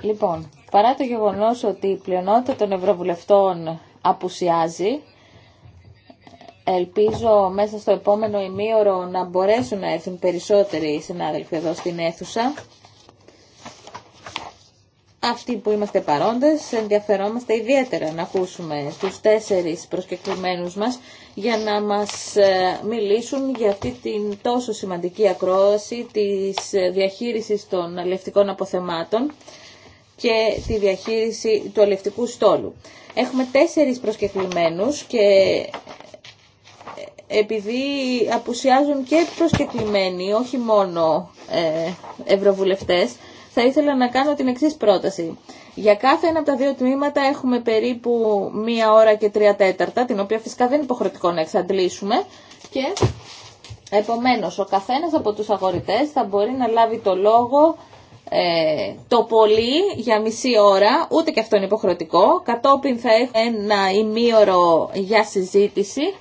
Λοιπόν, παρά το γεγονός ότι η πλειονότητα των ευρωβουλευτών απουσιάζει, ελπίζω μέσα στο επόμενο ημίωρο να μπορέσουν να έρθουν περισσότεροι συνάδελφοι εδώ στην αίθουσα αυτοί που είμαστε παρόντες ενδιαφερόμαστε ιδιαίτερα να ακούσουμε τους τέσσερις προσκεκλημένους μας για να μας ε, μιλήσουν για αυτή την τόσο σημαντική ακρόαση της ε, διαχείρισης των αλληλευτικών αποθεμάτων και τη διαχείριση του αλληλευτικού στόλου. Έχουμε τέσσερις προσκεκλημένους και ε, επειδή απουσιάζουν και προσκεκλημένοι, όχι μόνο ευρωβουλευτές, θα ήθελα να κάνω την εξής πρόταση. Για κάθε ένα από τα δύο τμήματα έχουμε περίπου μία ώρα και τρία τέταρτα, την οποία φυσικά δεν είναι υποχρεωτικό να εξαντλήσουμε. Και επομένως ο καθένας από τους αγορητές θα μπορεί να λάβει το λόγο ε, το πολύ για μισή ώρα, ούτε και αυτό είναι υποχρεωτικό. Κατόπιν θα έχουμε ένα ημίωρο για συζήτηση.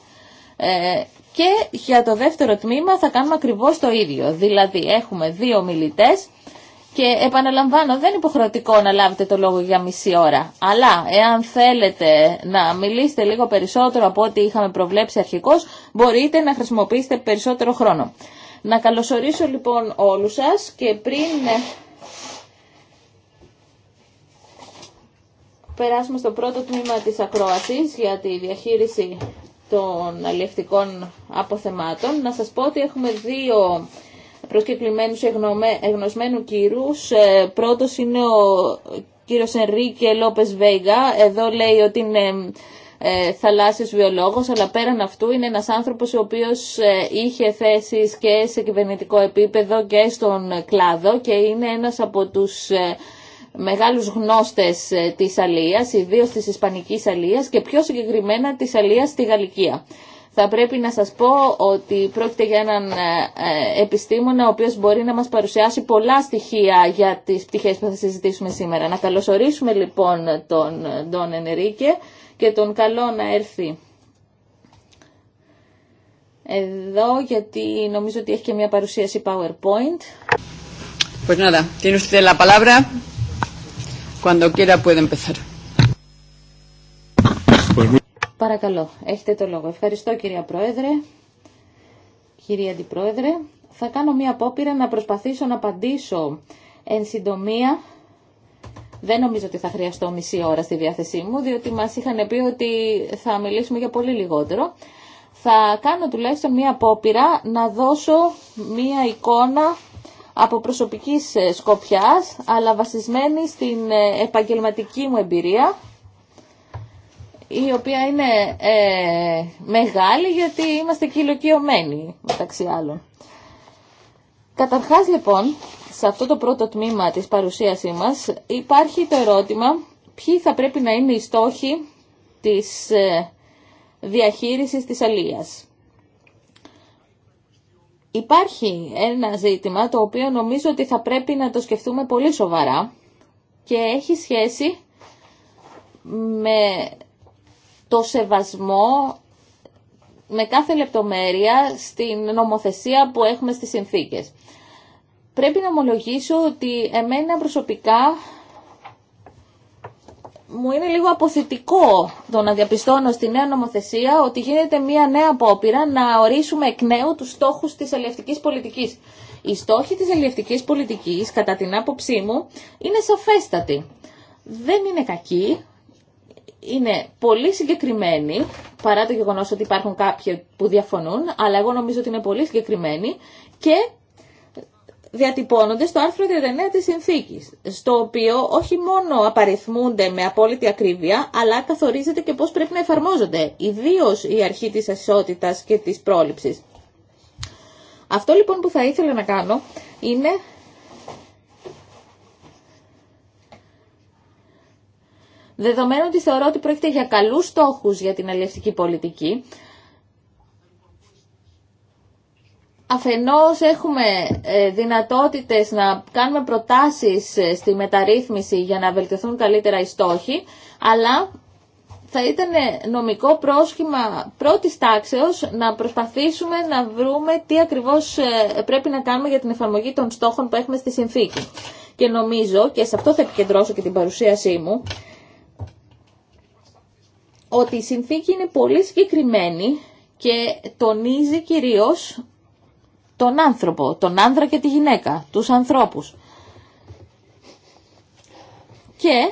Ε, και για το δεύτερο τμήμα θα κάνουμε ακριβώς το ίδιο. Δηλαδή έχουμε δύο μιλητές και επαναλαμβάνω, δεν είναι υποχρεωτικό να λάβετε το λόγο για μισή ώρα. Αλλά εάν θέλετε να μιλήσετε λίγο περισσότερο από ό,τι είχαμε προβλέψει αρχικώς, μπορείτε να χρησιμοποιήσετε περισσότερο χρόνο. Να καλωσορίσω λοιπόν όλους σας και πριν περάσουμε στο πρώτο τμήμα της ακρόασης για τη διαχείριση των αλληλευτικών αποθεμάτων, να σας πω ότι έχουμε δύο προσκεκλημένους εγνωσμένου κύρους. Ε, πρώτος είναι ο κύριος Ενρίκε Λόπες Βέγγα. Εδώ λέει ότι είναι ε, θαλάσσιος βιολόγος, αλλά πέραν αυτού είναι ένας άνθρωπος ο οποίος ε, είχε θέσεις και σε κυβερνητικό επίπεδο και στον κλάδο και είναι ένας από τους ε, μεγάλους γνώστες της αλίας, ιδίως της ισπανικής αλίας και πιο συγκεκριμένα της αλίας στη Γαλλικία θα πρέπει να σας πω ότι πρόκειται για έναν ε, ε, επιστήμονα ο οποίος μπορεί να μας παρουσιάσει πολλά στοιχεία για τις πτυχές που θα συζητήσουμε σήμερα. Να καλωσορίσουμε λοιπόν τον Ντόν Ενερίκε και τον καλό να έρθει εδώ γιατί νομίζω ότι έχει και μια παρουσίαση PowerPoint. Pues nada, tiene usted la palabra. Cuando quiera puede empezar. Παρακαλώ, έχετε το λόγο. Ευχαριστώ κυρία Πρόεδρε, κυρία Αντιπρόεδρε. Θα κάνω μία απόπειρα να προσπαθήσω να απαντήσω εν συντομία. Δεν νομίζω ότι θα χρειαστώ μισή ώρα στη διάθεσή μου, διότι μας είχαν πει ότι θα μιλήσουμε για πολύ λιγότερο. Θα κάνω τουλάχιστον μία απόπειρα να δώσω μία εικόνα από προσωπικής ε, σκοπιάς, αλλά βασισμένη στην ε, επαγγελματική μου εμπειρία η οποία είναι ε, μεγάλη γιατί είμαστε κυλοκυωμένοι μεταξύ άλλων. Καταρχάς λοιπόν, σε αυτό το πρώτο τμήμα της παρουσίασή μας υπάρχει το ερώτημα ποιοι θα πρέπει να είναι οι στόχοι της ε, διαχείρισης της αλίας. Υπάρχει ένα ζήτημα το οποίο νομίζω ότι θα πρέπει να το σκεφτούμε πολύ σοβαρά και έχει σχέση με το σεβασμό με κάθε λεπτομέρεια στην νομοθεσία που έχουμε στις συνθήκες. Πρέπει να ομολογήσω ότι εμένα προσωπικά μου είναι λίγο αποθητικό το να διαπιστώνω στη νέα νομοθεσία ότι γίνεται μια νέα απόπειρα να ορίσουμε εκ νέου τους στόχους της ελευτικής πολιτικής. Οι στόχοι της ελευτικής πολιτικής, κατά την άποψή μου, είναι σαφέστατοι. Δεν είναι κακοί, είναι πολύ συγκεκριμένη, παρά το γεγονός ότι υπάρχουν κάποιοι που διαφωνούν, αλλά εγώ νομίζω ότι είναι πολύ συγκεκριμένη και διατυπώνονται στο άρθρο 39 της συνθήκης, στο οποίο όχι μόνο απαριθμούνται με απόλυτη ακρίβεια, αλλά καθορίζεται και πώς πρέπει να εφαρμόζονται, ιδίως η αρχή της ασότητας και της πρόληψης. Αυτό λοιπόν που θα ήθελα να κάνω είναι Δεδομένου ότι θεωρώ ότι πρόκειται για καλούς στόχους για την αλληλευτική πολιτική, Αφενός έχουμε ε, δυνατότητες να κάνουμε προτάσεις ε, στη μεταρρύθμιση για να βελτιωθούν καλύτερα οι στόχοι, αλλά θα ήταν νομικό πρόσχημα πρώτης τάξεως να προσπαθήσουμε να βρούμε τι ακριβώς ε, πρέπει να κάνουμε για την εφαρμογή των στόχων που έχουμε στη συνθήκη. Και νομίζω, και σε αυτό θα επικεντρώσω και την παρουσίασή μου, ότι η συνθήκη είναι πολύ συγκεκριμένη και τονίζει κυρίως τον άνθρωπο, τον άνδρα και τη γυναίκα, τους ανθρώπους. Και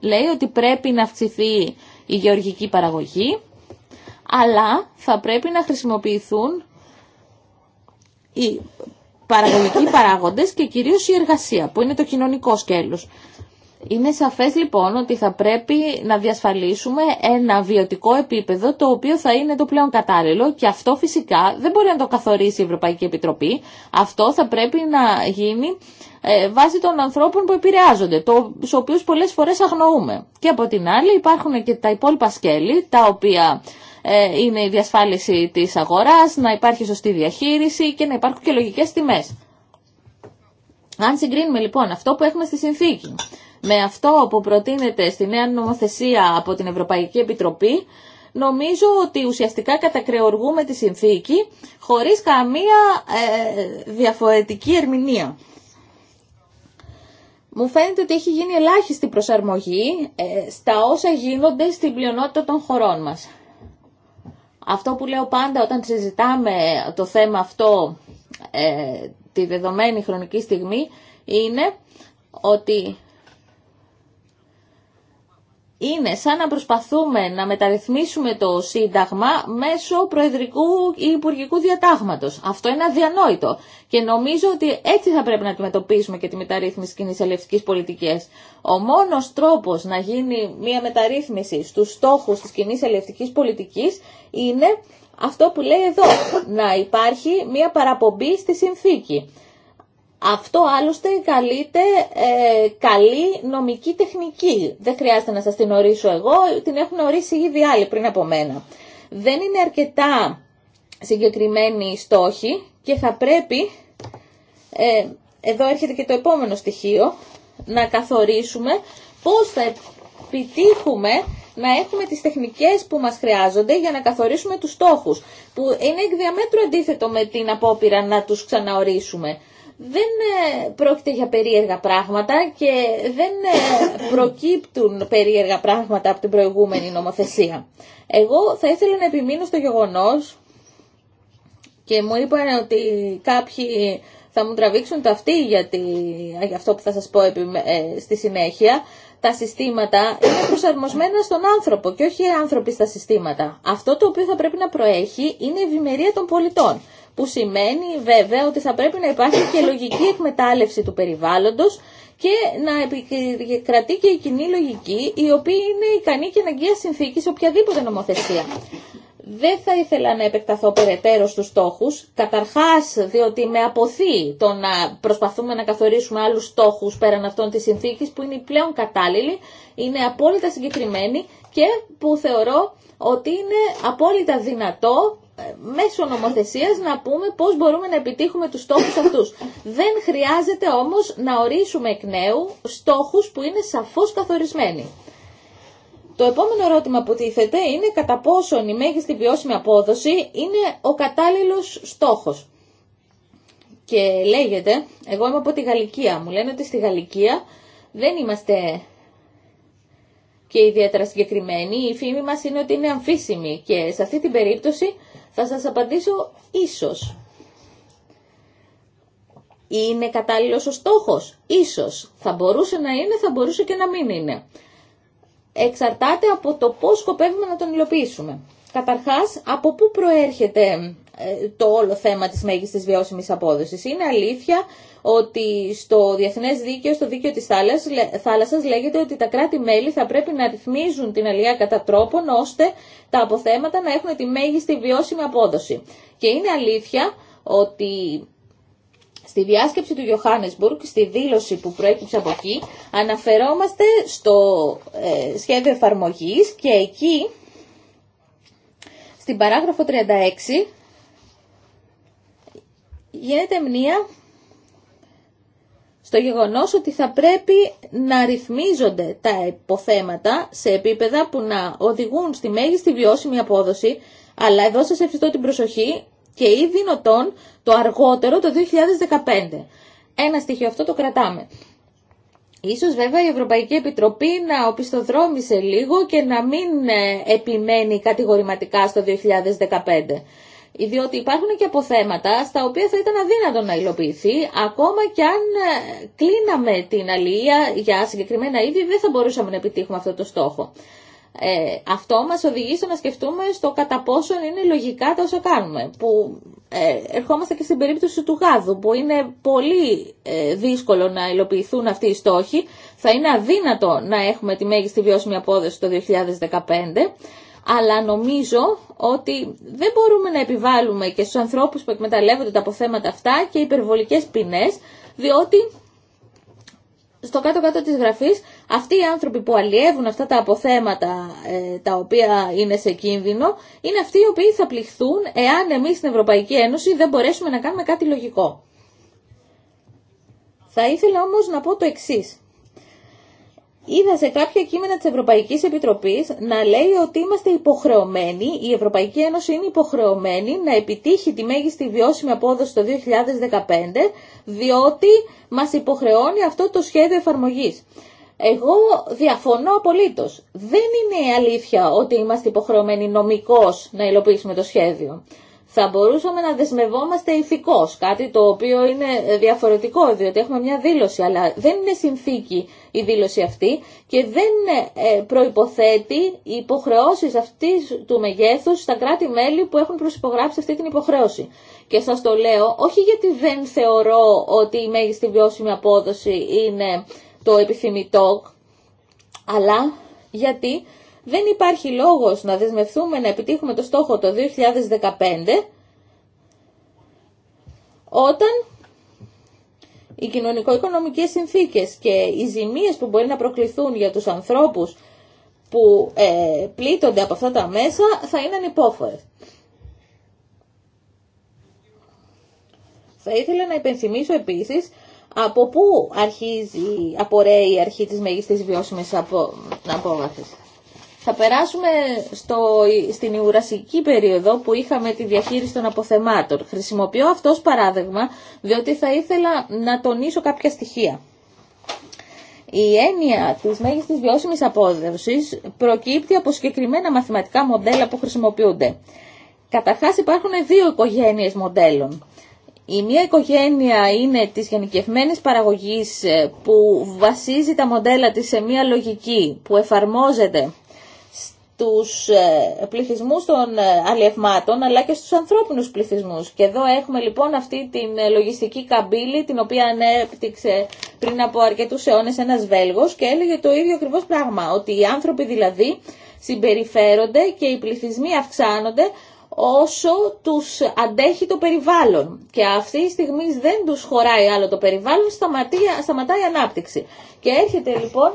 λέει ότι πρέπει να αυξηθεί η γεωργική παραγωγή, αλλά θα πρέπει να χρησιμοποιηθούν οι παραγωγικοί παράγοντες και κυρίως η εργασία, που είναι το κοινωνικό σκέλος. Είναι σαφές λοιπόν ότι θα πρέπει να διασφαλίσουμε ένα βιωτικό επίπεδο το οποίο θα είναι το πλέον κατάλληλο και αυτό φυσικά δεν μπορεί να το καθορίσει η Ευρωπαϊκή Επιτροπή. Αυτό θα πρέπει να γίνει ε, βάσει των ανθρώπων που επηρεάζονται, τους οποίους πολλές φορές αγνοούμε. Και από την άλλη υπάρχουν και τα υπόλοιπα σκέλη τα οποία ε, είναι η διασφάλιση της αγοράς, να υπάρχει σωστή διαχείριση και να υπάρχουν και λογικές τιμές. Αν συγκρίνουμε λοιπόν αυτό που έχουμε στη συνθήκη με αυτό που προτείνεται στη νέα νομοθεσία από την Ευρωπαϊκή Επιτροπή, νομίζω ότι ουσιαστικά κατακρεωργούμε τη συνθήκη χωρίς καμία ε, διαφορετική ερμηνεία. Μου φαίνεται ότι έχει γίνει ελάχιστη προσαρμογή ε, στα όσα γίνονται στην πλειονότητα των χωρών μας. Αυτό που λέω πάντα όταν συζητάμε το θέμα αυτό ε, τη δεδομένη χρονική στιγμή είναι ότι είναι σαν να προσπαθούμε να μεταρρυθμίσουμε το Σύνταγμα μέσω Προεδρικού ή Υπουργικού Διατάγματος. Αυτό είναι αδιανόητο και νομίζω ότι έτσι θα πρέπει να αντιμετωπίσουμε και τη μεταρρύθμιση κοινή ελευθερικής πολιτικής. Ο μόνος τρόπος να γίνει μια μεταρρύθμιση στους στόχους της κοινή ελευθερικής πολιτικής είναι αυτό που λέει εδώ, να υπάρχει μια παραπομπή στη συνθήκη. Αυτό άλλωστε καλείται ε, καλή νομική τεχνική. Δεν χρειάζεται να σας την ορίσω εγώ, την έχουν ορίσει ήδη άλλοι πριν από μένα. Δεν είναι αρκετά συγκεκριμένη οι στόχοι και θα πρέπει, ε, εδώ έρχεται και το επόμενο στοιχείο, να καθορίσουμε πώς θα επιτύχουμε να έχουμε τις τεχνικές που μας χρειάζονται για να καθορίσουμε τους στόχους, που είναι εκ διαμέτρου αντίθετο με την απόπειρα να τους ξαναορίσουμε δεν ε, πρόκειται για περίεργα πράγματα και δεν ε, προκύπτουν περίεργα πράγματα από την προηγούμενη νομοθεσία. Εγώ θα ήθελα να επιμείνω στο γεγονός και μου είπαν ότι κάποιοι θα μου τραβήξουν το αυτοί για, τη, ε, για αυτό που θα σας πω στη συνέχεια. Τα συστήματα είναι προσαρμοσμένα στον άνθρωπο και όχι οι άνθρωποι στα συστήματα. Αυτό το οποίο θα πρέπει να προέχει είναι η ευημερία των πολιτών που σημαίνει βέβαια ότι θα πρέπει να υπάρχει και λογική εκμετάλλευση του περιβάλλοντος και να κρατεί και η κοινή λογική η οποία είναι ικανή και αναγκαία συνθήκη σε οποιαδήποτε νομοθεσία. Δεν θα ήθελα να επεκταθώ περαιτέρω στους στόχους, καταρχάς διότι με αποθεί το να προσπαθούμε να καθορίσουμε άλλους στόχους πέραν αυτών της συνθήκης που είναι πλέον κατάλληλοι, είναι απόλυτα συγκεκριμένοι και που θεωρώ ότι είναι απόλυτα δυνατό μέσω νομοθεσίας να πούμε πώς μπορούμε να επιτύχουμε τους στόχους αυτού. Δεν χρειάζεται όμως να ορίσουμε εκ νέου στόχους που είναι σαφώς καθορισμένοι. Το επόμενο ερώτημα που τίθεται είναι κατά πόσον η μέγιστη βιώσιμη απόδοση είναι ο κατάλληλος στόχος. Και λέγεται, εγώ είμαι από τη Γαλλικία, μου λένε ότι στη Γαλλικία δεν είμαστε και ιδιαίτερα συγκεκριμένοι. Η φήμη μας είναι ότι είναι αμφίσιμη και σε αυτή την περίπτωση θα σας απαντήσω ίσως. Είναι κατάλληλος ο στόχος. Ίσως. Θα μπορούσε να είναι, θα μπορούσε και να μην είναι. Εξαρτάται από το πώς σκοπεύουμε να τον υλοποιήσουμε. Καταρχάς, από πού προέρχεται ε, το όλο θέμα της μέγιστης βιώσιμης απόδοσης. Είναι αλήθεια ότι στο διεθνέ δίκαιο, στο δίκαιο της θάλασσας λέγεται ότι τα κράτη-μέλη θα πρέπει να ρυθμίζουν την αλληλεία κατά τρόπον ώστε τα αποθέματα να έχουν τη μέγιστη βιώσιμη απόδοση. Και είναι αλήθεια ότι στη διάσκεψη του Johannesburg, στη δήλωση που προέκυψε από εκεί, αναφερόμαστε στο ε, σχέδιο εφαρμογή και εκεί, στην παράγραφο 36, γίνεται μία στο γεγονός ότι θα πρέπει να ρυθμίζονται τα υποθέματα σε επίπεδα που να οδηγούν στη μέγιστη βιώσιμη απόδοση, αλλά εδώ σας ευχηθώ την προσοχή και ή δυνατόν το αργότερο το 2015. Ένα στοιχείο αυτό το κρατάμε. Ίσως βέβαια η Ευρωπαϊκή Επιτροπή να οπισθοδρόμησε λίγο και να μην ε, επιμένει κατηγορηματικά στο 2015 διότι υπάρχουν και αποθέματα στα οποία θα ήταν αδύνατο να υλοποιηθεί, ακόμα και αν ε, κλείναμε την αλληλεία για συγκεκριμένα είδη, δεν θα μπορούσαμε να επιτύχουμε αυτό το στόχο. Ε, αυτό μας οδηγεί στο να σκεφτούμε στο κατά πόσον είναι λογικά τα όσα κάνουμε, που ε, ερχόμαστε και στην περίπτωση του γάδου, που είναι πολύ ε, δύσκολο να υλοποιηθούν αυτοί οι στόχοι, θα είναι αδύνατο να έχουμε τη μέγιστη βιώσιμη απόδοση το 2015, αλλά νομίζω ότι δεν μπορούμε να επιβάλλουμε και στους ανθρώπους που εκμεταλλεύονται τα αποθέματα αυτά και υπερβολικές ποινές, διότι στο κάτω-κάτω της γραφής αυτοί οι άνθρωποι που αλλιεύουν αυτά τα αποθέματα ε, τα οποία είναι σε κίνδυνο, είναι αυτοί οι οποίοι θα πληχθούν εάν εμείς στην Ευρωπαϊκή Ένωση δεν μπορέσουμε να κάνουμε κάτι λογικό. Θα ήθελα όμως να πω το εξής είδα σε κάποια κείμενα της Ευρωπαϊκής Επιτροπής να λέει ότι είμαστε υποχρεωμένοι, η Ευρωπαϊκή Ένωση είναι υποχρεωμένη να επιτύχει τη μέγιστη βιώσιμη απόδοση το 2015, διότι μας υποχρεώνει αυτό το σχέδιο εφαρμογής. Εγώ διαφωνώ απολύτως. Δεν είναι αλήθεια ότι είμαστε υποχρεωμένοι νομικώς να υλοποιήσουμε το σχέδιο θα μπορούσαμε να δεσμευόμαστε ηθικώς, κάτι το οποίο είναι ε, διαφορετικό, διότι έχουμε μια δήλωση, αλλά δεν είναι συνθήκη η δήλωση αυτή και δεν ε, ε, προϋποθέτει οι υποχρεώσεις αυτής του μεγέθους στα κράτη-μέλη που έχουν προσυπογράψει αυτή την υποχρέωση. Και σας το λέω, όχι γιατί δεν θεωρώ ότι η μέγιστη βιώσιμη απόδοση είναι το επιθυμητό, αλλά γιατί δεν υπάρχει λόγος να δεσμευτούμε να επιτύχουμε το στόχο το 2015 όταν οι κοινωνικο-οικονομικές συνθήκες και οι ζημίες που μπορεί να προκληθούν για τους ανθρώπους που ε, πλήττονται από αυτά τα μέσα θα είναι ανυπόφορες. Θα ήθελα να υπενθυμίσω επίσης από πού αρχίζει, απορρέει η αρχή της μέγιστης βιώσιμης απο, αυτα τα μεσα θα ειναι ανυποφορες θα ηθελα να υπενθυμισω επισης απο που αρχιζει απορρεει η αρχη της μεγιστης βιωσιμης απο θα περάσουμε στο, στην Ιουρασική περίοδο που είχαμε τη διαχείριση των αποθεμάτων. Χρησιμοποιώ αυτό ως παράδειγμα διότι θα ήθελα να τονίσω κάποια στοιχεία. Η έννοια της μέγιστης βιώσιμης απόδοσης προκύπτει από συγκεκριμένα μαθηματικά μοντέλα που χρησιμοποιούνται. Καταρχάς υπάρχουν δύο οικογένειες μοντέλων. Η μία οικογένεια είναι της γενικευμένης παραγωγής ε, που βασίζει τα μοντέλα της σε μία λογική που εφαρμόζεται τους ε, πληθυσμούς των ε, αλλιευμάτων αλλά και στους ανθρώπινους πληθυσμούς. Και εδώ έχουμε λοιπόν αυτή την ε, λογιστική καμπύλη την οποία ανέπτυξε πριν από αρκετούς αιώνες ένας Βέλγος και έλεγε το ίδιο ακριβώς πράγμα, ότι οι άνθρωποι δηλαδή συμπεριφέρονται και οι πληθυσμοί αυξάνονται όσο τους αντέχει το περιβάλλον. Και αυτή τη στιγμή δεν τους χωράει άλλο το περιβάλλον, σταματάει η ανάπτυξη. Και έρχεται λοιπόν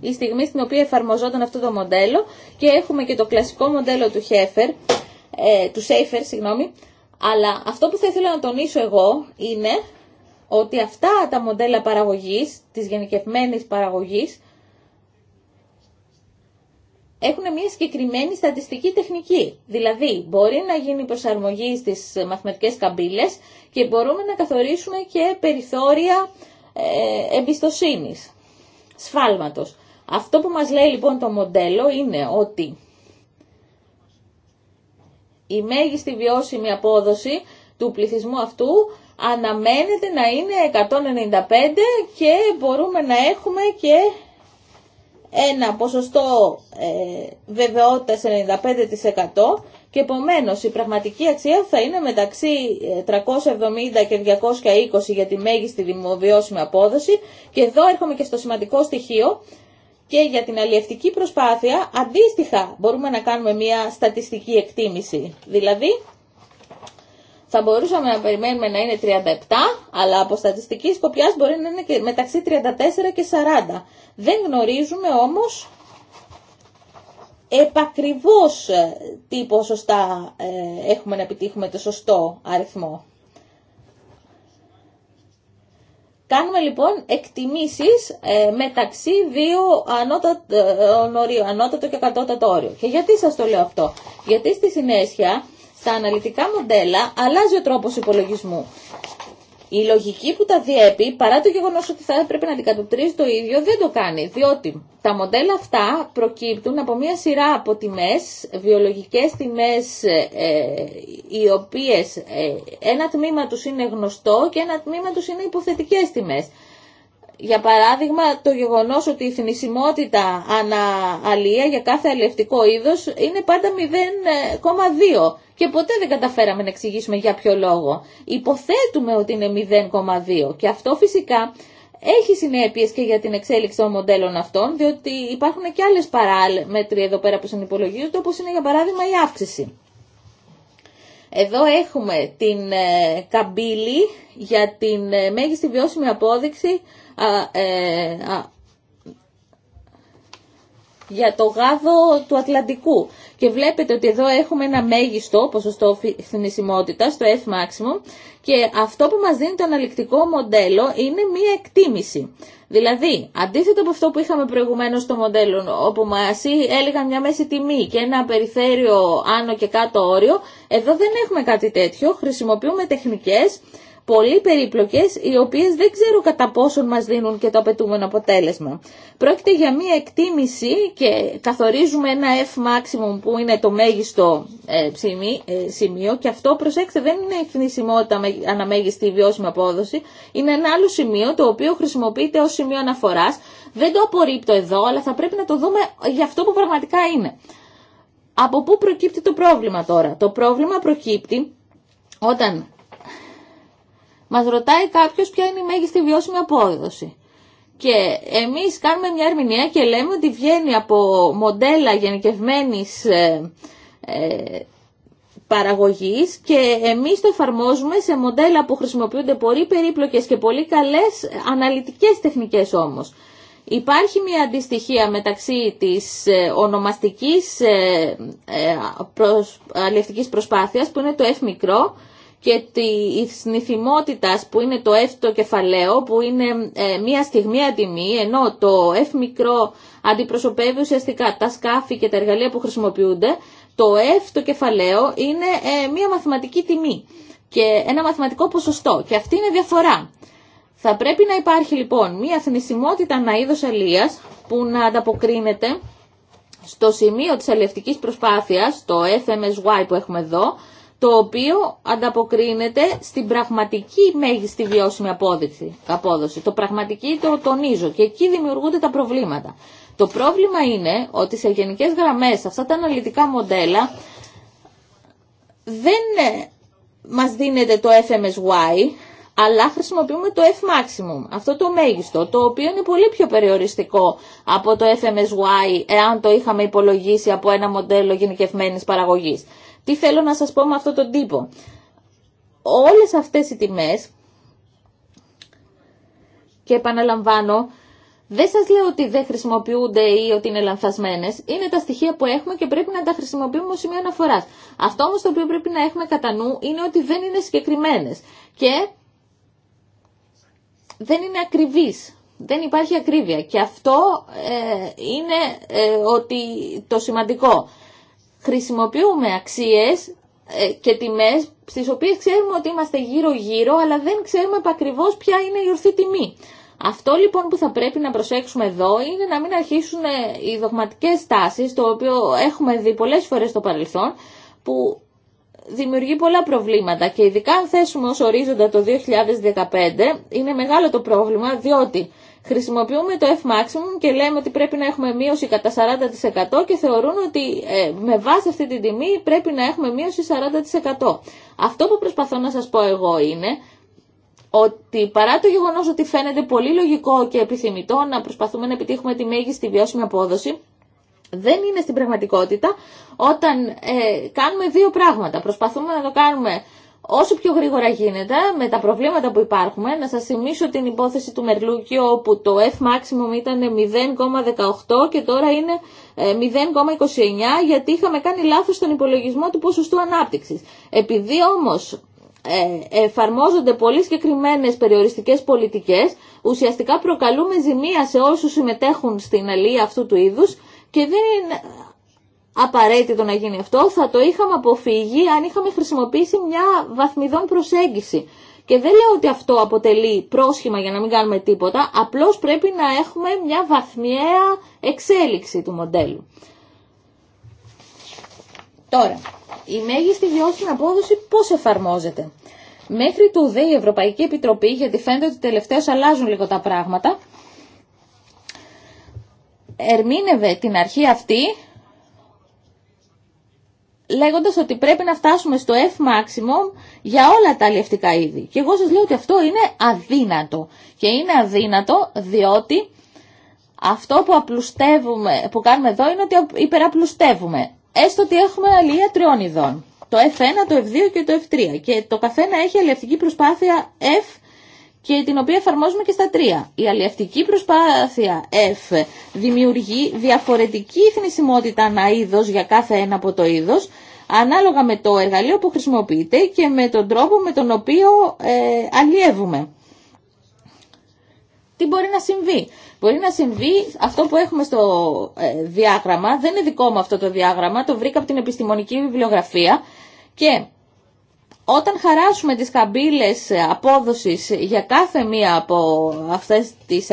η στιγμή στην οποία εφαρμοζόταν αυτό το μοντέλο και έχουμε και το κλασικό μοντέλο του Χέφερ, ε, του Σέιφερ, συγγνώμη, αλλά αυτό που θα ήθελα να τονίσω εγώ είναι ότι αυτά τα μοντέλα παραγωγής, της γενικευμένης παραγωγής, έχουν μια συγκεκριμένη στατιστική τεχνική. Δηλαδή, μπορεί να γίνει προσαρμογή στις μαθηματικές καμπύλες και μπορούμε να καθορίσουμε και περιθώρια ε, εμπιστοσύνης, σφάλματος. Αυτό που μας λέει λοιπόν το μοντέλο είναι ότι η μέγιστη βιώσιμη απόδοση του πληθυσμού αυτού αναμένεται να είναι 195 και μπορούμε να έχουμε και ένα ποσοστό ε, βεβαιότητας 95% και επομένως η πραγματική αξία θα είναι μεταξύ 370 ε, και 220 για τη μέγιστη δημοβιώσιμη απόδοση και εδώ έρχομαι και στο σημαντικό στοιχείο και για την αλλιευτική προσπάθεια, αντίστοιχα, μπορούμε να κάνουμε μια στατιστική εκτίμηση. Δηλαδή, θα μπορούσαμε να περιμένουμε να είναι 37, αλλά από στατιστική σκοπιά μπορεί να είναι μεταξύ 34 και 40. Δεν γνωρίζουμε όμως επακριβώς ε, τι ποσοστά ε, έχουμε να επιτύχουμε το σωστό αριθμό. Κάνουμε λοιπόν εκτιμήσεις ε, μεταξύ δύο ανώτατων ε, ορίων, ανώτατο και κατώτατο όριο. Και γιατί σας το λέω αυτό. Γιατί στη συνέχεια στα αναλυτικά μοντέλα αλλάζει ο τρόπος υπολογισμού. Η λογική που τα διέπει, παρά το γεγονός ότι θα έπρεπε να αντικατοπτρίζει το ίδιο, δεν το κάνει, διότι τα μοντέλα αυτά προκύπτουν από μια σειρά από τιμές, βιολογικές τιμές, ε, ε, οι οποίες ε, ένα τμήμα τους είναι γνωστό και ένα τμήμα τους είναι υποθετικές τιμές. Για παράδειγμα, το γεγονός ότι η θνησιμότητα ανααλία για κάθε αλληλευτικό είδος είναι πάντα 0,2 και ποτέ δεν καταφέραμε να εξηγήσουμε για ποιο λόγο. Υποθέτουμε ότι είναι 0,2 και αυτό φυσικά έχει συνέπειε και για την εξέλιξη των μοντέλων αυτών, διότι υπάρχουν και άλλε παράμετροι εδώ πέρα που συνυπολογίζονται, όπω είναι για παράδειγμα η αύξηση. Εδώ έχουμε την ε, καμπύλη για την ε, μέγιστη βιώσιμη απόδειξη ε, για το γάδο του Ατλαντικού. Και βλέπετε ότι εδώ έχουμε ένα μέγιστο ποσοστό θνησιμότητα, το F maximum, και αυτό που μας δίνει το αναλυτικό μοντέλο είναι μία εκτίμηση. Δηλαδή, αντίθετα από αυτό που είχαμε προηγουμένω στο μοντέλο, όπου μα έλεγαν μια εκτιμηση δηλαδη αντίθετο απο αυτο που ειχαμε προηγουμενω τιμή και ένα περιφέρειο άνω και κάτω όριο, εδώ δεν έχουμε κάτι τέτοιο. Χρησιμοποιούμε τεχνικές πολύ περίπλοκες, οι οποίες δεν ξέρω κατά πόσον μας δίνουν και το απαιτούμενο αποτέλεσμα. Πρόκειται για μία εκτίμηση και καθορίζουμε ένα F maximum που είναι το μέγιστο ε, ε, σημείο και αυτό, προσέξτε, δεν είναι εκνησιμότητα αναμέγιστη βιώσιμη απόδοση, είναι ένα άλλο σημείο το οποίο χρησιμοποιείται ως σημείο αναφοράς. Δεν το απορρίπτω εδώ, αλλά θα πρέπει να το δούμε για αυτό που πραγματικά είναι. Από πού προκύπτει το πρόβλημα τώρα. Το πρόβλημα προκύπτει όταν μας ρωτάει κάποιος ποια είναι η μέγιστη βιώσιμη απόδοση. Και εμείς κάνουμε μια ερμηνεία και λέμε ότι βγαίνει από μοντέλα γενικευμένης ε, ε, παραγωγής και εμείς το εφαρμόζουμε σε μοντέλα που χρησιμοποιούνται πολύ περίπλοκες και πολύ καλές αναλυτικές τεχνικές όμως. Υπάρχει μια αντιστοιχία μεταξύ της ε, ονομαστικής ε, ε προσπάθειας που είναι το F μικρό και τη συνηθιμότητα που είναι το F το κεφαλαίο, που είναι ε, μια στιγμία τιμή, ενώ το F μικρό αντιπροσωπεύει ουσιαστικά τα σκάφη και τα εργαλεία που χρησιμοποιούνται, το F το κεφαλαίο είναι ε, μια μαθηματική τιμή και ένα μαθηματικό ποσοστό και αυτή είναι διαφορά. Θα πρέπει να υπάρχει λοιπόν μια θνησιμότητα αναείδος αλίας που να ανταποκρίνεται στο σημείο της αλληλευτικής προσπάθειας, το FMSY που έχουμε εδώ, το οποίο ανταποκρίνεται στην πραγματική μέγιστη βιώσιμη απόδειξη, απόδοση. Το πραγματική το τονίζω και εκεί δημιουργούνται τα προβλήματα. Το πρόβλημα είναι ότι σε γενικές γραμμές αυτά τα αναλυτικά μοντέλα δεν ε, μας δίνεται το FMSY, αλλά χρησιμοποιούμε το F maximum, αυτό το μέγιστο, το οποίο είναι πολύ πιο περιοριστικό από το FMSY, εάν το είχαμε υπολογίσει από ένα μοντέλο γενικευμένης παραγωγής. Τι θέλω να σας πω με αυτόν τον τύπο. Όλες αυτές οι τιμές, και επαναλαμβάνω, δεν σας λέω ότι δεν χρησιμοποιούνται ή ότι είναι λανθασμένες. Είναι τα στοιχεία που έχουμε και πρέπει να τα χρησιμοποιούμε ως σημείο αναφοράς. Αυτό όμως το οποίο πρέπει να έχουμε κατά νου είναι ότι δεν είναι συγκεκριμένες. Και δεν είναι ακριβείς. Δεν υπάρχει ακρίβεια. Και αυτό ε, είναι ε, ότι το σημαντικό χρησιμοποιούμε αξίες ε, και τιμές στις οποίες ξέρουμε ότι είμαστε γύρω-γύρω αλλά δεν ξέρουμε ακριβώ ποια είναι η ορθή τιμή. Αυτό λοιπόν που θα πρέπει να προσέξουμε εδώ είναι να μην αρχίσουν ε, οι δογματικές τάσεις, το οποίο έχουμε δει πολλές φορές στο παρελθόν, που δημιουργεί πολλά προβλήματα και ειδικά αν θέσουμε ως ορίζοντα το 2015 είναι μεγάλο το πρόβλημα διότι χρησιμοποιούμε το F maximum και λέμε ότι πρέπει να έχουμε μείωση κατά 40% και θεωρούν ότι ε, με βάση αυτή την τιμή πρέπει να έχουμε μείωση 40%. Αυτό που προσπαθώ να σας πω εγώ είναι ότι παρά το γεγονός ότι φαίνεται πολύ λογικό και επιθυμητό να προσπαθούμε να επιτύχουμε τη μέγιστη βιώσιμη απόδοση, δεν είναι στην πραγματικότητα όταν ε, κάνουμε δύο πράγματα. Προσπαθούμε να το κάνουμε όσο πιο γρήγορα γίνεται με τα προβλήματα που υπάρχουν. Να σας θυμίσω την υπόθεση του Μερλούκιο όπου το F maximum ήταν 0,18 και τώρα είναι 0,29 ε, γιατί είχαμε κάνει λάθος στον υπολογισμό του ποσοστού ανάπτυξης. Επειδή όμως ε, εφαρμόζονται πολύ συγκεκριμένε περιοριστικές πολιτικές, ουσιαστικά προκαλούμε ζημία σε όσους συμμετέχουν στην αλία αυτού του είδους και δεν απαραίτητο να γίνει αυτό, θα το είχαμε αποφύγει αν είχαμε χρησιμοποιήσει μια βαθμιδόν προσέγγιση. Και δεν λέω ότι αυτό αποτελεί πρόσχημα για να μην κάνουμε τίποτα, απλώς πρέπει να έχουμε μια βαθμιαία εξέλιξη του μοντέλου. Τώρα, η μέγιστη βιώσιμη απόδοση πώς εφαρμόζεται. Μέχρι το ΔΕΗ η Ευρωπαϊκή Επιτροπή, γιατί φαίνεται ότι τελευταίως αλλάζουν λίγο τα πράγματα, ερμήνευε την αρχή αυτή λέγοντας ότι πρέπει να φτάσουμε στο F maximum για όλα τα αλλιευτικά είδη. Και εγώ σας λέω ότι αυτό είναι αδύνατο. Και είναι αδύνατο διότι αυτό που, απλουστεύουμε, που κάνουμε εδώ είναι ότι υπεραπλουστεύουμε. Έστω ότι έχουμε αλληλεία τριών ειδών. Το F1, το F2 και το F3. Και το καθένα έχει αλληλευτική προσπάθεια F και την οποία εφαρμόζουμε και στα τρία. Η αλλιευτική προσπάθεια F δημιουργεί διαφορετική θνησιμότητα ανά είδος για κάθε ένα από το είδος, ανάλογα με το εργαλείο που χρησιμοποιείται και με τον τρόπο με τον οποίο ε, αλλιεύουμε. Τι μπορεί να συμβεί. Μπορεί να συμβεί αυτό που έχουμε στο ε, διάγραμμα, δεν είναι δικό μου αυτό το διάγραμμα, το βρήκα από την επιστημονική βιβλιογραφία και όταν χαράσουμε τις καμπύλες απόδοσης για κάθε μία από αυτές τις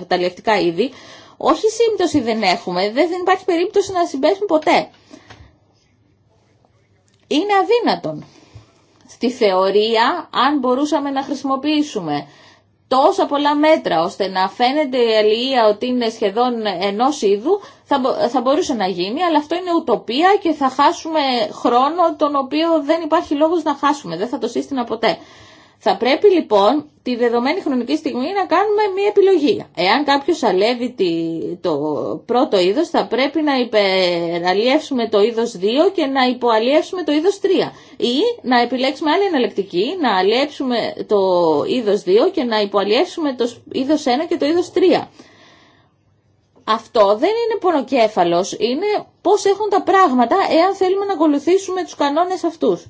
αλληλευτικά είδη, όχι σύμπτωση δεν έχουμε, δεν υπάρχει περίπτωση να συμπέσουν ποτέ. Είναι αδύνατον. Στη θεωρία, αν μπορούσαμε να χρησιμοποιήσουμε τόσα πολλά μέτρα ώστε να φαίνεται η αλληλεία ότι είναι σχεδόν ενός είδου, θα, θα μπορούσε να γίνει, αλλά αυτό είναι ουτοπία και θα χάσουμε χρόνο τον οποίο δεν υπάρχει λόγος να χάσουμε, δεν θα το σύστηνα ποτέ. Θα πρέπει λοιπόν τη δεδομένη χρονική στιγμή να κάνουμε μία επιλογή. Εάν κάποιο αλεύει το πρώτο είδο, θα πρέπει να υπεραλιεύσουμε το είδο 2 και να υποαλλιεύσουμε το είδο 3. Ή να επιλέξουμε άλλη εναλλεκτική, να αλιεύσουμε το είδο 2 και να υποαλλιεύσουμε το είδο 1 και το είδο 3. Αυτό δεν είναι πονοκέφαλος, είναι πώς έχουν τα πράγματα εάν θέλουμε να ακολουθήσουμε τους κανόνες αυτούς.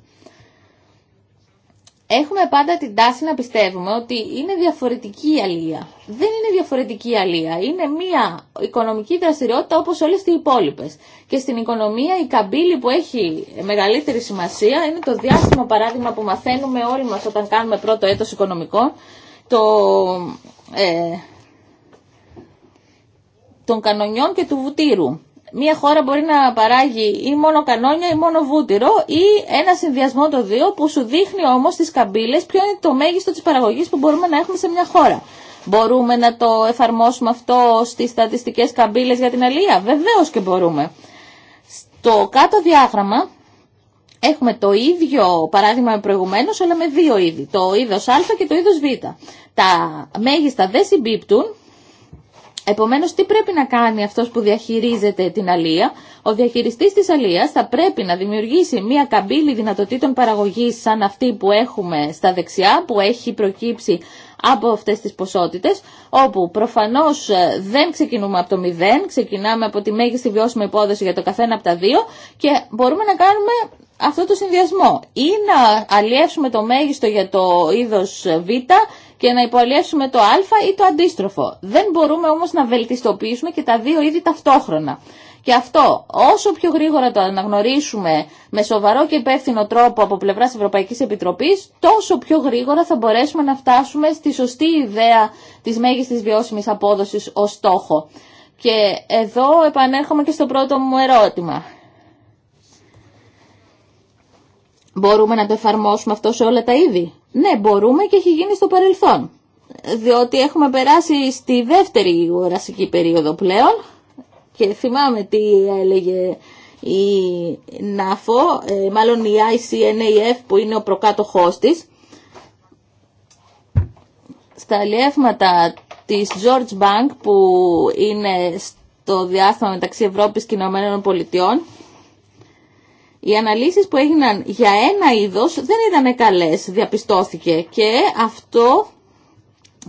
Έχουμε πάντα την τάση να πιστεύουμε ότι είναι διαφορετική η αλία. Δεν είναι διαφορετική η αλία. Είναι μια οικονομική δραστηριότητα όπως όλες οι υπόλοιπες. Και στην οικονομία η καμπύλη που έχει μεγαλύτερη σημασία είναι το διάστημα παράδειγμα που μαθαίνουμε όλοι μας όταν κάνουμε πρώτο έτος οικονομικό. Το, ε, των κανονιών και του βουτύρου. Μία χώρα μπορεί να παράγει ή μόνο κανόνια ή μόνο βούτυρο ή ένα συνδυασμό των δύο που σου δείχνει όμως τις καμπύλες ποιο είναι το μέγιστο της παραγωγής που μπορούμε να έχουμε σε μια χώρα. Μπορούμε να το εφαρμόσουμε αυτό στις στατιστικές καμπύλες για την αλία. Βεβαίως και μπορούμε. Στο κάτω διάγραμμα έχουμε το ίδιο παράδειγμα προηγουμένω, αλλά με δύο είδη. Το είδος α και το είδος β. Τα μέγιστα δεν συμπίπτουν Επομένως, τι πρέπει να κάνει αυτός που διαχειρίζεται την αλία. Ο διαχειριστής της αλίας θα πρέπει να δημιουργήσει μια καμπύλη δυνατοτήτων παραγωγής σαν αυτή που έχουμε στα δεξιά, που έχει προκύψει από αυτές τις ποσότητες, όπου προφανώς ε, δεν ξεκινούμε από το μηδέν, ξεκινάμε από τη μέγιστη βιώσιμη υπόδοση για το καθένα από τα δύο και μπορούμε να κάνουμε αυτό το συνδυασμό. Ή να αλλιεύσουμε το μέγιστο για το είδος β και να υπολέψουμε το α ή το αντίστροφο. Δεν μπορούμε όμως να βελτιστοποιήσουμε και τα δύο είδη ταυτόχρονα. Και αυτό, όσο πιο γρήγορα το αναγνωρίσουμε με σοβαρό και υπεύθυνο τρόπο από πλευράς Ευρωπαϊκής Επιτροπής, τόσο πιο γρήγορα θα μπορέσουμε να φτάσουμε στη σωστή ιδέα της μέγιστης βιώσιμης απόδοσης ως στόχο. Και εδώ επανέρχομαι και στο πρώτο μου ερώτημα. Μπορούμε να το εφαρμόσουμε αυτό σε όλα τα είδη. Ναι, μπορούμε και έχει γίνει στο παρελθόν. Διότι έχουμε περάσει στη δεύτερη ορασική περίοδο πλέον και θυμάμαι τι έλεγε η ΝΑΦΟ, ε, μάλλον η ICNAF που είναι ο προκάτοχός της. Στα αλλιεύματα της George Bank που είναι στο διάστημα μεταξύ Ευρώπης και Ηνωμένων Πολιτειών οι αναλύσεις που έγιναν για ένα είδος δεν ήταν καλές, διαπιστώθηκε και αυτό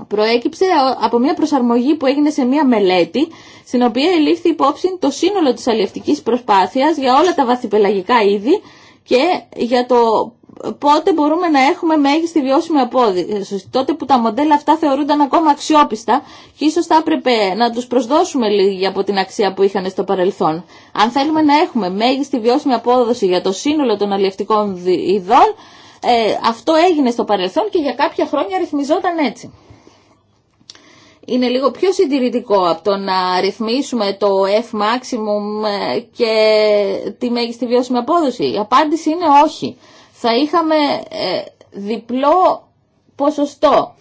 προέκυψε από μια προσαρμογή που έγινε σε μια μελέτη στην οποία ελήφθη υπόψη το σύνολο της αλλιευτικής προσπάθειας για όλα τα βαθυπελαγικά είδη και για το πότε μπορούμε να έχουμε μέγιστη βιώσιμη απόδοση. Τότε που τα μοντέλα αυτά θεωρούνταν ακόμα αξιόπιστα και ίσως θα έπρεπε να τους προσδώσουμε λίγη από την αξία που είχαν στο παρελθόν. Αν θέλουμε να έχουμε μέγιστη βιώσιμη απόδοση για το σύνολο των αλλιευτικών ειδών, ε, αυτό έγινε στο παρελθόν και για κάποια χρόνια ρυθμιζόταν έτσι. Είναι λίγο πιο συντηρητικό από το να ρυθμίσουμε το F maximum ε, και τη μέγιστη βιώσιμη απόδοση. Η απάντηση είναι όχι θα είχαμε ε, διπλό ποσοστό.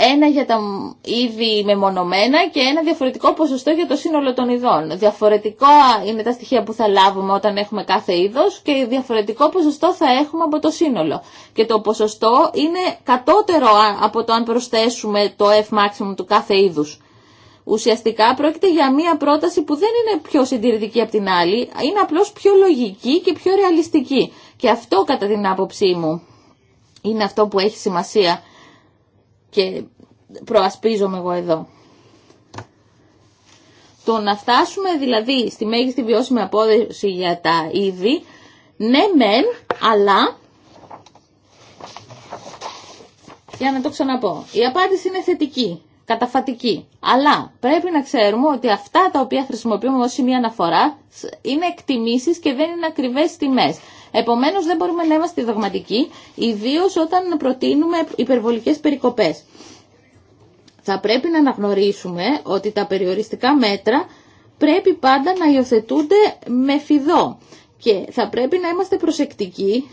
Ένα για τα είδη μεμονωμένα και ένα διαφορετικό ποσοστό για το σύνολο των ειδών. Διαφορετικό είναι τα στοιχεία που θα λάβουμε όταν έχουμε κάθε είδος και διαφορετικό ποσοστό θα έχουμε από το σύνολο. Και το ποσοστό είναι κατώτερο από το αν προσθέσουμε το F maximum του κάθε είδους. Ουσιαστικά πρόκειται για μία πρόταση που δεν είναι πιο συντηρητική από την άλλη, είναι απλώς πιο λογική και πιο ρεαλιστική. Και αυτό κατά την άποψή μου είναι αυτό που έχει σημασία και προασπίζομαι εγώ εδώ. Το να φτάσουμε δηλαδή στη μέγιστη βιώσιμη απόδοση για τα είδη, ναι μεν, αλλά για να το ξαναπώ. Η απάντηση είναι θετική καταφατική. Αλλά πρέπει να ξέρουμε ότι αυτά τα οποία χρησιμοποιούμε ως σημεία αναφορά είναι εκτιμήσεις και δεν είναι ακριβές τιμές. Επομένως δεν μπορούμε να είμαστε δογματικοί, ιδίω όταν προτείνουμε υπερβολικές περικοπές. Θα πρέπει να αναγνωρίσουμε ότι τα περιοριστικά μέτρα πρέπει πάντα να υιοθετούνται με φιδό. Και θα πρέπει να είμαστε προσεκτικοί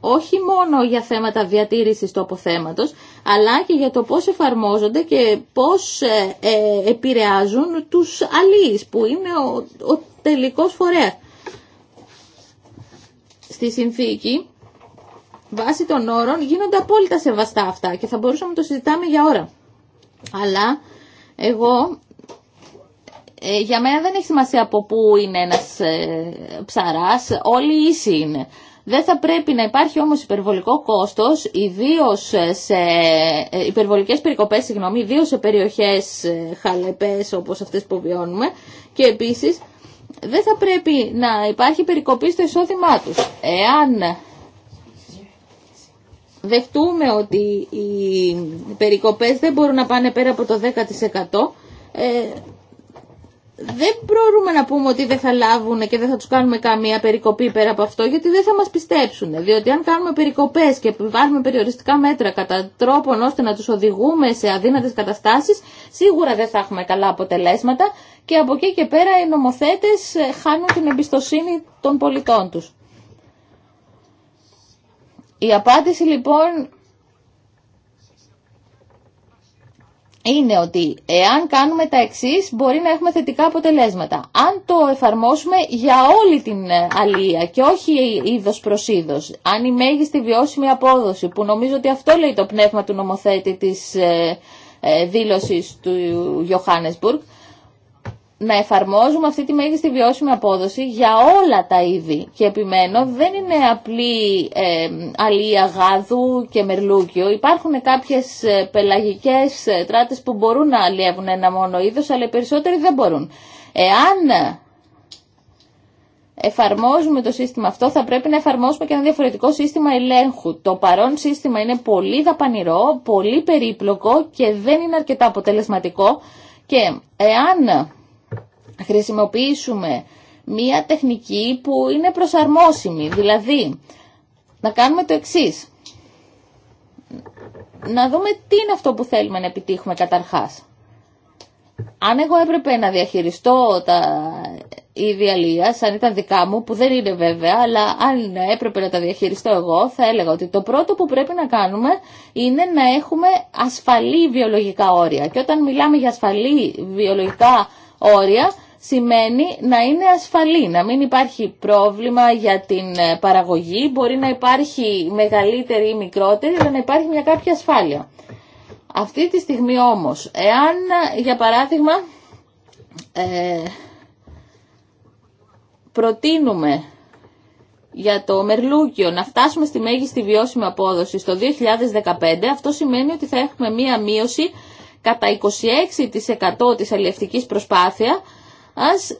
όχι μόνο για θέματα διατήρησης του αποθέματος, αλλά και για το πώς εφαρμόζονται και πώς ε, ε, επηρεάζουν τους αλείς, που είναι ο, ο τελικός φορέας. Στη συνθήκη, βάσει των όρων, γίνονται απόλυτα σεβαστά αυτά και θα μπορούσαμε να το συζητάμε για ώρα. Αλλά εγώ ε, για μένα δεν έχει σημασία από πού είναι ένας ψαράς, όλοι ίσοι είναι. Δεν θα πρέπει να υπάρχει όμως υπερβολικό κόστος, ιδίως σε ε, υπερβολικές περικοπές, συγγνώμη, ιδίως σε περιοχές ε, χαλεπές όπως αυτές που βιώνουμε και επίσης δεν θα πρέπει να υπάρχει περικοπή στο εισόδημά τους. Εάν δεχτούμε ότι οι περικοπές δεν μπορούν να πάνε πέρα από το 10% δεν μπορούμε να πούμε ότι δεν θα λάβουν και δεν θα τους κάνουμε καμία περικοπή πέρα από αυτό, γιατί δεν θα μας πιστέψουν. Διότι αν κάνουμε περικοπές και βάλουμε περιοριστικά μέτρα κατά τρόπον ώστε να τους οδηγούμε σε αδύνατες καταστάσεις, σίγουρα δεν θα έχουμε καλά αποτελέσματα και από εκεί και πέρα οι νομοθέτες ε, χάνουν την εμπιστοσύνη των πολιτών τους. Η απάντηση λοιπόν είναι ότι εάν κάνουμε τα εξή μπορεί να έχουμε θετικά αποτελέσματα. Αν το εφαρμόσουμε για όλη την ε, αλία και όχι είδο προς είδο, αν η μέγιστη βιώσιμη απόδοση, που νομίζω ότι αυτό λέει το πνεύμα του νομοθέτη της ε, ε, δήλωσης του Johannesburg, να εφαρμόζουμε αυτή τη μέγιστη βιώσιμη απόδοση για όλα τα είδη. E και επιμένω, δεν είναι απλή ε, αλία γάδου και μερλούκιο. Υπάρχουν κάποιες ε, πελαγικές ε, τράτες που μπορούν να αλλιεύουν ένα μόνο είδος, αλλά οι περισσότεροι δεν μπορούν. Εάν εφαρμόζουμε το σύστημα αυτό, θα πρέπει να εφαρμόσουμε και ένα διαφορετικό σύστημα ελέγχου. Το παρόν σύστημα είναι πολύ δαπανηρό, πολύ περίπλοκο και δεν είναι αρκετά αποτελεσματικό. Και εάν χρησιμοποιήσουμε μία τεχνική που είναι προσαρμόσιμη. Δηλαδή, να κάνουμε το εξής. Να δούμε τι είναι αυτό που θέλουμε να επιτύχουμε καταρχάς. Αν εγώ έπρεπε να διαχειριστώ τα ίδια σαν ήταν δικά μου, που δεν είναι βέβαια, αλλά αν έπρεπε να τα διαχειριστώ εγώ, θα έλεγα ότι το πρώτο που πρέπει να κάνουμε είναι να έχουμε ασφαλή βιολογικά όρια. Και όταν μιλάμε για ασφαλή βιολογικά όρια, σημαίνει να είναι ασφαλή, να μην υπάρχει πρόβλημα για την ε, παραγωγή, μπορεί να υπάρχει μεγαλύτερη ή μικρότερη, αλλά να υπάρχει μια κάποια ασφάλεια. Αυτή τη στιγμή όμως, εάν ε, για παράδειγμα ε, προτείνουμε για το μερλούκιο να φτάσουμε στη μέγιστη βιώσιμη απόδοση στο 2015, αυτό σημαίνει ότι θα έχουμε μία μείωση κατά 26% της αλληλευτικής προσπάθεια ας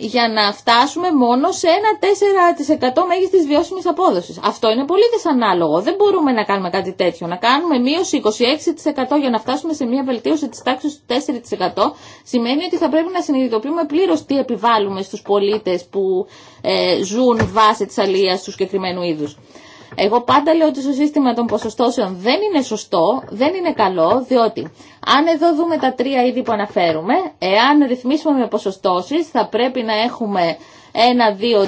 για να φτάσουμε μόνο σε ένα 4% μέγιστης βιώσιμης απόδοσης. Αυτό είναι πολύ δυσανάλογο. Δεν μπορούμε να κάνουμε κάτι τέτοιο. Να κάνουμε μείωση 26% για να φτάσουμε σε μια βελτίωση της τάξης του 4% σημαίνει ότι θα πρέπει να συνειδητοποιούμε πλήρως τι επιβάλλουμε στους πολίτες που ε, ζουν βάσει της αλληλεία του συγκεκριμένου είδους. Εγώ πάντα λέω ότι το σύστημα των ποσοστώσεων δεν είναι σωστό, δεν είναι καλό, διότι αν εδώ δούμε τα τρία είδη που αναφέρουμε, εάν ρυθμίσουμε με ποσοστώσεις θα πρέπει να έχουμε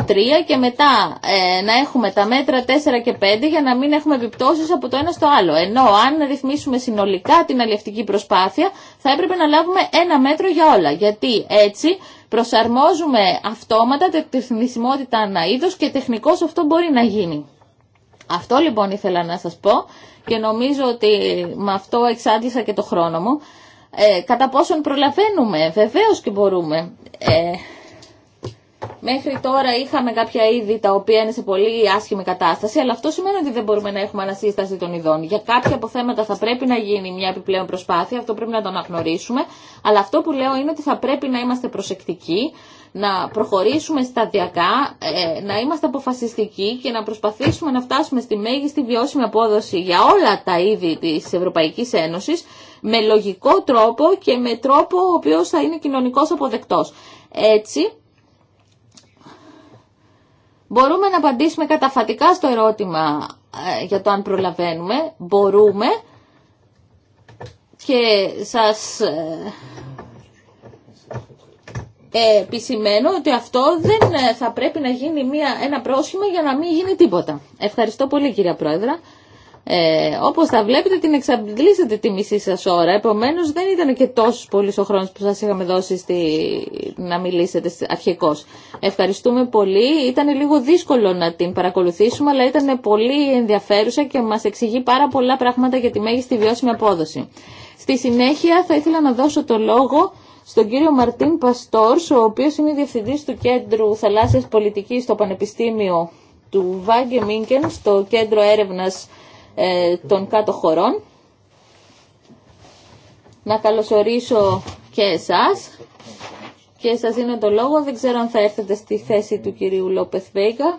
1, 2, 3 και μετά ε, να έχουμε τα μέτρα 4 και 5 για να μην έχουμε επιπτώσεις από το ένα στο άλλο. Ενώ αν ρυθμίσουμε συνολικά την αλληλευτική προσπάθεια θα έπρεπε να λάβουμε ένα μέτρο για όλα. Γιατί έτσι προσαρμόζουμε αυτόματα τη θνησιμότητα αναείδος και τεχνικώς αυτό μπορεί να γίνει. Αυτό λοιπόν ήθελα να σας πω και νομίζω ότι με αυτό εξάντλησα και το χρόνο μου. Ε, κατά πόσον προλαβαίνουμε, βεβαίως και μπορούμε. Ε, μέχρι τώρα είχαμε κάποια είδη τα οποία είναι σε πολύ άσχημη κατάσταση, αλλά αυτό σημαίνει ότι δεν μπορούμε να έχουμε ανασύσταση των ειδών. Για κάποια αποθέματα θα πρέπει να γίνει μια επιπλέον προσπάθεια, αυτό πρέπει να το αναγνωρίσουμε, αλλά αυτό που λέω είναι ότι θα πρέπει να είμαστε προσεκτικοί, να προχωρήσουμε σταδιακά, ε, να είμαστε αποφασιστικοί και να προσπαθήσουμε να φτάσουμε στη μέγιστη βιώσιμη απόδοση για όλα τα είδη της Ευρωπαϊκής Ένωσης με λογικό τρόπο και με τρόπο ο οποίος θα είναι κοινωνικός αποδεκτός. Έτσι, μπορούμε να απαντήσουμε καταφατικά στο ερώτημα ε, για το αν προλαβαίνουμε. Μπορούμε και σας ε, ε, επισημαίνω ότι αυτό δεν ε, θα πρέπει να γίνει μια, ένα πρόσχημα για να μην γίνει τίποτα. Ευχαριστώ πολύ κυρία Πρόεδρα. Ε, όπως θα βλέπετε την εξαντλήσατε τη μισή σας ώρα, επομένως δεν ήταν και τόσο πολύ ο χρόνος που σας είχαμε δώσει στη, να μιλήσετε αρχικώς. Ευχαριστούμε πολύ. Ήταν λίγο δύσκολο να την παρακολουθήσουμε, αλλά ήταν πολύ ενδιαφέρουσα και μας εξηγεί πάρα πολλά πράγματα για τη μέγιστη βιώσιμη απόδοση. Στη συνέχεια θα ήθελα να δώσω το λόγο στον κύριο Μαρτίν Παστόρ, ο οποίος είναι διευθυντής του Κέντρου Θαλάσσιας Πολιτικής στο Πανεπιστήμιο του Βάγκε Μίνκεν, στο Κέντρο Έρευνας ε, των Κάτω Χωρών. Να καλωσορίσω και εσάς και σας δίνω το λόγο. Δεν ξέρω αν θα έρθετε στη θέση του κυρίου Λόπεθ Βέγκα.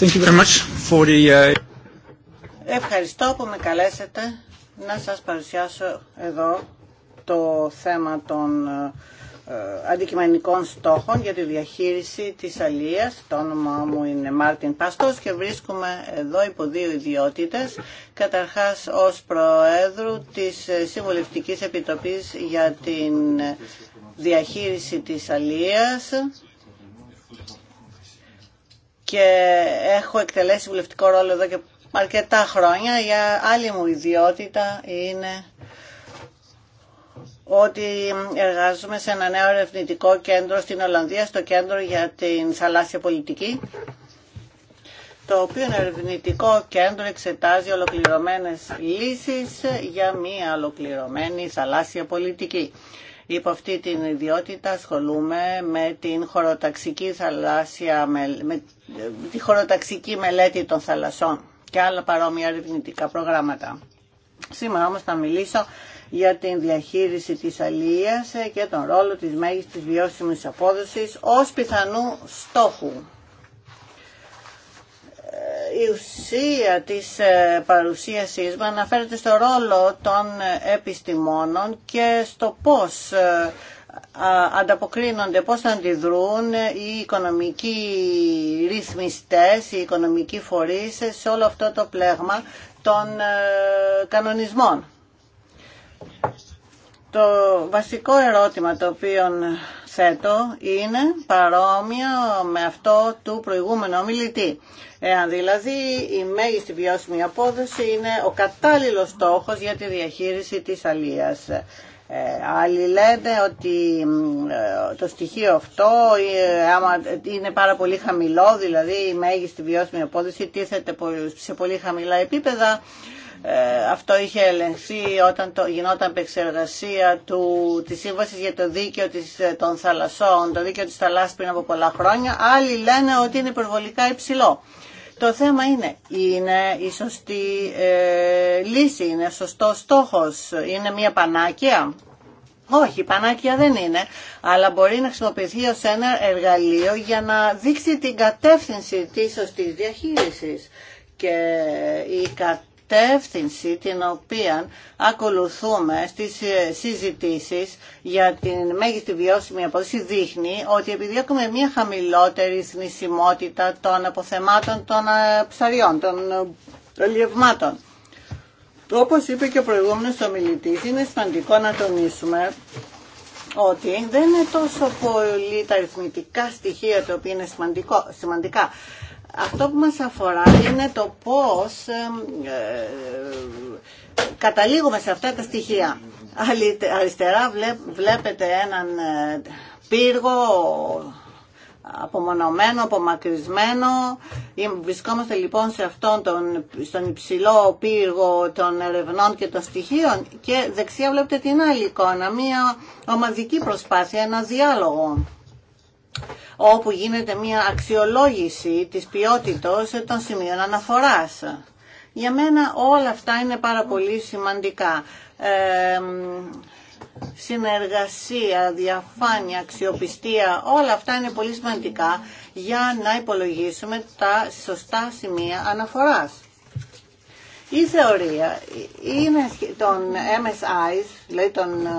Uh, Ευχαριστώ που με καλέσετε να σας παρουσιάσω εδώ το θέμα των ε, αντικειμενικών στόχων για τη διαχείριση της αλίας. Το όνομά μου είναι Μάρτιν Παστός και βρίσκομαι εδώ υπό δύο ιδιότητες. Καταρχάς ως Προέδρου της Συμβουλευτικής Επιτροπής για την διαχείριση της αλίας και έχω εκτελέσει βουλευτικό ρόλο εδώ και αρκετά χρόνια. Η άλλη μου ιδιότητα είναι ότι εργάζομαι σε ένα νέο ερευνητικό κέντρο στην Ολλανδία, στο κέντρο για την θαλάσσια πολιτική, το οποίο ερευνητικό κέντρο εξετάζει ολοκληρωμένες λύσεις για μία ολοκληρωμένη θαλάσσια πολιτική. Υπό αυτή την ιδιότητα ασχολούμαι με την χωροταξική, θαλάσσια, με τη χωροταξική μελέτη των θαλασσών και άλλα παρόμοια ερευνητικά προγράμματα. Σήμερα όμως θα μιλήσω για την διαχείριση της αλίας και τον ρόλο της μέγιστης βιώσιμης απόδοσης ως πιθανού στόχου η ουσία της ε, παρουσίασής μου αναφέρεται στο ρόλο των επιστημόνων και στο πώς ε, ανταποκρίνονται, πώς αντιδρούν οι οικονομικοί ρυθμιστές, οι οικονομικοί φορείς σε όλο αυτό το πλέγμα των ε, κανονισμών. Το βασικό ερώτημα το οποίο θέτω είναι παρόμοιο με αυτό του προηγούμενου ομιλητή. Εάν δηλαδή η μέγιστη βιώσιμη απόδοση είναι ο κατάλληλος στόχος για τη διαχείριση της αλίας. Ε, άλλοι λένε ότι ε, το στοιχείο αυτό ε, είναι πάρα πολύ χαμηλό, δηλαδή η μέγιστη βιώσιμη απόδοση τίθεται σε πολύ χαμηλά επίπεδα ε, αυτό είχε ελεγχθεί όταν το, γινόταν επεξεργασία του, της σύμβασης για το δίκαιο της, ε, των θαλασσών, το δίκαιο της θαλάσσης πριν από πολλά χρόνια. Άλλοι λένε ότι είναι υπερβολικά υψηλό. Το θέμα είναι, είναι η σωστή ε, λύση, είναι σωστό στόχος, είναι μια πανάκια. Όχι, πανάκια δεν είναι, αλλά μπορεί να χρησιμοποιηθεί ως ένα εργαλείο για να δείξει την κατεύθυνση της σωστής διαχείρισης. Και η κατεύθυνση κατεύθυνση την οποία ακολουθούμε στις ε, συζητήσεις για την μέγιστη βιώσιμη απόδοση δείχνει ότι επιδιώκουμε μια χαμηλότερη θνησιμότητα των αποθεμάτων των ε, ψαριών, των ε, λιευμάτων. Όπως είπε και ο προηγούμενος ομιλητής, είναι σημαντικό να τονίσουμε ότι δεν είναι τόσο πολύ τα αριθμητικά στοιχεία τα οποία είναι σημαντικά αυτό που μας αφορά είναι το πώς ε, ε, καταλήγουμε σε αυτά τα στοιχεία. Αριστερά βλέπετε έναν ε, πύργο απομονωμένο, απομακρυσμένο. Βρισκόμαστε λοιπόν σε αυτόν τον, στον υψηλό πύργο των ερευνών και των στοιχείων και δεξιά βλέπετε την άλλη εικόνα, μια ομαδική προσπάθεια, ένα διάλογο όπου γίνεται μια αξιολόγηση της ποιότητας των σημείων αναφοράς. Για μένα όλα αυτά είναι πάρα πολύ σημαντικά. Ε, συνεργασία, διαφάνεια, αξιοπιστία, όλα αυτά είναι πολύ σημαντικά για να υπολογίσουμε τα σωστά σημεία αναφοράς. Η θεωρία είναι των MSI, δηλαδή των ε,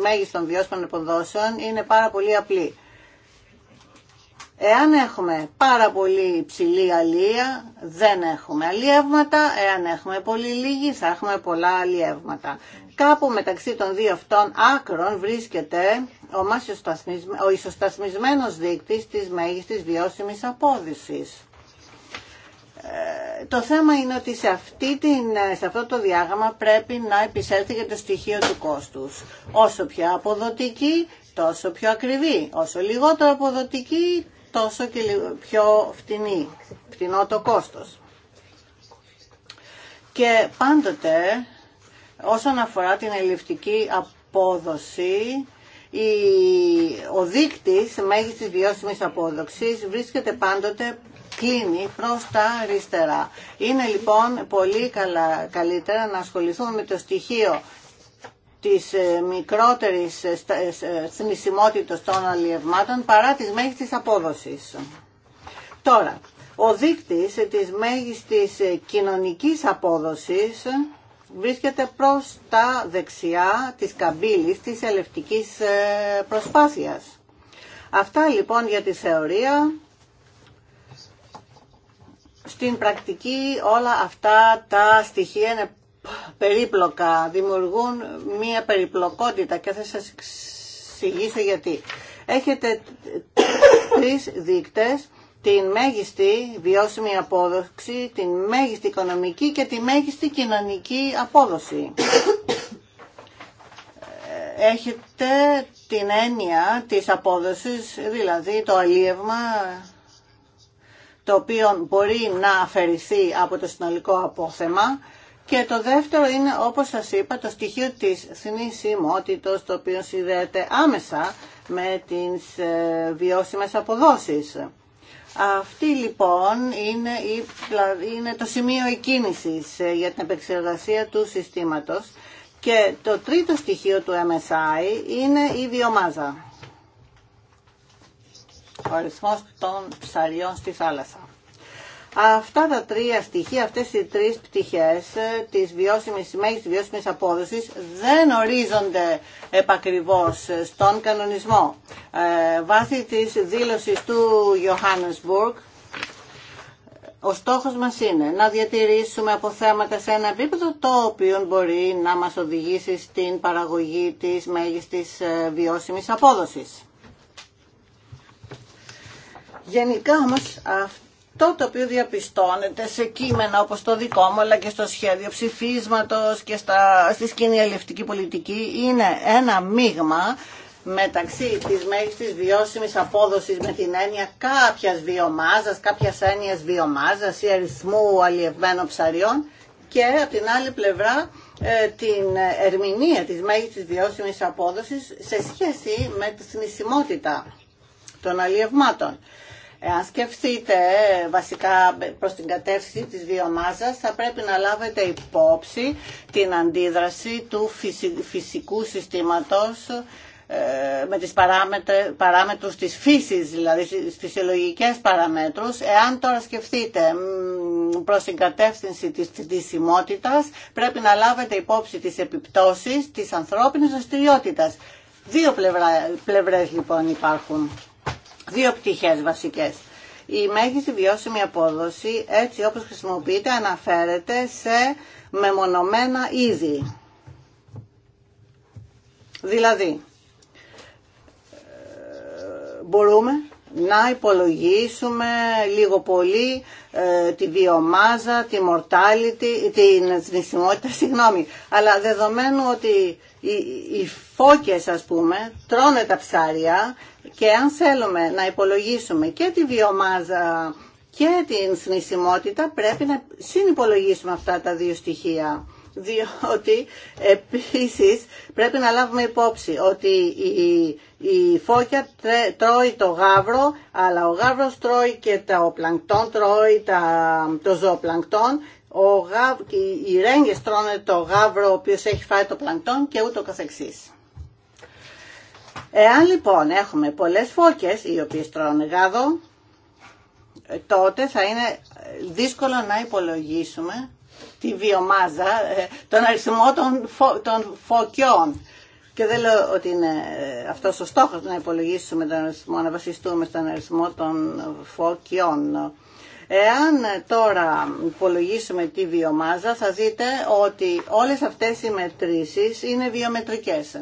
μέγιστων βιώσιμων επιδόσεων, είναι πάρα πολύ απλή. Εάν έχουμε πάρα πολύ ψηλή αλία, δεν έχουμε αλιεύματα. Εάν έχουμε πολύ λίγη, θα έχουμε πολλά αλιεύματα. Κάπου μεταξύ των δύο αυτών άκρων βρίσκεται ο, ο ισοσταθμισμένος δείκτης της μέγιστης βιώσιμης απόδυσης. Ε, το θέμα είναι ότι σε, αυτή την, σε αυτό το διάγραμμα πρέπει να επισέλθει και το στοιχείο του κόστους. Όσο πιο αποδοτική, τόσο πιο ακριβή. Όσο λιγότερο αποδοτική, τόσο και πιο φτηνή, φτηνό το κόστος. Και πάντοτε όσον αφορά την ελληνική απόδοση, η, ο δείκτης μέγιστη βιώσιμης απόδοξης βρίσκεται πάντοτε κλείνει προς τα αριστερά. Είναι λοιπόν πολύ καλά, καλύτερα να ασχοληθούμε με το στοιχείο της ε, μικρότερης ε, ε, θνησιμότητας των αλλιευμάτων παρά της μέγιστης απόδοσης. Τώρα, ο δείκτης της μέγιστης κοινωνικής απόδοσης βρίσκεται προς τα δεξιά της καμπύλης της ελευτικής προσπάθειας. Αυτά λοιπόν για τη θεωρία. Στην πρακτική όλα αυτά τα στοιχεία είναι περίπλοκα, δημιουργούν μία περιπλοκότητα και θα σας εξηγήσω γιατί. Έχετε τρεις δείκτες, την μέγιστη βιώσιμη απόδοση, την μέγιστη οικονομική και τη μέγιστη κοινωνική απόδοση. Έχετε την έννοια της απόδοσης, δηλαδή το αλίευμα το οποίο μπορεί να αφαιρεθεί από το συνολικό απόθεμα και το δεύτερο είναι, όπως σας είπα, το στοιχείο της θνησιμότητας, το οποίο συνδέεται άμεσα με τις ε, βιώσιμες αποδόσεις. Αυτή λοιπόν είναι, η, είναι το σημείο εκκίνησης ε, για την επεξεργασία του συστήματος. Και το τρίτο στοιχείο του MSI είναι η βιομάζα. Ο αριθμός των ψαριών στη θάλασσα. Αυτά τα τρία στοιχεία, αυτές οι τρεις πτυχές ε, της βιώσιμης, μέγιστης βιώσιμης απόδοσης δεν ορίζονται επακριβώς στον κανονισμό. Ε, βάσει της δήλωσης του Johannesburg, ο στόχος μας είναι να διατηρήσουμε αποθέματα σε ένα επίπεδο το οποίο μπορεί να μας οδηγήσει στην παραγωγή της μέγιστης ε, βιώσιμης απόδοσης. Γενικά όμως αυτό το οποίο διαπιστώνεται σε κείμενα όπως το δικό μου αλλά και στο σχέδιο ψηφίσματος και στα, στη σκηνή αλληλευτική πολιτική είναι ένα μείγμα μεταξύ της μέγιστης βιώσιμης απόδοσης με την έννοια κάποιας βιομάζας, κάποιας έννοιας βιομάζας ή αριθμού αλλιευμένων ψαριών και από την άλλη πλευρά ε, την ερμηνεία της μέγιστης βιώσιμης απόδοσης σε σχέση με τη θνησιμότητα των αλλιευμάτων. Εάν σκεφτείτε ε, βασικά προς την κατεύθυνση της βιομάζας θα πρέπει να λάβετε υπόψη την αντίδραση του φυσικού συστήματος ε, με τις παράμετρους της φύσης, δηλαδή τις φυσιολογικές παραμέτρους. Εάν τώρα σκεφτείτε προς την κατεύθυνση της θυσιμότητας, πρέπει να λάβετε υπόψη τις επιπτώσεις της ανθρώπινης δραστηριότητα. Δύο πλευρά, πλευρές λοιπόν υπάρχουν δύο πτυχές βασικές. Η μέγιστη βιώσιμη απόδοση, έτσι όπως χρησιμοποιείται, αναφέρεται σε μεμονωμένα είδη. Δηλαδή, ε, μπορούμε να υπολογίσουμε λίγο πολύ ε, τη βιομάζα, τη mortality, την θνησιμότητα, συγγνώμη. Αλλά δεδομένου ότι οι φώκες ας πούμε τρώνε τα ψάρια και αν θέλουμε να υπολογίσουμε και τη βιομάζα και την συνεισιμότητα πρέπει να συνυπολογίσουμε αυτά τα δύο στοιχεία διότι επίσης πρέπει να λάβουμε υπόψη ότι η, η φώκια τρώει το γάβρο, αλλά ο γάβρος τρώει και τα οπλανκτόν, τρώει τα, το ζωοπλανκτόν ο γαβ, οι ρέγγες τρώνε το γάβρο ο οποίος έχει φάει το πλανκτόν και ούτω καθεξής. Εάν λοιπόν έχουμε πολλές φώκες οι οποίες τρώνε γάδο, ε, τότε θα είναι δύσκολο να υπολογίσουμε τη βιομάζα, ε, τον αριθμό των, φω, των φωκιών. Και δεν λέω ότι είναι ε, αυτός ο στόχος να υπολογίσουμε τον αριθμό, να βασιστούμε στον αριθμό των φωκιών. Εάν τώρα υπολογίσουμε τη βιομάζα θα δείτε ότι όλες αυτές οι μετρήσεις είναι βιομετρικές.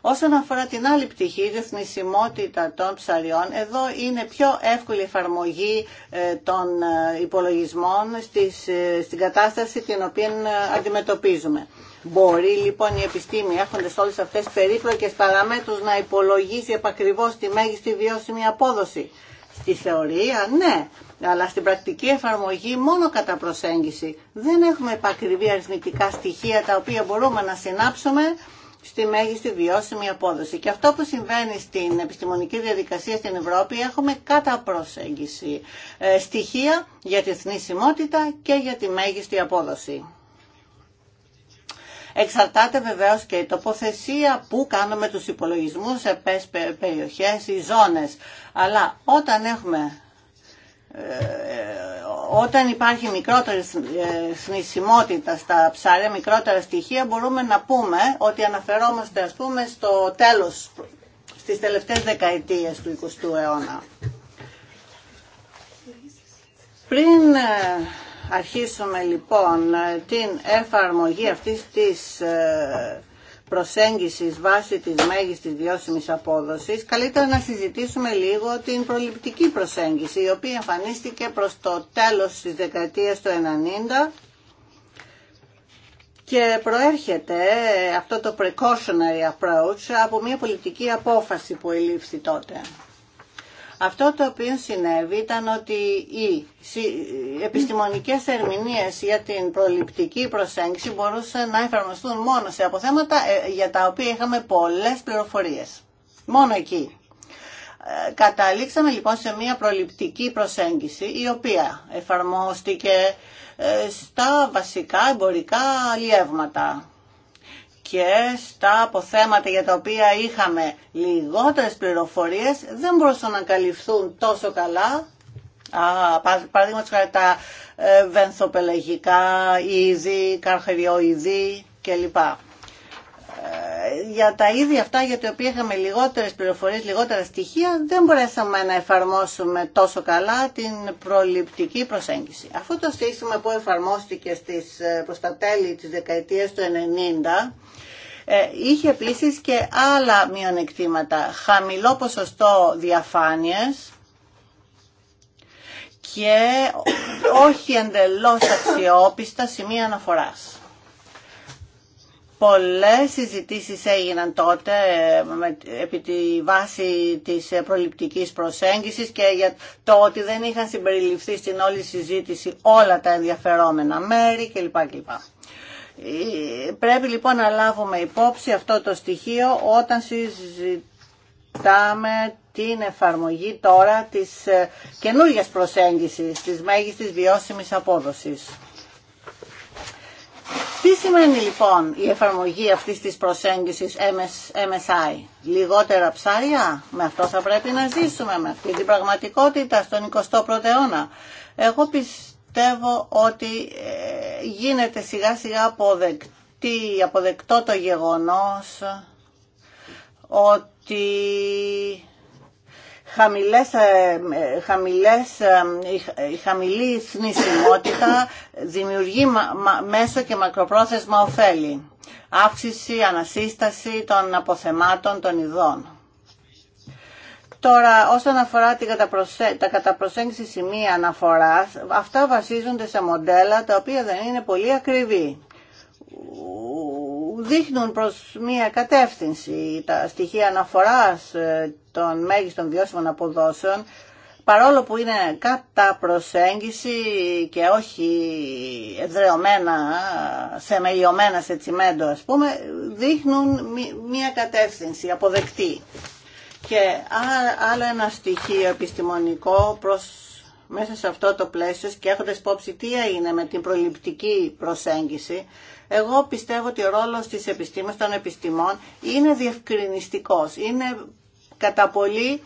Όσον αφορά την άλλη πτυχή, η ρυθμισιμότητα των ψαριών, εδώ είναι πιο εύκολη εφαρμογή ε, των ε, υπολογισμών ε, στην κατάσταση την οποία αντιμετωπίζουμε. Μπορεί λοιπόν η επιστήμη έχοντας όλες αυτές τις περίπλοκες παραμέτρους να υπολογίσει επακριβώς τη μέγιστη βιώσιμη απόδοση. Στη θεωρία ναι, αλλά στην πρακτική εφαρμογή μόνο κατά προσέγγιση. Δεν έχουμε επακριβή αριθμητικά στοιχεία τα οποία μπορούμε να συνάψουμε στη μέγιστη βιώσιμη απόδοση. Και αυτό που συμβαίνει στην επιστημονική διαδικασία στην Ευρώπη έχουμε κατά προσέγγιση ε, στοιχεία για τη θνησιμότητα και για τη μέγιστη απόδοση. Εξαρτάται βεβαίως και η τοποθεσία που κάνουμε τους υπολογισμούς σε περιοχές ή ζώνες. Αλλά όταν έχουμε ε, ε, όταν υπάρχει μικρότερη ε, θνησιμότητα στα ψάρια, μικρότερα στοιχεία, μπορούμε να πούμε ότι αναφερόμαστε ας πούμε στο τέλος, στις τελευταίες δεκαετίες του 20ου αιώνα. Πριν αρχίσουμε λοιπόν την εφαρμογή αυτής της προσέγγισης βάσει της μέγιστης βιώσιμης απόδοσης, καλύτερα να συζητήσουμε λίγο την προληπτική προσέγγιση, η οποία εμφανίστηκε προς το τέλος της δεκαετίας του 1990 και προέρχεται αυτό το precautionary approach από μια πολιτική απόφαση που ελήφθη τότε. Αυτό το οποίο συνέβη ήταν ότι οι επιστημονικές ερμηνείες για την προληπτική προσέγγιση μπορούσαν να εφαρμοστούν μόνο σε αποθέματα ε, για τα οποία είχαμε πολλές πληροφορίες. Μόνο εκεί. Ε, καταλήξαμε λοιπόν σε μια προληπτική προσέγγιση η οποία εφαρμόστηκε ε, στα βασικά εμπορικά λιεύματα και στα αποθέματα για τα οποία είχαμε λιγότερες πληροφορίες δεν μπορούσαν να καλυφθούν τόσο καλά. παραδείγματος χάρη τα ε, βενθοπελαγικά είδη, ειδή κλπ. Ε, για τα είδη αυτά για τα οποία είχαμε λιγότερες πληροφορίες, λιγότερα στοιχεία, δεν μπορέσαμε να εφαρμόσουμε τόσο καλά την προληπτική προσέγγιση. Αυτό το σύστημα που εφαρμόστηκε στις, ε, προς τα τέλη της δεκαετίας του 90, ε, είχε επίσης και άλλα μειονεκτήματα. Χαμηλό ποσοστό διαφάνειας και όχι εντελώς αξιόπιστα σημεία αναφοράς. Πολλές συζητήσεις έγιναν τότε ε, επί τη βάση της προληπτικής προσέγγισης και για το ότι δεν είχαν συμπεριληφθεί στην όλη συζήτηση όλα τα ενδιαφερόμενα μέρη κλπ. Πρέπει λοιπόν να λάβουμε υπόψη αυτό το στοιχείο όταν συζητάμε την εφαρμογή τώρα της ε, καινούργιας προσέγγισης, της μέγιστης βιώσιμης απόδοσης. Τι σημαίνει λοιπόν η εφαρμογή αυτής της προσέγγισης MSI. Λιγότερα ψάρια, με αυτό θα πρέπει να ζήσουμε, με αυτή την πραγματικότητα στον 21ο αιώνα. Εγώ πιστεύω ότι ε, γίνεται σιγά σιγά αποδεκτή, αποδεκτό το γεγονός ότι χαμηλές, ε, χαμηλές, ε, χαμηλή θνησιμότητα δημιουργεί μέσο και μακροπρόθεσμα ωφέλη. Αύξηση, ανασύσταση των αποθεμάτων των ειδών. Τώρα, όσον αφορά τα καταπροσέγγιση σημεία αναφοράς, αυτά βασίζονται σε μοντέλα τα οποία δεν είναι πολύ ακριβή. Δείχνουν προς μία κατεύθυνση τα στοιχεία αναφοράς ε, των μέγιστων βιώσιμων αποδόσεων, παρόλο που είναι κατά προσέγγιση και όχι εδρεωμένα, μελιωμένα σε τσιμέντο ας πούμε, δείχνουν μία κατεύθυνση αποδεκτή. Και άλλο ένα στοιχείο επιστημονικό προς, μέσα σε αυτό το πλαίσιο και έχοντας υπόψη τι είναι με την προληπτική προσέγγιση, εγώ πιστεύω ότι ο ρόλος της επιστήμης των επιστημών είναι διευκρινιστικός, είναι κατά πολύ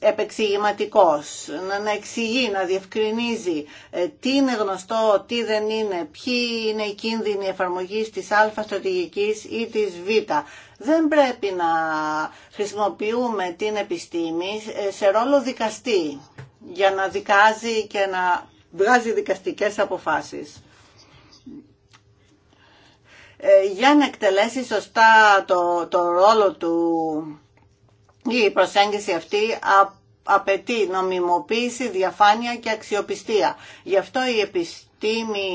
επεξηγηματικός, να εξηγεί, να διευκρινίζει ε, τι είναι γνωστό, τι δεν είναι, ποιοι είναι οι κίνδυνοι εφαρμογή της α στρατηγικής ή της β. Δεν πρέπει να χρησιμοποιούμε την επιστήμη ε, σε ρόλο δικαστή για να δικάζει και να βγάζει δικαστικές αποφάσεις ε, για να εκτελέσει σωστά το, το ρόλο του η προσέγγιση αυτή απαιτεί νομιμοποίηση, διαφάνεια και αξιοπιστία. Γι' αυτό η επιστήμη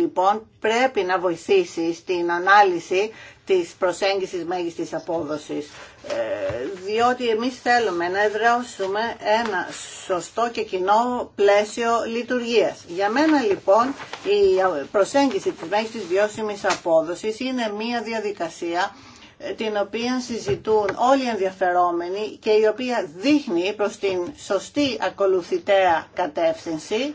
λοιπόν πρέπει να βοηθήσει στην ανάλυση της προσέγγισης μέγιστης απόδοσης. Ε, διότι εμείς θέλουμε να εδραιώσουμε ένα σωστό και κοινό πλαίσιο λειτουργίας. Για μένα λοιπόν η προσέγγιση της μέγιστης βιώσιμης απόδοσης είναι μία διαδικασία την οποία συζητούν όλοι οι ενδιαφερόμενοι και η οποία δείχνει προς την σωστή ακολουθητέα κατεύθυνση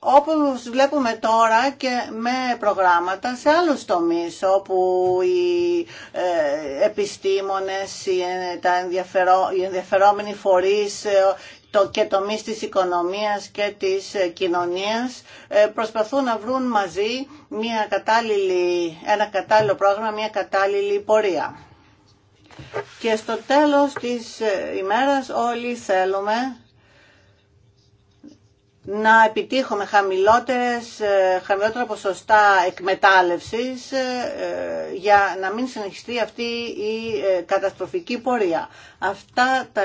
όπως βλέπουμε τώρα και με προγράμματα σε άλλους τομείς όπου οι ε, επιστήμονες, οι, ε, τα ενδιαφερόμενοι φορείς, ε, το και τομείς της οικονομίας και της ε, κοινωνίας ε, προσπαθούν να βρουν μαζί μια κατάλληλη, ένα κατάλληλο πρόγραμμα, μια κατάλληλη πορεία. Και στο τέλος της ε, ημέρας όλοι θέλουμε να επιτύχουμε χαμηλότερες, ε, χαμηλότερα ποσοστά εκμετάλλευσης ε, ε, για να μην συνεχιστεί αυτή η καταστροφική πορεία. Αυτά τα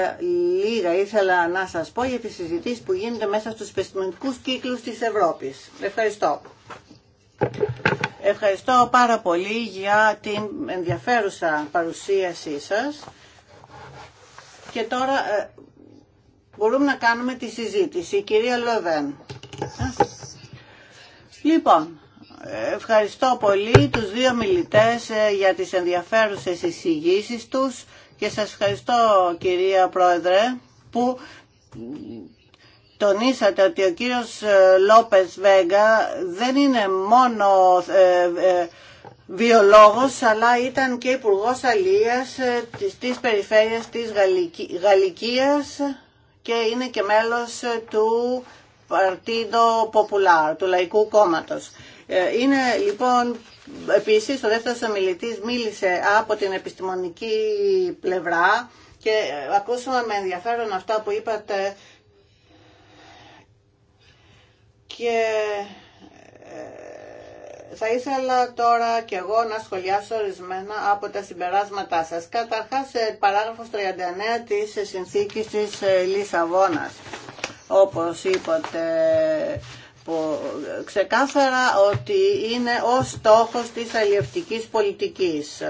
λίγα ήθελα να σας πω για τις συζητήσεις που γίνονται μέσα στους επιστημονικούς κύκλους της Ευρώπης. Ευχαριστώ. Ευχαριστώ πάρα πολύ για την ενδιαφέρουσα παρουσίασή σας. Και τώρα μπορούμε να κάνουμε τη συζήτηση. κυρία Λοβέν. Λοιπόν, ευχαριστώ πολύ τους δύο μιλητές ε, για τις ενδιαφέρουσες εισηγήσεις τους και σας ευχαριστώ κυρία Πρόεδρε που τονίσατε ότι ο κύριος ε, Λόπες Βέγκα δεν είναι μόνο ε, βιολόγος αλλά ήταν και υπουργός αλίας της περιφέρειας της Γαλλικίας και είναι και μέλος του Παρτίδο Popular, του Λαϊκού Κόμματος. Ε, είναι λοιπόν, επίσης ο δεύτερος ομιλητής μίλησε από την επιστημονική πλευρά και ε, ακούσαμε με ενδιαφέρον αυτά που είπατε και θα ήθελα τώρα και εγώ να σχολιάσω ορισμένα από τα συμπεράσματά σας. Καταρχάς, ε, παράγραφος 39 της συνθήκης της ε, Λισαβόνας. Όπως είπατε, ξεκάθαρα ότι είναι ο στόχος της αλλιευτικής πολιτικής.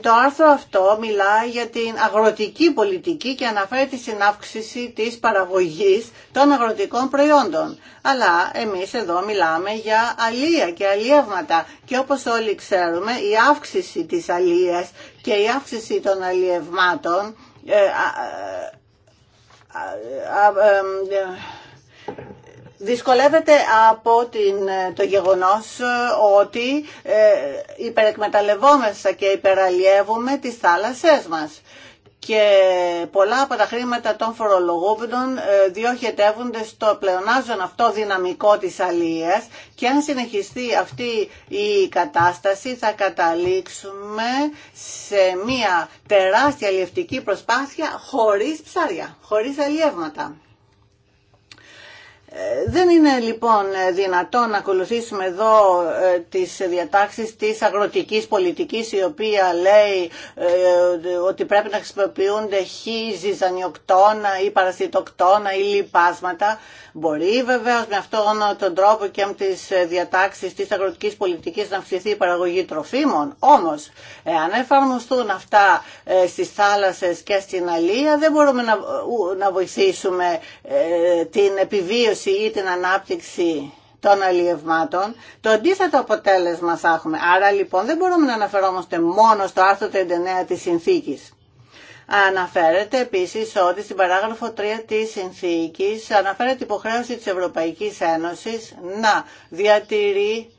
Το άρθρο αυτό μιλά για την αγροτική πολιτική και αναφέρεται στην αύξηση της παραγωγής των αγροτικών προϊόντων. Αλλά εμείς εδώ μιλάμε για αλία και αλίευματα και όπως όλοι ξέρουμε η αύξηση της αλίας και η αύξηση των αλιευμάτων ε, ε, ε, δυσκολεύεται από την, ε, το γεγονός ε, ότι ε, υπερεκμεταλλευόμαστε και υπεραλλιεύουμε τις θάλασσές μας και πολλά από τα χρήματα των φορολογούμενων διοχετεύονται στο πλεονάζον αυτό δυναμικό της αλίας και αν συνεχιστεί αυτή η κατάσταση θα καταλήξουμε σε μια τεράστια αλλιευτική προσπάθεια χωρίς ψάρια, χωρί αλλιεύματα. Ε, δεν είναι λοιπόν δυνατόν να ακολουθήσουμε εδώ ε, τις διατάξεις της αγροτικής πολιτικής η οποία λέει ε, ότι πρέπει να χρησιμοποιούνται χι, ζυζανιοκτώνα ή παρασιτοκτώνα ή λιπάσματα. Μπορεί βεβαίως με αυτόν τον τρόπο και με τις διατάξεις της αγροτικής πολιτικής να αυξηθεί η παραγωγή τροφίμων. Όμως, αν εφαρμοστούν αυτά στις θάλασσες και στην αλία δεν μπορούμε να βοηθήσουμε την επιβίωση ή την ανάπτυξη των αλλιευμάτων, το αντίθετο αποτέλεσμα θα έχουμε. Άρα λοιπόν δεν μπορούμε να αναφερόμαστε μόνο στο άρθρο 39 της συνθήκης. Αναφέρεται επίσης ότι στην παράγραφο 3 της συνθήκης αναφέρεται υποχρέωση της Ευρωπαϊκής Ένωσης να διατηρεί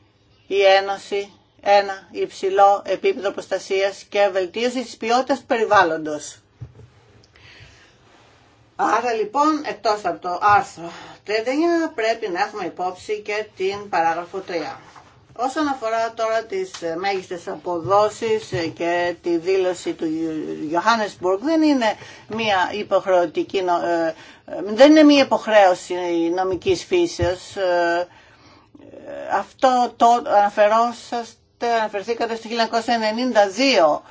η Ένωση ένα υψηλό επίπεδο προστασίας και βελτίωση της ποιότητας του περιβάλλοντος. Άρα λοιπόν, εκτός από το άρθρο 39 πρέπει να έχουμε υπόψη και την παράγραφο 3. Όσον αφορά τώρα τις μέγιστες αποδόσεις και τη δήλωση του Johannesburg, δεν είναι μια υποχρεωτική, ε, ε, δεν είναι μια υποχρέωση νομικής φύσεως. Ε, αυτό το αναφερόσαστε, αναφερθήκατε στο 1992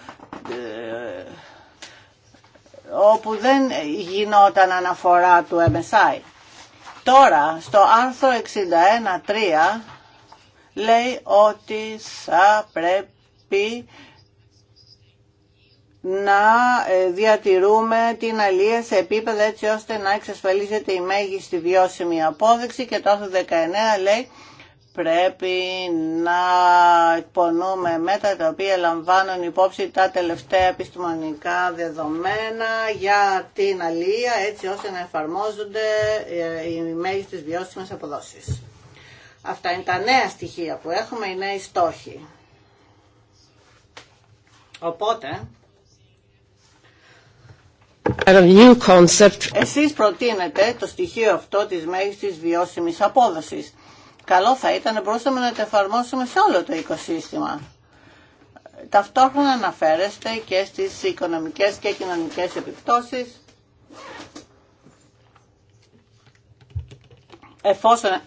όπου δεν γινόταν αναφορά του MSI. Τώρα, στο άρθρο 61.3 λέει ότι θα πρέπει να ε, διατηρούμε την αλία σε επίπεδο έτσι ώστε να εξασφαλίζεται η μέγιστη βιώσιμη απόδειξη και το άρθρο 19 λέει πρέπει να εκπονούμε μέτρα τα οποία λαμβάνουν υπόψη τα τελευταία επιστημονικά δεδομένα για την αλληλεία έτσι ώστε να εφαρμόζονται ε, οι μέγιστες βιώσιμες αποδόσεις. Αυτά είναι τα νέα στοιχεία που έχουμε, οι νέοι στόχοι. Οπότε, Εσείς προτείνετε το στοιχείο αυτό της μέγιστης βιώσιμης απόδοσης καλό θα ήταν να μπορούσαμε να το εφαρμόσουμε σε όλο το οικοσύστημα. Ταυτόχρονα αναφέρεστε και στις οικονομικές και κοινωνικές επιπτώσεις. Εφόσον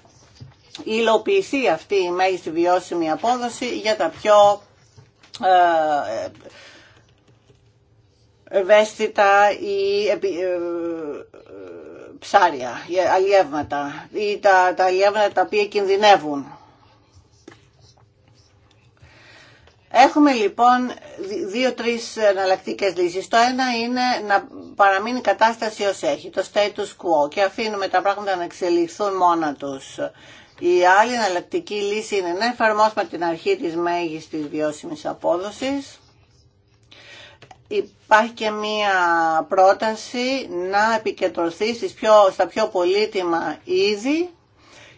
υλοποιηθεί αυτή η μέγιστη βιώσιμη απόδοση για τα πιο ε, ευαίσθητα ή ε, ψάρια, αλλιεύματα ή τα, τα αλλιεύματα τα οποία κινδυνεύουν. Έχουμε λοιπόν δύο-τρεις εναλλακτικέ λύσεις. Το ένα είναι να παραμείνει η κατάσταση ως έχει, το status quo και αφήνουμε τα πράγματα να εξελιχθούν μόνα τους. Η άλλη εναλλακτική λύση είναι να εφαρμόσουμε την αρχή της μέγιστης βιώσιμης απόδοσης υπάρχει και μία πρόταση να επικεντρωθεί στις πιο, στα πιο πολύτιμα είδη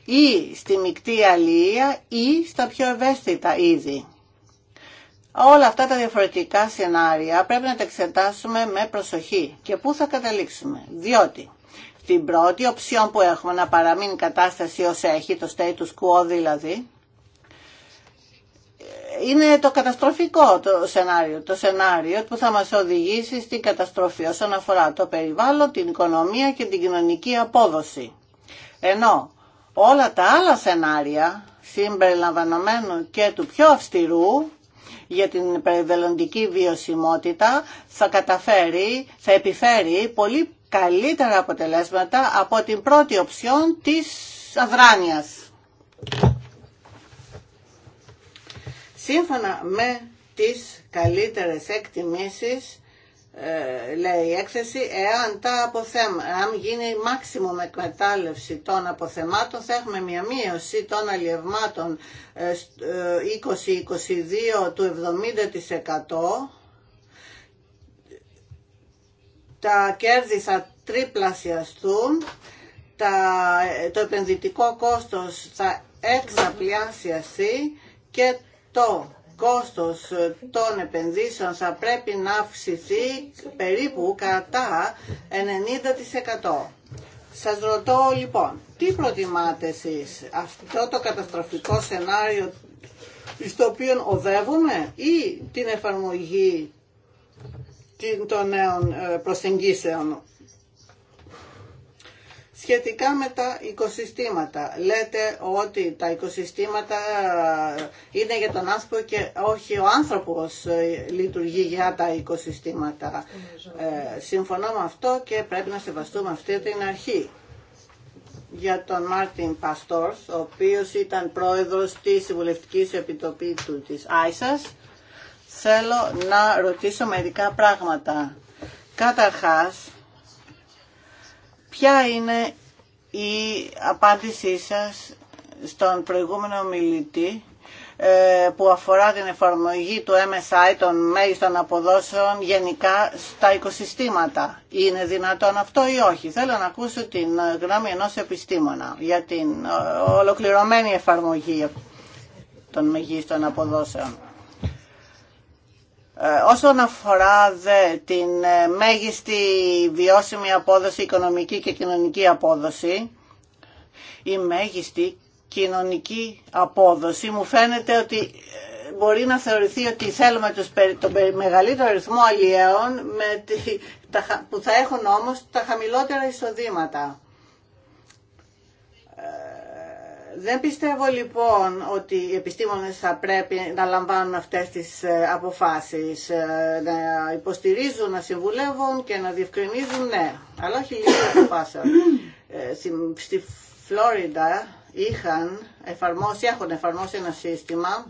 ή στη μεικτή αλληλεία ή στα πιο ευαίσθητα είδη. Όλα αυτά τα διαφορετικά σενάρια πρέπει να τα εξετάσουμε με προσοχή και πού θα καταλήξουμε. Διότι στην πρώτη οψιόν που έχουμε να παραμείνει η κατάσταση ως έχει, το status quo δηλαδή, είναι το καταστροφικό το σενάριο, το σενάριο που θα μας οδηγήσει στην καταστροφή όσον αφορά το περιβάλλον, την οικονομία και την κοινωνική απόδοση. Ενώ όλα τα άλλα σενάρια, συμπεριλαμβανομένου και του πιο αυστηρού, για την περιβαλλοντική βιωσιμότητα θα καταφέρει, θα επιφέρει πολύ καλύτερα αποτελέσματα από την πρώτη οψιόν της αδράνειας. Σύμφωνα με τις καλύτερες εκτιμήσεις, ε, λέει η έκθεση, εάν τα αποθέμα, αν γίνει μάξιμο εκμετάλλευση των αποθεμάτων, θα έχουμε μια μείωση των αλλιευμάτων 20-22 ε, ε, του 70%. Τα κέρδη θα τριπλασιαστούν, τα, το επενδυτικό κόστος θα εξαπλιάσιασει και το κόστος ε, των επενδύσεων θα πρέπει να αυξηθεί περίπου κατά 90%. Σας ρωτώ λοιπόν, τι προτιμάτε εσείς, αυτό το καταστροφικό σενάριο στο οποίο οδεύουμε ή την εφαρμογή των νέων ε, προσεγγίσεων Σχετικά με τα οικοσυστήματα, λέτε ότι τα οικοσυστήματα είναι για τον άνθρωπο και όχι ο άνθρωπος ε, λειτουργεί για τα οικοσυστήματα. Ε, συμφωνώ με αυτό και πρέπει να σεβαστούμε αυτή την αρχή. Για τον Μάρτιν Παστόρς, ο οποίος ήταν πρόεδρος της Συμβουλευτικής Επιτροπής του της ΆΙΣΑΣ, θέλω να ρωτήσω μερικά πράγματα. Καταρχάς, Ποια είναι η απάντησή σας στον προηγούμενο μιλητή ε, που αφορά την εφαρμογή του MSI των μέγιστων αποδόσεων γενικά στα οικοσυστήματα. Είναι δυνατόν αυτό ή όχι. Θέλω να ακούσω την γνώμη ενός επιστήμονα για την ε, ολοκληρωμένη εφαρμογή των μεγίστων αποδόσεων. Ε, όσον αφορά την ε, μέγιστη βιώσιμη απόδοση, οικονομική και κοινωνική απόδοση, η μέγιστη κοινωνική απόδοση μου φαίνεται ότι ε, μπορεί να θεωρηθεί ότι θέλουμε τους, τον μεγαλύτερο αριθμό αλλιέων με τη, που θα έχουν όμως τα χαμηλότερα εισοδήματα. Δεν πιστεύω λοιπόν ότι οι επιστήμονες θα πρέπει να λαμβάνουν αυτές τις ε, αποφάσεις, ε, να υποστηρίζουν, να συμβουλεύουν και να διευκρινίζουν, ναι, αλλά όχι λίγο αποφάσεων. Στη Φλόριντα είχαν εφαρμόσει, έχουν εφαρμόσει ένα σύστημα,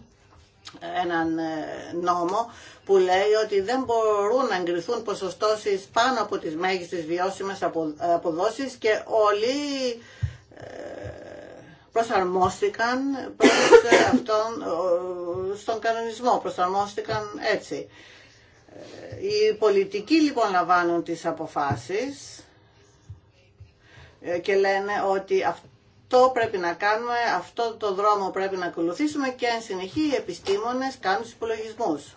έναν ε, νόμο που λέει ότι δεν μπορούν να εγκριθούν ποσοστώσεις πάνω από τις μέγιστες βιώσιμες αποδόσεις και όλοι προσαρμόστηκαν προς ε, αυτόν, στον κανονισμό, προσαρμόστηκαν έτσι. Ε, οι πολιτικοί λοιπόν λαμβάνουν τις αποφάσεις ε, και λένε ότι αυτό πρέπει να κάνουμε, αυτό το δρόμο πρέπει να ακολουθήσουμε και εν συνεχή οι επιστήμονες κάνουν τους υπολογισμούς.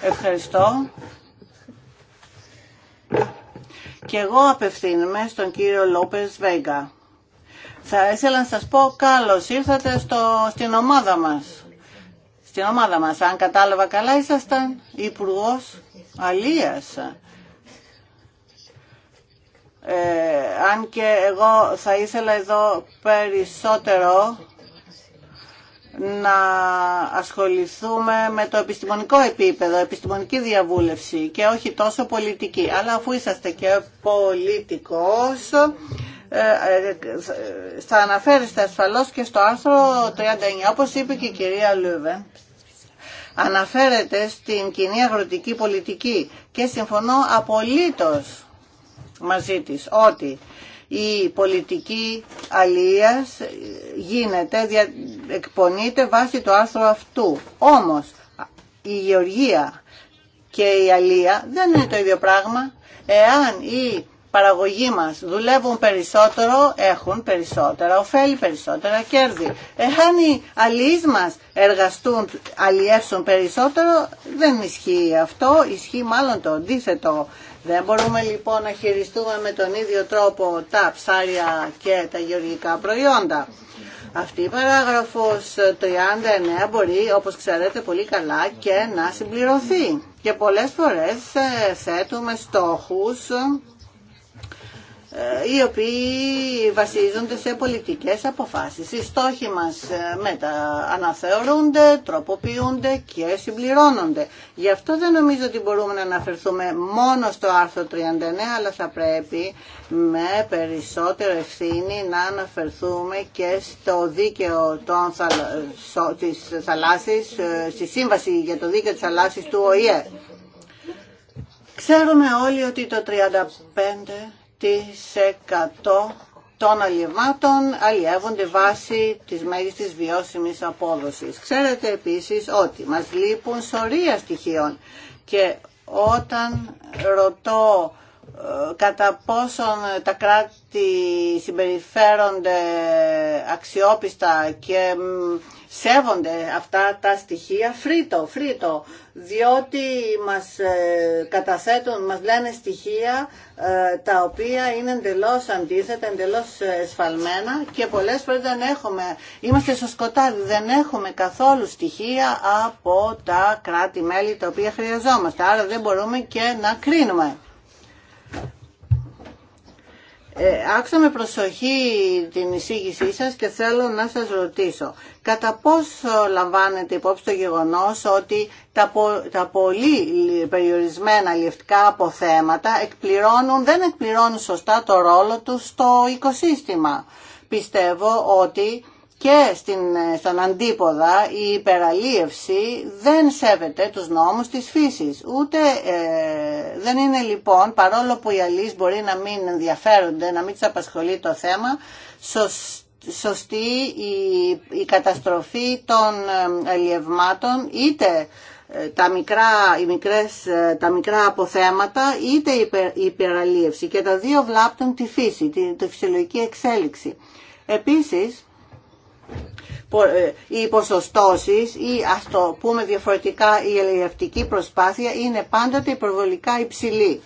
Ευχαριστώ. Και εγώ απευθύνομαι στον κύριο Λόπες Βέγκα. Θα ήθελα να σας πω καλώς ήρθατε στο, στην ομάδα μας. Στην ομάδα μας, αν κατάλαβα καλά, ήσασταν υπουργό Αλίας. Ε, αν και εγώ θα ήθελα εδώ περισσότερο να ασχοληθούμε με το επιστημονικό επίπεδο, επιστημονική διαβούλευση και όχι τόσο πολιτική. Αλλά αφού είσαστε και πολιτικός, ε, ε, θα αναφέρεστε ασφαλώς και στο άρθρο 39, όπως είπε και η κυρία Λούβε. Αναφέρεται στην κοινή αγροτική πολιτική και συμφωνώ απολύτως μαζί της ότι η πολιτική αλίας γίνεται, εκπονείται βάσει το άρθρο αυτού. Όμως η γεωργία και η αλία δεν είναι το ίδιο πράγμα. Εάν οι παραγωγοί μας δουλεύουν περισσότερο, έχουν περισσότερα ωφέλη, περισσότερα κέρδη. Εάν οι μας εργαστούν, αλλιεύσουν περισσότερο, δεν ισχύει αυτό, ισχύει μάλλον το αντίθετο. Δεν μπορούμε λοιπόν να χειριστούμε με τον ίδιο τρόπο τα ψάρια και τα γεωργικά προϊόντα. Αυτή η παράγραφος 39 μπορεί, όπως ξέρετε πολύ καλά, και να συμπληρωθεί. Και πολλές φορές ε, θέτουμε στόχους ε, οι οποίοι βασίζονται σε πολιτικές αποφάσεις. Οι στόχοι μας ε, μετααναθεωρούνται, τροποποιούνται και συμπληρώνονται. Γι' αυτό δεν νομίζω ότι μπορούμε να αναφερθούμε μόνο στο άρθρο 39, αλλά θα πρέπει με περισσότερο ευθύνη να αναφερθούμε και στο δίκαιο των της θαλάσσης, ε, στη σύμβαση για το δίκαιο της θαλάσσης του ΟΗΕ. Ξέρουμε όλοι ότι το 35 των αλλιευμάτων αλλιεύονται βάσει της μέγιστης βιώσιμης απόδοσης. Ξέρετε επίσης ότι μας λείπουν σωρία στοιχείων και όταν ρωτώ ε, κατά πόσον τα κράτη συμπεριφέρονται αξιόπιστα και σέβονται αυτά τα στοιχεία φρίτο, φρίτο, διότι μας ε, καταθέτουν, μας λένε στοιχεία ε, τα οποία είναι εντελώς αντίθετα, εντελώς ε, εσφαλμένα και πολλές φορές δεν έχουμε, είμαστε στο σκοτάδι, δεν έχουμε καθόλου στοιχεία από τα κράτη-μέλη τα οποία χρειαζόμαστε, άρα δεν μπορούμε και να κρίνουμε. Ε, άκουσα με προσοχή την εισήγησή σας και θέλω να σας ρωτήσω κατά πόσο λαμβάνετε υπόψη το γεγονός ότι τα, πολύ περιορισμένα λιευτικά αποθέματα εκπληρώνουν, δεν εκπληρώνουν σωστά το ρόλο τους στο οικοσύστημα. Πιστεύω ότι και στην, στον αντίποδα η υπεραλίευση δεν σέβεται τους νόμους της φύσης. Ούτε ε, δεν είναι λοιπόν, παρόλο που οι αλείς μπορεί να μην ενδιαφέρονται, να μην τους απασχολεί το θέμα, σωστή η, η καταστροφή των ε, αλλιευμάτων είτε ε, τα μικρά, οι μικρές, τα μικρά αποθέματα είτε η, υπεραλίευση και τα δύο βλάπτουν τη φύση, τη, τη φυσιολογική εξέλιξη. Επίσης, ε, οι ποσοστώσεις ή ας το πούμε διαφορετικά η ελευθερική προσπάθεια είναι πάντοτε υπερβολικά υψηλή.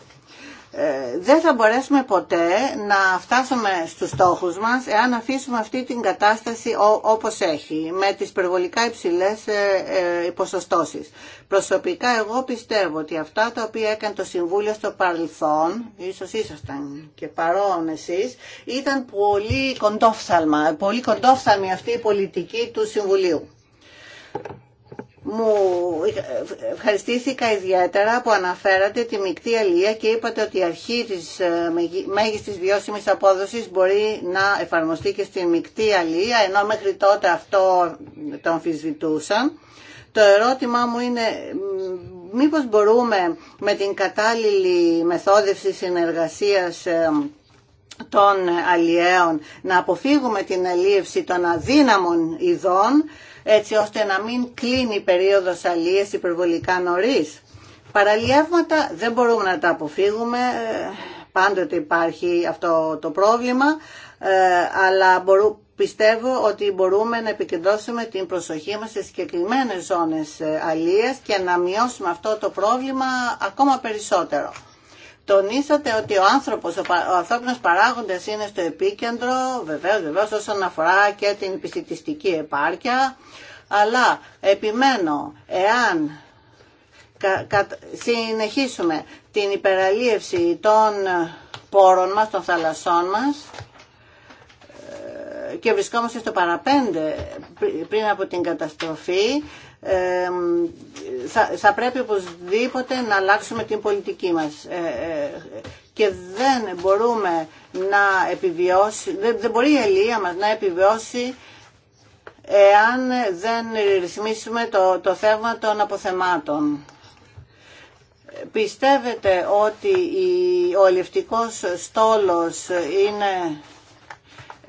Ε, δεν θα μπορέσουμε ποτέ να φτάσουμε στους στόχους μας εάν αφήσουμε αυτή την κατάσταση όπως έχει, με τις περιβολικά υψηλές υποσοστώσεις. Ε, ε, Προσωπικά εγώ πιστεύω ότι αυτά τα οποία έκανε το Συμβούλιο στο παρελθόν, ίσως ήσασταν και παρόν εσείς, ήταν πολύ κοντόφθαλμα, πολύ κοντόφθαλμη αυτή η πολιτική του Συμβουλίου μου ευχαριστήθηκα ιδιαίτερα που αναφέρατε τη μεικτή αλία και είπατε ότι η αρχή της ε, μέγιστης βιώσιμης απόδοσης μπορεί να εφαρμοστεί και στη μεικτή αλία, ενώ μέχρι τότε αυτό το αμφισβητούσαν. Το ερώτημά μου είναι μήπως μπορούμε με την κατάλληλη μεθόδευση συνεργασίας ε, των αλλιέων να αποφύγουμε την αλίευση των αδύναμων ειδών έτσι ώστε να μην κλείνει η περίοδος αλίες υπερβολικά νωρίς. Παραλιεύματα δεν μπορούμε να τα αποφύγουμε, ε, πάντοτε υπάρχει αυτό το πρόβλημα, ε, αλλά πιστεύω ότι μπορούμε να επικεντρώσουμε την προσοχή μας σε συγκεκριμένες ζώνες ε, αλίες και να μειώσουμε αυτό το πρόβλημα ακόμα περισσότερο. Τονίσατε ότι ο άνθρωπος, ο, ο ανθρώπινος παράγοντας είναι στο επίκεντρο, βεβαίως, όσον αφορά και την επιστημιστική επάρκεια, αλλά επιμένω, εάν κα, κα, συνεχίσουμε την υπεραλίευση των πόρων μας, των θαλασσών μας, ε, και βρισκόμαστε στο παραπέντε πριν από την καταστροφή θα, θα πρέπει οπωσδήποτε να αλλάξουμε την πολιτική μας ε, ε, και δεν μπορούμε να επιβιώσει, δεν, δεν μπορεί η ελία μας να επιβιώσει εάν δεν ρυθμίσουμε το, το θέμα των αποθεμάτων. Πιστεύετε ότι ο ελευτικός στόλος είναι,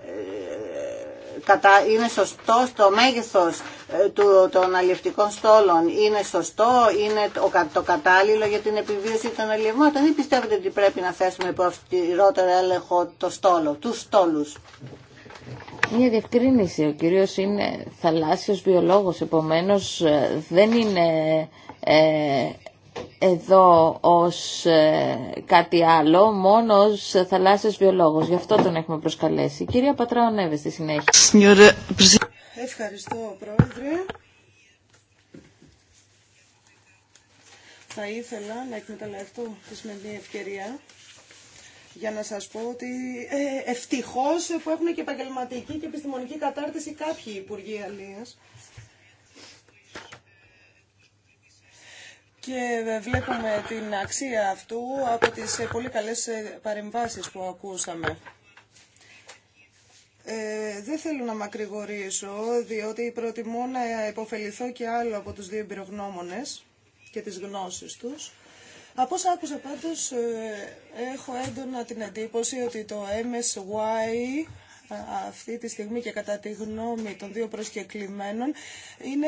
ε, κατά, είναι σωστός το μέγεθος ε, των αλλιευτικών στόλων είναι σωστό, είναι το κατάλληλο για την επιβίωση των αλλιευμάτων ή πιστεύετε ότι πρέπει να θέσουμε υπό αυστηρότερο έλεγχο το στόλο, τους στόλους. Μια διευκρίνηση. Ο κύριος είναι θαλάσσιος βιολόγος, επομένως ε, δεν είναι ε, εδώ ως ε, κάτι άλλο, μόνο ως θαλάσσιος βιολόγος. Γι' αυτό τον έχουμε προσκαλέσει. κυρία Πατράων στη συνέχεια. Ευχαριστώ, Πρόεδρε. Θα ήθελα να εκμεταλλευτώ τη σημερινή ευκαιρία για να σας πω ότι ε, ευτυχώς που έχουν και επαγγελματική και επιστημονική κατάρτιση κάποιοι Υπουργοί Αλίας. Και ε, βλέπουμε την αξία αυτού από τις ε, πολύ καλές ε, παρεμβάσεις που ακούσαμε. Ε, δεν θέλω να μακρηγορήσω, διότι προτιμώ να υποφεληθώ και άλλο από τους δύο εμπειρογνώμονε και τις γνώσεις τους. Από όσα άκουσα πάντως, ε, έχω έντονα την εντύπωση ότι το MSY ε, αυτή τη στιγμή και κατά τη γνώμη των δύο προσκεκλημένων είναι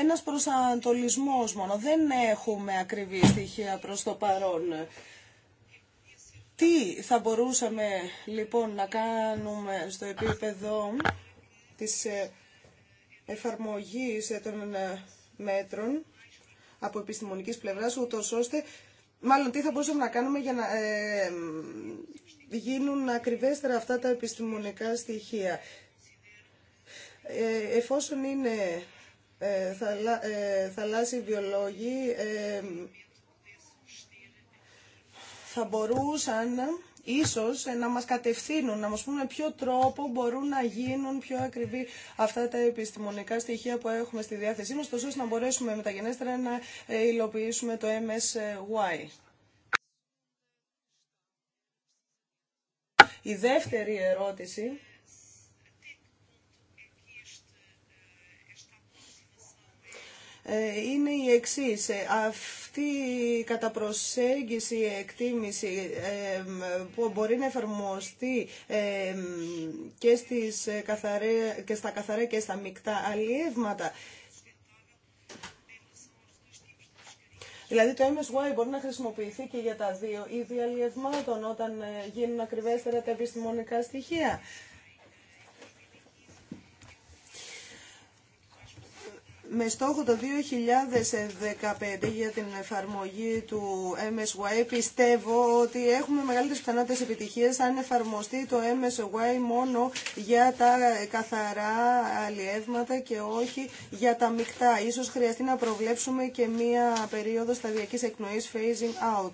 ένας προσανατολισμός μόνο. Δεν έχουμε ακριβή στοιχεία προς το παρόν. Τι θα μπορούσαμε λοιπόν να κάνουμε στο επίπεδο της ε, εφαρμογής ε, των ε, μέτρων από επιστημονικής πλευράς, ούτως ώστε, μάλλον τι θα μπορούσαμε να κάνουμε για να γίνουν ακριβέστερα αυτά τα επιστημονικά στοιχεία. Ε, εφόσον είναι ε, θαλάσσιοι βιολόγοι, θα μπορούσαν ίσως ε, να μας κατευθύνουν, να μας πούμε ποιο τρόπο μπορούν να γίνουν πιο ακριβή αυτά τα επιστημονικά στοιχεία που έχουμε στη διάθεσή μας, τόσο ώστε να μπορέσουμε μεταγενέστερα να ε, υλοποιήσουμε το MSY. Η δεύτερη ερώτηση ε, είναι η εξής αυτή η καταπροσέγγιση εκτίμηση που μπορεί να εφαρμοστεί και, στις ε, καθαρέ, και στα καθαρά και στα μεικτά αλλιεύματα, Δηλαδή το MSY μπορεί να χρησιμοποιηθεί και για τα δύο είδη αλλιευμάτων όταν ε, γίνουν ακριβέστερα τα επιστημονικά στοιχεία. με στόχο το 2015 για την εφαρμογή του MSY πιστεύω ότι έχουμε μεγαλύτερες πιθανότητες επιτυχίας αν εφαρμοστεί το MSY μόνο για τα καθαρά αλλιεύματα και όχι για τα μεικτά. Ίσως χρειαστεί να προβλέψουμε και μία περίοδο σταδιακής εκνοής phasing out.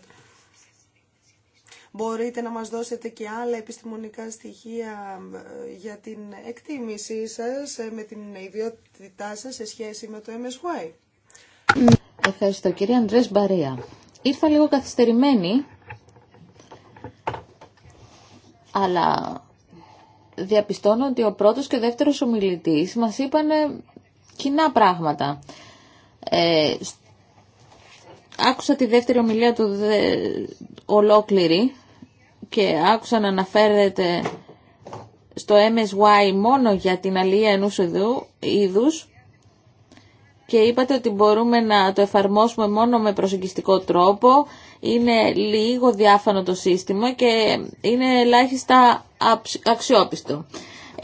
Μπορείτε να μας δώσετε και άλλα επιστημονικά στοιχεία ε, για την εκτίμησή σας ε, με την ιδιότητά σας σε σχέση με το MSY. Ευχαριστώ κύριε Αντρές Μπαρία. Ήρθα λίγο καθυστερημένη, αλλά διαπιστώνω ότι ο πρώτος και ο δεύτερος ομιλητής μας είπαν κοινά πράγματα. Ε, άκουσα τη δεύτερη ομιλία του δε, ολόκληρη και άκουσα να αναφέρεται στο MSY μόνο για την αλληλεία ενός είδου, και είπατε ότι μπορούμε να το εφαρμόσουμε μόνο με προσεγγιστικό τρόπο, είναι λίγο διάφανο το σύστημα και είναι ελάχιστα αξιόπιστο.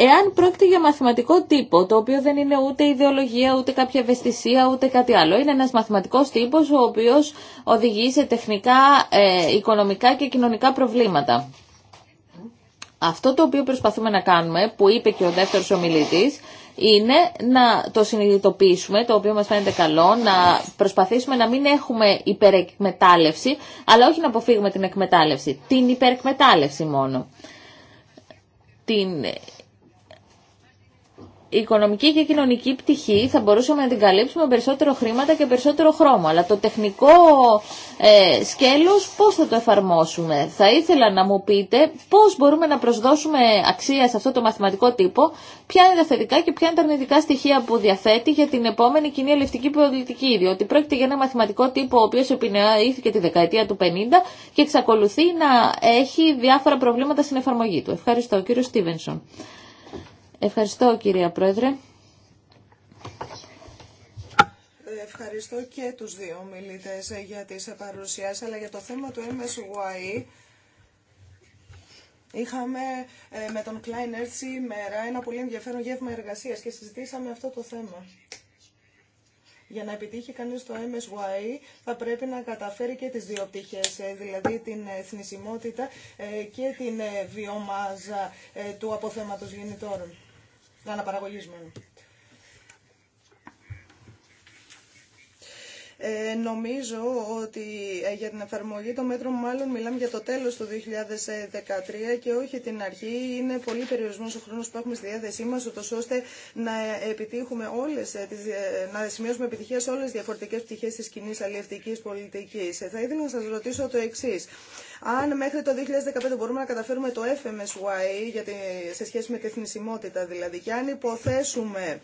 Εάν πρόκειται για μαθηματικό τύπο, το οποίο δεν είναι ούτε ιδεολογία, ούτε κάποια ευαισθησία, ούτε κάτι άλλο, είναι ένας μαθηματικός τύπος ο οποίος οδηγεί σε τεχνικά, ε, οικονομικά και κοινωνικά προβλήματα. Αυτό το οποίο προσπαθούμε να κάνουμε, που είπε και ο δεύτερος ομιλητής, είναι να το συνειδητοποιήσουμε, το οποίο μας φαίνεται καλό, να προσπαθήσουμε να μην έχουμε υπερεκμετάλλευση, αλλά όχι να αποφύγουμε την εκμετάλλευση, την υπερεκμετάλλευση μόνο. Την η οικονομική και κοινωνική πτυχή θα μπορούσαμε να την καλύψουμε με περισσότερο χρήματα και περισσότερο χρώμα. Αλλά το τεχνικό ε, σκέλος πώς θα το εφαρμόσουμε. Θα ήθελα να μου πείτε πώς μπορούμε να προσδώσουμε αξία σε αυτό το μαθηματικό τύπο, ποια είναι τα θετικά και ποια είναι τα αρνητικά στοιχεία που διαθέτει για την επόμενη κοινή ελευτική πολιτική. Διότι πρόκειται για ένα μαθηματικό τύπο ο οποίος επινεώθηκε τη δεκαετία του 50 και εξακολουθεί να έχει διάφορα προβλήματα στην εφαρμογή του. Ευχαριστώ κύριο Στίβενσον. Ευχαριστώ κυρία Πρόεδρε. Ευχαριστώ και τους δύο μιλητές για τις παρουσιάσεις, αλλά για το θέμα του MSY είχαμε ε, με τον Klein Earth σήμερα ένα πολύ ενδιαφέρον γεύμα εργασίας και συζητήσαμε αυτό το θέμα. Για να επιτύχει κανείς το MSY θα πρέπει να καταφέρει και τις δύο πτυχές, ε, δηλαδή την θνησιμότητα ε, και την βιομάζα του αποθέματος γεννητόρων. Να αναπαραγωγήσουμε. Ε, νομίζω ότι ε, για την εφαρμογή των μέτρων μάλλον μιλάμε για το τέλος του 2013 και όχι την αρχή. Είναι πολύ περιορισμένος ο χρόνος που έχουμε στη διάθεσή μας, ώστε να ε, επιτύχουμε όλες, ε, να σημειώσουμε επιτυχία σε όλες τις διαφορετικές πτυχές της κοινή αλληλευτικής πολιτικής. Θα ήθελα να σας ρωτήσω το εξής. Αν μέχρι το 2015 μπορούμε να καταφέρουμε το FMSY για σε σχέση με τη θνησιμότητα δηλαδή και αν υποθέσουμε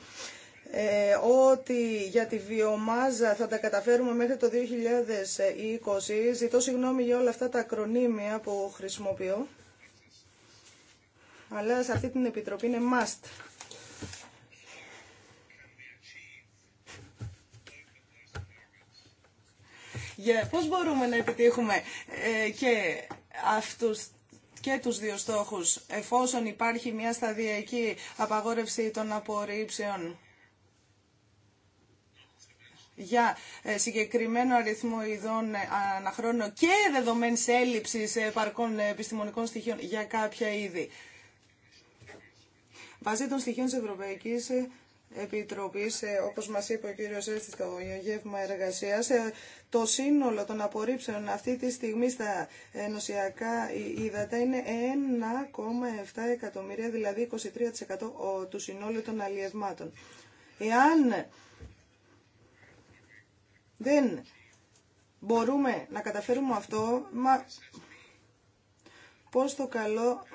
ε, ότι για τη βιομάζα θα τα καταφέρουμε μέχρι το 2020, ζητώ συγγνώμη για όλα αυτά τα ακρονίμια που χρησιμοποιώ, αλλά σε αυτή την επιτροπή είναι must. Για πώς μπορούμε να επιτύχουμε ε, και αυτούς και τους δύο στόχους, εφόσον υπάρχει μια σταδιακή απαγόρευση των απορρίψεων για ε, συγκεκριμένο αριθμό ειδών ε, αναχρόνων και δεδομένης έλλειψης επαρκών επιστημονικών στοιχείων για κάποια είδη. Βάσει των στοιχείων της Ευρωπαϊκής Επιτροπής, ε, όπως μας είπε ο κύριος Έστη το γεύμα εργασίας, ε, το σύνολο των απορρίψεων αυτή τη στιγμή στα ενωσιακά ύδατα είναι 1,7 εκατομμύρια, δηλαδή 23% του συνόλου των αλλιευμάτων. Εάν δεν μπορούμε να καταφέρουμε αυτό, μα πώς το καλό...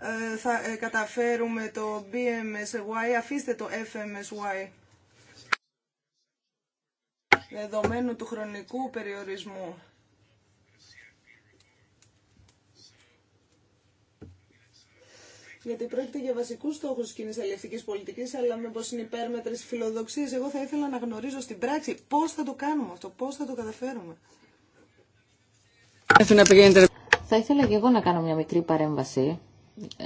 Ε, θα ε, καταφέρουμε το BMSY, αφήστε το FMSY. Δεδομένου του χρονικού περιορισμού. γιατί πρόκειται για βασικού στόχου τη κοινή αλληλευτική πολιτική, αλλά μήπω είναι υπέρμετρε φιλοδοξίε. Εγώ θα ήθελα να γνωρίζω στην πράξη πώ θα το κάνουμε αυτό, πώ θα το καταφέρουμε. Θα ήθελα και εγώ να κάνω μια μικρή παρέμβαση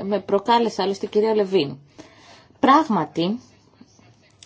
με προκάλεσε άλλωστε η κυρία Λεβίν. Πράγματι,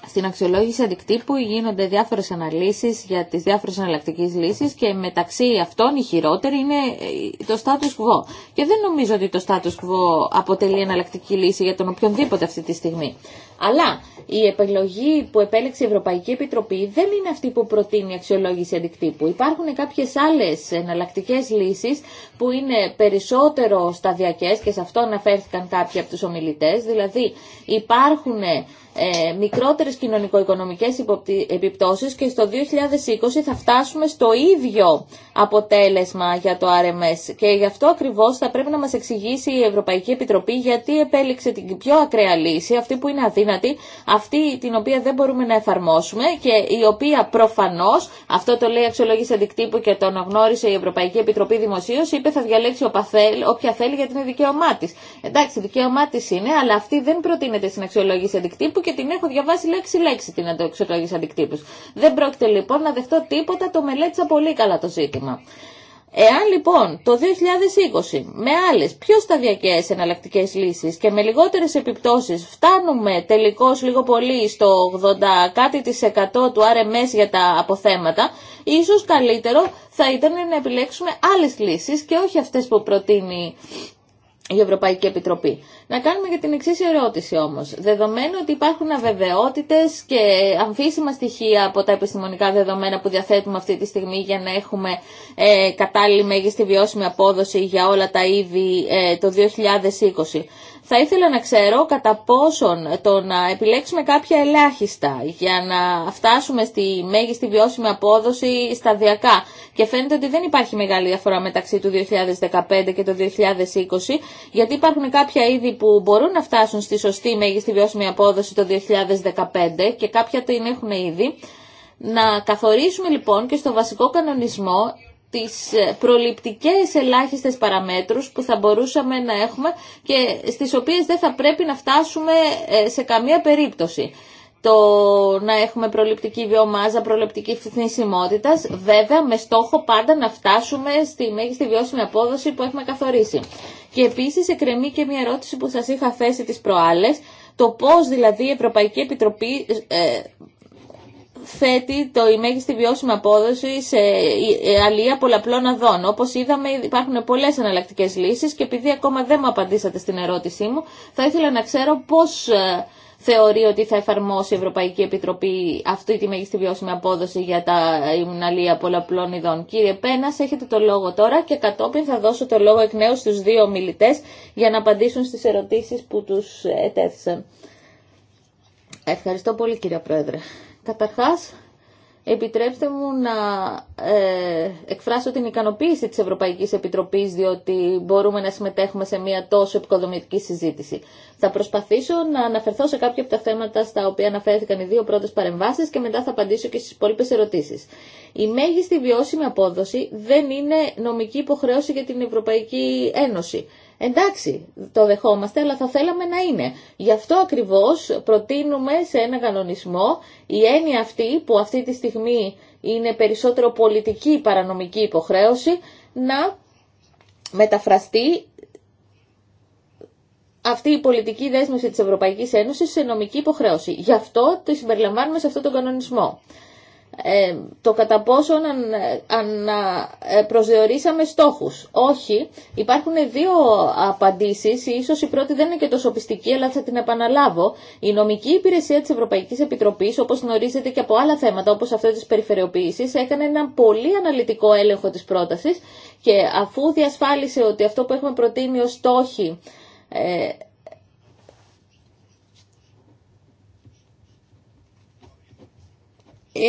στην αξιολόγηση αντικτύπου γίνονται διάφορε αναλύσει για τι διάφορε εναλλακτικέ λύσει και μεταξύ αυτών η χειρότερη είναι ε, το status quo. Και δεν νομίζω ότι το status quo αποτελεί εναλλακτική λύση για τον οποιονδήποτε αυτή τη στιγμή. Αλλά η επιλογή που επέλεξε η Ευρωπαϊκή Επιτροπή δεν είναι αυτή που προτείνει η αξιολόγηση αντικτύπου. Υπάρχουν κάποιε άλλε εναλλακτικέ λύσει που είναι περισσότερο σταδιακέ και σε αυτό αναφέρθηκαν κάποιοι από του ομιλητέ. Δηλαδή υπάρχουν ε, μικρότερε κοινωνικο-οικονομικέ επιπτώσει και στο 2020 θα φτάσουμε στο ίδιο αποτέλεσμα για το RMS. Και γι' αυτό ακριβώ θα πρέπει να μα εξηγήσει η Ευρωπαϊκή Επιτροπή γιατί επέλεξε την πιο ακραία λύση, αυτή που είναι αδύνατη αδύνατη, αυτή την οποία δεν μπορούμε να εφαρμόσουμε και η οποία προφανώς, αυτό το λέει η αξιολόγηση αντικτύπου και το αναγνώρισε η Ευρωπαϊκή Επιτροπή Δημοσίω, είπε θα διαλέξει όποια θέλει γιατί είναι δικαίωμά τη. Εντάξει, δικαίωμά τη είναι, αλλά αυτή δεν προτείνεται στην αξιολόγηση αντικτύπου και την έχω διαβάσει λέξη-λέξη την αξιολόγηση αντικτύπου. Δεν πρόκειται λοιπόν να δεχτώ τίποτα, το μελέτησα πολύ καλά το ζήτημα. Εάν λοιπόν το 2020 με άλλες πιο σταδιακές εναλλακτικές λύσεις και με λιγότερες επιπτώσεις φτάνουμε τελικώς λίγο πολύ στο 80 κάτι της 100 του RMS για τα αποθέματα, ίσως καλύτερο θα ήταν να επιλέξουμε άλλες λύσεις και όχι αυτές που προτείνει η Ευρωπαϊκή Επιτροπή. Να κάνουμε για την εξή ερώτηση όμως. Δεδομένου ότι υπάρχουν αβεβαιότητες και αμφίσιμα στοιχεία από τα επιστημονικά δεδομένα που διαθέτουμε αυτή τη στιγμή για να έχουμε ε, κατάλληλη μέγιστη βιώσιμη απόδοση για όλα τα είδη ε, το 2020. Θα ήθελα να ξέρω κατά πόσον το να επιλέξουμε κάποια ελάχιστα για να φτάσουμε στη μέγιστη βιώσιμη απόδοση σταδιακά. Και φαίνεται ότι δεν υπάρχει μεγάλη διαφορά μεταξύ του 2015 και του 2020, γιατί υπάρχουν κάποια είδη που μπορούν να φτάσουν στη σωστή μέγιστη βιώσιμη απόδοση το 2015 και κάποια την έχουν ήδη. Να καθορίσουμε λοιπόν και στο βασικό κανονισμό τις ε, προληπτικές ελάχιστες παραμέτρους που θα μπορούσαμε να έχουμε και στις οποίες δεν θα πρέπει να φτάσουμε ε, σε καμία περίπτωση. Το να έχουμε προληπτική βιομάζα, προληπτική θνησιμότητα, βέβαια με στόχο πάντα να φτάσουμε στη μέγιστη βιώσιμη απόδοση που έχουμε καθορίσει. Και επίσης εκκρεμεί και μια ερώτηση που σας είχα θέσει τις προάλλες, το πώς δηλαδή η Ευρωπαϊκή Επιτροπή ε, θέτει το η μέγιστη βιώσιμη απόδοση σε αλία πολλαπλών αδών. Όπω είδαμε υπάρχουν πολλέ εναλλακτικέ λύσει και επειδή ακόμα δεν μου απαντήσατε στην ερώτησή μου, θα ήθελα να ξέρω πώ ε, θεωρεί ότι θα εφαρμόσει η Ευρωπαϊκή Επιτροπή αυτή τη μέγιστη βιώσιμη απόδοση για τα ε, αλλοία πολλαπλών ειδών. Κύριε Πένα, έχετε το λόγο τώρα και κατόπιν θα δώσω το λόγο εκ νέου στους δύο ομιλητέ για να απαντήσουν στι ερωτήσει που του ετέθησαν. Ευχαριστώ πολύ κύριε Πρόεδρε. Καταρχάς, επιτρέψτε μου να ε, εκφράσω την ικανοποίηση της Ευρωπαϊκής Επιτροπής διότι μπορούμε να συμμετέχουμε σε μια τόσο επικοδομητική συζήτηση. Θα προσπαθήσω να αναφερθώ σε κάποια από τα θέματα στα οποία αναφέρθηκαν οι δύο πρώτες παρεμβάσεις και μετά θα απαντήσω και στις υπόλοιπε ερωτήσεις. Η μέγιστη βιώσιμη απόδοση δεν είναι νομική υποχρέωση για την Ευρωπαϊκή Ένωση. Εντάξει, το δεχόμαστε, αλλά θα θέλαμε να είναι. Γι' αυτό ακριβώς προτείνουμε σε ένα κανονισμό η έννοια αυτή, που αυτή τη στιγμή είναι περισσότερο πολιτική παρανομική υποχρέωση, να μεταφραστεί αυτή η πολιτική δέσμευση της Ευρωπαϊκής Ένωσης σε νομική υποχρέωση. Γι' αυτό τη συμπεριλαμβάνουμε σε αυτόν τον κανονισμό. Ε, το κατά να ε, προσδιορίσαμε στόχους. Όχι, υπάρχουν δύο απαντήσεις, ίσως η πρώτη δεν είναι και τόσο πιστική, αλλά θα την επαναλάβω. Η νομική υπηρεσία της Ευρωπαϊκής Επιτροπής, όπως γνωρίζετε και από άλλα θέματα, όπως αυτό της περιφερειοποίησης, έκανε ένα πολύ αναλυτικό έλεγχο της πρότασης και αφού διασφάλισε ότι αυτό που έχουμε προτείνει ως στόχοι ε,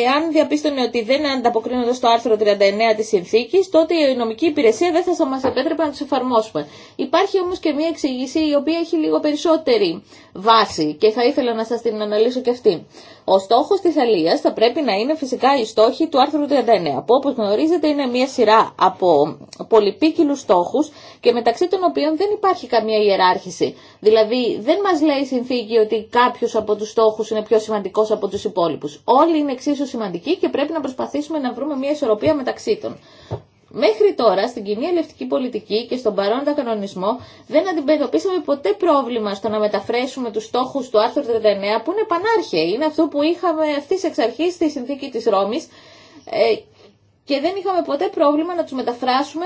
Εάν διαπίστωνε ότι δεν ανταποκρίνονται στο άρθρο 39 της συνθήκης, τότε η νομική υπηρεσία δεν θα μας επέτρεπε να τους εφαρμόσουμε. Υπάρχει όμως και μία εξήγηση η οποία έχει λίγο περισσότερη βάση και θα ήθελα να σας την αναλύσω και αυτή. Ο στόχος της αλίας θα πρέπει να είναι φυσικά οι στόχοι του άρθρου 39, που όπως γνωρίζετε είναι μία σειρά από πολυπίκυλους στόχους και μεταξύ των οποίων δεν υπάρχει καμία ιεράρχηση. Δηλαδή δεν μας λέει η συνθήκη ότι κάποιος από τους στόχους είναι πιο σημαντικός από τους υπόλοιπους. Όλοι είναι και πρέπει να προσπαθήσουμε να βρούμε μια ισορροπία μεταξύ των. Μέχρι τώρα στην κοινή ελευτική πολιτική και στον παρόντα κανονισμό δεν αντιμετωπίσαμε ποτέ πρόβλημα στο να μεταφρέσουμε τους στόχους του άρθρου 39 που είναι πανάρχαιοι. Είναι αυτό που είχαμε αυτή εξ αρχής στη συνθήκη της Ρώμης ε, και δεν είχαμε ποτέ πρόβλημα να τους μεταφράσουμε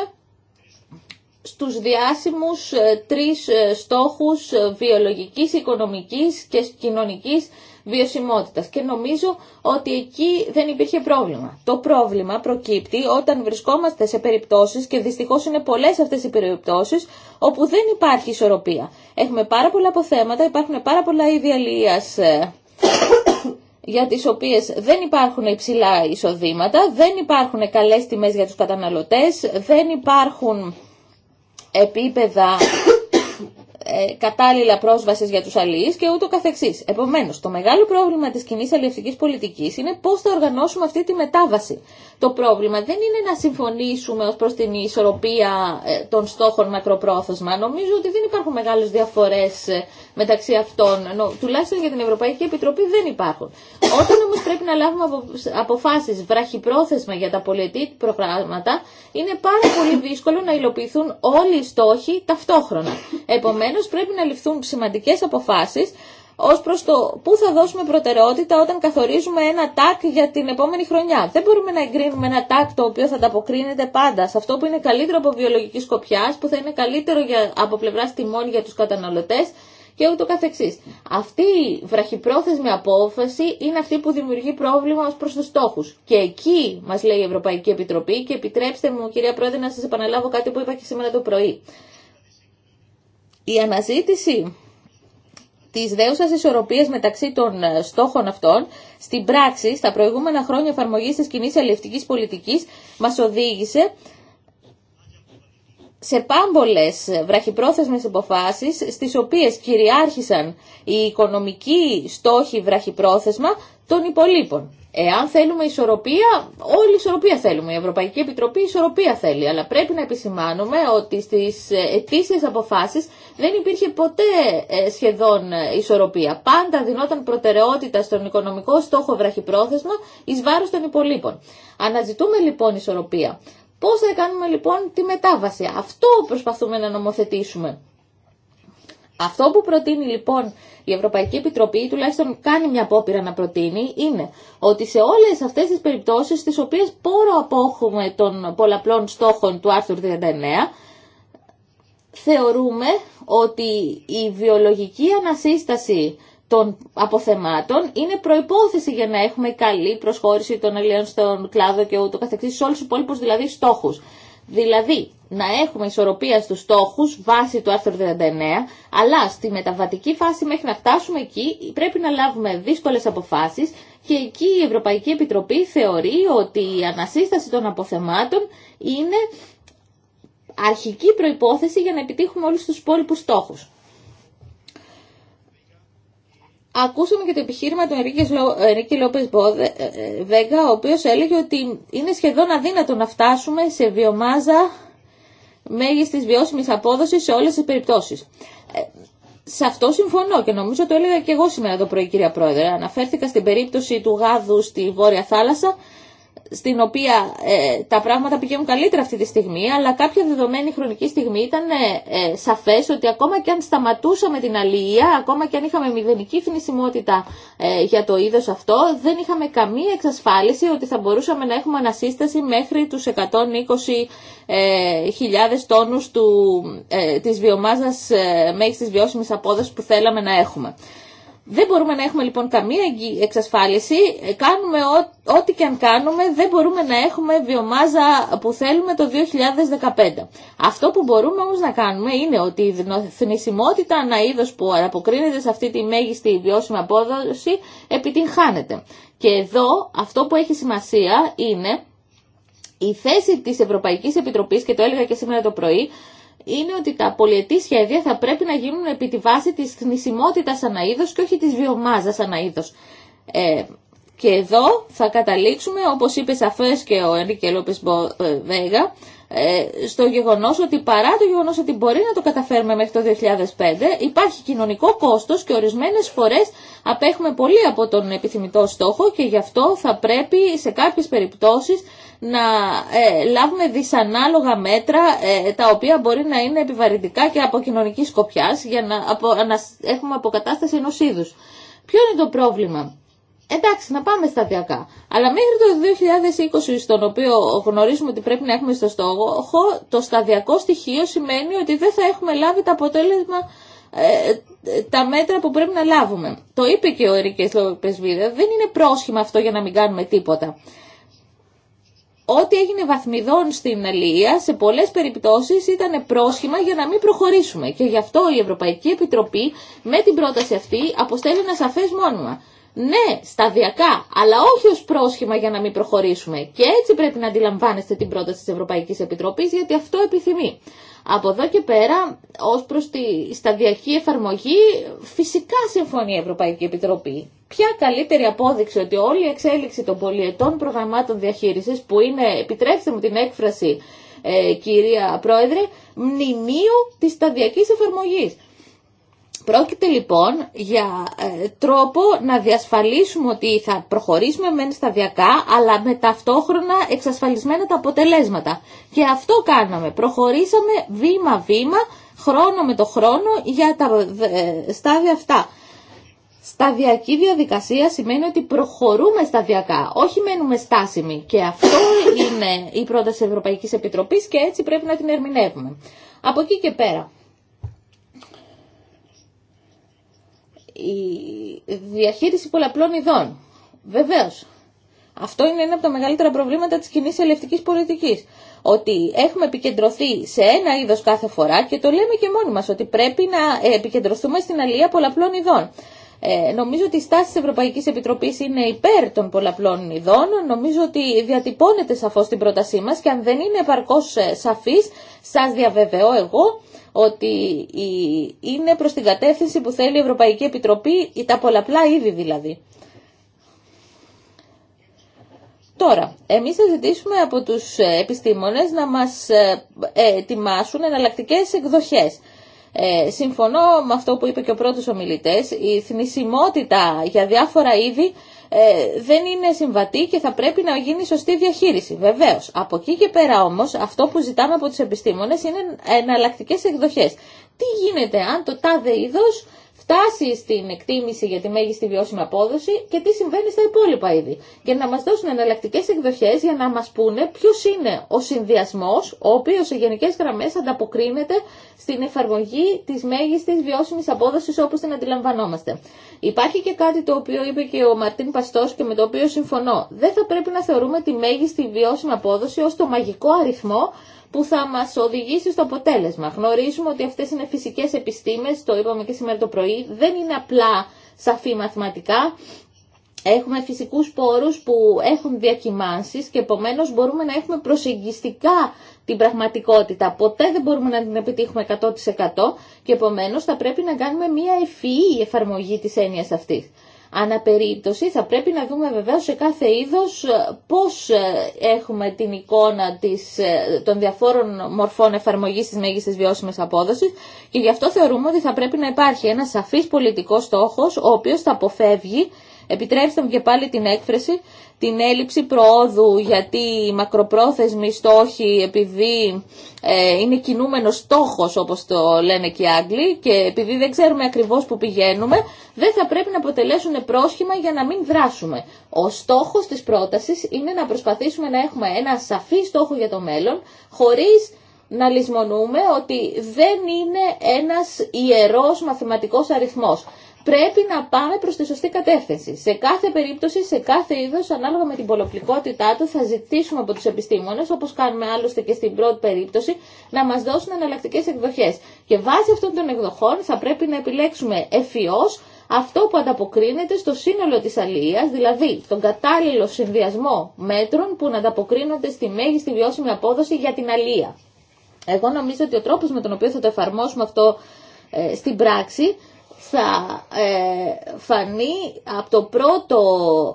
στους διάσημους ε, τρεις ε, στόχους βιολογικής, οικονομικής και κοινωνικής βιωσιμότητας και νομίζω ότι εκεί δεν υπήρχε πρόβλημα. Το πρόβλημα προκύπτει όταν βρισκόμαστε σε περιπτώσεις και δυστυχώς είναι πολλές αυτές οι περιπτώσεις όπου δεν υπάρχει ισορροπία. Έχουμε πάρα πολλά αποθέματα, υπάρχουν πάρα πολλά ιδιά ε, για τις οποίες δεν υπάρχουν υψηλά εισοδήματα, δεν υπάρχουν καλές τιμές για τους καταναλωτές, δεν υπάρχουν επίπεδα ε, κατάλληλα πρόσβαση για του αλληλεί και ούτω καθεξή. Επομένω, το μεγάλο πρόβλημα τη κοινή αλληλευτική πολιτική είναι πώ θα οργανώσουμε αυτή τη μετάβαση. Το πρόβλημα δεν είναι να συμφωνήσουμε ω προ την ισορροπία ε, των στόχων μακροπρόθεσμα. Νομίζω ότι δεν υπάρχουν μεγάλες διαφορές ε, μεταξύ αυτών. Τουλάχιστον για την Ευρωπαϊκή Επιτροπή δεν υπάρχουν. Όταν όμω πρέπει να λάβουμε αποφάσει βραχυπρόθεσμα για τα πολιτή προγράμματα, είναι πάρα πολύ δύσκολο να υλοποιηθούν όλοι οι στόχοι ταυτόχρονα. Επομένω, πρέπει να ληφθούν σημαντικές αποφάσεις ως προς το πού θα δώσουμε προτεραιότητα όταν καθορίζουμε ένα τάκ για την επόμενη χρονιά. Δεν μπορούμε να εγκρίνουμε ένα τάκ το οποίο θα ανταποκρίνεται πάντα σε αυτό που είναι καλύτερο από βιολογική σκοπιά, που θα είναι καλύτερο για, από πλευρά τιμών για τους καταναλωτές και ούτω καθεξής. Αυτή η βραχυπρόθεσμη απόφαση είναι αυτή που δημιουργεί πρόβλημα ως προς τους στόχους. Και εκεί μας λέει η Ευρωπαϊκή Επιτροπή και επιτρέψτε μου κυρία Πρόεδρε να σας επαναλάβω κάτι που είπα και σήμερα το πρωί. Η αναζήτηση της δέουσας ισορροπίας μεταξύ των ε, στόχων αυτών, στην πράξη, στα προηγούμενα χρόνια εφαρμογή της κοινή αλληλευτικής πολιτικής, μας οδήγησε σε πάμπολες βραχυπρόθεσμες υποφάσεις, στις οποίες κυριάρχησαν οι οικονομικοί στόχοι βραχυπρόθεσμα των υπολείπων. Εάν θέλουμε ισορροπία, όλη ισορροπία θέλουμε. Η Ευρωπαϊκή Επιτροπή ισορροπία θέλει. Αλλά πρέπει να επισημάνουμε ότι στι ετήσιε αποφάσει δεν υπήρχε ποτέ ε, σχεδόν ε, ισορροπία. Πάντα δινόταν προτεραιότητα στον οικονομικό στόχο βραχυπρόθεσμα ει βάρο των υπολείπων. Αναζητούμε λοιπόν ισορροπία. Πώς θα κάνουμε λοιπόν τη μετάβαση. Αυτό προσπαθούμε να νομοθετήσουμε. Αυτό που προτείνει λοιπόν η Ευρωπαϊκή Επιτροπή, τουλάχιστον κάνει μια απόπειρα να προτείνει, είναι ότι σε όλες αυτές τις περιπτώσεις, στις οποίες πόρο απόχουμε των πολλαπλών στόχων του άρθρου 39, θεωρούμε ότι η βιολογική ανασύσταση των αποθεμάτων είναι προϋπόθεση για να έχουμε καλή προσχώρηση των αλλιών στον κλάδο και ούτω καθεξής, σε όλους τους υπόλοιπους δηλαδή στόχους. Δηλαδή, να έχουμε ισορροπία στους στόχους βάσει του άρθρου 39, αλλά στη μεταβατική φάση μέχρι να φτάσουμε εκεί πρέπει να λάβουμε δύσκολες αποφάσεις και εκεί η Ευρωπαϊκή Επιτροπή θεωρεί ότι η ανασύσταση των αποθεμάτων είναι αρχική προϋπόθεση για να επιτύχουμε όλους τους υπόλοιπους στόχους. Ακούσαμε και το επιχείρημα του Ενρίκη Λόπες ε, ε, Βέγκα, ο οποίος έλεγε ότι είναι σχεδόν αδύνατο να φτάσουμε σε βιομάζα μέγιστης βιώσιμης απόδοσης σε όλες τις περιπτώσεις. Ε, σε αυτό συμφωνώ και νομίζω το έλεγα και εγώ σήμερα το πρωί, κυρία Πρόεδρε. Αναφέρθηκα στην περίπτωση του γάδου στη Βόρεια Θάλασσα στην οποία ε, τα πράγματα πηγαίνουν καλύτερα αυτή τη στιγμή, αλλά κάποια δεδομένη χρονική στιγμή ήταν ε, ε, σαφές ότι ακόμα και αν σταματούσαμε την αλληλεία, ακόμα και αν είχαμε μηδενική θνησιμότητα ε, για το είδος αυτό, δεν είχαμε καμία εξασφάλιση ότι θα μπορούσαμε να έχουμε ανασύσταση μέχρι τους 120.000 τόνους του, της βιομάζας μέχρι τις βιώσιμες απόδοσης που θέλαμε να έχουμε. Δεν μπορούμε να έχουμε λοιπόν καμία εξασφάλιση, κάνουμε ό,τι και αν κάνουμε, δεν μπορούμε να έχουμε βιομάζα που θέλουμε το 2015. Αυτό που μπορούμε όμως να κάνουμε είναι ότι η θνησιμότητα ανά είδος που αποκρίνεται σε αυτή τη μέγιστη βιώσιμη απόδοση επιτυγχάνεται. Και εδώ αυτό που έχει σημασία είναι η θέση της Ευρωπαϊκής Επιτροπής, και το έλεγα και σήμερα το πρωί, είναι ότι τα πολιετή σχέδια θα πρέπει να γίνουν επί τη βάση της θνησιμότητας αναείδος και όχι της βιομάζας αναείδος. Ε, και εδώ θα καταλήξουμε, όπως είπε σαφές και ο Ενρίκε Λόπες ε, Βέγα, ε, στο γεγονός ότι παρά το γεγονός ότι μπορεί να το καταφέρουμε μέχρι το 2005 υπάρχει κοινωνικό κόστος και ορισμένες φορές απέχουμε πολύ από τον επιθυμητό στόχο και γι' αυτό θα πρέπει σε κάποιες περιπτώσεις να ε, λάβουμε δυσανάλογα μέτρα ε, τα οποία μπορεί να είναι επιβαρυντικά και από κοινωνική σκοπιά για να, έχουμε αποκατάσταση ενό είδου. Ποιο είναι το πρόβλημα. Εντάξει, να πάμε σταδιακά. Αλλά μέχρι το 2020, στον οποίο γνωρίζουμε ότι πρέπει να έχουμε στο στόχο, το σταδιακό στοιχείο σημαίνει ότι δεν θα έχουμε λάβει τα αποτέλεσμα, ε, ε, τα μέτρα που πρέπει να λάβουμε. Το είπε και ο Ερικέ Λοπεσβίδε, Βίδε, δεν είναι πρόσχημα αυτό για να μην κάνουμε τίποτα ό,τι έγινε βαθμιδών στην Αλία σε πολλές περιπτώσεις ήταν πρόσχημα για να μην προχωρήσουμε. Και γι' αυτό η Ευρωπαϊκή Επιτροπή με την πρόταση αυτή αποστέλει ένα σαφές μόνιμα. Ναι, σταδιακά, αλλά όχι ως πρόσχημα για να μην προχωρήσουμε. Και έτσι πρέπει να αντιλαμβάνεστε την πρόταση της Ευρωπαϊκής Επιτροπής, γιατί αυτό επιθυμεί. Από εδώ και πέρα, ως προς τη σταδιακή εφαρμογή, φυσικά συμφωνεί η Ευρωπαϊκή Επιτροπή. Ποια καλύτερη απόδειξη ότι όλη η εξέλιξη των πολιετών προγραμμάτων διαχείρισης, που είναι, επιτρέψτε μου την έκφραση, ε, κυρία Πρόεδρε, μνημείο της σταδιακής εφαρμογής. Πρόκειται λοιπόν για ε, τρόπο να διασφαλίσουμε ότι θα προχωρήσουμε μεν σταδιακά, αλλά με ταυτόχρονα εξασφαλισμένα τα αποτελέσματα. Και αυτό κάναμε. Προχωρήσαμε βήμα-βήμα, χρόνο με το χρόνο για τα ε, στάδια αυτά. Σταδιακή διαδικασία σημαίνει ότι προχωρούμε σταδιακά, όχι μένουμε στάσιμοι. Και αυτό είναι η πρόταση Ευρωπαϊκής Επιτροπής και έτσι πρέπει να την ερμηνεύουμε. Από εκεί και πέρα. η διαχείριση πολλαπλών ειδών. Βεβαίω, αυτό είναι ένα από τα μεγαλύτερα προβλήματα της κοινή ελευτικής πολιτικής. Ότι έχουμε επικεντρωθεί σε ένα είδος κάθε φορά και το λέμε και μόνοι μα ότι πρέπει να επικεντρωθούμε στην αλληλεία πολλαπλών ειδών. Ε, νομίζω ότι η στάση της Ευρωπαϊκής Επιτροπής είναι υπέρ των πολλαπλών ειδών. Νομίζω ότι διατυπώνεται σαφώς την πρότασή μας και αν δεν είναι επαρκώς ε, σαφής, σας διαβεβαιώ εγώ ότι είναι προς την κατεύθυνση που θέλει η Ευρωπαϊκή Επιτροπή, τα πολλαπλά είδη δηλαδή. Τώρα, εμείς θα ζητήσουμε από τους ε, επιστήμονες να μας ε, ετοιμάσουν εναλλακτικές εκδοχές. Ε, συμφωνώ με αυτό που είπε και ο πρώτος ομιλητές. Η θνησιμότητα για διάφορα είδη ε, δεν είναι συμβατή και θα πρέπει να γίνει σωστή διαχείριση. Βεβαίως, Από εκεί και πέρα όμως αυτό που ζητάμε από τους επιστήμονες είναι εναλλακτικέ εκδοχές. Τι γίνεται αν το τάδε είδο φτάσει στην εκτίμηση για τη μέγιστη βιώσιμη απόδοση και τι συμβαίνει στα υπόλοιπα είδη. Και να μας δώσουν εναλλακτικέ εκδοχές για να μας πούνε ποιος είναι ο συνδυασμός ο οποίος σε γενικές γραμμές ανταποκρίνεται στην εφαρμογή της μέγιστης βιώσιμης απόδοσης όπως την αντιλαμβανόμαστε. Υπάρχει και κάτι το οποίο είπε και ο Μαρτίν Παστό και με το οποίο συμφωνώ. Δεν θα πρέπει να θεωρούμε τη μέγιστη βιώσιμη απόδοση ω το μαγικό αριθμό που θα μα οδηγήσει στο αποτέλεσμα. Γνωρίζουμε ότι αυτέ είναι φυσικέ επιστήμες, το είπαμε και σήμερα το πρωί, δεν είναι απλά σαφή μαθηματικά, Έχουμε φυσικούς πόρους που έχουν διακυμάνσεις και επομένως μπορούμε να έχουμε προσεγγιστικά την πραγματικότητα. Ποτέ δεν μπορούμε να την επιτύχουμε 100% και επομένως θα πρέπει να κάνουμε μια ευφυή εφαρμογή της έννοιας αυτής αναπερίπτωση θα πρέπει να δούμε βεβαίω σε κάθε είδο ε, πώ ε, έχουμε την εικόνα της, ε, των διαφόρων μορφών εφαρμογής τη μέγιστης βιώσιμης απόδοσης και γι' αυτό θεωρούμε ότι θα πρέπει να υπάρχει ένα σαφή πολιτικός στόχο ο οποίος θα αποφεύγει Επιτρέψτε μου και πάλι την έκφραση, την έλλειψη προόδου γιατί οι μακροπρόθεσμοι στόχοι επειδή ε, είναι κινούμενος στόχος όπως το λένε και οι Άγγλοι και επειδή δεν ξέρουμε ακριβώς που πηγαίνουμε δεν θα πρέπει να αποτελέσουν πρόσχημα για να μην δράσουμε. Ο στόχος της πρότασης είναι να προσπαθήσουμε να έχουμε ένα σαφή στόχο για το μέλλον χωρίς να λησμονούμε ότι δεν είναι ένας ιερός μαθηματικός αριθμός πρέπει να πάμε προς τη σωστή κατεύθυνση. Σε κάθε περίπτωση, σε κάθε είδος, ανάλογα με την πολλοπλικότητά του, θα ζητήσουμε από τους επιστήμονες, όπως κάνουμε άλλωστε και στην πρώτη περίπτωση, να μας δώσουν εναλλακτικέ εκδοχές. Και βάσει αυτών των εκδοχών θα πρέπει να επιλέξουμε ευφυώς αυτό που ανταποκρίνεται στο σύνολο της αλληλείας, δηλαδή τον κατάλληλο συνδυασμό μέτρων που να ανταποκρίνονται στη μέγιστη βιώσιμη απόδοση για την αλληλεία. Εγώ νομίζω ότι ο τρόπος με τον οποίο θα το εφαρμόσουμε αυτό ε, στην πράξη θα ε, φανεί από το πρώτο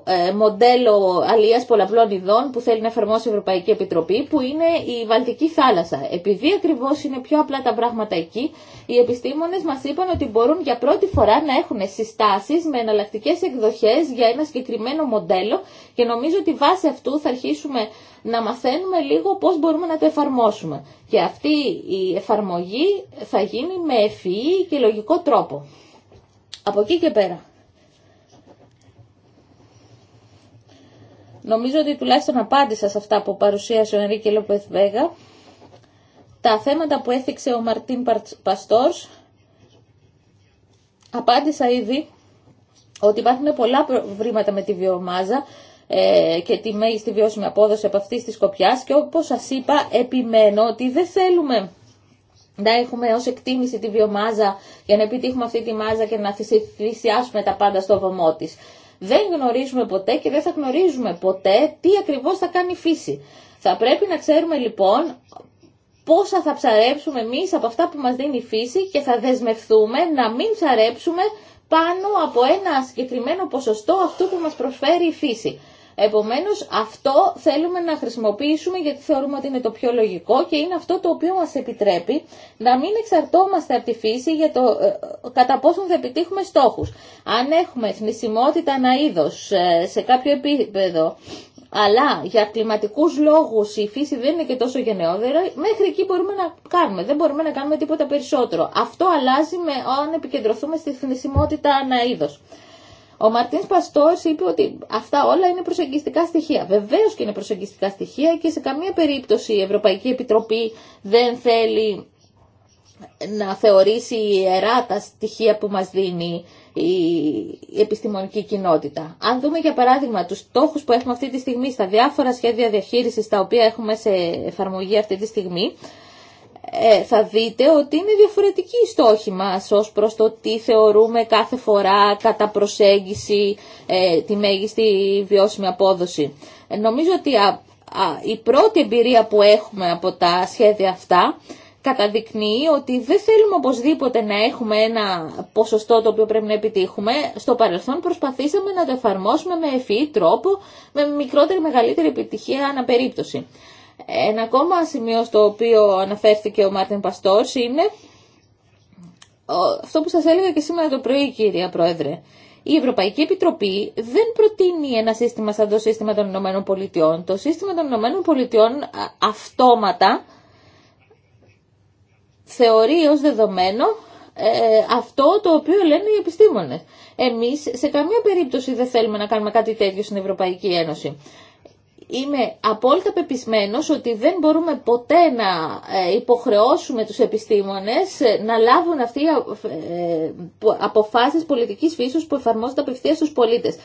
ε, μοντέλο αλίας πολλαπλών ειδών που θέλει να εφαρμόσει η Ευρωπαϊκή Επιτροπή που είναι η Βαλτική θάλασσα. Επειδή ακριβώς είναι πιο απλά τα πράγματα εκεί, οι επιστήμονες μας είπαν ότι μπορούν για πρώτη φορά να έχουν συστάσεις με εναλλακτικέ εκδοχές για ένα συγκεκριμένο μοντέλο και νομίζω ότι βάσει αυτού θα αρχίσουμε να μαθαίνουμε λίγο πώς μπορούμε να το εφαρμόσουμε. Και αυτή η εφαρμογή θα γίνει με ευφυή και λογικό τρόπο. Από εκεί και πέρα. Νομίζω ότι τουλάχιστον απάντησα σε αυτά που παρουσίασε ο Ενρίκε Λόπεθ Βέγα. Τα θέματα που έθιξε ο Μαρτίν Παστόρς απάντησα ήδη ότι υπάρχουν πολλά προβλήματα με τη βιομάζα ε, και τη μέγιστη βιώσιμη απόδοση από αυτή τη σκοπιά και όπως σας είπα επιμένω ότι δεν θέλουμε να έχουμε ως εκτίμηση τη βιομάζα για να επιτύχουμε αυτή τη μάζα και να θυσιάσουμε τα πάντα στο βωμό της. Δεν γνωρίζουμε ποτέ και δεν θα γνωρίζουμε ποτέ τι ακριβώς θα κάνει η φύση. Θα πρέπει να ξέρουμε λοιπόν πόσα θα ψαρέψουμε εμείς από αυτά που μας δίνει η φύση και θα δεσμευθούμε να μην ψαρέψουμε πάνω από ένα συγκεκριμένο ποσοστό αυτού που μας προσφέρει η φύση. Επομένως αυτό θέλουμε να χρησιμοποιήσουμε γιατί θεωρούμε ότι είναι το πιο λογικό και είναι αυτό το οποίο μας επιτρέπει να μην εξαρτώμαστε από τη φύση για το ε, κατά πόσον θα επιτύχουμε στόχους. Αν έχουμε θνησιμότητα ένα είδος ε, σε κάποιο επίπεδο αλλά για κλιματικούς λόγους η φύση δεν είναι και τόσο γενναιόδερα, μέχρι εκεί μπορούμε να κάνουμε. Δεν μπορούμε να κάνουμε τίποτα περισσότερο. Αυτό αλλάζει με αν επικεντρωθούμε στη θνησιμότητα αναείδος. είδος. Ο Μαρτίν Παστόρ είπε ότι αυτά όλα είναι προσεγγιστικά στοιχεία. Βεβαίω και είναι προσεγγιστικά στοιχεία και σε καμία περίπτωση η Ευρωπαϊκή Επιτροπή δεν θέλει να θεωρήσει ιερά τα στοιχεία που μας δίνει η επιστημονική κοινότητα. Αν δούμε για παράδειγμα τους στόχους που έχουμε αυτή τη στιγμή στα διάφορα σχέδια διαχείρισης τα οποία έχουμε σε εφαρμογή αυτή τη στιγμή, ε, θα δείτε ότι είναι διαφορετική η στόχη μας ως προς το τι θεωρούμε κάθε φορά κατά προσέγγιση ε, τη μέγιστη βιώσιμη απόδοση. Ε, νομίζω ότι η πρώτη εμπειρία που έχουμε από τα σχέδια αυτά καταδεικνύει ότι δεν θέλουμε οπωσδήποτε να έχουμε ένα ποσοστό το οποίο πρέπει να επιτύχουμε. Στο παρελθόν προσπαθήσαμε να το εφαρμόσουμε με ευφυή τρόπο, με μικρότερη μεγαλύτερη επιτυχία αναπερίπτωση. Ένα ακόμα σημείο στο οποίο αναφέρθηκε ο Μάρτιν Παστόρς είναι αυτό που σας έλεγα και σήμερα το πρωί κυρία Πρόεδρε. Η Ευρωπαϊκή Επιτροπή δεν προτείνει ένα σύστημα σαν το σύστημα των Ηνωμένων Πολιτειών. Το σύστημα των Ηνωμένων Πολιτειών αυτόματα θεωρεί ως δεδομένο ε, αυτό το οποίο λένε οι επιστήμονες. Εμείς σε καμία περίπτωση δεν θέλουμε να κάνουμε κάτι τέτοιο στην Ευρωπαϊκή Ένωση. Είμαι απόλυτα πεπισμένος ότι δεν μπορούμε ποτέ να ε, υποχρεώσουμε τους επιστήμονες ε, να λάβουν αυτοί ε, αποφάσεις πολιτικής φύσης που εφαρμόζονται απευθεία στους πολίτες.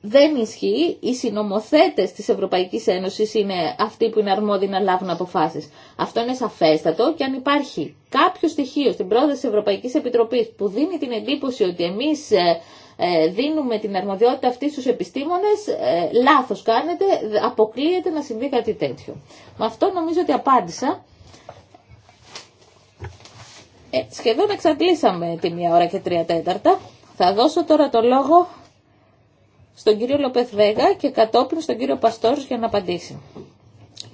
Δεν ισχύει. Οι συνομοθέτες της Ευρωπαϊκής Ένωσης είναι αυτοί που είναι αρμόδιοι να λάβουν αποφάσεις. Αυτό είναι σαφέστατο και αν υπάρχει κάποιο στοιχείο στην πρόταση της Ευρωπαϊκής Επιτροπής που δίνει την εντύπωση ότι εμείς ε, δίνουμε την αρμοδιότητα αυτή στους επιστήμονες, ε, λάθος κάνετε, αποκλείεται να συμβεί κάτι τέτοιο. Με αυτό νομίζω ότι απάντησα. Ε, σχεδόν εξαντλήσαμε τη μία ώρα και τρία τέταρτα. Θα δώσω τώρα το λόγο στον κύριο Λοπεθ Βέγα και κατόπιν στον κύριο Παστόρος για να απαντήσει.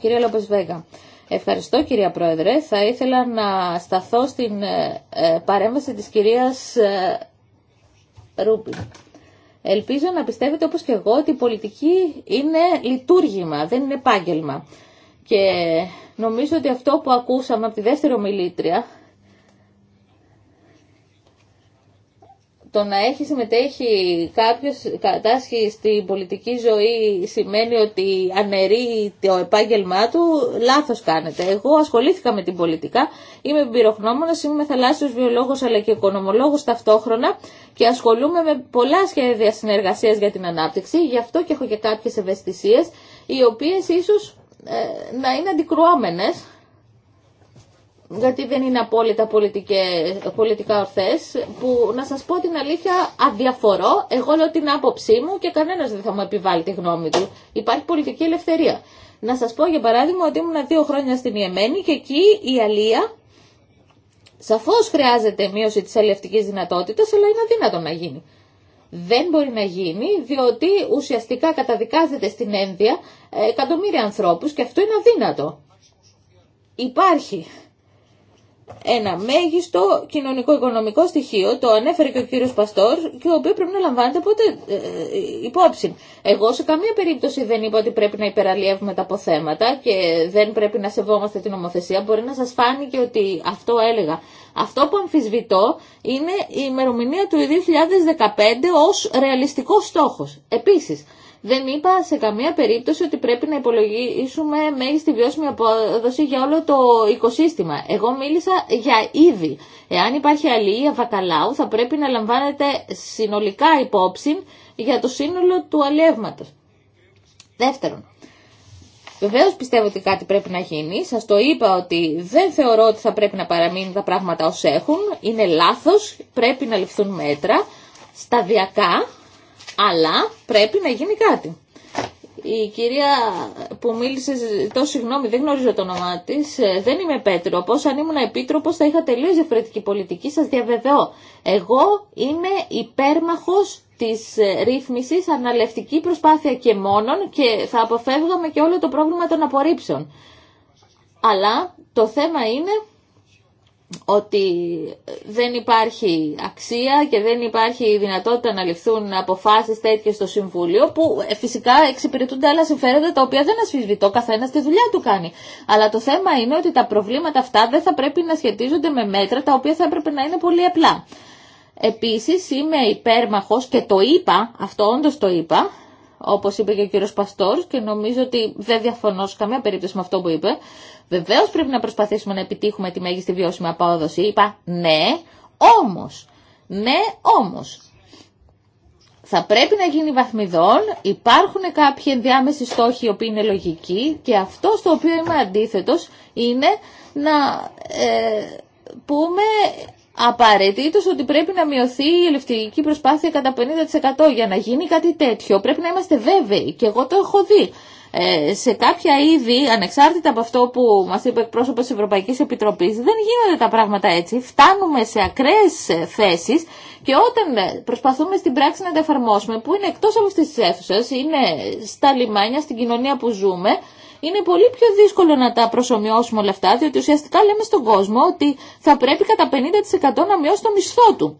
Κύριε Λοπεθ Βέγα, ευχαριστώ κυρία Πρόεδρε. Θα ήθελα να σταθώ στην ε, παρέμβαση της κυρίας Ρούπι. Ελπίζω να πιστεύετε όπως και εγώ ότι η πολιτική είναι λειτουργήμα, δεν είναι επάγγελμα. Και νομίζω ότι αυτό που ακούσαμε από τη δεύτερη ομιλήτρια το να έχει συμμετέχει κάποιος κατάσχει στην πολιτική ζωή σημαίνει ότι αναιρεί το επάγγελμά του, λάθος κάνετε. Εγώ ασχολήθηκα με την πολιτικά, είμαι πυροχνόμονας, είμαι θαλάσσιο βιολόγος αλλά και οικονομολόγος ταυτόχρονα και ασχολούμαι με πολλά σχέδια συνεργασία για την ανάπτυξη, γι' αυτό και έχω και κάποιε ευαισθησίε, οι οποίε ίσω ε, να είναι αντικρουόμενε γιατί δεν είναι απόλυτα πολιτικά ορθές, που να σας πω την αλήθεια αδιαφορώ, εγώ λέω την άποψή μου και κανένας δεν θα μου επιβάλλει τη γνώμη του. Υπάρχει πολιτική ελευθερία. Να σας πω για παράδειγμα ότι ήμουν δύο χρόνια στην Ιεμένη και εκεί η Αλία σαφώς χρειάζεται μείωση της αλληλευτική δυνατότητας, αλλά είναι αδύνατο να γίνει. Δεν μπορεί να γίνει, διότι ουσιαστικά καταδικάζεται στην ένδια ε, εκατομμύρια ανθρώπους και αυτό είναι αδύνατο. Υπάρχει ένα μέγιστο κοινωνικό-οικονομικό στοιχείο, το ανέφερε και ο κύριος Παστόρ, και ο οποίο πρέπει να λαμβάνεται πότε, ε, ε, υπόψη. Εγώ σε καμία περίπτωση δεν είπα ότι πρέπει να υπεραλλιεύουμε τα αποθέματα και δεν πρέπει να σεβόμαστε την νομοθεσία. Μπορεί να σας φάνηκε ότι αυτό έλεγα. Αυτό που αμφισβητώ είναι η ημερομηνία του 2015 ως ρεαλιστικός στόχος. Επίσης, δεν είπα σε καμία περίπτωση ότι πρέπει να υπολογίσουμε μέγιστη βιώσιμη απόδοση για όλο το οικοσύστημα. Εγώ μίλησα για είδη. Εάν υπάρχει αλληλεία βακαλάου θα πρέπει να λαμβάνετε συνολικά υπόψη για το σύνολο του αλλιεύματος. Δεύτερον, Βεβαίω πιστεύω ότι κάτι πρέπει να γίνει. Σα το είπα ότι δεν θεωρώ ότι θα πρέπει να παραμείνουν τα πράγματα ω έχουν. Είναι λάθο. Πρέπει να ληφθούν μέτρα σταδιακά αλλά πρέπει να γίνει κάτι. Η κυρία που μίλησε, το συγγνώμη, δεν γνωρίζω το όνομά τη. Ε, δεν είμαι επέτροπο. Αν ήμουν επίτροπο θα είχα τελείω διαφορετική πολιτική, σα διαβεβαιώ. Εγώ είμαι υπέρμαχο τη ε, ρύθμιση, αναλευτική προσπάθεια και μόνον και θα αποφεύγαμε και όλο το πρόβλημα των απορρίψεων. Αλλά το θέμα είναι ότι δεν υπάρχει αξία και δεν υπάρχει δυνατότητα να ληφθούν αποφάσεις τέτοιε στο Συμβούλιο που ε, φυσικά εξυπηρετούνται άλλα συμφέροντα τα οποία δεν ασφισβητώ, καθένα τη δουλειά του κάνει. Αλλά το θέμα είναι ότι τα προβλήματα αυτά δεν θα πρέπει να σχετίζονται με μέτρα τα οποία θα έπρεπε να είναι πολύ απλά. Επίση, είμαι υπέρμαχο και το είπα, αυτό όντω το είπα, όπως είπε και ο κύριος Παστόρ και νομίζω ότι δεν διαφωνώ σε καμία περίπτωση με αυτό που είπε. Βεβαίως πρέπει να προσπαθήσουμε να επιτύχουμε τη μέγιστη βιώσιμη απόδοση. Είπα ναι, όμως. Ναι, όμως. Θα πρέπει να γίνει βαθμιδών, υπάρχουν κάποιοι ενδιάμεσοι στόχοι οι οποίοι είναι λογικοί και αυτό στο οποίο είμαι αντίθετος είναι να ε, πούμε Απαραίτητο ότι πρέπει να μειωθεί η ελευθερική προσπάθεια κατά 50% για να γίνει κάτι τέτοιο. Πρέπει να είμαστε βέβαιοι και εγώ το έχω δει. Ε, σε κάποια είδη, ανεξάρτητα από αυτό που μας είπε εκπρόσωπο τη Ευρωπαϊκής Επιτροπής, δεν γίνονται τα πράγματα έτσι. Φτάνουμε σε ακραίε ε, θέσεις και όταν ε, προσπαθούμε στην πράξη να τα εφαρμόσουμε, που είναι εκτό από αυτέ τι αίθουσε, είναι στα λιμάνια, στην κοινωνία που ζούμε, είναι πολύ πιο δύσκολο να τα προσωμιώσουμε όλα αυτά, διότι ουσιαστικά λέμε στον κόσμο ότι θα πρέπει κατά 50% να μειώσει το μισθό του.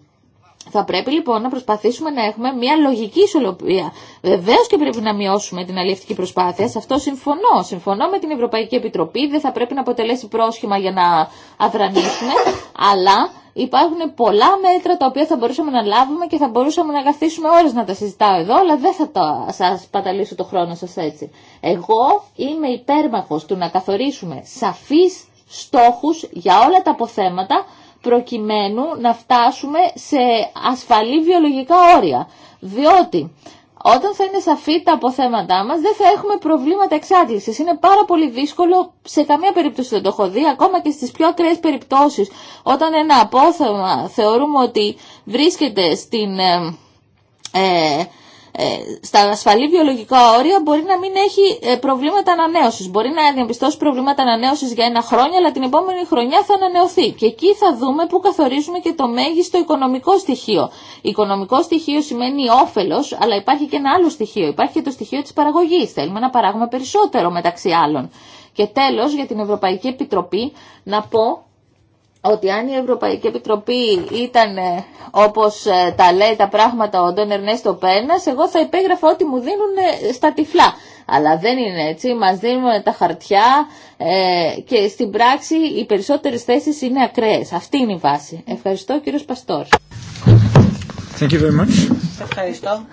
Θα πρέπει λοιπόν να προσπαθήσουμε να έχουμε μια λογική ισορροπία. Βεβαίω και πρέπει να μειώσουμε την αλληλευτική προσπάθεια. Σε αυτό συμφωνώ. Συμφωνώ με την Ευρωπαϊκή Επιτροπή. Δεν θα πρέπει να αποτελέσει πρόσχημα για να αδρανίσουμε. Αλλά Υπάρχουν πολλά μέτρα τα οποία θα μπορούσαμε να λάβουμε και θα μπορούσαμε να καθίσουμε ώρες να τα συζητάω εδώ, αλλά δεν θα το σας παταλήσω το χρόνο σας έτσι. Εγώ είμαι υπέρμαχος του να καθορίσουμε σαφείς στόχους για όλα τα αποθέματα προκειμένου να φτάσουμε σε ασφαλή βιολογικά όρια. Διότι όταν θα είναι σαφή τα αποθέματά μας δεν θα έχουμε προβλήματα εξάντληση. Είναι πάρα πολύ δύσκολο, σε καμία περίπτωση δεν το έχω δει, ακόμα και στι πιο ακραίε περιπτώσεις. Όταν ένα απόθεμα θεωρούμε ότι βρίσκεται στην... ε, ε ε, στα ασφαλή βιολογικά όρια μπορεί να μην έχει ε, προβλήματα ανανέωση. Μπορεί να διαπιστώσει προβλήματα ανανέωση για ένα χρόνο, αλλά την επόμενη χρονιά θα ανανεωθεί. Και εκεί θα δούμε που καθορίζουμε και το μέγιστο οικονομικό στοιχείο. Οικονομικό στοιχείο σημαίνει όφελο, αλλά υπάρχει και ένα άλλο στοιχείο. Υπάρχει και το στοιχείο τη παραγωγή. Θέλουμε να παράγουμε περισσότερο μεταξύ άλλων. Και τέλο, για την Ευρωπαϊκή Επιτροπή, να πω ότι αν η Ευρωπαϊκή Επιτροπή ήταν ε, όπως ε, τα λέει τα πράγματα ο Ντόν Ερνέστο Πένας, εγώ θα υπέγραφα ό,τι μου δίνουν ε, στα τυφλά. Αλλά δεν είναι έτσι, μας δίνουν τα χαρτιά και στην πράξη οι περισσότερες θέσεις είναι ακραίες. Αυτή είναι η βάση. Ευχαριστώ κύριος Παστόρ. Ευχαριστώ.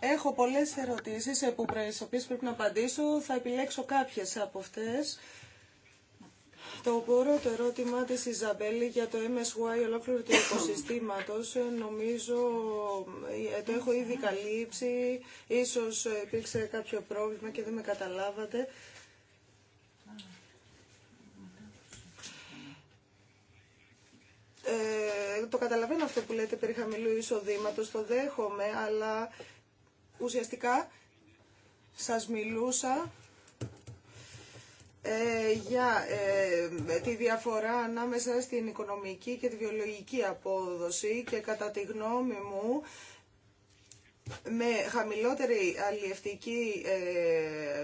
Έχω πολλές ερωτήσεις ε, που οποίες πρέπει να απαντήσω. Θα επιλέξω κάποιες από αυτές. Το πρώτο ερώτημα της Ιζαμπέλη για το MSY ολόκληρο του οικοσυστήματος ε, νομίζω ε, το έχω ήδη καλύψει, ίσως υπήρξε κάποιο πρόβλημα και δεν με καταλάβατε. Ε, το καταλαβαίνω αυτό που λέτε περί χαμηλού εισοδήματος, το δέχομαι, αλλά ουσιαστικά σας μιλούσα ε, για ε, τη διαφορά ανάμεσα στην οικονομική και τη βιολογική απόδοση και κατά τη γνώμη μου με χαμηλότερη αλλιευτική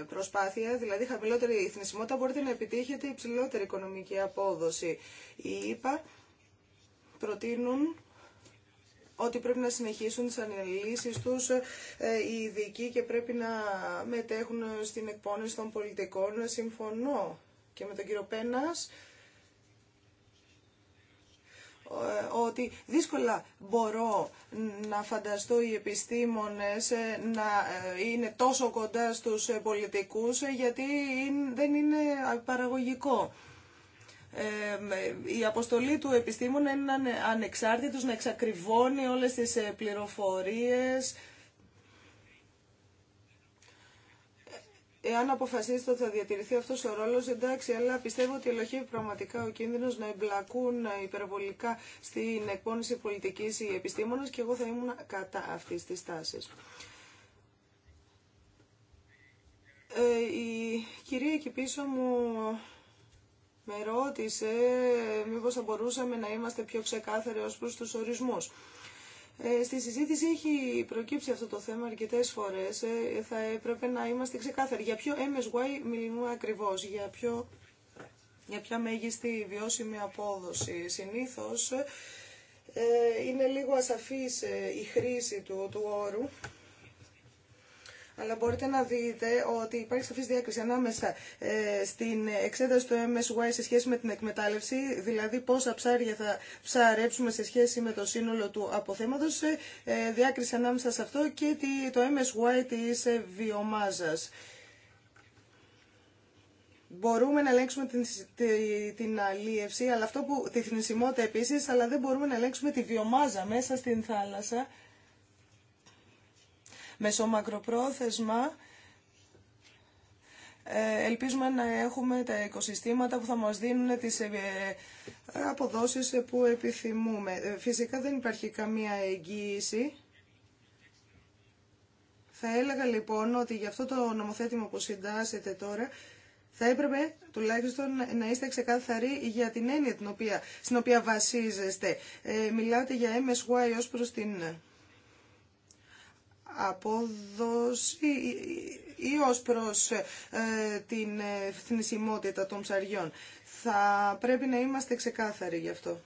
προσπάθεια, δηλαδή χαμηλότερη θνησιμότητα, μπορείτε να επιτύχετε υψηλότερη οικονομική απόδοση. Η προτείνουν ότι πρέπει να συνεχίσουν τις αναλύσεις τους ε, οι ειδικοί και πρέπει να μετέχουν στην εκπόνηση των πολιτικών. Συμφωνώ και με τον κύριο Πένας ε, ότι δύσκολα μπορώ να φανταστώ οι επιστήμονες ε, να είναι τόσο κοντά στους πολιτικούς γιατί δεν είναι παραγωγικό η αποστολή του επιστήμονα είναι ανεξάρτητος, να εξακριβώνει όλες τις ε, πληροφορίες. Ε, εάν αποφασίσετε ότι θα διατηρηθεί αυτός ο ρόλος, εντάξει, αλλά πιστεύω ότι ελοχεύει πραγματικά ο κίνδυνος να εμπλακούν ε, υπερβολικά στην εκπόνηση πολιτικής οι επιστήμονες και εγώ θα ήμουν κατά αυτής της τάσης. η κυρία εκεί πίσω μου με ρώτησε μήπως θα μπορούσαμε να είμαστε πιο ξεκάθαροι ως προς τους ορισμούς. Ε, στη συζήτηση έχει προκύψει αυτό το θέμα αρκετέ φορέ. Ε, θα έπρεπε να είμαστε ξεκάθαροι. Για ποιο MSY μιλούμε ακριβώς, για, ποιο... για ποια μέγιστη βιώσιμη απόδοση. Συνήθω ε, είναι λίγο ασαφής η χρήση του, του όρου αλλά μπορείτε να δείτε ότι υπάρχει σαφής διάκριση ανάμεσα ε, στην εξέταση του MSY σε σχέση με την εκμετάλλευση, δηλαδή πόσα ψάρια θα ψαρέψουμε σε σχέση με το σύνολο του αποθέματος, ε, ε, διάκριση ανάμεσα σε αυτό και το MSY της βιομάζας. Μπορούμε να ελέγξουμε την, την αλίευση, αλλά αυτό που, τη θνησιμότητα επίσης, αλλά δεν μπορούμε να ελέγξουμε τη βιομάζα μέσα στην θάλασσα. Μεσομακροπρόθεσμα ε, ελπίζουμε να έχουμε τα οικοσυστήματα που θα μας δίνουν τις ε, ε, αποδόσεις που επιθυμούμε. Φυσικά δεν υπάρχει καμία εγγύηση. Θα έλεγα λοιπόν ότι για αυτό το νομοθέτημα που συντάσσετε τώρα θα έπρεπε τουλάχιστον να είστε ξεκάθαροι για την έννοια την οποία, στην οποία βασίζεστε. Ε, μιλάτε για MSY ως προς την απόδοση ή ως προς ε, την θνησιμότητα των ψαριών. Θα πρέπει να είμαστε ξεκάθαροι γι' αυτό.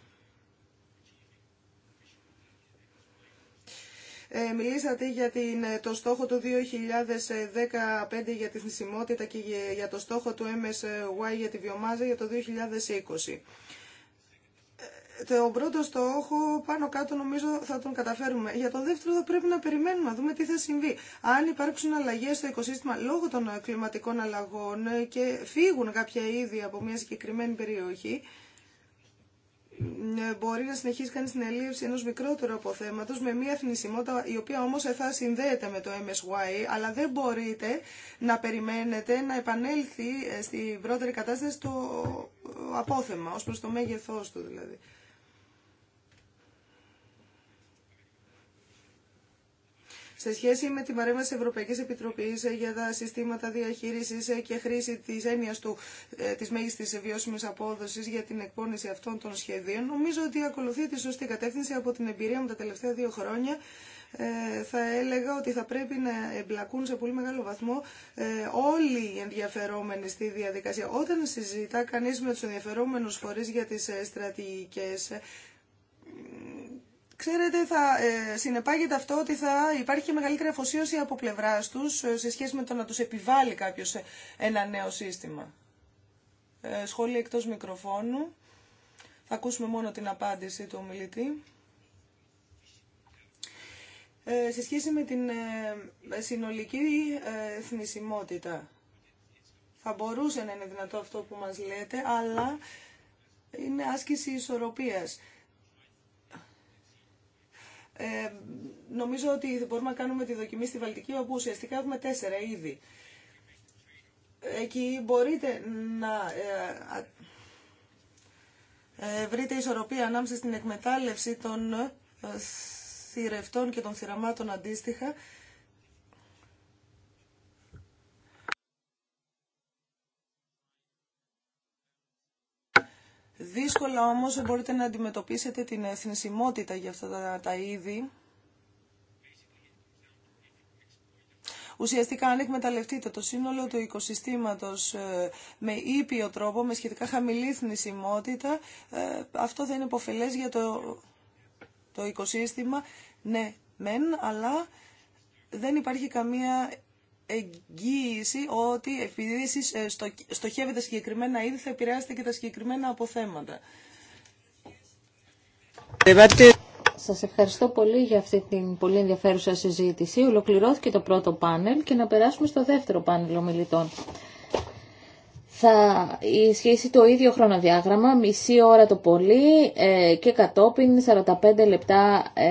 Ε, μιλήσατε για την, ε, το στόχο του 2015 για τη θνησιμότητα και για το στόχο του MSY για τη βιομάζα για το 2020. Το πρώτο στόχο πάνω κάτω νομίζω θα τον καταφέρουμε. Για το δεύτερο θα πρέπει να περιμένουμε να δούμε τι θα συμβεί. Αν υπάρξουν αλλαγέ στο οικοσύστημα λόγω των κλιματικών αλλαγών και φύγουν κάποια είδη από μια συγκεκριμένη περιοχή, ε, μπορεί να συνεχίσει κανεί την ελίευση ενό μικρότερου αποθέματο με μια θνησιμότητα η οποία όμω ε, θα συνδέεται με το MSY, αλλά δεν μπορείτε να περιμένετε να επανέλθει ε, στην πρώτερη κατάσταση το απόθεμα, ω προ το μέγεθό του δηλαδή. σε σχέση με την παρέμβαση Ευρωπαϊκής Επιτροπής ε, για τα συστήματα διαχείρισης ε, και χρήση της έννοιας του, ε, της μέγιστης βιώσιμης απόδοσης για την εκπόνηση αυτών των σχεδίων, νομίζω ότι ακολουθεί τη σωστή κατεύθυνση από την εμπειρία μου τα τελευταία δύο χρόνια θα έλεγα ότι θα πρέπει να εμπλακούν σε πολύ μεγάλο βαθμό όλοι οι ενδιαφερόμενοι στη διαδικασία. Όταν συζητά κανείς με τους ενδιαφερόμενους φορείς για τις στρατηγικές, Ξέρετε, θα ε, συνεπάγεται αυτό ότι θα υπάρχει και μεγαλύτερη αφοσίωση από πλευρά του ε, σε σχέση με το να του επιβάλλει κάποιο ε, ένα νέο σύστημα. Ε, σχόλια εκτό μικροφώνου. Θα ακούσουμε μόνο την απάντηση του ομιλητή. Ε, σε σχέση με την ε, συνολική θνησιμότητα. Θα μπορούσε να είναι δυνατό αυτό που μας λέτε, αλλά είναι άσκηση ισορροπίας. Ε, νομίζω ότι μπορούμε να κάνουμε τη δοκιμή στη Βαλτική, όπου ουσιαστικά έχουμε τέσσερα ήδη Εκεί μπορείτε να ε, ε βρείτε ισορροπία ανάμεσα στην εκμετάλλευση των ε, θηρευτών και των θηραμάτων αντίστοιχα Δύσκολα όμως μπορείτε να αντιμετωπίσετε την εθνισμότητα για αυτά τα είδη. Ουσιαστικά αν εκμεταλλευτείτε το σύνολο του οικοσυστήματος ε, με ήπιο τρόπο, με σχετικά χαμηλή θνησιμότητα, ε, αυτό θα είναι υποφελές για το, το οικοσύστημα. Ναι, μεν, αλλά δεν υπάρχει καμία εγγύηση ότι επειδή ε, στοχεύεται στοχεύετε συγκεκριμένα είδη θα επηρεάσετε και τα συγκεκριμένα αποθέματα. Σας ευχαριστώ πολύ για αυτή την πολύ ενδιαφέρουσα συζήτηση. Ολοκληρώθηκε το πρώτο πάνελ και να περάσουμε στο δεύτερο πάνελ ομιλητών θα ισχύσει το ίδιο χρονοδιάγραμμα, μισή ώρα το πολύ ε, και κατόπιν 45 λεπτά ε,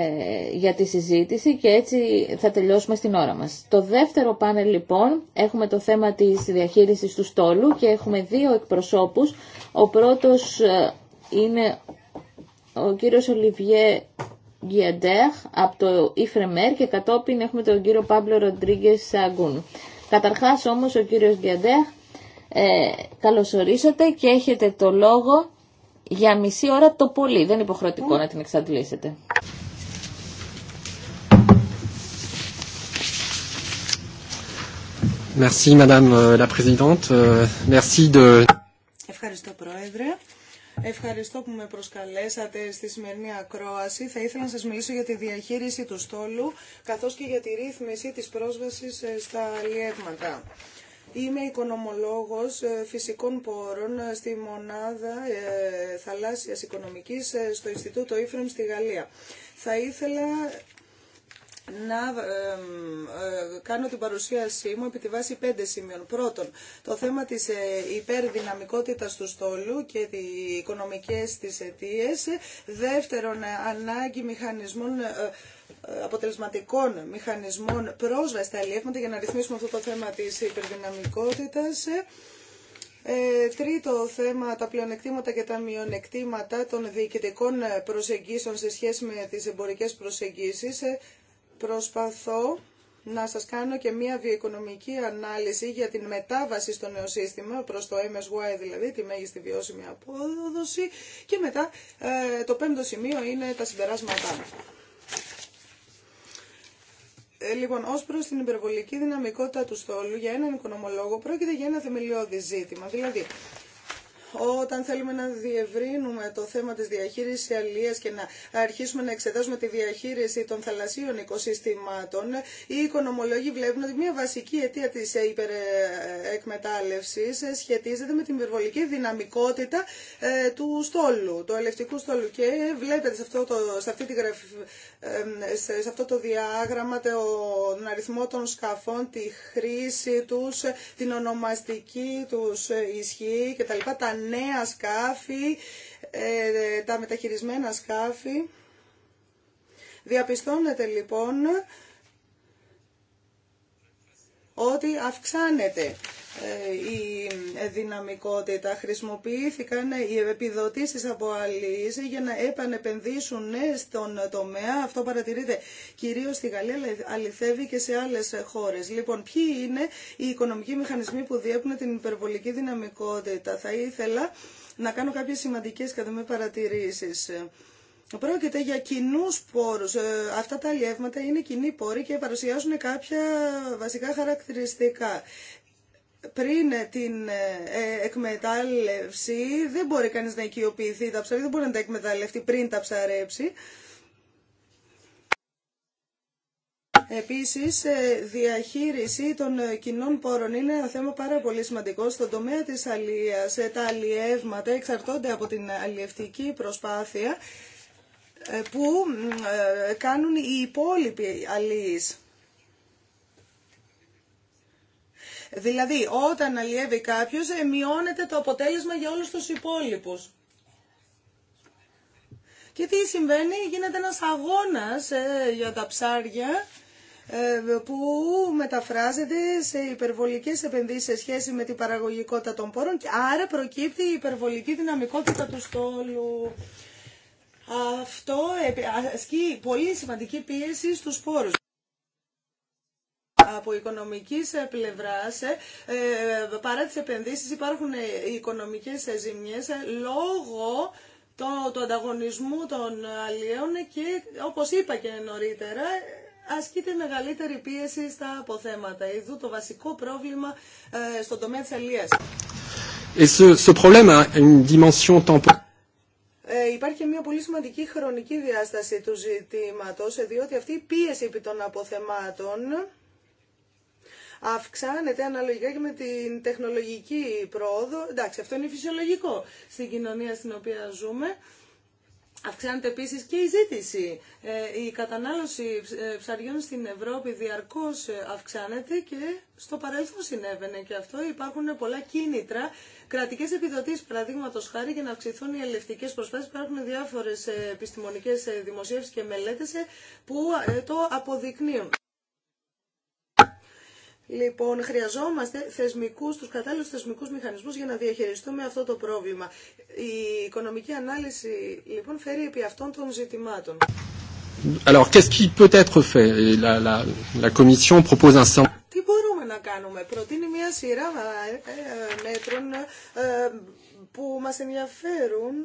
για τη συζήτηση και έτσι θα τελειώσουμε στην ώρα μας. Το δεύτερο πάνελ λοιπόν έχουμε το θέμα της διαχείρισης του στόλου και έχουμε δύο εκπροσώπους. Ο πρώτος ε, είναι ο κύριος Ολιβιέ Γκιαντεχ από το Ιφρεμέρ και κατόπιν έχουμε τον κύριο Πάμπλο Ροντρίγκε Σαγκούν. Καταρχάς όμως ο κύριος Γκιαντεχ ε, καλωσορίσατε και έχετε το λόγο για μισή ώρα το πολύ. Δεν είναι υποχρεωτικό να την εξαντλήσετε. Merci, Madame la Présidente. Euh, merci de... Ευχαριστώ, Πρόεδρε. Ευχαριστώ που με προσκαλέσατε στη σημερινή ακρόαση. Θα ήθελα να σας μιλήσω για τη διαχείριση του στόλου, καθώς και για τη ρύθμιση της πρόσβασης ε, στα αλλιεύματα. Είμαι οικονομολόγος ε, φυσικών πόρων ε, στη μονάδα ε, θαλάσσιας οικονομικής στο Ινστιτούτο Ήφρεμ στη Γαλλία. Θα ήθελα να κάνω την παρουσίασή μου επί τη βάση πέντε σημείων. Πρώτον, το θέμα της υπερδυναμικότητας του στόλου και οι οικονομικές της αιτίες. Δεύτερον, ανάγκη μηχανισμών αποτελεσματικών μηχανισμών πρόσβαση στα για να ρυθμίσουμε αυτό το θέμα της υπερδυναμικότητας. Ε, τρίτο θέμα, τα πλεονεκτήματα και τα μειονεκτήματα των διοικητικών προσεγγίσεων σε σχέση με τις εμπορικές προσεγγίσεις. Ε, προσπαθώ να σας κάνω και μία βιοοικονομική ανάλυση για την μετάβαση στο νέο σύστημα, προς το MSY δηλαδή, τη μέγιστη βιώσιμη απόδοση. Και μετά ε, το πέμπτο σημείο είναι τα συμπεράσματά ε, λοιπόν, ω προ την υπερβολική δυναμικότητα του στόλου, για έναν οικονομολόγο πρόκειται για ένα θεμελιώδη ζήτημα. Δηλαδή, όταν θέλουμε να διευρύνουμε το θέμα της διαχείρισης αλίας και να αρχίσουμε να εξετάσουμε τη διαχείριση των θαλασσίων οικοσυστημάτων, οι οικονομολόγοι βλέπουν ότι μια βασική αιτία της υπερεκμετάλλευσης σχετίζεται με την υπερβολική δυναμικότητα ε, του στόλου, του ελευτικού στόλου. Και βλέπετε σε αυτό το, σε αυτό το διάγραμμα τον αριθμό των σκαφών, τη χρήση τους, την ονομαστική τους ισχύ κτλ. Τα νέα σκάφη, ε, τα μεταχειρισμένα σκάφη. Διαπιστώνεται λοιπόν ότι αυξάνεται ε, η δυναμικότητα. Χρησιμοποιήθηκαν οι επιδοτήσεις από για να επανεπενδύσουν στον τομέα. Αυτό παρατηρείται κυρίως στη Γαλλία, αλλά αληθεύει και σε άλλες χώρες. Λοιπόν, ποιοι είναι οι οικονομικοί μηχανισμοί που διέπουν την υπερβολική δυναμικότητα. Θα ήθελα να κάνω κάποιες σημαντικές και παρατηρήσεις. Πρόκειται για κοινού πόρου. Ε, αυτά τα αλλιεύματα είναι κοινοί πόροι και παρουσιάζουν κάποια βασικά χαρακτηριστικά πριν την ε, εκμετάλλευση δεν μπορεί κανείς να οικειοποιηθεί τα ψαρέψη, δεν μπορεί να τα εκμεταλλευτεί πριν τα ψαρέψει. Επίσης, ε, διαχείριση των ε, κοινών πόρων είναι ένα θέμα πάρα πολύ σημαντικό. Στον τομέα της αλίας, τα αλλιεύματα εξαρτώνται από την αλλιευτική προσπάθεια που κάνουν οι υπόλοιποι αλίες. Δηλαδή, όταν αλλιεύει κάποιο, ε, μειώνεται το αποτέλεσμα για όλου του υπόλοιπου. Και τι συμβαίνει, γίνεται ένας αγώνας ε, για τα ψάρια ε, που μεταφράζεται σε υπερβολικές επενδύσεις σε σχέση με την παραγωγικότητα των πόρων και άρα προκύπτει η υπερβολική δυναμικότητα του στόλου. Αυτό ασκεί πολύ σημαντική πίεση στους πόρους. Από οικονομικής ε, πλευράς, ε, ε, παρά τις επενδύσεις υπάρχουν οικονομικές ζημιές λόγω του ανταγωνισμού των αλλιέων και όπως είπα και νωρίτερα ασκείται μεγαλύτερη πίεση στα αποθέματα. Ειδού το βασικό πρόβλημα στον τομέα της αλλίας. Ε, υπάρχει μια πολύ σημαντική χρονική διάσταση του ζητήματος, διότι αυτή η πίεση επί των αποθεμάτων αυξάνεται αναλογικά και με την τεχνολογική πρόοδο. Εντάξει, αυτό είναι φυσιολογικό στην κοινωνία στην οποία ζούμε. Αυξάνεται επίση και η ζήτηση. Ε, η κατανάλωση ε, ψαριών στην Ευρώπη διαρκώ ε, αυξάνεται και στο παρελθόν συνέβαινε και αυτό. Υπάρχουν πολλά κίνητρα. Κρατικέ επιδοτήσει, παραδείγματο χάρη, για να αυξηθούν οι ελευτικέ προσπάθειε. Υπάρχουν διάφορε επιστημονικέ δημοσίευσει και μελέτε που το αποδεικνύουν. Λοιπόν, χρειαζόμαστε θεσμικούς, τους κατάλληλους θεσμικούς μηχανισμούς για να διαχειριστούμε αυτό το πρόβλημα. Η οικονομική ανάλυση λοιπόν φέρει επί αυτών των ζητημάτων. Alors, qu'est-ce qui peut être fait la, la, la Commission propose un Τι μπορούμε να κάνουμε. Προτείνει μια σειρά ε, ε, ε, μέτρων που μας ενδιαφέρουν.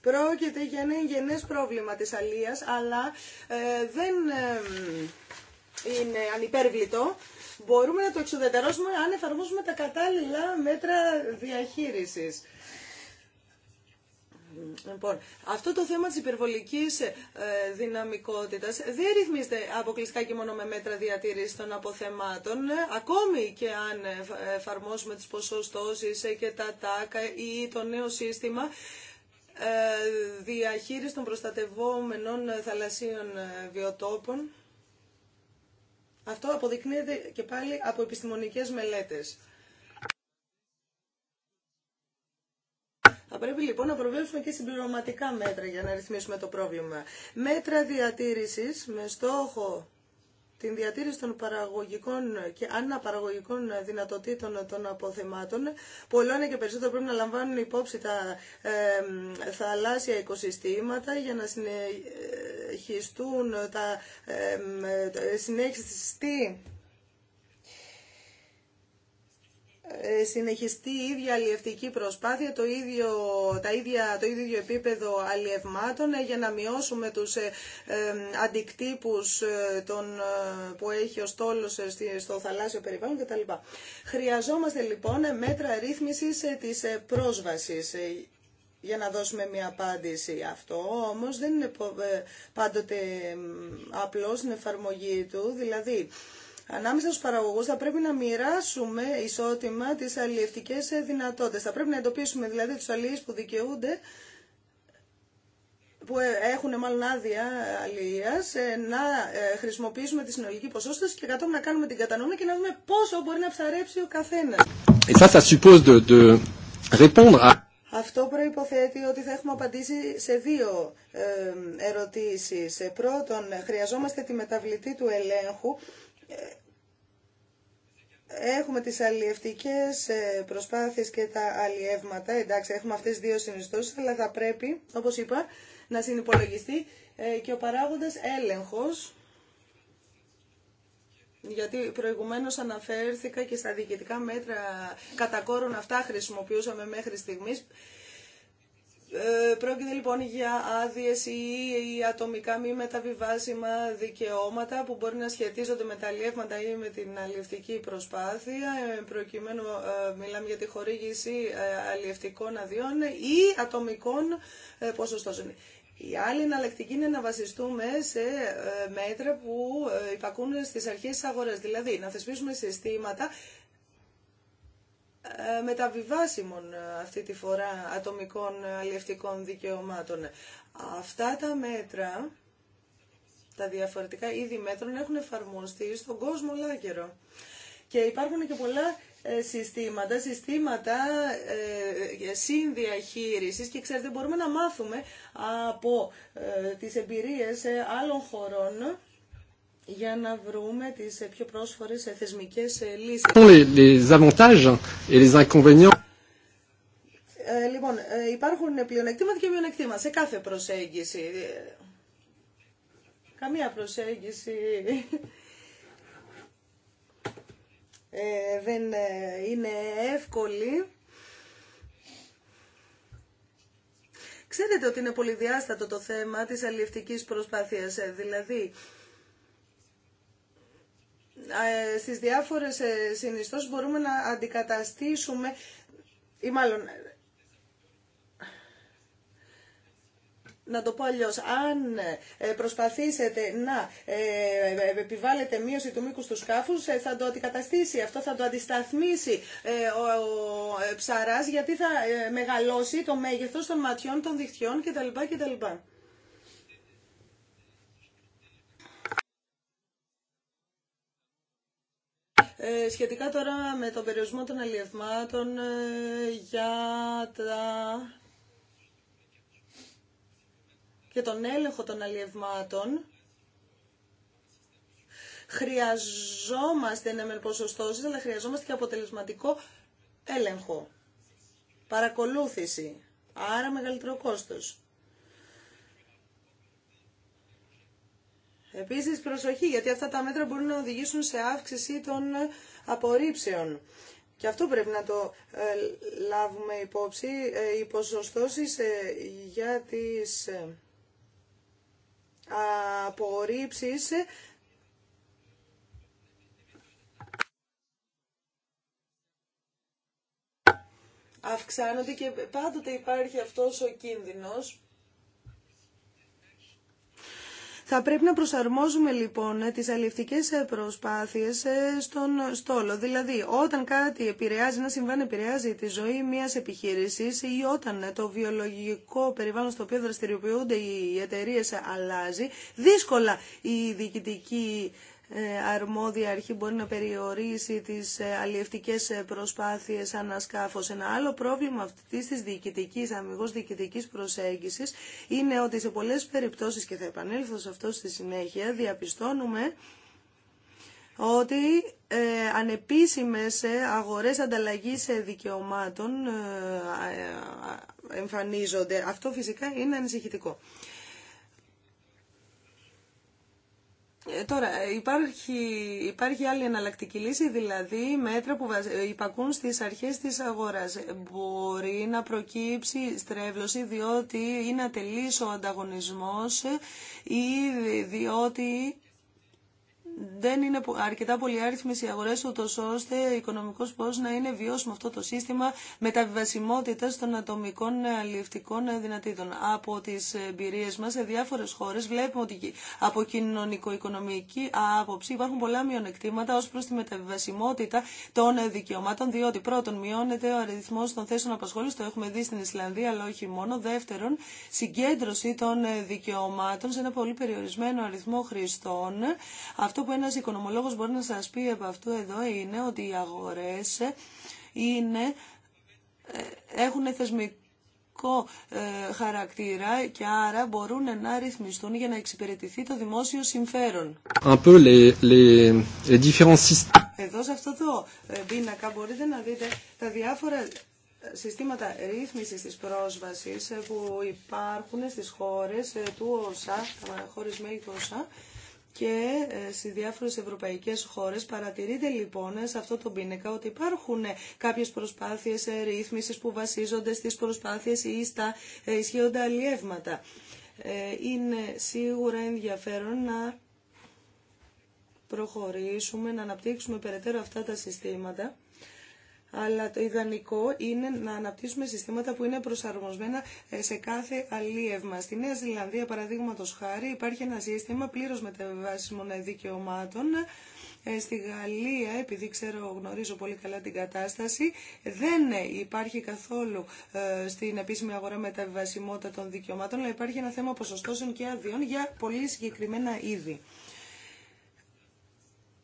Πρόκειται για ένα γενές πρόβλημα της αλίας, αλλά ε, δεν ε, είναι ανυπέρβλητο. Μπορούμε να το εξοδετερώσουμε αν εφαρμόσουμε τα κατάλληλα μέτρα διαχείρισης. Λοιπόν, αυτό το θέμα της υπερβολικής ε, δυναμικότητας δεν ρυθμίζεται αποκλειστικά και μόνο με μέτρα διατήρησης των αποθεμάτων. Ακόμη και αν εφαρμόσουμε τις ποσοστώσεις και τα τάκα ή το νέο σύστημα, ε, διαχείριση των προστατευόμενων ε, θαλασσίων ε, βιοτόπων. Αυτό αποδεικνύεται και πάλι από επιστημονικές μελέτες. Θα πρέπει λοιπόν να προβλέψουμε και συμπληρωματικά μέτρα για να ρυθμίσουμε το πρόβλημα. Μέτρα διατήρησης με στόχο την διατήρηση των παραγωγικών και αναπαραγωγικών δυνατοτήτων των αποθεμάτων, που όλο και περισσότερο πρέπει να λαμβάνουν υπόψη τα ε, θαλάσσια οικοσυστήματα για να συνεχιστούν τα ε, συνέχιστη Ε, συνεχιστεί η ίδια αλλιευτική προσπάθεια, το ίδιο, τα ίδια, το ίδιο επίπεδο αλλιευμάτων ε, για να μειώσουμε τους ε, αντικτύπους που έχει ο στόλος στο θαλάσσιο περιβάλλον κτλ. Χρειαζόμαστε λοιπόν μέτρα ρύθμισης της πρόσβασης για να δώσουμε μια απάντηση. Αυτό όμως δεν είναι πάντοτε απλώς στην εφαρμογή του, δηλαδή Ανάμεσα στους παραγωγούς θα πρέπει να μοιράσουμε ισότιμα τις αλληλευτικές δυνατότητες. Θα πρέπει να εντοπίσουμε δηλαδή τους αλληλείς που δικαιούνται που έχουν μάλλον άδεια αλληλείας, ε, να ε, χρησιμοποιήσουμε τη συνολική ποσότητα και κατόπιν να κάνουμε την κατανομή και να δούμε πόσο μπορεί να ψαρέψει ο καθένας. Αυτό προϋποθέτει ότι θα έχουμε απαντήσει σε δύο ε, ερωτήσεις. Πρώτον, χρειαζόμαστε τη μεταβλητή του ελέγχου Έχουμε τις αλλιευτικές ε, προσπάθειες και τα αλλιεύματα. Εντάξει, έχουμε αυτές τις δύο συνιστώσεις, αλλά θα πρέπει, όπως είπα, να συνυπολογιστεί ε, και ο παράγοντας έλεγχος. Γιατί προηγουμένως αναφέρθηκα και στα διοικητικά μέτρα κατά κόρον αυτά χρησιμοποιούσαμε μέχρι στιγμής. Ε, πρόκειται λοιπόν για άδειε ή ατομικά μη μεταβιβάσιμα δικαιώματα που μπορεί να σχετίζονται με τα αλλιεύματα ή με την αλλιευτική προσπάθεια. Ε, προκειμένου ε, μιλάμε για τη χορήγηση αλλιευτικών αδειών ή ατομικών ποσοστώσεων. Η ατομικων ποσοστων εναλλακτική είναι να βασιστούμε σε μέτρα που υπακούν στις αρχές της αγοράς. Δηλαδή να θεσπίσουμε συστήματα ε, μεταβιβάσιμων ε, αυτή τη φορά ατομικών ε, αλληλευτικών δικαιωμάτων. Αυτά τα μέτρα, τα διαφορετικά είδη μέτρων έχουν εφαρμοστεί στον κόσμο λάκερο. Και υπάρχουν και πολλά συστήματα, συστήματα ε, συνδιαχείρισης και ξέρετε μπορούμε να μάθουμε από ε, τις εμπειρίες άλλων χωρών για να βρούμε τις ε, πιο πρόσφορες θεσμικές λύσεις. λοιπόν, υπάρχουν πλειονεκτήματα και μειονεκτήματα σε κάθε προσέγγιση. Καμία προσέγγιση ε, δεν ε, είναι εύκολη. Ξέρετε ότι είναι πολυδιάστατο το θέμα της αλληλευτικής προσπάθειας. Ε, δηλαδή, ε, στις διάφορες ε, συνιστώσεις μπορούμε να αντικαταστήσουμε ή μάλλον να το πω αλλιώ, αν ε, προσπαθήσετε να επιβάλλετε μείωση του μήκου του σκάφου, θα το αντικαταστήσει αυτό, θα το αντισταθμίσει ο ψαρά, γιατί θα μεγαλώσει το μέγεθο των ματιών, των δικτυών τα κτλ. Ε, σχετικά τώρα με τον περιορισμό των αλλιευμάτων ε, για τα... και τον έλεγχο των αλλιευμάτων, χρειαζόμαστε ένα μεν αλλά χρειαζόμαστε και αποτελεσματικό έλεγχο, παρακολούθηση, άρα μεγαλύτερο κόστος. Επίσης προσοχή γιατί αυτά τα μέτρα μπορούν να οδηγήσουν σε αύξηση των απορρίψεων. Και αυτό πρέπει να το ε, λάβουμε υπόψη. Ε, οι ποσοστώσεις ε, για τις ε, απορρίψεις αυξάνονται και πάντοτε υπάρχει αυτός ο κίνδυνος θα πρέπει να προσαρμόζουμε λοιπόν τις αλληλευτικές ε, προσπάθειες ε, στον στόλο. Δηλαδή, όταν κάτι επηρεάζει, ένα συμβάν επηρεάζει τη ζωή μιας επιχείρησης ή όταν ε, το βιολογικό περιβάλλον στο οποίο δραστηριοποιούνται οι εταιρείε αλλάζει, δύσκολα η διοικητική ε, αρμόδια αρχή μπορεί να περιορίσει τις ε, αλλιευτικές ε, προσπάθειες ανασκάφος. Ένα άλλο πρόβλημα αυτή της διοικητικής, αμυγός διοικητικής προσέγγισης είναι ότι σε πολλές περιπτώσεις, και θα επανέλθω σε αυτό στη συνέχεια, διαπιστώνουμε ότι ε, ανεπίσημες αγορές ανταλλαγής δικαιωμάτων εμφανίζονται. Αυτό φυσικά είναι ανησυχητικό. Τώρα, υπάρχει, υπάρχει άλλη εναλλακτική λύση, δηλαδή μέτρα που υπακούν στις αρχές της αγοράς. Μπορεί να προκύψει στρέβλωση διότι είναι ατελής ο ανταγωνισμός ή διότι δεν είναι αρκετά πολύ άριθμε οι αγορέ, ούτω ώστε ο οικονομικό πώς να είναι βιώσιμο αυτό το σύστημα μεταβιβασιμότητας των ατομικών ε, αλληλευτικών ε, δυνατήτων. Από τι εμπειρίε μα σε διάφορε χώρε. χώρες βλέπουμε ότι από κοινωνικο-οικονομική άποψη υπάρχουν πολλά μειονεκτήματα ω προ τη μεταβιβασιμότητα των δικαιωμάτων διότι πρώτον μειώνεται ο αριθμό των θέσεων απασχόληση, το έχουμε δει στην Ισλανδία αλλά όχι μόνο. Δεύτερον, συγκέντρωση των ε, δικαιωμάτων σε ένα πολύ περιορισμένο αριθμό χρηστών. Αυτό που ένας οικονομολόγος μπορεί να σας πει από αυτού εδώ είναι ότι οι αγορές είναι, ε, έχουν θεσμικό ε, χαρακτήρα και άρα μπορούν να ρυθμιστούν για να εξυπηρετηθεί το δημόσιο συμφέρον. Εδώ σε αυτό το ε, πίνακα μπορείτε να δείτε τα διάφορα συστήματα ρύθμισης της πρόσβασης που υπάρχουν στις χώρες του ΟΣΑ, χώρες μέλη του ΟΣΑ, και ε, σε διάφορες ευρωπαϊκές χώρες παρατηρείται λοιπόν σε αυτό το πίνεκα ότι υπάρχουν ε, κάποιες προσπάθειες ε, ρύθμισης που βασίζονται στις προσπάθειες ή στα ισχύοντα αλλιεύματα. Είναι σίγουρα ενδιαφέρον να προχωρήσουμε, να αναπτύξουμε περαιτέρω αυτά τα συστήματα αλλά το ιδανικό είναι να αναπτύσσουμε συστήματα που είναι προσαρμοσμένα ε, σε κάθε αλίευμα. Στη Νέα Ζηλανδία, παραδείγματο χάρη, υπάρχει ένα σύστημα πλήρω μεταβιβασιμών δικαιωμάτων. Ε, στη Γαλλία, επειδή ξέρω, γνωρίζω πολύ καλά την κατάσταση, δεν υπάρχει καθόλου ε, στην επίσημη αγορά μεταβιβασιμότητα των δικαιωμάτων, αλλά υπάρχει ένα θέμα ποσοστώσεων και αδειών για πολύ συγκεκριμένα είδη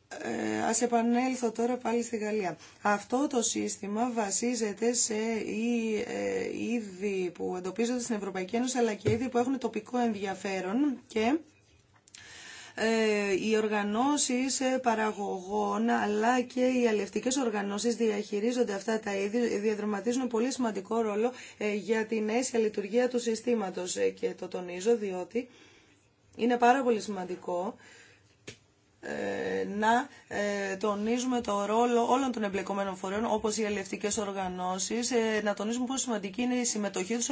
ε, ας επανέλθω τώρα πάλι στη Γαλλία. Αυτό το σύστημα βασίζεται σε ή, ε, είδη που εντοπίζονται στην Ευρωπαϊκή Ένωση αλλά και είδη που έχουν τοπικό ενδιαφέρον και ε, οι οργανώσεις παραγωγών αλλά και οι αλληλευτικές οργανώσεις διαχειρίζονται αυτά τα είδη, διαδραματίζουν πολύ σημαντικό ρόλο ε, για την αίσια λειτουργία του συστήματος και το τονίζω διότι είναι πάρα πολύ σημαντικό ε, να ε, τονίζουμε το ρόλο όλων των εμπλεκομένων φορέων, όπως οι αλληλευτικές οργανώσεις, ε, να τονίζουμε πόσο σημαντική είναι η συμμετοχή τους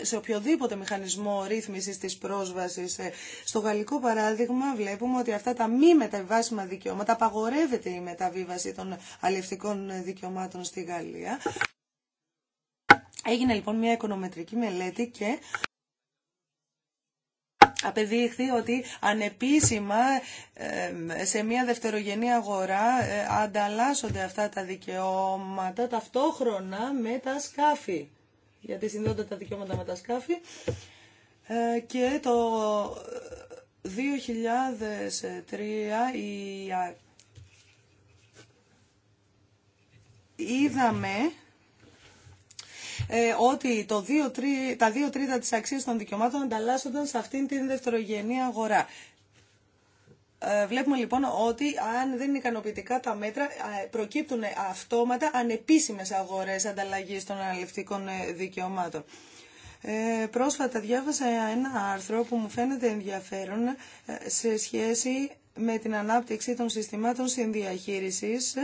σε οποιοδήποτε μηχανισμό ρύθμισης της πρόσβασης. Στο γαλλικό παράδειγμα βλέπουμε ότι αυτά τα μη μεταβιβάσιμα δικαιώματα απαγορεύεται η μεταβίβαση των αλληλευτικών δικαιωμάτων στη Γαλλία. Έγινε λοιπόν μια οικονομετρική μελέτη και απεδείχθη ότι ανεπίσημα σε μια δευτερογενή αγορά ε, ανταλλάσσονται αυτά τα δικαιώματα ταυτόχρονα με τα σκάφη. Γιατί συνδέονται τα δικαιώματα με τα σκάφη. Ε, και το 2003 ε, η... είδαμε ε, ότι το 2, 3, τα δύο τρίτα της αξίας των δικαιωμάτων ανταλλάσσονταν σε αυτήν την δευτερογενή αγορά. Ε, βλέπουμε λοιπόν ότι αν δεν είναι ικανοποιητικά τα μέτρα ε, προκύπτουν αυτόματα ανεπίσημες αγορές ανταλλαγής των αναλυτικών δικαιωμάτων. Ε, πρόσφατα διάβασα ένα άρθρο που μου φαίνεται ενδιαφέρον σε σχέση με την ανάπτυξη των συστημάτων συνδιαχείρισης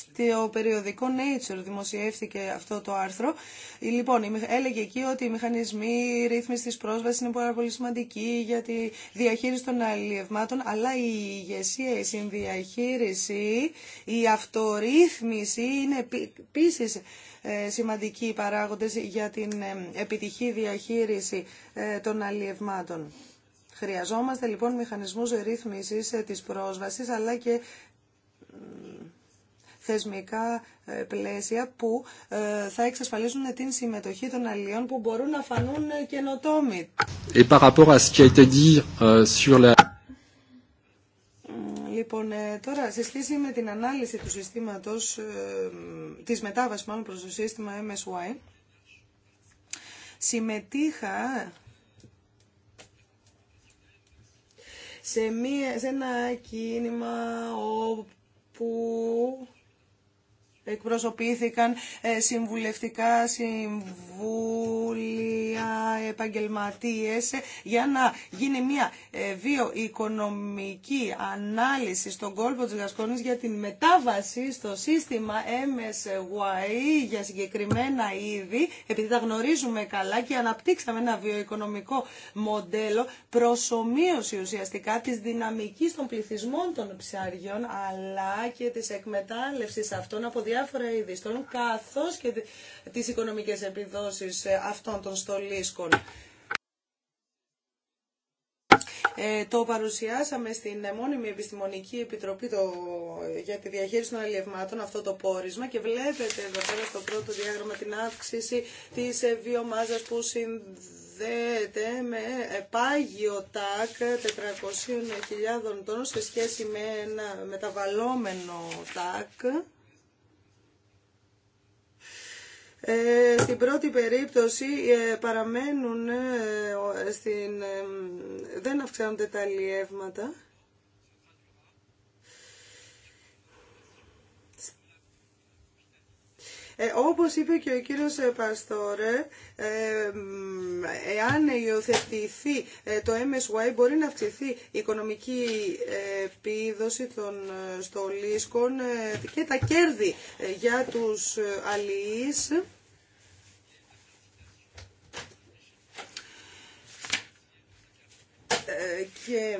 Στο περιοδικό Nature δημοσιεύθηκε αυτό το άρθρο. Λοιπόν, έλεγε εκεί ότι οι μηχανισμοί ρύθμιση τη πρόσβαση είναι πάρα πολύ σημαντικοί για τη διαχείριση των αλλιευμάτων, αλλά η ηγεσία, η συνδιαχείριση, η αυτορύθμιση είναι επίση ε, σημαντικοί παράγοντε για την ε, επιτυχή διαχείριση ε, των αλλιευμάτων. Χρειαζόμαστε λοιπόν μηχανισμούς ρύθμισης της πρόσβασης αλλά και θεσμικά ε, πλαίσια που ε, θα εξασφαλίσουν την συμμετοχή των αλλιών που μπορούν να φανούν ε, καινοτόμοι. Et par rapport à ce qui a euh, Λοιπόν, τώρα σε σχέση με την ανάλυση του συστήματος, της μετάβασης μάλλον προς το σύστημα MSY, συμμετείχα σε, μία, σε ένα κίνημα όπου εκπροσωπήθηκαν ε, συμβουλευτικά συμβούλια, επαγγελματίες ε, για να γίνει μια ε, βιοοικονομική ανάλυση στον κόλπο της Γασκόνης για την μετάβαση στο σύστημα MSY για συγκεκριμένα είδη επειδή τα γνωρίζουμε καλά και αναπτύξαμε ένα βιοοικονομικό μοντέλο προσωμείωση ουσιαστικά της δυναμικής των πληθυσμών των ψαριών αλλά και της εκμετάλλευσης αυτών από διάφορα είδη καθώς και τι οικονομικές επιδόσει ε, αυτών των στολίσκων. Ε, το παρουσιάσαμε στην μόνιμη επιστημονική επιτροπή το, για τη διαχείριση των αλλιευμάτων αυτό το πόρισμα και βλέπετε εδώ πέρα στο πρώτο διάγραμμα την αύξηση της ε, βιομάζας που συνδέεται με ε, πάγιο τάκ 400.000 τόνων σε σχέση με ένα μεταβαλλόμενο τάκ. Ε, στην πρώτη περίπτωση ε, παραμένουν, ε, στην, δεν αυξάνονται τα αλλιεύματα. Ε, όπως είπε και ο κύριος ε, Παστόρε, ε, εάν υιοθετηθεί το MSY μπορεί να αυξηθεί η οικονομική επίδοση των στολίσκων και τα κέρδη για τους αλληλείς. και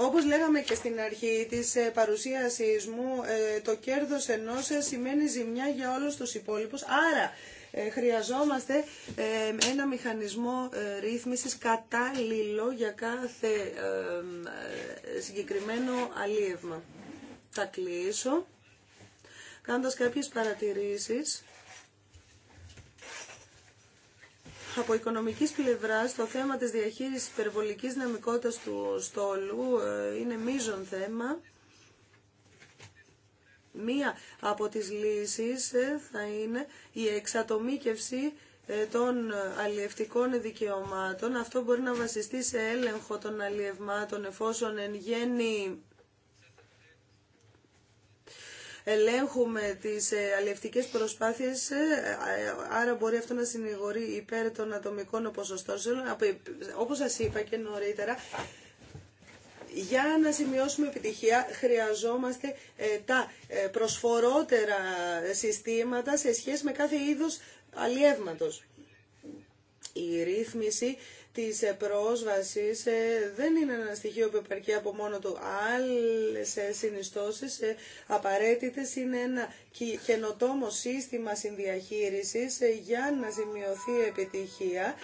όπως λέγαμε και στην αρχή της ε, παρουσίασής μου, ε, το κέρδος ενός ε, σημαίνει ζημιά για όλους τους υπόλοιπους. Άρα χρειαζόμαστε ένα μηχανισμό ρύθμισης κατάλληλο για κάθε συγκεκριμένο αλίευμα. Θα κλείσω κάνοντας κάποιες παρατηρήσεις από οικονομικής πλευράς το θέμα της διαχείρισης υπερβολικής δυναμικότητας του στόλου ε, είναι μείζον θέμα. Μία από τις λύσεις ε, θα είναι η εξατομίκευση ε, των αλλιευτικών δικαιωμάτων. Αυτό μπορεί να βασιστεί σε έλεγχο των αλλιευμάτων εφόσον εν γέννη ελέγχουμε τις ε, αλλιευτικές προσπάθειες, ε, ε, άρα μπορεί αυτό να συνηγορεί υπέρ των ατομικών ποσοστών. Όπως σας είπα και νωρίτερα, για να σημειώσουμε επιτυχία χρειαζόμαστε τα προσφορότερα συστήματα σε σχέση με κάθε είδος αλλιεύματος. Η ρύθμιση της ε, πρόσβασης ε, δεν είναι ένα στοιχείο που επαρκεί από μόνο του. Άλλες ε, συνιστώσεις απαραίτητες είναι ένα καινοτόμο σύστημα συνδιαχείρισης για να σημειωθεί επιτυχία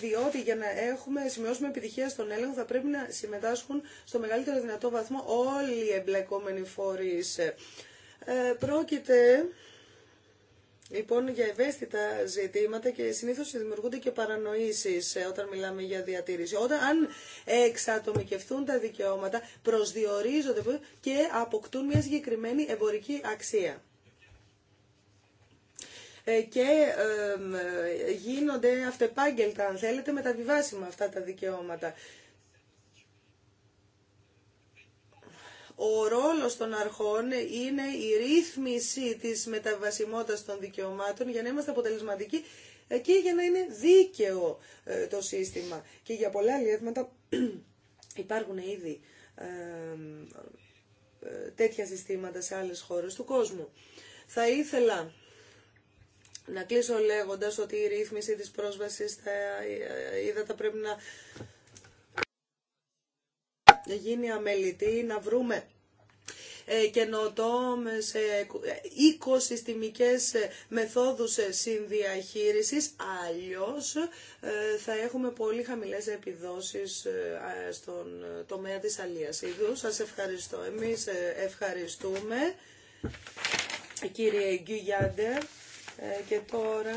διότι για να έχουμε, σημειώσουμε επιτυχία στον έλεγχο θα πρέπει να συμμετάσχουν στο μεγαλύτερο δυνατό βαθμό όλοι οι εμπλεκόμενοι φορείς. πρόκειται Λοιπόν, για ευαίσθητα ζητήματα και συνήθως δημιουργούνται και παρανοήσεις ε, όταν μιλάμε για διατήρηση. Όταν, αν εξατομικευτούν τα δικαιώματα, προσδιορίζονται και αποκτούν μια συγκεκριμένη εμπορική αξία ε, και ε, γίνονται αυτεπάγγελτα, αν θέλετε, μεταβιβάσιμα αυτά τα δικαιώματα. Ο ρόλος των αρχών είναι η ρύθμιση της μεταβασιμότητας των δικαιωμάτων για να είμαστε αποτελεσματικοί και για να είναι δίκαιο ε, το σύστημα. Και για πολλά αλλιεύματα υπάρχουν ήδη ε, τέτοια συστήματα σε άλλες χώρες του κόσμου. Θα ήθελα να κλείσω λέγοντας ότι η ρύθμιση της πρόσβασης στα ε, πρέπει να γίνει αμελητή, να βρούμε ε, καινοτόμες ε, οικοσυστημικές ε, μεθόδους συνδιαχείρισης, αλλιώς θα έχουμε πολύ χαμηλές επιδόσεις στον τομέα της αλίας Σας ευχαριστώ. Εμείς ευχαριστούμε, κύριε Γκουγιάντερ, και τώρα...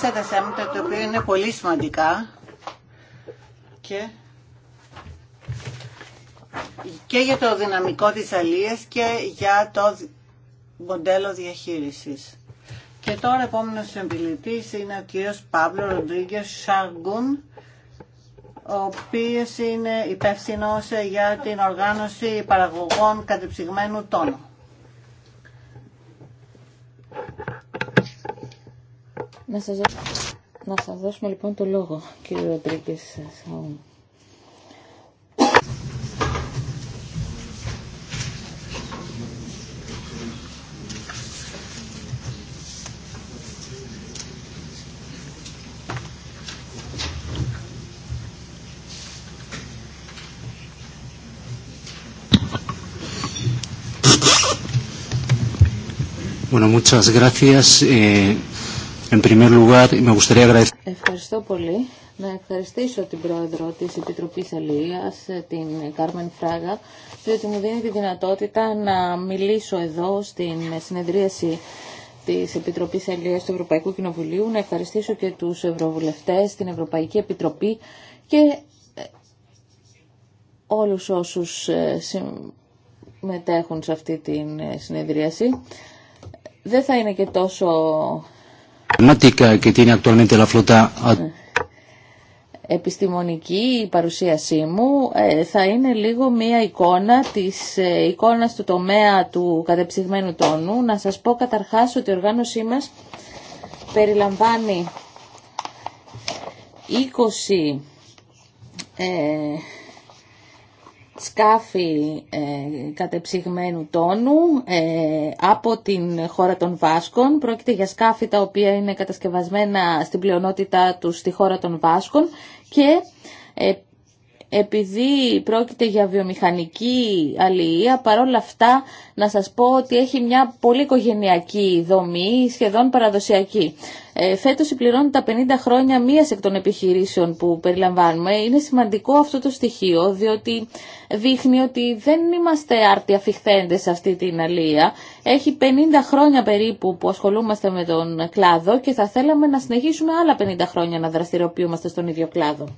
τα θέματα τα οποία είναι πολύ σημαντικά και για το δυναμικό της αλίας και για το μοντέλο διαχείρισης. Και τώρα επόμενος εμπιλητής είναι ο κύριος Παύλο Ροντρίγκε Σαργκούν, ο οποίος είναι υπεύθυνος για την οργάνωση παραγωγών κατεψυγμένου τόνου. Να σας ζητήσω. Να σας δώσουμε λοιπόν το λόγο, κύριε Ροντρίγκε Σαούν. Bueno, muchas gracias. Eh... Ευχαριστώ πολύ. Να ευχαριστήσω την πρόεδρο τη Επιτροπή Αλληλείας, την Κάρμεν Φράγα, διότι μου δίνει τη δυνατότητα να μιλήσω εδώ στην συνεδρίαση της Επιτροπής Αλληλείας του Ευρωπαϊκού Κοινοβουλίου, να ευχαριστήσω και τους Ευρωβουλευτές, την Ευρωπαϊκή Επιτροπή και ε, όλους όσους ε, συμμετέχουν σε αυτή τη ε, συνεδρίαση. Δεν θα είναι και τόσο επιστημονική παρουσίασή μου ε, θα είναι λίγο μία εικόνα της ε, εικόνας του τομέα του κατεψυγμένου τόνου. Να σας πω καταρχάς ότι η οργάνωσή μας περιλαμβάνει 20 σκάφη ε, κατεψυγμένου τόνου ε, από την χώρα των Βάσκων. Πρόκειται για σκάφη τα οποία είναι κατασκευασμένα στην πλειονότητα του στη χώρα των Βάσκων και ε, επειδή πρόκειται για βιομηχανική αλληλεία, παρόλα αυτά να σας πω ότι έχει μια πολύ οικογενειακή δομή, σχεδόν παραδοσιακή. Ε, φέτος συμπληρώνει τα 50 χρόνια μίας εκ των επιχειρήσεων που περιλαμβάνουμε. Είναι σημαντικό αυτό το στοιχείο, διότι δείχνει ότι δεν είμαστε άρτια φιχθέντες σε αυτή την αλληλεία. Έχει 50 χρόνια περίπου που ασχολούμαστε με τον κλάδο και θα θέλαμε να συνεχίσουμε άλλα 50 χρόνια να δραστηριοποιούμαστε στον ίδιο κλάδο.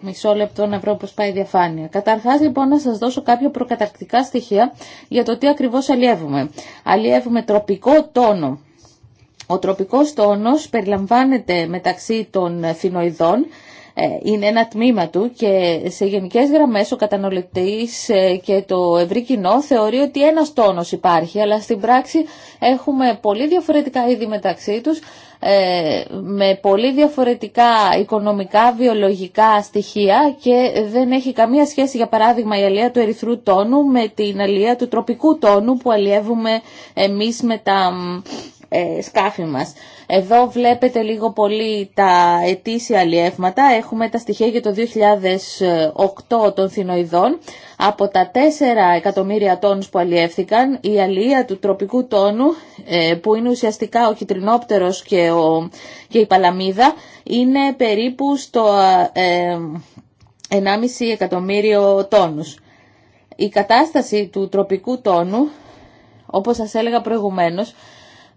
Μισό λεπτό να βρω πώς πάει η διαφάνεια. Καταρχάς λοιπόν να σας δώσω κάποια προκαταρκτικά στοιχεία για το τι ακριβώς αλλιεύουμε. Αλλιεύουμε τροπικό τόνο. Ο τροπικός τόνος περιλαμβάνεται μεταξύ των φινοειδών ε, είναι ένα τμήμα του και σε γενικές γραμμές ο κατανολητής ε, και το ευρύ κοινό θεωρεί ότι ένας τόνος υπάρχει, αλλά στην πράξη έχουμε πολύ διαφορετικά είδη μεταξύ τους ε, με πολύ διαφορετικά οικονομικά, βιολογικά στοιχεία και δεν έχει καμία σχέση για παράδειγμα η αλία του ερυθρού τόνου με την αλία του τροπικού τόνου που αλλιεύουμε εμείς με τα ε, σκάφη μας. Εδώ βλέπετε λίγο πολύ τα ετήσια αλλιεύματα. Έχουμε τα στοιχεία για το 2008 των θηνοειδών. Από τα 4 εκατομμύρια τόνους που αλλιεύθηκαν, η αλλιεία του τροπικού τόνου, ε, που είναι ουσιαστικά ο χιτρινόπτερος και, και η παλαμίδα, είναι περίπου στο 1,5 ε, εκατομμύριο τόνους. Η κατάσταση του τροπικού τόνου, όπως σας έλεγα προηγουμένως,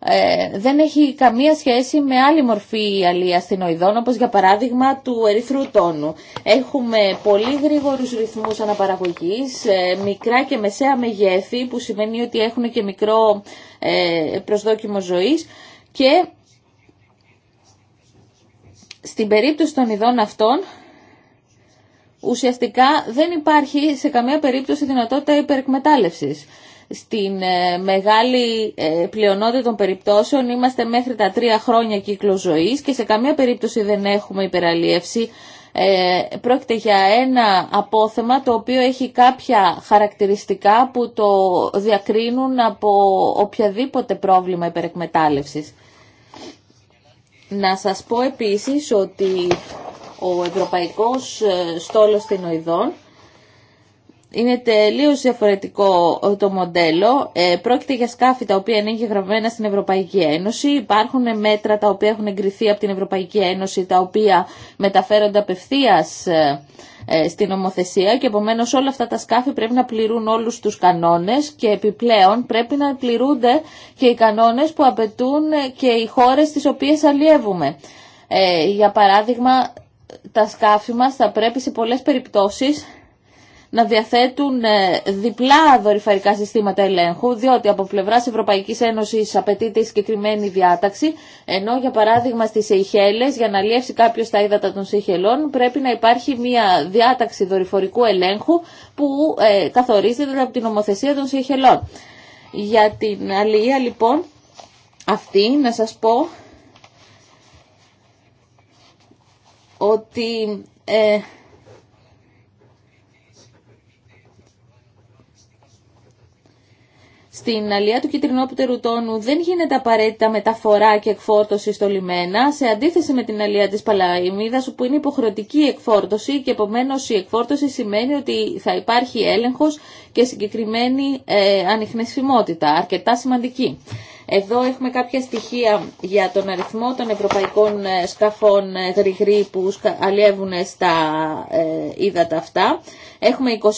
ε, δεν έχει καμία σχέση με άλλη μορφή αλίας στην όπως για παράδειγμα του ερυθρού τόνου. Έχουμε πολύ γρήγορους ρυθμούς αναπαραγωγής, ε, μικρά και μεσαία μεγέθη, που σημαίνει ότι έχουν και μικρό ε, προσδόκιμο ζωής και στην περίπτωση των ειδών αυτών, ουσιαστικά δεν υπάρχει σε καμία περίπτωση δυνατότητα υπερεκμετάλλευσης στην ε, μεγάλη ε, πλειονότητα των περιπτώσεων είμαστε μέχρι τα τρία χρόνια κύκλο ζωής και σε καμία περίπτωση δεν έχουμε υπεραλίευση. Ε, πρόκειται για ένα απόθεμα το οποίο έχει κάποια χαρακτηριστικά που το διακρίνουν από οποιαδήποτε πρόβλημα υπερεκμετάλλευσης. Να σας πω επίσης ότι ο Ευρωπαϊκός Στόλος Τινοειδών είναι τελείως διαφορετικό ε, το μοντέλο. Ε, πρόκειται για σκάφη τα οποία είναι εγγεγραμμένα στην Ευρωπαϊκή Ένωση. Υπάρχουν μέτρα τα οποία έχουν εγκριθεί από την Ευρωπαϊκή Ένωση, τα οποία μεταφέρονται απευθεία ε, ε, στην νομοθεσία και επομένω όλα αυτά τα σκάφη πρέπει να πληρούν όλους τους κανόνες και επιπλέον πρέπει να πληρούνται και οι κανόνες που απαιτούν και οι χώρες τις οποίες αλλιεύουμε. Ε, για παράδειγμα, τα σκάφη μας θα πρέπει σε πολλές περιπτώσεις να διαθέτουν ε, διπλά δορυφαρικά συστήματα ελέγχου, διότι από πλευρά Ευρωπαϊκή Ένωση απαιτείται η συγκεκριμένη διάταξη, ενώ για παράδειγμα στι Σεϊχέλε, για να λιεύσει κάποιο τα ύδατα των Σεϊχελών, πρέπει να υπάρχει μια διάταξη δορυφορικού ελέγχου που ε, καθορίζεται από την νομοθεσία των Σεϊχελών. Για την αλληλεία λοιπόν αυτή να σας πω ότι ε, στην αλία του κυτρινόπτερου τόνου δεν γίνεται απαραίτητα μεταφορά και εκφόρτωση στο λιμένα, σε αντίθεση με την αλία της παλαϊμίδας που είναι υποχρεωτική εκφόρτωση και επομένως η εκφόρτωση σημαίνει ότι θα υπάρχει έλεγχος και συγκεκριμένη ε, ανιχνεσιμότητα, αρκετά σημαντική. Εδώ έχουμε κάποια στοιχεία για τον αριθμό των ευρωπαϊκών ε, σκαφών ε, γρηγρή που αλλιεύουν στα ε, ύδατα αυτά. Έχουμε 24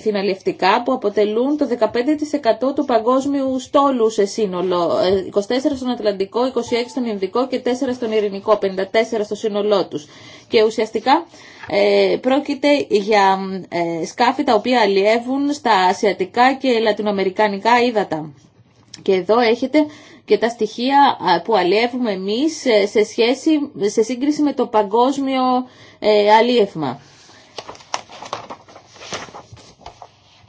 θυναλιευτικά που αποτελούν το 15% του παγκόσμιου στόλου σε σύνολο. 24 στον Ατλαντικό, 26 στον Ινδικό και 4 στον Ειρηνικό, 54 στο σύνολό τους. Και ουσιαστικά πρόκειται για σκάφη τα οποία αλλιεύουν στα ασιατικά και λατινοαμερικανικά ύδατα. Και εδώ έχετε και τα στοιχεία που αλλιεύουμε εμείς ε, σε, σχέση, σε σύγκριση με το παγκόσμιο ε, αλλιεύμα.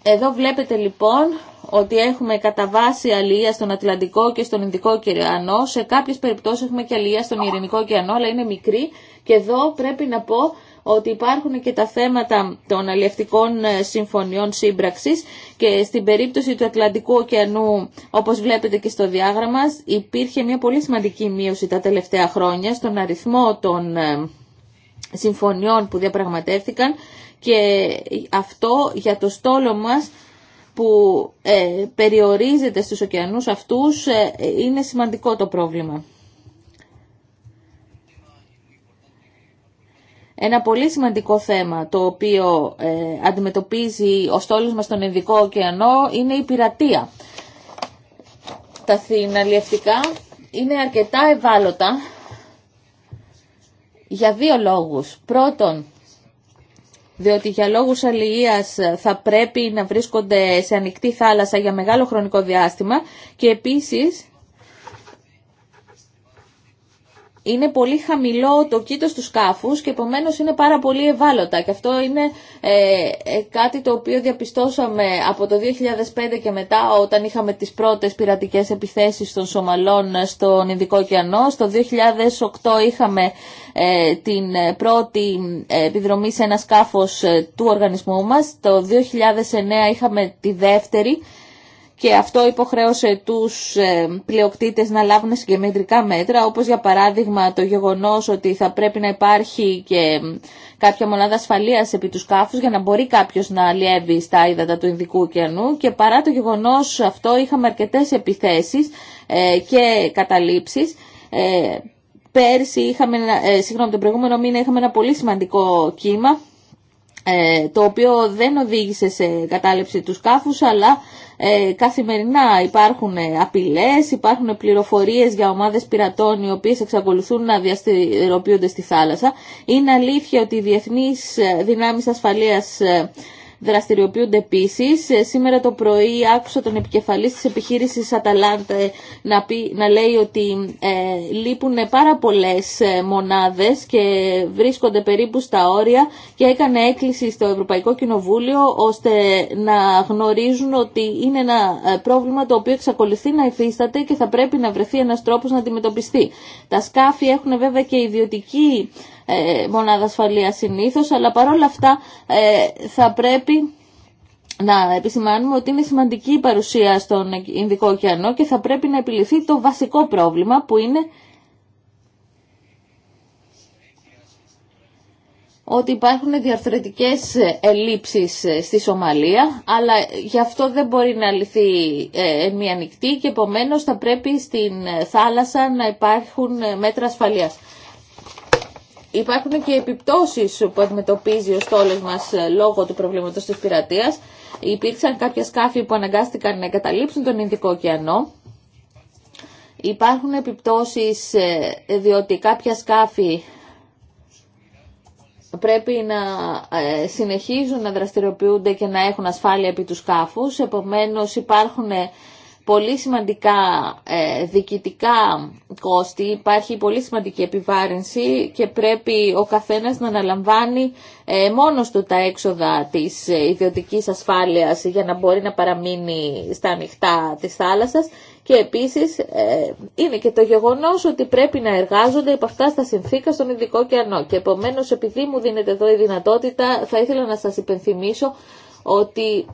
Εδώ βλέπετε λοιπόν ότι έχουμε κατά βάση αλληλεία στον Ατλαντικό και στον Ινδικό ωκεανό. Σε κάποιες περιπτώσεις έχουμε και αλληλεία στον Ειρηνικό ωκεανό, αλλά είναι μικρή. Και εδώ πρέπει να πω ότι υπάρχουν και τα θέματα των αλλιευτικών ε, συμφωνιών σύμπραξης και στην περίπτωση του Ατλαντικού ωκεανού, όπως βλέπετε και στο διάγραμμα, υπήρχε μια πολύ σημαντική μείωση τα τελευταία χρόνια στον αριθμό των ε, συμφωνιών που διαπραγματεύτηκαν και αυτό για το στόλο μας που ε, περιορίζεται στους ωκεανούς αυτούς είναι σημαντικό το πρόβλημα. Ένα πολύ σημαντικό θέμα το οποίο ε, αντιμετωπίζει ο στόλος μας στον Ειδικό ωκεανό είναι η πειρατεία. Τα θηναλιευτικά είναι αρκετά ευάλωτα για δύο λόγους. Πρώτον, διότι για λόγους αλληλείας θα πρέπει να βρίσκονται σε ανοιχτή θάλασσα για μεγάλο χρονικό διάστημα και επίσης είναι πολύ χαμηλό το κήτος του σκάφους και επομένως είναι πάρα πολύ ευάλωτα και αυτό είναι ε, ε κάτι το οποίο διαπιστώσαμε από το 2005 και μετά όταν είχαμε τις πρώτες πειρατικές επιθέσεις των Σομαλών στον Ινδικό ωκεανό. Στο 2008 είχαμε ε, την πρώτη ε, επιδρομή σε ένα σκάφος του οργανισμού μας. Το 2009 είχαμε τη δεύτερη και αυτό υποχρέωσε τους ε, πλειοκτήτες να λάβουν συγκεκριτικά μέτρα, όπως για παράδειγμα το γεγονός ότι θα πρέπει να υπάρχει και κάποια μονάδα ασφαλείας επί του σκάφους για να μπορεί κάποιος να αλλιεύει στα ύδατα του Ινδικού ωκεανού και παρά το γεγονός αυτό είχαμε αρκετές επιθέσεις ε, και καταλήψεις. Ε, πέρσι είχαμε, συγγνώμη, τον προηγούμενο μήνα είχαμε ένα πολύ σημαντικό κύμα το οποίο δεν οδήγησε σε κατάληψη του σκάφους αλλά ε, καθημερινά υπάρχουν απειλές, υπάρχουν πληροφορίες για ομάδες πειρατών οι οποίες εξακολουθούν να διαστηροποιούνται στη θάλασσα. Είναι αλήθεια ότι οι διεθνείς δυνάμεις ασφαλείας ε, δραστηριοποιούνται επίσης. Ε, σήμερα το πρωί άκουσα τον επικεφαλής της επιχείρησης Αταλάντα ε, να, να λέει ότι ε, λείπουν πάρα πολλές ε, μονάδες και βρίσκονται περίπου στα όρια και έκανε έκκληση στο Ευρωπαϊκό Κοινοβούλιο ώστε να γνωρίζουν ότι είναι ένα πρόβλημα το οποίο εξακολουθεί να υφίσταται και θα πρέπει να βρεθεί ένα τρόπο να αντιμετωπιστεί. Τα σκάφη έχουν βέβαια και ιδιωτική ε, μονάδα ασφαλεία συνήθως, αλλά παρόλα αυτά ε, θα πρέπει να επισημάνουμε ότι είναι σημαντική η παρουσία στον Ινδικό ωκεανό και θα πρέπει να επιληθεί το βασικό πρόβλημα που είναι ότι υπάρχουν διαρθρωτικές ελλείψεις ε, στη Σομαλία, αλλά γι' αυτό δεν μπορεί να λυθεί μία νυχτή και επομένως θα πρέπει στην θάλασσα να υπάρχουν μέτρα ασφαλείας. Υπάρχουν και επιπτώσεις που αντιμετωπίζει ο στόλος μας ε, λόγω του προβλήματος της πειρατείας. Υπήρξαν κάποια σκάφη που αναγκάστηκαν να εγκαταλείψουν τον Ινδικό ωκεανό. Υπάρχουν επιπτώσεις ε, διότι κάποια σκάφη πρέπει να ε, συνεχίζουν να δραστηριοποιούνται και να έχουν ασφάλεια επί του σκάφους. Επομένως υπάρχουν πολύ σημαντικά ε, διοικητικά κόστη, υπάρχει πολύ σημαντική επιβάρυνση και πρέπει ο καθένας να αναλαμβάνει ε, μόνος του τα έξοδα της ε, ιδιωτικής ασφάλειας για να μπορεί να παραμείνει στα ανοιχτά της θάλασσας και επίσης είναι και το γεγονός ότι πρέπει να εργάζονται υπ' αυτά στα συνθήκα στον ειδικό κενό. και επομένως επειδή μου δίνεται εδώ η δυνατότητα θα ήθελα να σας υπενθυμίσω ότι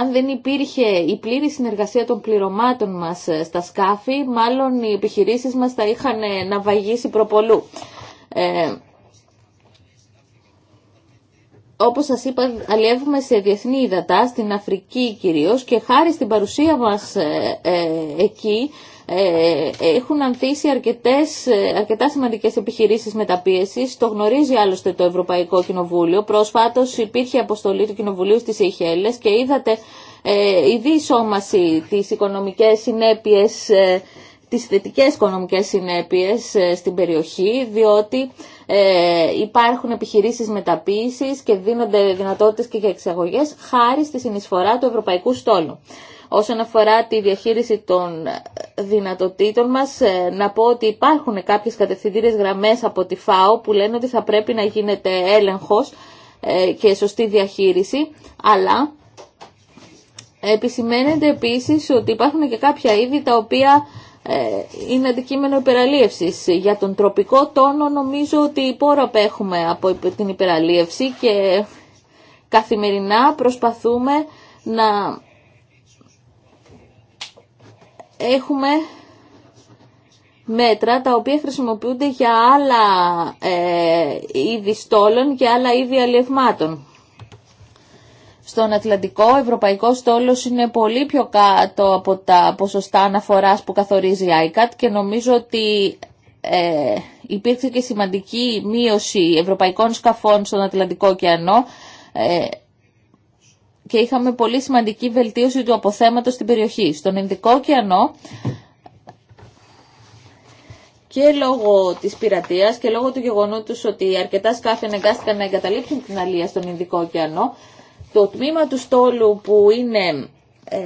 αν δεν υπήρχε η πλήρη συνεργασία των πληρωμάτων μας ε, στα σκάφη, μάλλον οι επιχειρήσεις μας θα είχαν ε, βαγίσει προπολού. Ε, όπως σας είπα, αλλιεύουμε σε διεθνή ύδατα, στην Αφρική κυρίως, και χάρη στην παρουσία μας ε, εκεί, ε, έχουν ανθίσει αρκετές, ε, αρκετά σημαντικές επιχειρήσεις μεταπίεσης. Το γνωρίζει άλλωστε το Ευρωπαϊκό Κοινοβούλιο. Πρόσφατος υπήρχε αποστολή του Κοινοβουλίου στις Ιχέλες και είδατε ε, η διεισόμαση της οικονομικές συνέπειες ε, τις θετικές οικονομικές συνέπειες ε, στην περιοχή, διότι υπάρχουν επιχειρήσεις μεταποίησης και δίνονται δυνατότητες και για εξαγωγές χάρη στη συνεισφορά του Ευρωπαϊκού Στόλου. Όσον αφορά τη διαχείριση των δυνατοτήτων μας, ε, να πω ότι υπάρχουν κάποιες κατευθυντήριες γραμμές από τη ΦΑΟ που λένε ότι θα πρέπει να γίνεται έλεγχος ε, και σωστή διαχείριση, αλλά επισημαίνεται επίσης ότι υπάρχουν και κάποια είδη τα οποία ε, είναι αντικείμενο υπεραλίευσης. Για τον τροπικό τόνο νομίζω ότι πόρο απέχουμε από την υπεραλίευση και καθημερινά προσπαθούμε να έχουμε μέτρα τα οποία χρησιμοποιούνται για άλλα ε, είδη στόλων και άλλα είδη αλλιευμάτων. Στον Ατλαντικό, ο Ευρωπαϊκό στόλος είναι πολύ πιο κάτω από τα ποσοστά αναφοράς που καθορίζει η ICAT και νομίζω ότι ε, υπήρξε και σημαντική μείωση ευρωπαϊκών σκαφών στον Ατλαντικό ωκεανό. Ε, και είχαμε πολύ σημαντική βελτίωση του αποθέματος στην περιοχή. Στον Ινδικό ωκεανό και λόγω της πειρατείας και λόγω του γεγονότος ότι αρκετά σκάφη αναγκάστηκαν να εγκαταλείψουν την αλία στον Ινδικό ωκεανό, το τμήμα του στόλου που είναι ε,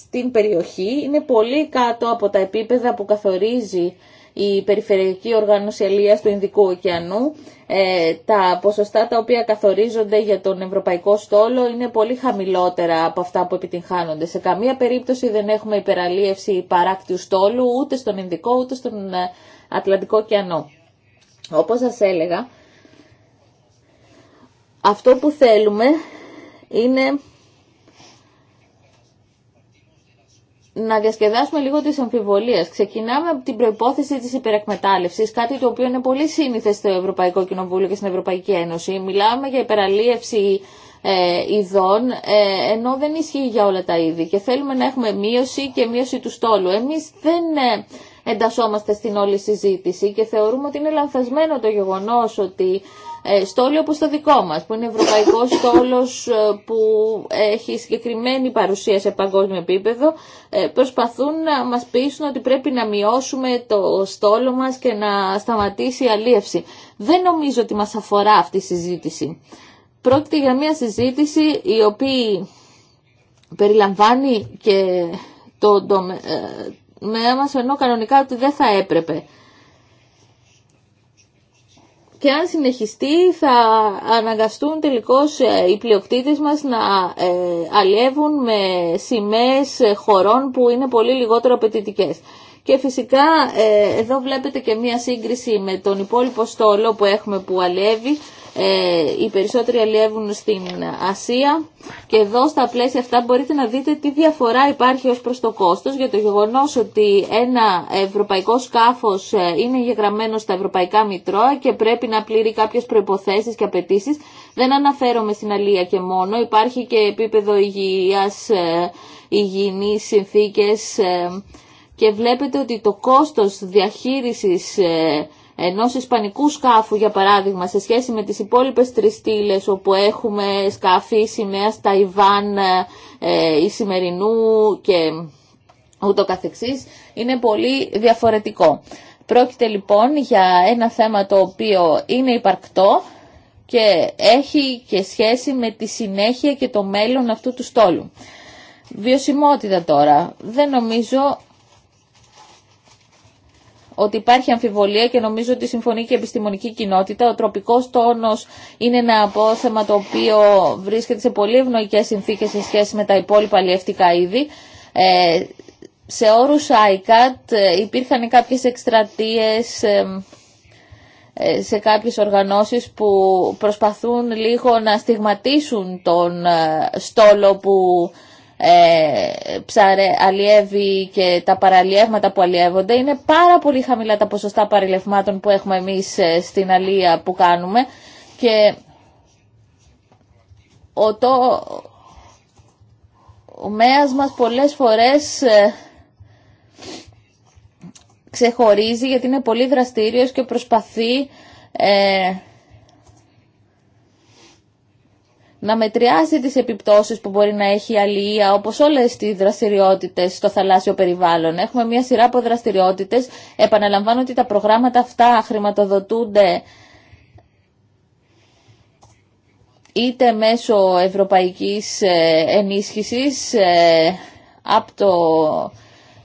στην περιοχή είναι πολύ κάτω από τα επίπεδα που καθορίζει η Περιφερειακή Οργάνωση Αλίας του Ινδικού Ωκεανού. Ε, τα ποσοστά τα οποία καθορίζονται για τον ευρωπαϊκό στόλο είναι πολύ χαμηλότερα από αυτά που επιτυγχάνονται. Σε καμία περίπτωση δεν έχουμε υπεραλίευση παράκτιου στόλου ούτε στον Ινδικό ούτε στον ε, Ατλαντικό Ωκεανό. Όπως σας έλεγα, αυτό που θέλουμε είναι να διασκεδάσουμε λίγο τις αμφιβολίες. Ξεκινάμε από την προϋπόθεση της υπερεκμετάλλευσης, κάτι το οποίο είναι πολύ σύνηθε στο Ευρωπαϊκό Κοινοβούλιο και στην Ευρωπαϊκή Ένωση. Μιλάμε για υπεραλίευση ε, ειδών, ε, ενώ δεν ισχύει για όλα τα είδη και θέλουμε να έχουμε μείωση και μείωση του στόλου. Εμείς δεν ε, εντασσόμαστε στην όλη συζήτηση και θεωρούμε ότι είναι λανθασμένο το γεγονός ότι ε, στόλοι όπως το δικό μας, που είναι ευρωπαϊκός στόλος ε, που έχει συγκεκριμένη παρουσία σε παγκόσμιο επίπεδο, ε, προσπαθούν να μας πείσουν ότι πρέπει να μειώσουμε το στόλο μας και να σταματήσει η αλίευση. Δεν νομίζω ότι μας αφορά αυτή η συζήτηση. Πρόκειται για μια συζήτηση η οποία περιλαμβάνει και το τομέα μας, ενώ κανονικά ότι δεν θα έπρεπε και αν συνεχιστεί θα αναγκαστούν τελικώς ε, οι πλειοκτήτες μας να ε, αλλιεύουν με σημαίες ε, χωρών που είναι πολύ λιγότερο απαιτητικέ. Και φυσικά εδώ βλέπετε και μία σύγκριση με τον υπόλοιπο στόλο που έχουμε που αλλιεύει ε, οι περισσότεροι αλλιεύουν στην Ασία και εδώ στα πλαίσια αυτά μπορείτε να δείτε τι διαφορά υπάρχει ως προς το κόστος για το γεγονός ότι ένα ευρωπαϊκό σκάφος ε, είναι γεγραμμένο στα ευρωπαϊκά μητρώα και πρέπει να πληρεί κάποιες προϋποθέσεις και απαιτήσει. Δεν αναφέρομαι στην αλία και μόνο, υπάρχει και επίπεδο υγείας, ε, υγιεινής συνθήκες και βλέπετε ότι το κόστος διαχείρισης Ενό ισπανικού σκάφου για παράδειγμα σε σχέση με τις υπόλοιπες τριστήλες όπου έχουμε σκάφη σημαία Ταϊβάν ή ε, ε, σημερινού και ούτω καθεξής είναι πολύ διαφορετικό. Πρόκειται λοιπόν για ένα θέμα το οποίο είναι υπαρκτό και έχει και σχέση με τη συνέχεια και το μέλλον αυτού του στόλου. Βιωσιμότητα τώρα. Δεν νομίζω ότι υπάρχει αμφιβολία και νομίζω ότι συμφωνεί και η επιστημονική κοινότητα. Ο τροπικός τόνος είναι ένα απόθεμα το οποίο βρίσκεται σε πολύ ευνοικέ συνθήκε σε σχέση με τα υπόλοιπα αλλιευτικά είδη. Ε, σε όρου ICAT ε, υπήρχαν κάποιες εκστρατείε ε, σε κάποιες οργανώσεις που προσπαθούν λίγο να στιγματίσουν τον στόλο που ε, ψαρε, αλλιεύει και τα παραλιεύματα που αλλιεύονται. Είναι πάρα πολύ χαμηλά τα ποσοστά παρελευμάτων που έχουμε εμείς ε, στην αλία που κάνουμε και ο το ο μέας μας πολλές φορές ε, ξεχωρίζει γιατί είναι πολύ δραστήριος και προσπαθεί ε, να μετριάσει τις επιπτώσεις που μπορεί να έχει η αλληλεία, όπως όλες τις δραστηριότητες στο θαλάσσιο περιβάλλον. Έχουμε μια σειρά από δραστηριότητες. Επαναλαμβάνω ότι τα προγράμματα αυτά χρηματοδοτούνται είτε μέσω ευρωπαϊκής ε, ενίσχυσης ε, από το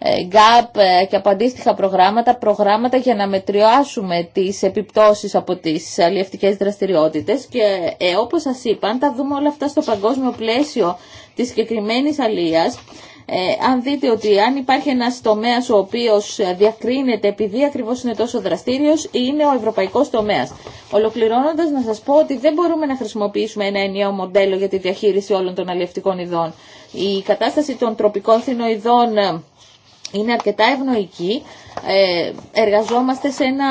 GAP ε, ε, και από αντίστοιχα προγράμματα, προγράμματα για να μετριάσουμε τις επιπτώσεις από τις αλλιευτικές δραστηριότητες και ε, όπως σας είπα, αν τα δούμε όλα αυτά στο παγκόσμιο πλαίσιο της συγκεκριμένη αλλίας, ε, αν δείτε ότι αν υπάρχει ένας τομέας ο οποίος διακρίνεται επειδή ακριβώς είναι τόσο δραστήριος είναι ο ευρωπαϊκός τομέας. Ολοκληρώνοντας να σας πω ότι δεν μπορούμε να χρησιμοποιήσουμε ένα ενιαίο μοντέλο για τη διαχείριση όλων των αλλιευτικών ειδών. Η κατάσταση των τροπικών θηνοειδών είναι αρκετά ευνοϊκή. Ε, εργαζόμαστε σε ένα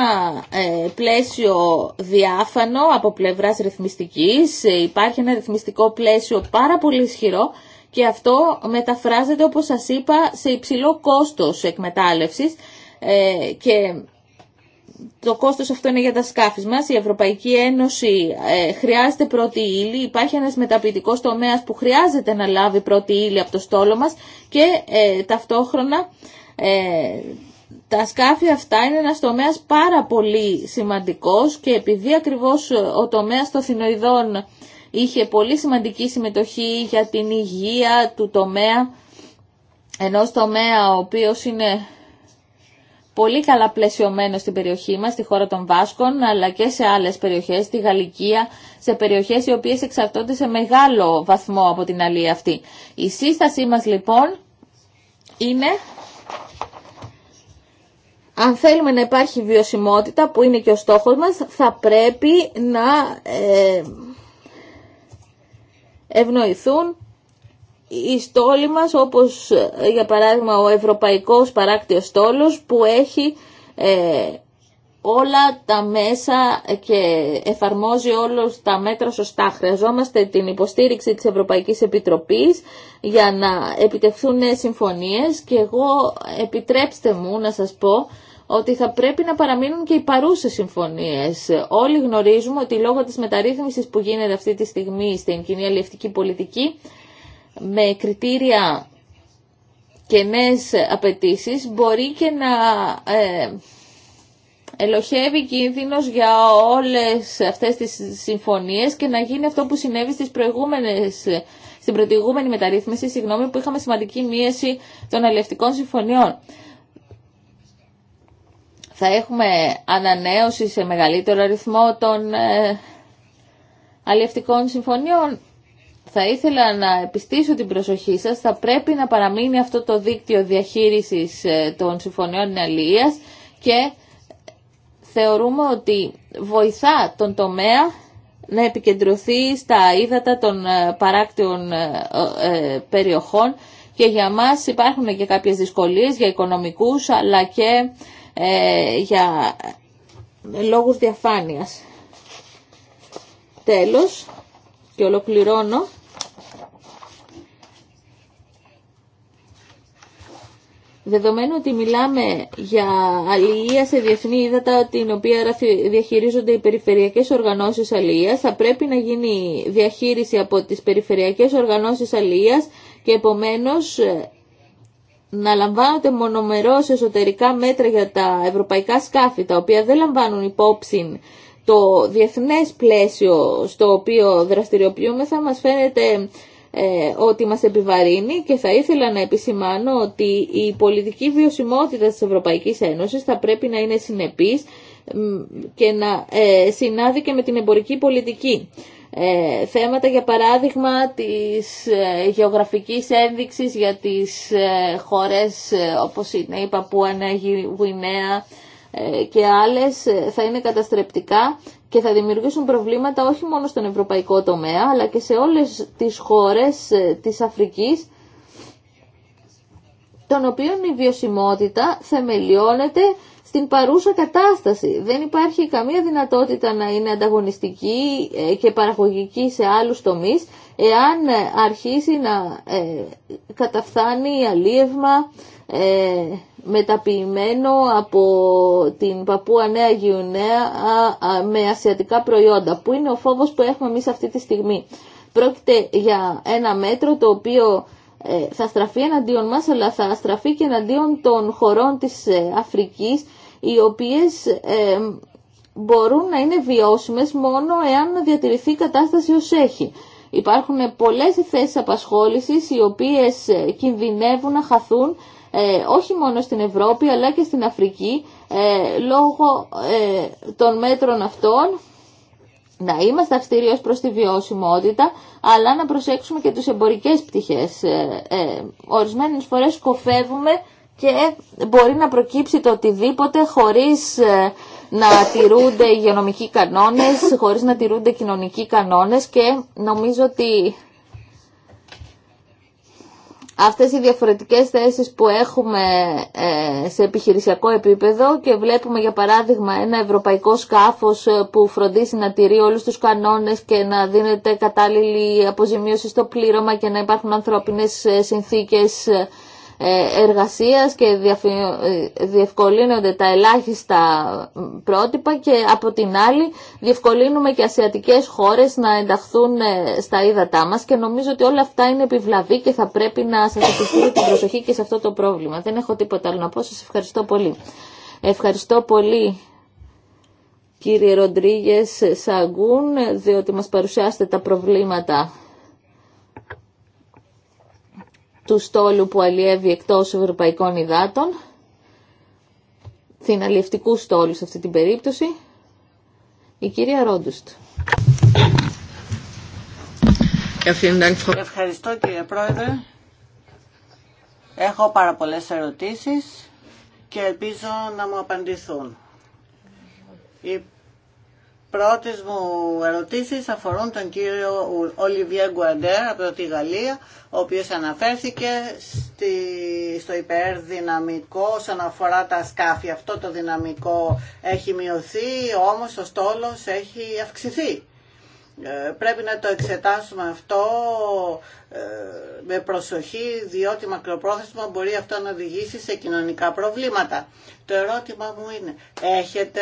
ε, πλαίσιο διάφανο από πλευράς ρυθμιστικής. Ε, υπάρχει ένα ρυθμιστικό πλαίσιο πάρα πολύ ισχυρό και αυτό μεταφράζεται, όπως σας είπα, σε υψηλό κόστος εκμετάλλευσης και το κόστος αυτό είναι για τα σκάφη μας. Η Ευρωπαϊκή Ένωση ε, χρειάζεται πρώτη ύλη. Υπάρχει ένας μεταποιητικός τομέας που χρειάζεται να λάβει πρώτη ύλη από το στόλο μας και ε, ταυτόχρονα ε, τα σκάφη αυτά είναι ένας τομέας πάρα πολύ σημαντικός και επειδή ακριβώς ο τομέας των θηνοειδών είχε πολύ σημαντική συμμετοχή για την υγεία του τομέα, ενός τομέα ο οποίος είναι πολύ καλά πλαισιωμένο στην περιοχή μας, στη χώρα των Βάσκων, αλλά και σε άλλες περιοχές, στη Γαλλικία, σε περιοχές οι οποίες εξαρτώνται σε μεγάλο βαθμό από την αλία αυτή. Η σύστασή μας λοιπόν είναι αν θέλουμε να υπάρχει βιωσιμότητα, που είναι και ο στόχος μας, θα πρέπει να ε, ευνοηθούν η στόλοι μας όπως ε, για παράδειγμα ο Ευρωπαϊκός Παράκτιος Στόλος που έχει ε, όλα τα μέσα και εφαρμόζει όλους τα μέτρα σωστά. Χρειαζόμαστε την υποστήριξη της Ευρωπαϊκής Επιτροπής για να επιτευχθούν νέες συμφωνίες και εγώ επιτρέψτε μου να σας πω ότι θα πρέπει να παραμείνουν και οι παρούσες συμφωνίες. Όλοι γνωρίζουμε ότι λόγω της μεταρρύθμισης που γίνεται αυτή τη στιγμή στην κοινή αλληλευτική πολιτική με κριτήρια και νέε απαιτήσει μπορεί και να ε, ελοχεύει κίνδυνος για όλες αυτές τις συμφωνίες και να γίνει αυτό που συνέβη στις προηγούμενες, στην προηγούμενη μεταρρύθμιση, συγγνώμη, που είχαμε σημαντική μίεση των αλληλευτικών συμφωνιών. Θα έχουμε ανανέωση σε μεγαλύτερο αριθμό των ε, αλληλευτικών συμφωνιών θα ήθελα να επιστήσω την προσοχή σας, θα πρέπει να παραμείνει αυτό το δίκτυο διαχείρισης ε, των συμφωνιών αλληλείας και θεωρούμε ότι βοηθά τον τομέα να επικεντρωθεί στα ύδατα των ε, παράκτιων ε, περιοχών και για μας υπάρχουν και κάποιες δυσκολίες για οικονομικούς αλλά και για λόγους διαφάνειας. Τέλος, και ολοκληρώνω, Δεδομένου ότι μιλάμε για αλληλεία σε διεθνή ύδατα την οποία διαχειρίζονται οι περιφερειακές οργανώσεις αλληλείας θα πρέπει να γίνει διαχείριση από τις περιφερειακές οργανώσεις αλληλείας και επομένως ε, να λαμβάνονται μονομερώς εσωτερικά μέτρα για τα ευρωπαϊκά σκάφη τα οποία δεν λαμβάνουν υπόψη το διεθνές πλαίσιο στο οποίο δραστηριοποιούμε θα μας φαίνεται ε, ότι μας επιβαρύνει και θα ήθελα να επισημάνω ότι η πολιτική βιωσιμότητα της Ευρωπαϊκής Ένωσης θα πρέπει να είναι συνεπής και να ε, συνάδει και με την εμπορική πολιτική. Ε, θέματα για παράδειγμα της ε, γεωγραφικής ένδειξης για τις χώρες όπως είναι η Παππούα, η Γουινέα και άλλες θα είναι καταστρεπτικά και θα δημιουργήσουν προβλήματα όχι μόνο στον ευρωπαϊκό τομέα αλλά και σε όλες τις χώρες ε, της Αφρικής των οποίων η βιωσιμότητα θεμελιώνεται στην παρούσα κατάσταση. Δεν υπάρχει καμία δυνατότητα να είναι ανταγωνιστική ε, και παραγωγική σε άλλους τομείς εάν ε, αρχίσει να καταφθάνει αλίευμα μεταποιημένο από την Παππούα Νέα Γιουνέα με ασιατικά προϊόντα, που είναι ο φόβος που έχουμε εμείς αυτή τη στιγμή. Πρόκειται για ένα μέτρο το οποίο ε, θα στραφεί εναντίον μας, αλλά θα στραφεί και εναντίον των χωρών της ε, Αφρικής, οι οποίες ε, μπορούν να είναι βιώσιμες μόνο εάν διατηρηθεί η κατάσταση ως έχει. Υπάρχουν πολλές θέσεις απασχόλησης οι οποίες κινδυνεύουν να χαθούν ε, όχι μόνο στην Ευρώπη αλλά και στην Αφρική ε, λόγω ε, των μέτρων αυτών να είμαστε αυστηροί ως προς τη βιώσιμότητα, αλλά να προσέξουμε και τους εμπορικές πτυχές. Ε, ορισμένες φορές σκοφεύουμε και μπορεί να προκύψει το οτιδήποτε χωρίς να τηρούνται υγειονομικοί κανόνες, χωρίς να τηρούνται κοινωνικοί κανόνες και νομίζω ότι αυτές οι διαφορετικές θέσεις που έχουμε ε, σε επιχειρησιακό επίπεδο και βλέπουμε για παράδειγμα ένα ευρωπαϊκό σκάφος ε, που φροντίζει να τηρεί όλους τους κανόνες και να δίνεται κατάλληλη αποζημίωση στο πλήρωμα και να υπάρχουν ανθρώπινες ε, συνθήκες ε, εργασίας και ε, διευκολύνονται τα ελάχιστα πρότυπα και από την άλλη διευκολύνουμε και ασιατικές χώρες να ενταχθούν ε, στα ύδατά μας και νομίζω ότι όλα αυτά είναι επιβλαβή και θα πρέπει να σας επιστήρω την προσοχή και σε αυτό το πρόβλημα. Δεν έχω τίποτα άλλο να πω. Σας ευχαριστώ πολύ. Ευχαριστώ πολύ κύριε Ροντρίγες Σαγκούν, διότι μας παρουσιάσετε τα προβλήματα του στόλου που αλλιεύει εκτός ευρωπαϊκών υδάτων, θυναλιευτικού στόλου σε αυτή την περίπτωση, η κυρία Ρόντουστ. Ε, Ευχαριστώ κύριε Πρόεδρε. Έχω πάρα πολλές ερωτήσεις και ελπίζω να μου απαντηθούν πρώτες μου ερωτήσεις αφορούν τον κύριο Ολιβιέ Γκουαντέρ από τη Γαλλία, ο οποίος αναφέρθηκε στη, στο υπερδυναμικό όσον αφορά τα σκάφη. Αυτό το δυναμικό έχει μειωθεί, όμως ο στόλος έχει αυξηθεί. Ε, πρέπει να το εξετάσουμε αυτό ε, με προσοχή, διότι μακροπρόθεσμα μπορεί αυτό να οδηγήσει σε κοινωνικά προβλήματα. Το ερώτημα μου είναι, έχετε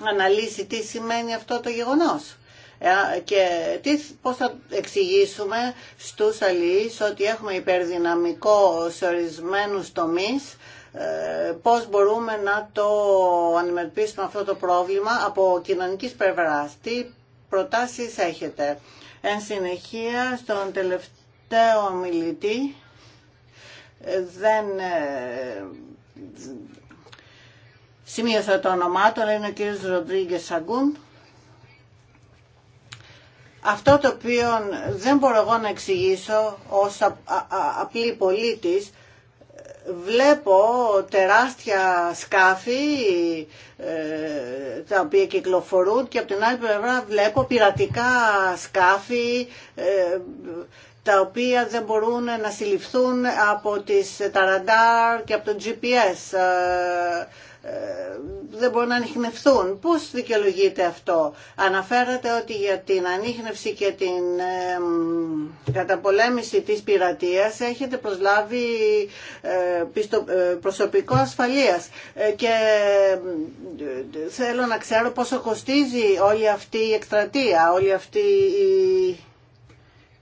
αναλύσει τι σημαίνει αυτό το γεγονός ε, και τι, πώς θα εξηγήσουμε στους αλληλείς ότι έχουμε υπερδυναμικό σε ορισμένους τομείς ε, πώς μπορούμε να το αντιμετωπίσουμε αυτό το πρόβλημα από κοινωνικής πλευράς. Τι προτάσεις έχετε. Εν συνεχεία, στον τελευταίο μιλητή ε, δεν Σημείωσα το όνομά του, είναι ο κύριος Ροντρίγκε Σαγκούν. Αυτό το οποίο δεν μπορώ εγώ να εξηγήσω ως απλή πολίτης, βλέπω τεράστια σκάφη ε, τα οποία κυκλοφορούν και από την άλλη πλευρά βλέπω πειρατικά σκάφη ε, τα οποία δεν μπορούν να συλληφθούν από τις, τα ραντάρ και από το GPS. Ε, δεν μπορούν να ανοιχνευθούν. Πώς δικαιολογείται αυτό. Αναφέρατε ότι για την ανείχνευση και την καταπολέμηση της πειρατείας έχετε προσλάβει ε, ε, προσωπικό ασφαλείας ε, και θέλω να ξέρω πόσο κοστίζει όλη αυτή η εκστρατεία, όλη αυτή η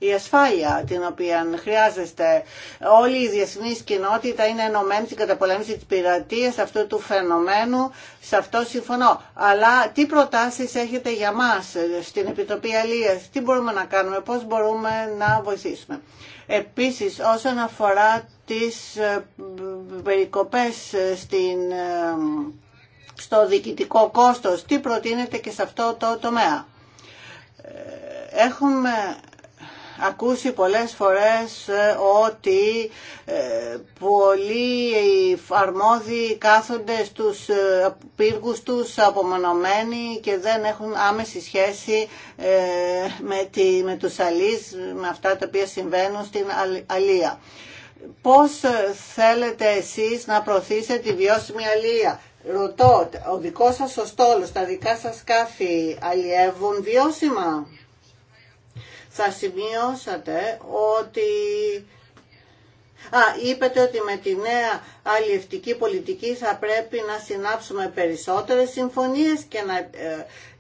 η ασφάλεια την οποία χρειάζεστε. Όλη η διεθνή κοινότητα είναι ενωμένη στην καταπολέμηση της πειρατεία αυτού του φαινομένου. Σε αυτό συμφωνώ. Αλλά τι προτάσεις έχετε για μας στην Επιτροπή Αλία, τι μπορούμε να κάνουμε, πώς μπορούμε να βοηθήσουμε. Επίσης όσον αφορά τις ε, περικοπέ στην ε, στο διοικητικό κόστος, τι προτείνεται και σε αυτό το τομέα. Ε, έχουμε ακούσει πολλές φορές ε, ότι ε, πολλοί αρμόδιοι κάθονται στους ε, πύργους τους απομονωμένοι και δεν έχουν άμεση σχέση με, τη, με τους αλείς, με αυτά τα οποία συμβαίνουν στην αλία. Πώς θέλετε εσείς να προωθήσετε τη βιώσιμη αλία. Ρωτώ, ο δικός σας ο στόλος, τα δικά σας σκάφη αλλιεύουν βιώσιμα θα σημειώσατε ότι Α, είπετε ότι με τη νέα αλλιευτική πολιτική θα πρέπει να συνάψουμε περισσότερες συμφωνίες και να ε,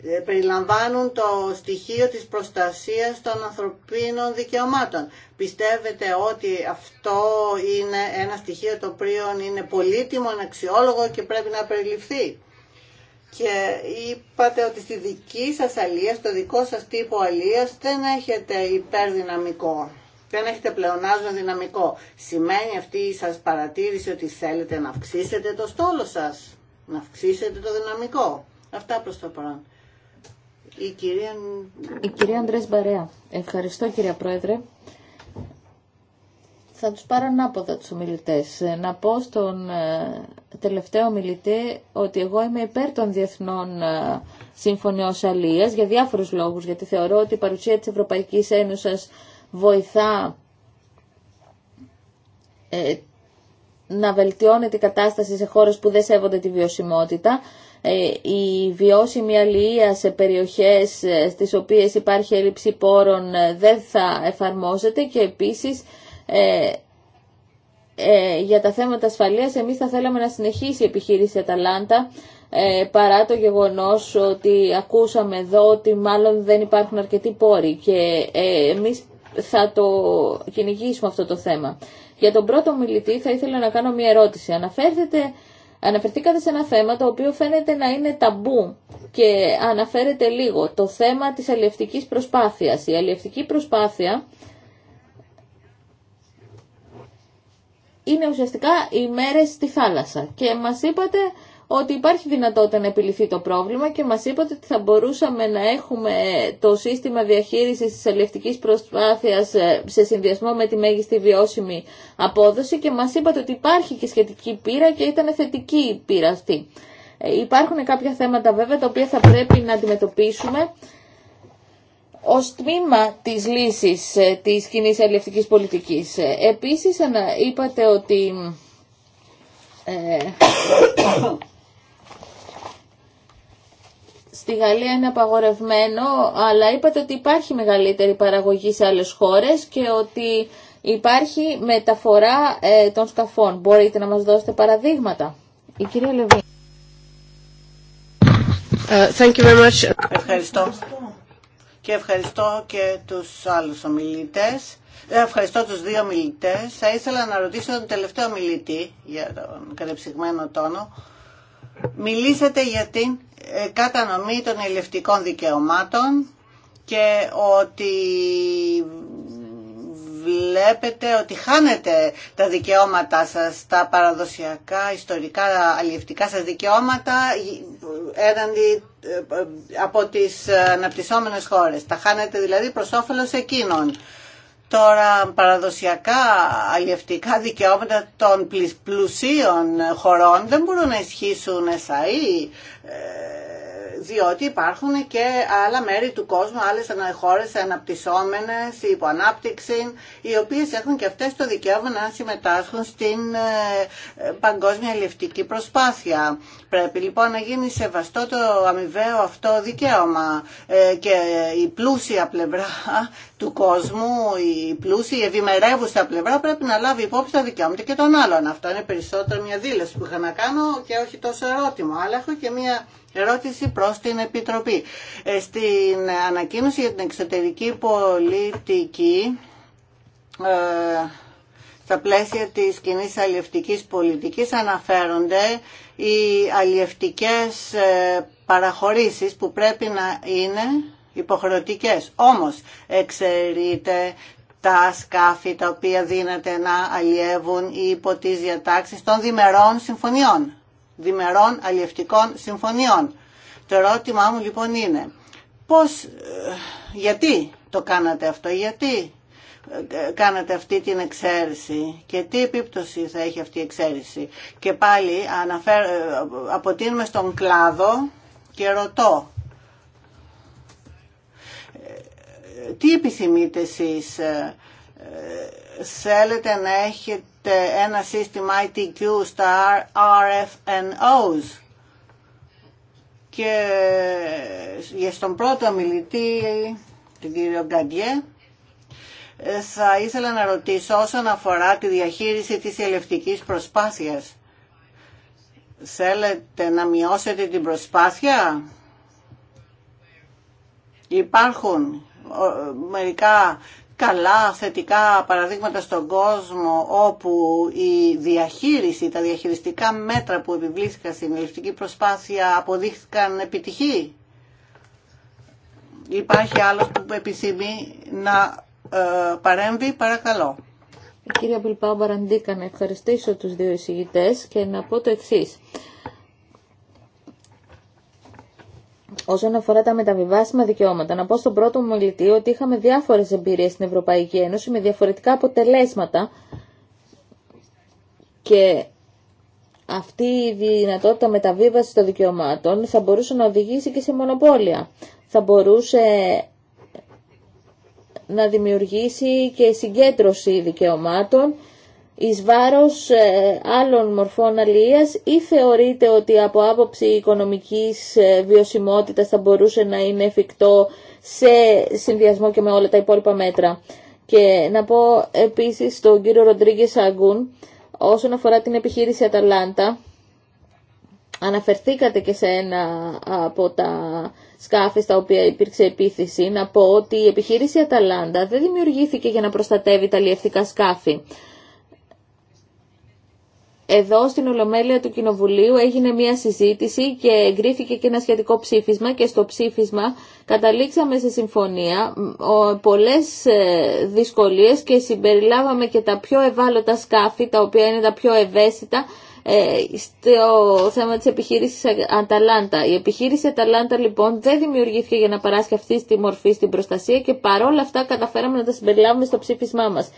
ε, περιλαμβάνουν το στοιχείο της προστασίας των ανθρωπίνων δικαιωμάτων. Πιστεύετε ότι αυτό είναι ένα στοιχείο το οποίο είναι πολύτιμο, αξιόλογο και πρέπει να περιληφθεί και είπατε ότι στη δική σας αλία, στο δικό σας τύπο αλίας δεν έχετε υπερδυναμικό. Δεν έχετε πλεονάζον δυναμικό. Σημαίνει αυτή η σας παρατήρηση ότι θέλετε να αυξήσετε το στόλο σας. Να αυξήσετε το δυναμικό. Αυτά προς το παρόν. Η κυρία... Η κυρία Μπαρέα. Ευχαριστώ κυρία Πρόεδρε θα τους πάρω ανάποδα τους ομιλητές. Ε, να πω στον ε, τελευταίο ομιλητή ότι εγώ είμαι υπέρ των διεθνών ε, συμφωνιών αλίας για διάφορους λόγους, γιατί θεωρώ ότι η παρουσία της Ευρωπαϊκής Ένωσης βοηθά να βελτιώνεται η κατάσταση σε χώρες που δεν σέβονται τη βιωσιμότητα. Η βιώσιμη αλληλεία σε περιοχές στις οποίες υπάρχει έλλειψη πόρων δεν θα εφαρμόζεται και επίσης ε, ε, για τα θέματα ασφαλείας εμείς θα θέλαμε να συνεχίσει η επιχείρηση Αταλάντα ε, παρά το γεγονός ότι ακούσαμε εδώ ότι μάλλον δεν υπάρχουν αρκετοί πόροι και ε, εμείς θα το κυνηγήσουμε αυτό το θέμα. Για τον πρώτο μιλητή θα ήθελα να κάνω μια ερώτηση. αναφερθήκατε σε ένα θέμα το οποίο φαίνεται να είναι ταμπού και αναφέρεται λίγο το θέμα της αλλιευτικής προσπάθειας. Η αλλιευτική προσπάθεια είναι ουσιαστικά οι μέρες στη θάλασσα. Και μας είπατε ότι υπάρχει δυνατότητα να επιληθεί το πρόβλημα και μας είπατε ότι θα μπορούσαμε να έχουμε το σύστημα διαχείρισης της ελευτικής προσπάθειας ε, σε συνδυασμό με τη μέγιστη βιώσιμη απόδοση και μας είπατε ότι υπάρχει και σχετική πείρα και ήταν θετική η πείρα αυτή. Ε, υπάρχουν κάποια θέματα βέβαια τα οποία θα πρέπει να αντιμετωπίσουμε ως τμήμα της λύσης ε, της κοινή ελευθερικής πολιτικής. Ε, επίσης είπατε ότι ε, στη Γαλλία είναι απαγορευμένο, αλλά είπατε ότι υπάρχει μεγαλύτερη παραγωγή σε άλλες χώρες και ότι υπάρχει μεταφορά ε, των σκαφών. Μπορείτε να μας δώσετε παραδείγματα. Η κυρία ευχαριστώ και τους άλλους ομιλητές. Ε, ευχαριστώ τους δύο ομιλητές. Θα ήθελα να ρωτήσω τον τελευταίο ομιλητή για τον κατεψυγμένο τόνο. Μιλήσατε για την ε, κατανομή των ελευτικών δικαιωμάτων και ότι βλέπετε ότι χάνετε τα δικαιώματά σας, τα παραδοσιακά, ιστορικά, αλληλευτικά σας δικαιώματα ε, έναντι από τις αναπτυσσόμενες χώρες. Τα χάνετε δηλαδή προς όφελος εκείνων. Τώρα παραδοσιακά αλλιευτικά δικαιώματα των πλουσίων χωρών δεν μπορούν να ισχύσουν εσαΐ, ε, διότι υπάρχουν και άλλα μέρη του κόσμου, άλλες χώρες αναπτυσσόμενες, υποανάπτυξη, οι οποίες έχουν και αυτές το δικαίωμα να συμμετάσχουν στην ε, ε, παγκόσμια αλλιευτική προσπάθεια. Πρέπει λοιπόν να γίνει σεβαστό το αμοιβαίο αυτό δικαίωμα ε, και η πλούσια πλευρά του κόσμου, η πλούσια, η ευημερεύουσα πλευρά πρέπει να λάβει υπόψη τα δικαιώματα και των άλλων. Αυτό είναι περισσότερο μια δήλωση που είχα να κάνω και όχι τόσο ερώτημα, αλλά έχω και μια ερώτηση προς την Επιτροπή. Ε, στην ανακοίνωση για την εξωτερική πολιτική... Ε, στα πλαίσια της κοινή αλλιευτικής πολιτικής αναφέρονται οι αλλιευτικές ε, παραχωρήσεις που πρέπει να είναι υποχρεωτικές. Όμως εξαιρείται τα σκάφη τα οποία δίνεται να αλλιεύουν ή υπό τις διατάξεις των διμερών συμφωνιών, διμερών αλλιευτικών συμφωνιών. Το ερώτημά μου λοιπόν είναι, πώς, ε, γιατί το κάνατε αυτό, γιατί κάνατε αυτή την εξαίρεση και τι επίπτωση θα έχει αυτή η εξαίρεση. Και πάλι αναφέρ, αποτείνουμε στον κλάδο και ρωτώ. Τι επιθυμείτε εσείς, ε, θέλετε να έχετε ένα σύστημα ITQ στα RFNOs και ε, στον πρώτο μιλητή, τον κύριο Γκαντιέ, ε, θα ήθελα να ρωτήσω όσον αφορά τη διαχείριση της ελευτικής προσπάθειας. Θέλετε να μειώσετε την προσπάθεια. Υπάρχουν μερικά καλά θετικά παραδείγματα στον κόσμο όπου η διαχείριση, τα διαχειριστικά μέτρα που επιβλήθηκαν στην ελευτική προσπάθεια αποδείχθηκαν επιτυχή. Υπάρχει άλλος που επιθυμεί να ε, παρέμβει, παρακαλώ. Ε, κύριε Πουλπάου Μπαραντίκα, να ευχαριστήσω τους δύο εισηγητές και να πω το εξής. Όσον αφορά τα μεταβιβάσιμα δικαιώματα, να πω στον πρώτο μου μιλητή ότι είχαμε διάφορες εμπειρίες στην Ευρωπαϊκή Ένωση με διαφορετικά αποτελέσματα και αυτή η δυνατότητα μεταβίβασης των δικαιωμάτων θα μπορούσε να οδηγήσει και σε μονοπόλια. Θα μπορούσε να δημιουργήσει και συγκέντρωση δικαιωμάτων εις βάρος ε, άλλων μορφών αλίας ή θεωρείτε ότι από άποψη οικονομικής ε, βιωσιμότητας θα μπορούσε να είναι εφικτό σε συνδυασμό και με όλα τα υπόλοιπα μέτρα. Και να πω επίσης στον κύριο Ροντρίγκε Σαγκούν όσον αφορά την επιχείρηση Αταλάντα αναφερθήκατε και σε ένα από τα σκάφη στα οποία υπήρξε επίθεση, να πω ότι η επιχείρηση Αταλάντα δεν δημιουργήθηκε για να προστατεύει τα λιευτικά σκάφη. Εδώ στην Ολομέλεια του Κοινοβουλίου έγινε μια συζήτηση και εγκρίθηκε και ένα σχετικό ψήφισμα και στο ψήφισμα καταλήξαμε σε συμφωνία πολλές ε, δυσκολίες και συμπεριλάβαμε και τα πιο ευάλωτα σκάφη, τα οποία είναι τα πιο ευαίσθητα ε, στο θέμα της επιχείρησης Αταλάντα. Η επιχείρηση Αταλάντα λοιπόν δεν δημιουργήθηκε για να παράσχει αυτή τη μορφή στην προστασία και παρόλα αυτά καταφέραμε να τα συμπεριλάβουμε στο ψήφισμά μας.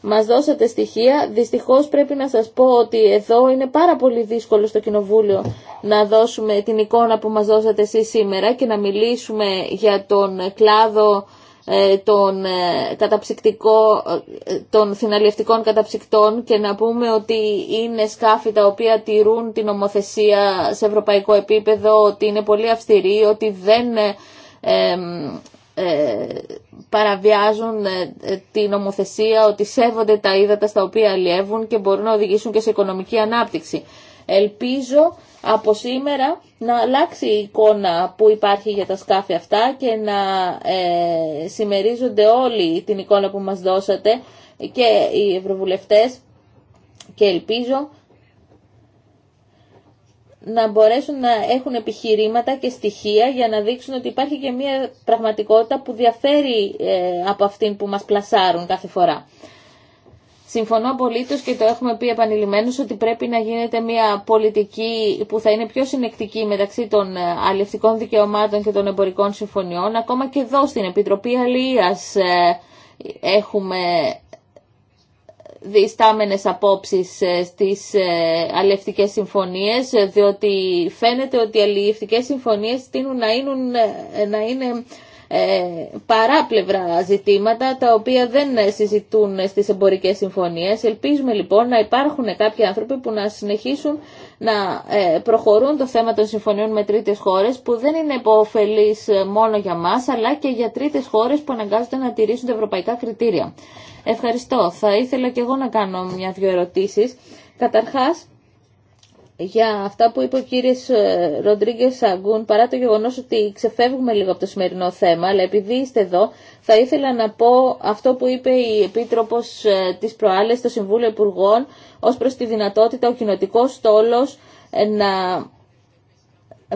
Μας δώσατε στοιχεία. Δυστυχώς πρέπει να σας πω ότι εδώ είναι πάρα πολύ δύσκολο στο Κοινοβούλιο να δώσουμε την εικόνα που μας δώσατε εσείς σήμερα και να μιλήσουμε για τον κλάδο ε, των, ε, καταψυκτικό, ε, των θυναλιευτικών καταψυκτών και να πούμε ότι είναι σκάφη τα οποία τηρούν την ομοθεσία σε ευρωπαϊκό επίπεδο, ότι είναι πολύ αυστηροί, ότι δεν παραβιάζουν την ομοθεσία, ότι σέβονται τα ύδατα στα οποία αλλιεύουν και μπορούν να οδηγήσουν και σε οικονομική ανάπτυξη. Ελπίζω από σήμερα να αλλάξει η εικόνα που υπάρχει για τα σκάφη αυτά και να ε, συμμερίζονται όλοι την εικόνα που μας δώσατε και οι ευρωβουλευτές και ελπίζω να μπορέσουν να έχουν επιχειρήματα και στοιχεία για να δείξουν ότι υπάρχει και μια πραγματικότητα που διαφέρει ε, από αυτήν που μας πλασάρουν κάθε φορά. Συμφωνώ απολύτω και το έχουμε πει επανειλημμένως ότι πρέπει να γίνεται μια πολιτική που θα είναι πιο συνεκτική μεταξύ των ε, αλληλευτικών δικαιωμάτων και των εμπορικών συμφωνιών. Ακόμα και εδώ στην Επιτροπή Αλληλεία ε, έχουμε διστάμενε απόψει ε, στις αλληλευτικέ συμφωνίες, διότι φαίνεται ότι οι αλληλευτικέ συμφωνίες τείνουν να να είναι ε, παράπλευρα ζητήματα τα οποία δεν συζητούν στις εμπορικές συμφωνίες. Ελπίζουμε λοιπόν να υπάρχουν κάποιοι άνθρωποι που να συνεχίσουν να ε, προχωρούν το θέμα των συμφωνιών με τρίτες χώρες που δεν είναι υποφελής μόνο για μας αλλά και για τρίτες χώρες που αναγκάζονται να τηρήσουν τα ευρωπαϊκά κριτήρια. Ευχαριστώ. Θα ήθελα και εγώ να κάνω μια-δυο ερωτήσεις. Καταρχάς, για αυτά που είπε ο κύριο ε, Ροντρίγκε Σαγκούν, παρά το γεγονό ότι ξεφεύγουμε λίγο από το σημερινό θέμα, αλλά επειδή είστε εδώ, θα ήθελα να πω αυτό που είπε η Επίτροπος ε, της Προάλλης στο Συμβούλιο Υπουργών, ως προς τη δυνατότητα ο κοινοτικό στόλο ε, να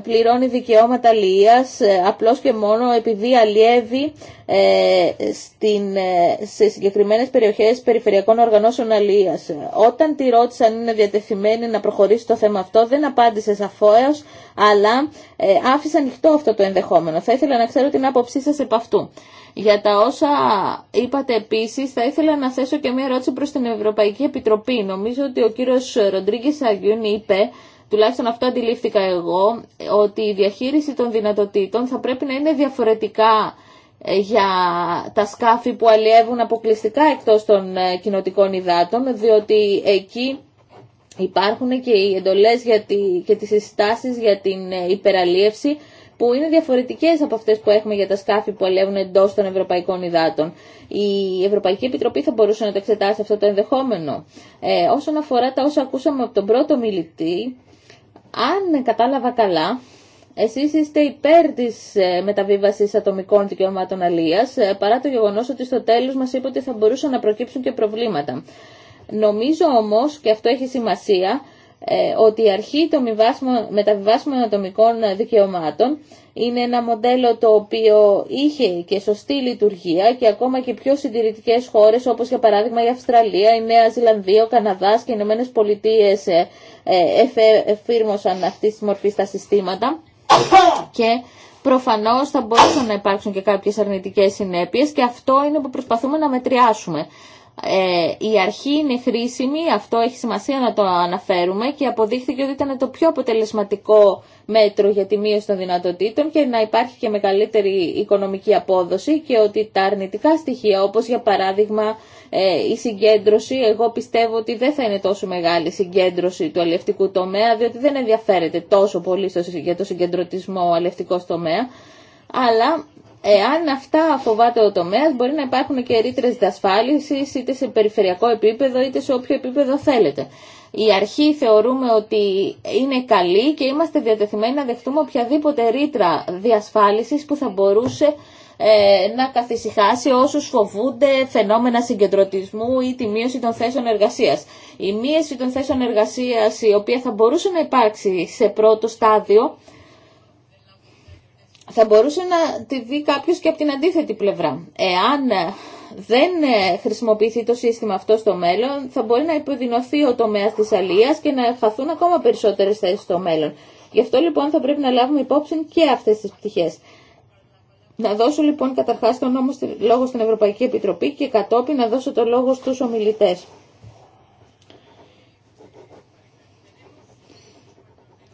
πληρώνει δικαιώματα αλληλείας ε, απλώς και μόνο επειδή αλλιεύει ε, στην, ε, σε συγκεκριμένες περιοχές περιφερειακών οργανώσεων αλληλείας. Όταν τη ρώτησαν αν είναι διατεθειμένη να προχωρήσει το θέμα αυτό δεν απάντησε σαφώς αλλά άφησε ανοιχτό αυτό το ενδεχόμενο. Θα ήθελα να ξέρω την άποψή σας επ' αυτού. Για τα όσα είπατε επίσης, θα ήθελα να θέσω και μια ερώτηση προς την Ευρωπαϊκή Επιτροπή. Νομίζω ότι ο κύριος Ροντρίγκης Αγιούν είπε τουλάχιστον αυτό αντιλήφθηκα εγώ, ότι η διαχείριση των δυνατοτήτων θα πρέπει να είναι διαφορετικά ε, για τα σκάφη που αλλιεύουν αποκλειστικά εκτός των ε, κοινοτικών υδάτων, διότι εκεί υπάρχουν και οι εντολές για και τις συστάσεις για την ε, υπεραλίευση, που είναι διαφορετικές από αυτές που έχουμε για τα σκάφη που αλλιεύουν εντός των ευρωπαϊκών υδάτων. Η Ευρωπαϊκή Επιτροπή θα μπορούσε να το εξετάσει αυτό το ενδεχόμενο. όσον αφορά τα όσα ακούσαμε από τον πρώτο μιλητή, αν κατάλαβα καλά, εσείς είστε υπέρ της ε, μεταβίβασης ατομικών δικαιωμάτων αλίας, ε, παρά το γεγονός ότι στο τέλος μας είπε ότι θα μπορούσαν να προκύψουν και προβλήματα. Νομίζω όμως, και αυτό έχει σημασία, ε, ότι η αρχή των μεταβιβάσιμων ατομικών δικαιωμάτων είναι ένα μοντέλο το οποίο είχε και σωστή λειτουργία και ακόμα και πιο συντηρητικές χώρες όπως για παράδειγμα η Αυστραλία, η Νέα Ζηλανδία, ο Καναδάς και οι Ηνωμένε Πολιτείε ε, ε, εφήρμοσαν αυτή τη μορφή στα συστήματα και προφανώς θα μπορούσαν να υπάρξουν και κάποιες αρνητικές συνέπειες και αυτό είναι που προσπαθούμε να μετριάσουμε. Ε, η αρχή είναι χρήσιμη, αυτό έχει σημασία να το αναφέρουμε και αποδείχθηκε ότι ήταν το πιο αποτελεσματικό μέτρο για τη μείωση των δυνατοτήτων και να υπάρχει και μεγαλύτερη οικονομική απόδοση και ότι τα αρνητικά στοιχεία όπως για παράδειγμα ε, η συγκέντρωση, εγώ πιστεύω ότι δεν θα είναι τόσο μεγάλη η συγκέντρωση του αλληλευτικού τομέα διότι δεν ενδιαφέρεται τόσο πολύ για το συγκεντρωτισμό ο τομέα αλλά Εάν αυτά φοβάται ο τομέα μπορεί να υπάρχουν και ρήτρε διασφάλιση, είτε σε περιφερειακό επίπεδο είτε σε όποιο επίπεδο θέλετε. Η αρχή θεωρούμε ότι είναι καλή και είμαστε διατεθειμένοι να δεχτούμε οποιαδήποτε ρήτρα διασφάλισης που θα μπορούσε ε, να καθησυχάσει όσους φοβούνται φαινόμενα συγκεντρωτισμού ή τη μείωση των θέσεων εργασίας. Η μείωση των θέσεων εργασίας η οποία θα μπορούσε να υπάρξει σε πρώτο στάδιο θα μπορούσε να τη δει κάποιο και από την αντίθετη πλευρά. Εάν ε, δεν ε, χρησιμοποιηθεί το σύστημα αυτό στο μέλλον, θα μπορεί να υποδεινωθεί ο τομέα τη αλίας και να χαθούν ακόμα περισσότερε θέσει στο μέλλον. Γι' αυτό λοιπόν θα πρέπει να λάβουμε υπόψη και αυτέ τι πτυχέ. Να δώσω λοιπόν καταρχά τον νόμο λόγο στην Ευρωπαϊκή Επιτροπή και κατόπιν να δώσω το λόγο στους ομιλητέ.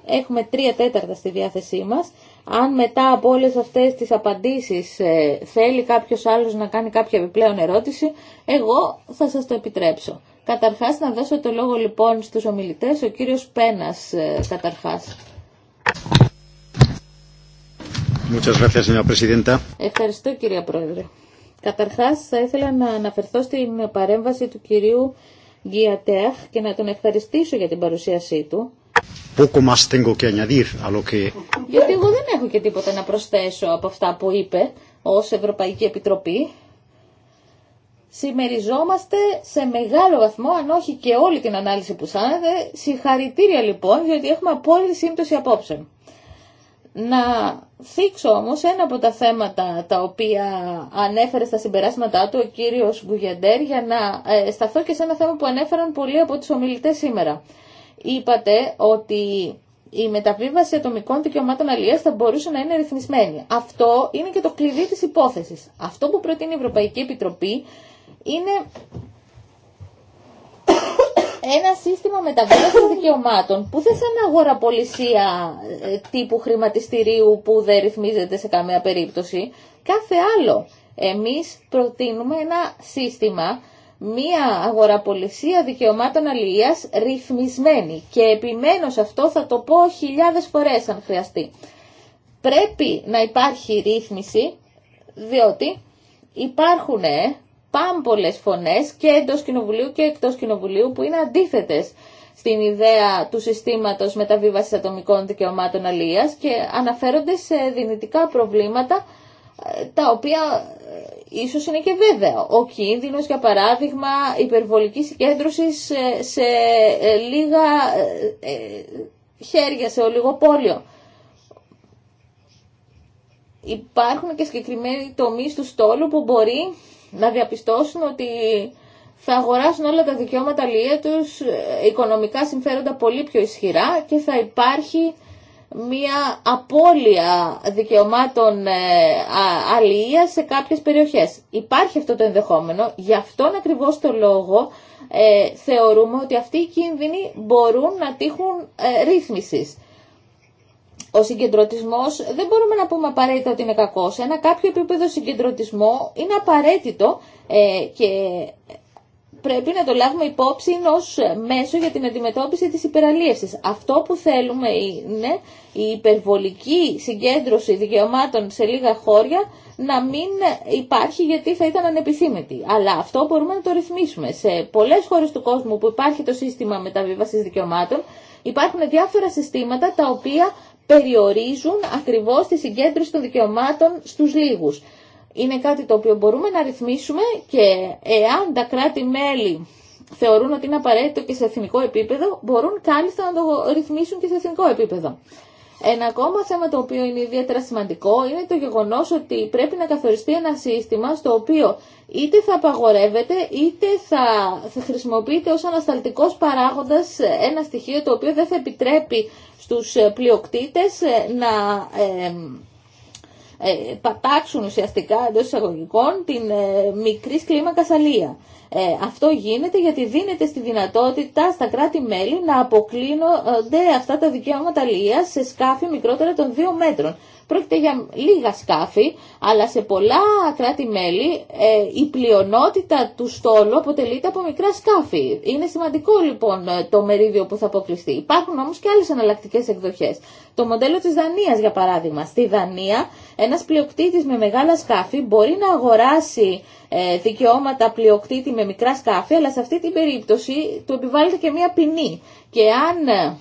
Έχουμε τρία τέταρτα στη διάθεσή μας αν μετά από όλες αυτές τις απαντήσεις ε, θέλει κάποιος άλλος να κάνει κάποια επιπλέον ερώτηση, εγώ θα σας το επιτρέψω. Καταρχάς να δώσω το λόγο λοιπόν στους ομιλητές, ο κύριος Πένας ε, καταρχάς. Ευχαριστώ κυρία Πρόεδρε. Καταρχάς θα ήθελα να αναφερθώ στην παρέμβαση του κυρίου Γκιατέχ και να τον ευχαριστήσω για την παρουσίασή του γιατί εγώ δεν έχω και τίποτα να προσθέσω από αυτά που είπε ως Ευρωπαϊκή Επιτροπή. Συμμεριζόμαστε σε μεγάλο βαθμό, αν όχι και όλη την ανάλυση που σάνατε. Συγχαρητήρια λοιπόν, διότι έχουμε απόλυτη σύμπτωση απόψε. Να θίξω όμως ένα από τα θέματα τα οποία ανέφερε στα συμπεράσματά του ο κύριος Γκουγιαντέρ για να ε, σταθώ και σε ένα θέμα που ανέφεραν πολλοί από τους ομιλητές σήμερα είπατε ότι η μεταβίβαση ατομικών δικαιωμάτων αλληλεία θα μπορούσε να είναι ρυθμισμένη. Αυτό είναι και το κλειδί της υπόθεσης. Αυτό που προτείνει η Ευρωπαϊκή Επιτροπή είναι ένα σύστημα μεταβίβασης δικαιωμάτων που δεν σαν αγοραπολισία ε, τύπου χρηματιστηρίου που δεν ρυθμίζεται σε καμία περίπτωση. Κάθε άλλο. Εμείς προτείνουμε ένα σύστημα μία αγοραπολισία δικαιωμάτων αλληλείας ρυθμισμένη και επιμένω σε αυτό θα το πω χιλιάδες φορές αν χρειαστεί. Πρέπει να υπάρχει ρύθμιση διότι υπάρχουν ε, πάμπολες φωνές και εντός κοινοβουλίου και εκτός κοινοβουλίου που είναι αντίθετες στην ιδέα του συστήματος μεταβίβασης ατομικών δικαιωμάτων αλληλείας και αναφέρονται σε δυνητικά προβλήματα τα οποία ε, ίσως είναι και βέβαια. Ο κίνδυνος, για παράδειγμα, υπερβολικής συγκέντρωση σε, ε, λίγα ε, ε, χέρια, σε ολιγοπόλιο. Υπάρχουν και συγκεκριμένοι τομείς του στόλου που μπορεί να διαπιστώσουν ότι θα αγοράσουν όλα τα δικαιώματα λία τους, οικονομικά συμφέροντα πολύ πιο ισχυρά και θα υπάρχει μία απώλεια δικαιωμάτων ε, αλληλείας σε κάποιες περιοχές. Υπάρχει αυτό το ενδεχόμενο, γι' αυτόν ακριβώς το λόγο ε, θεωρούμε ότι αυτοί οι κίνδυνοι μπορούν να τύχουν ε, ρύθμισης. Ο συγκεντρωτισμός δεν μπορούμε να πούμε απαραίτητα ότι είναι κακός. Ένα κάποιο επίπεδο συγκεντρωτισμό είναι απαραίτητο ε, και πρέπει να το λάβουμε υπόψη ως μέσο για την αντιμετώπιση της υπεραλίευσης. Αυτό που θέλουμε είναι η υπερβολική συγκέντρωση δικαιωμάτων σε λίγα χώρια να μην υπάρχει γιατί θα ήταν ανεπιθύμητη. Αλλά αυτό μπορούμε να το ρυθμίσουμε. Σε πολλές χώρες του κόσμου που υπάρχει το σύστημα μεταβίβασης δικαιωμάτων υπάρχουν διάφορα συστήματα τα οποία περιορίζουν ακριβώς τη συγκέντρωση των δικαιωμάτων στους λίγους είναι κάτι το οποίο μπορούμε να ρυθμίσουμε και εάν τα κράτη-μέλη θεωρούν ότι είναι απαραίτητο και σε εθνικό επίπεδο, μπορούν κάλλιστα να το ρυθμίσουν και σε εθνικό επίπεδο. Ένα ακόμα θέμα το οποίο είναι ιδιαίτερα σημαντικό είναι το γεγονός ότι πρέπει να καθοριστεί ένα σύστημα στο οποίο είτε θα απαγορεύεται είτε θα, θα χρησιμοποιείται ως ανασταλτικός παράγοντας ένα στοιχείο το οποίο δεν θα επιτρέπει στους πλειοκτήτες να... Ε, ε, πατάξουν ουσιαστικά εντό εισαγωγικών την ε, μικρή κλίμακα αλία. Ε, αυτό γίνεται γιατί δίνεται στη δυνατότητα στα κράτη-μέλη να αποκλίνονται αυτά τα δικαιώματα λία σε σκάφη μικρότερα των 2 μέτρων. Πρόκειται για λίγα σκάφη, αλλά σε πολλά κράτη-μέλη ε, η πλειονότητα του στόλου αποτελείται από μικρά σκάφη. Είναι σημαντικό λοιπόν το μερίδιο που θα αποκλειστεί. Υπάρχουν όμως και άλλες εναλλακτικέ εκδοχές. Το μοντέλο της Δανίας για παράδειγμα. Στη Δανία ένας πλειοκτήτης με μεγάλα σκάφη μπορεί να αγοράσει ε, δικαιώματα πλειοκτήτη με μικρά σκάφη, αλλά σε αυτή την περίπτωση του επιβάλλεται και μία ποινή. Και αν ε,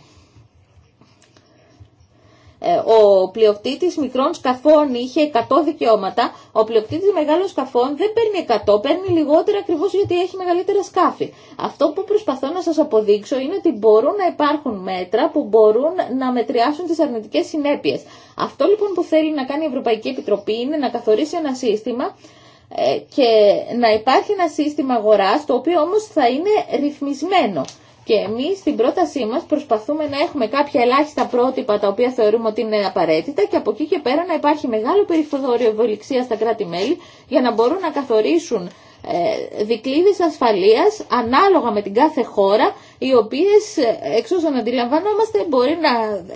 ε, ο πλειοκτήτης μικρών σκαφών είχε 100 δικαιώματα, ο πλειοκτήτης μεγάλων σκαφών δεν παίρνει 100, παίρνει λιγότερα ακριβώς γιατί έχει μεγαλύτερα σκάφη. Αυτό που προσπαθώ να σας αποδείξω είναι ότι μπορούν να υπάρχουν μέτρα που μπορούν να μετριάσουν τις αρνητικές συνέπειες. Αυτό λοιπόν που θέλει να κάνει η Ευρωπαϊκή Επιτροπή είναι να καθορίσει ένα σύστημα ε, και να υπάρχει ένα σύστημα αγοράς το οποίο όμως θα είναι ρυθμισμένο. Και εμείς στην πρότασή μας προσπαθούμε να έχουμε κάποια ελάχιστα πρότυπα τα οποία θεωρούμε ότι είναι απαραίτητα και από εκεί και πέρα να υπάρχει μεγάλο περιφοδόριο ευελιξία στα κράτη-μέλη για να μπορούν να καθορίσουν ε, δικλείδες ασφαλείας ανάλογα με την κάθε χώρα οι οποίες εξ όσων αντιλαμβανόμαστε μπορεί να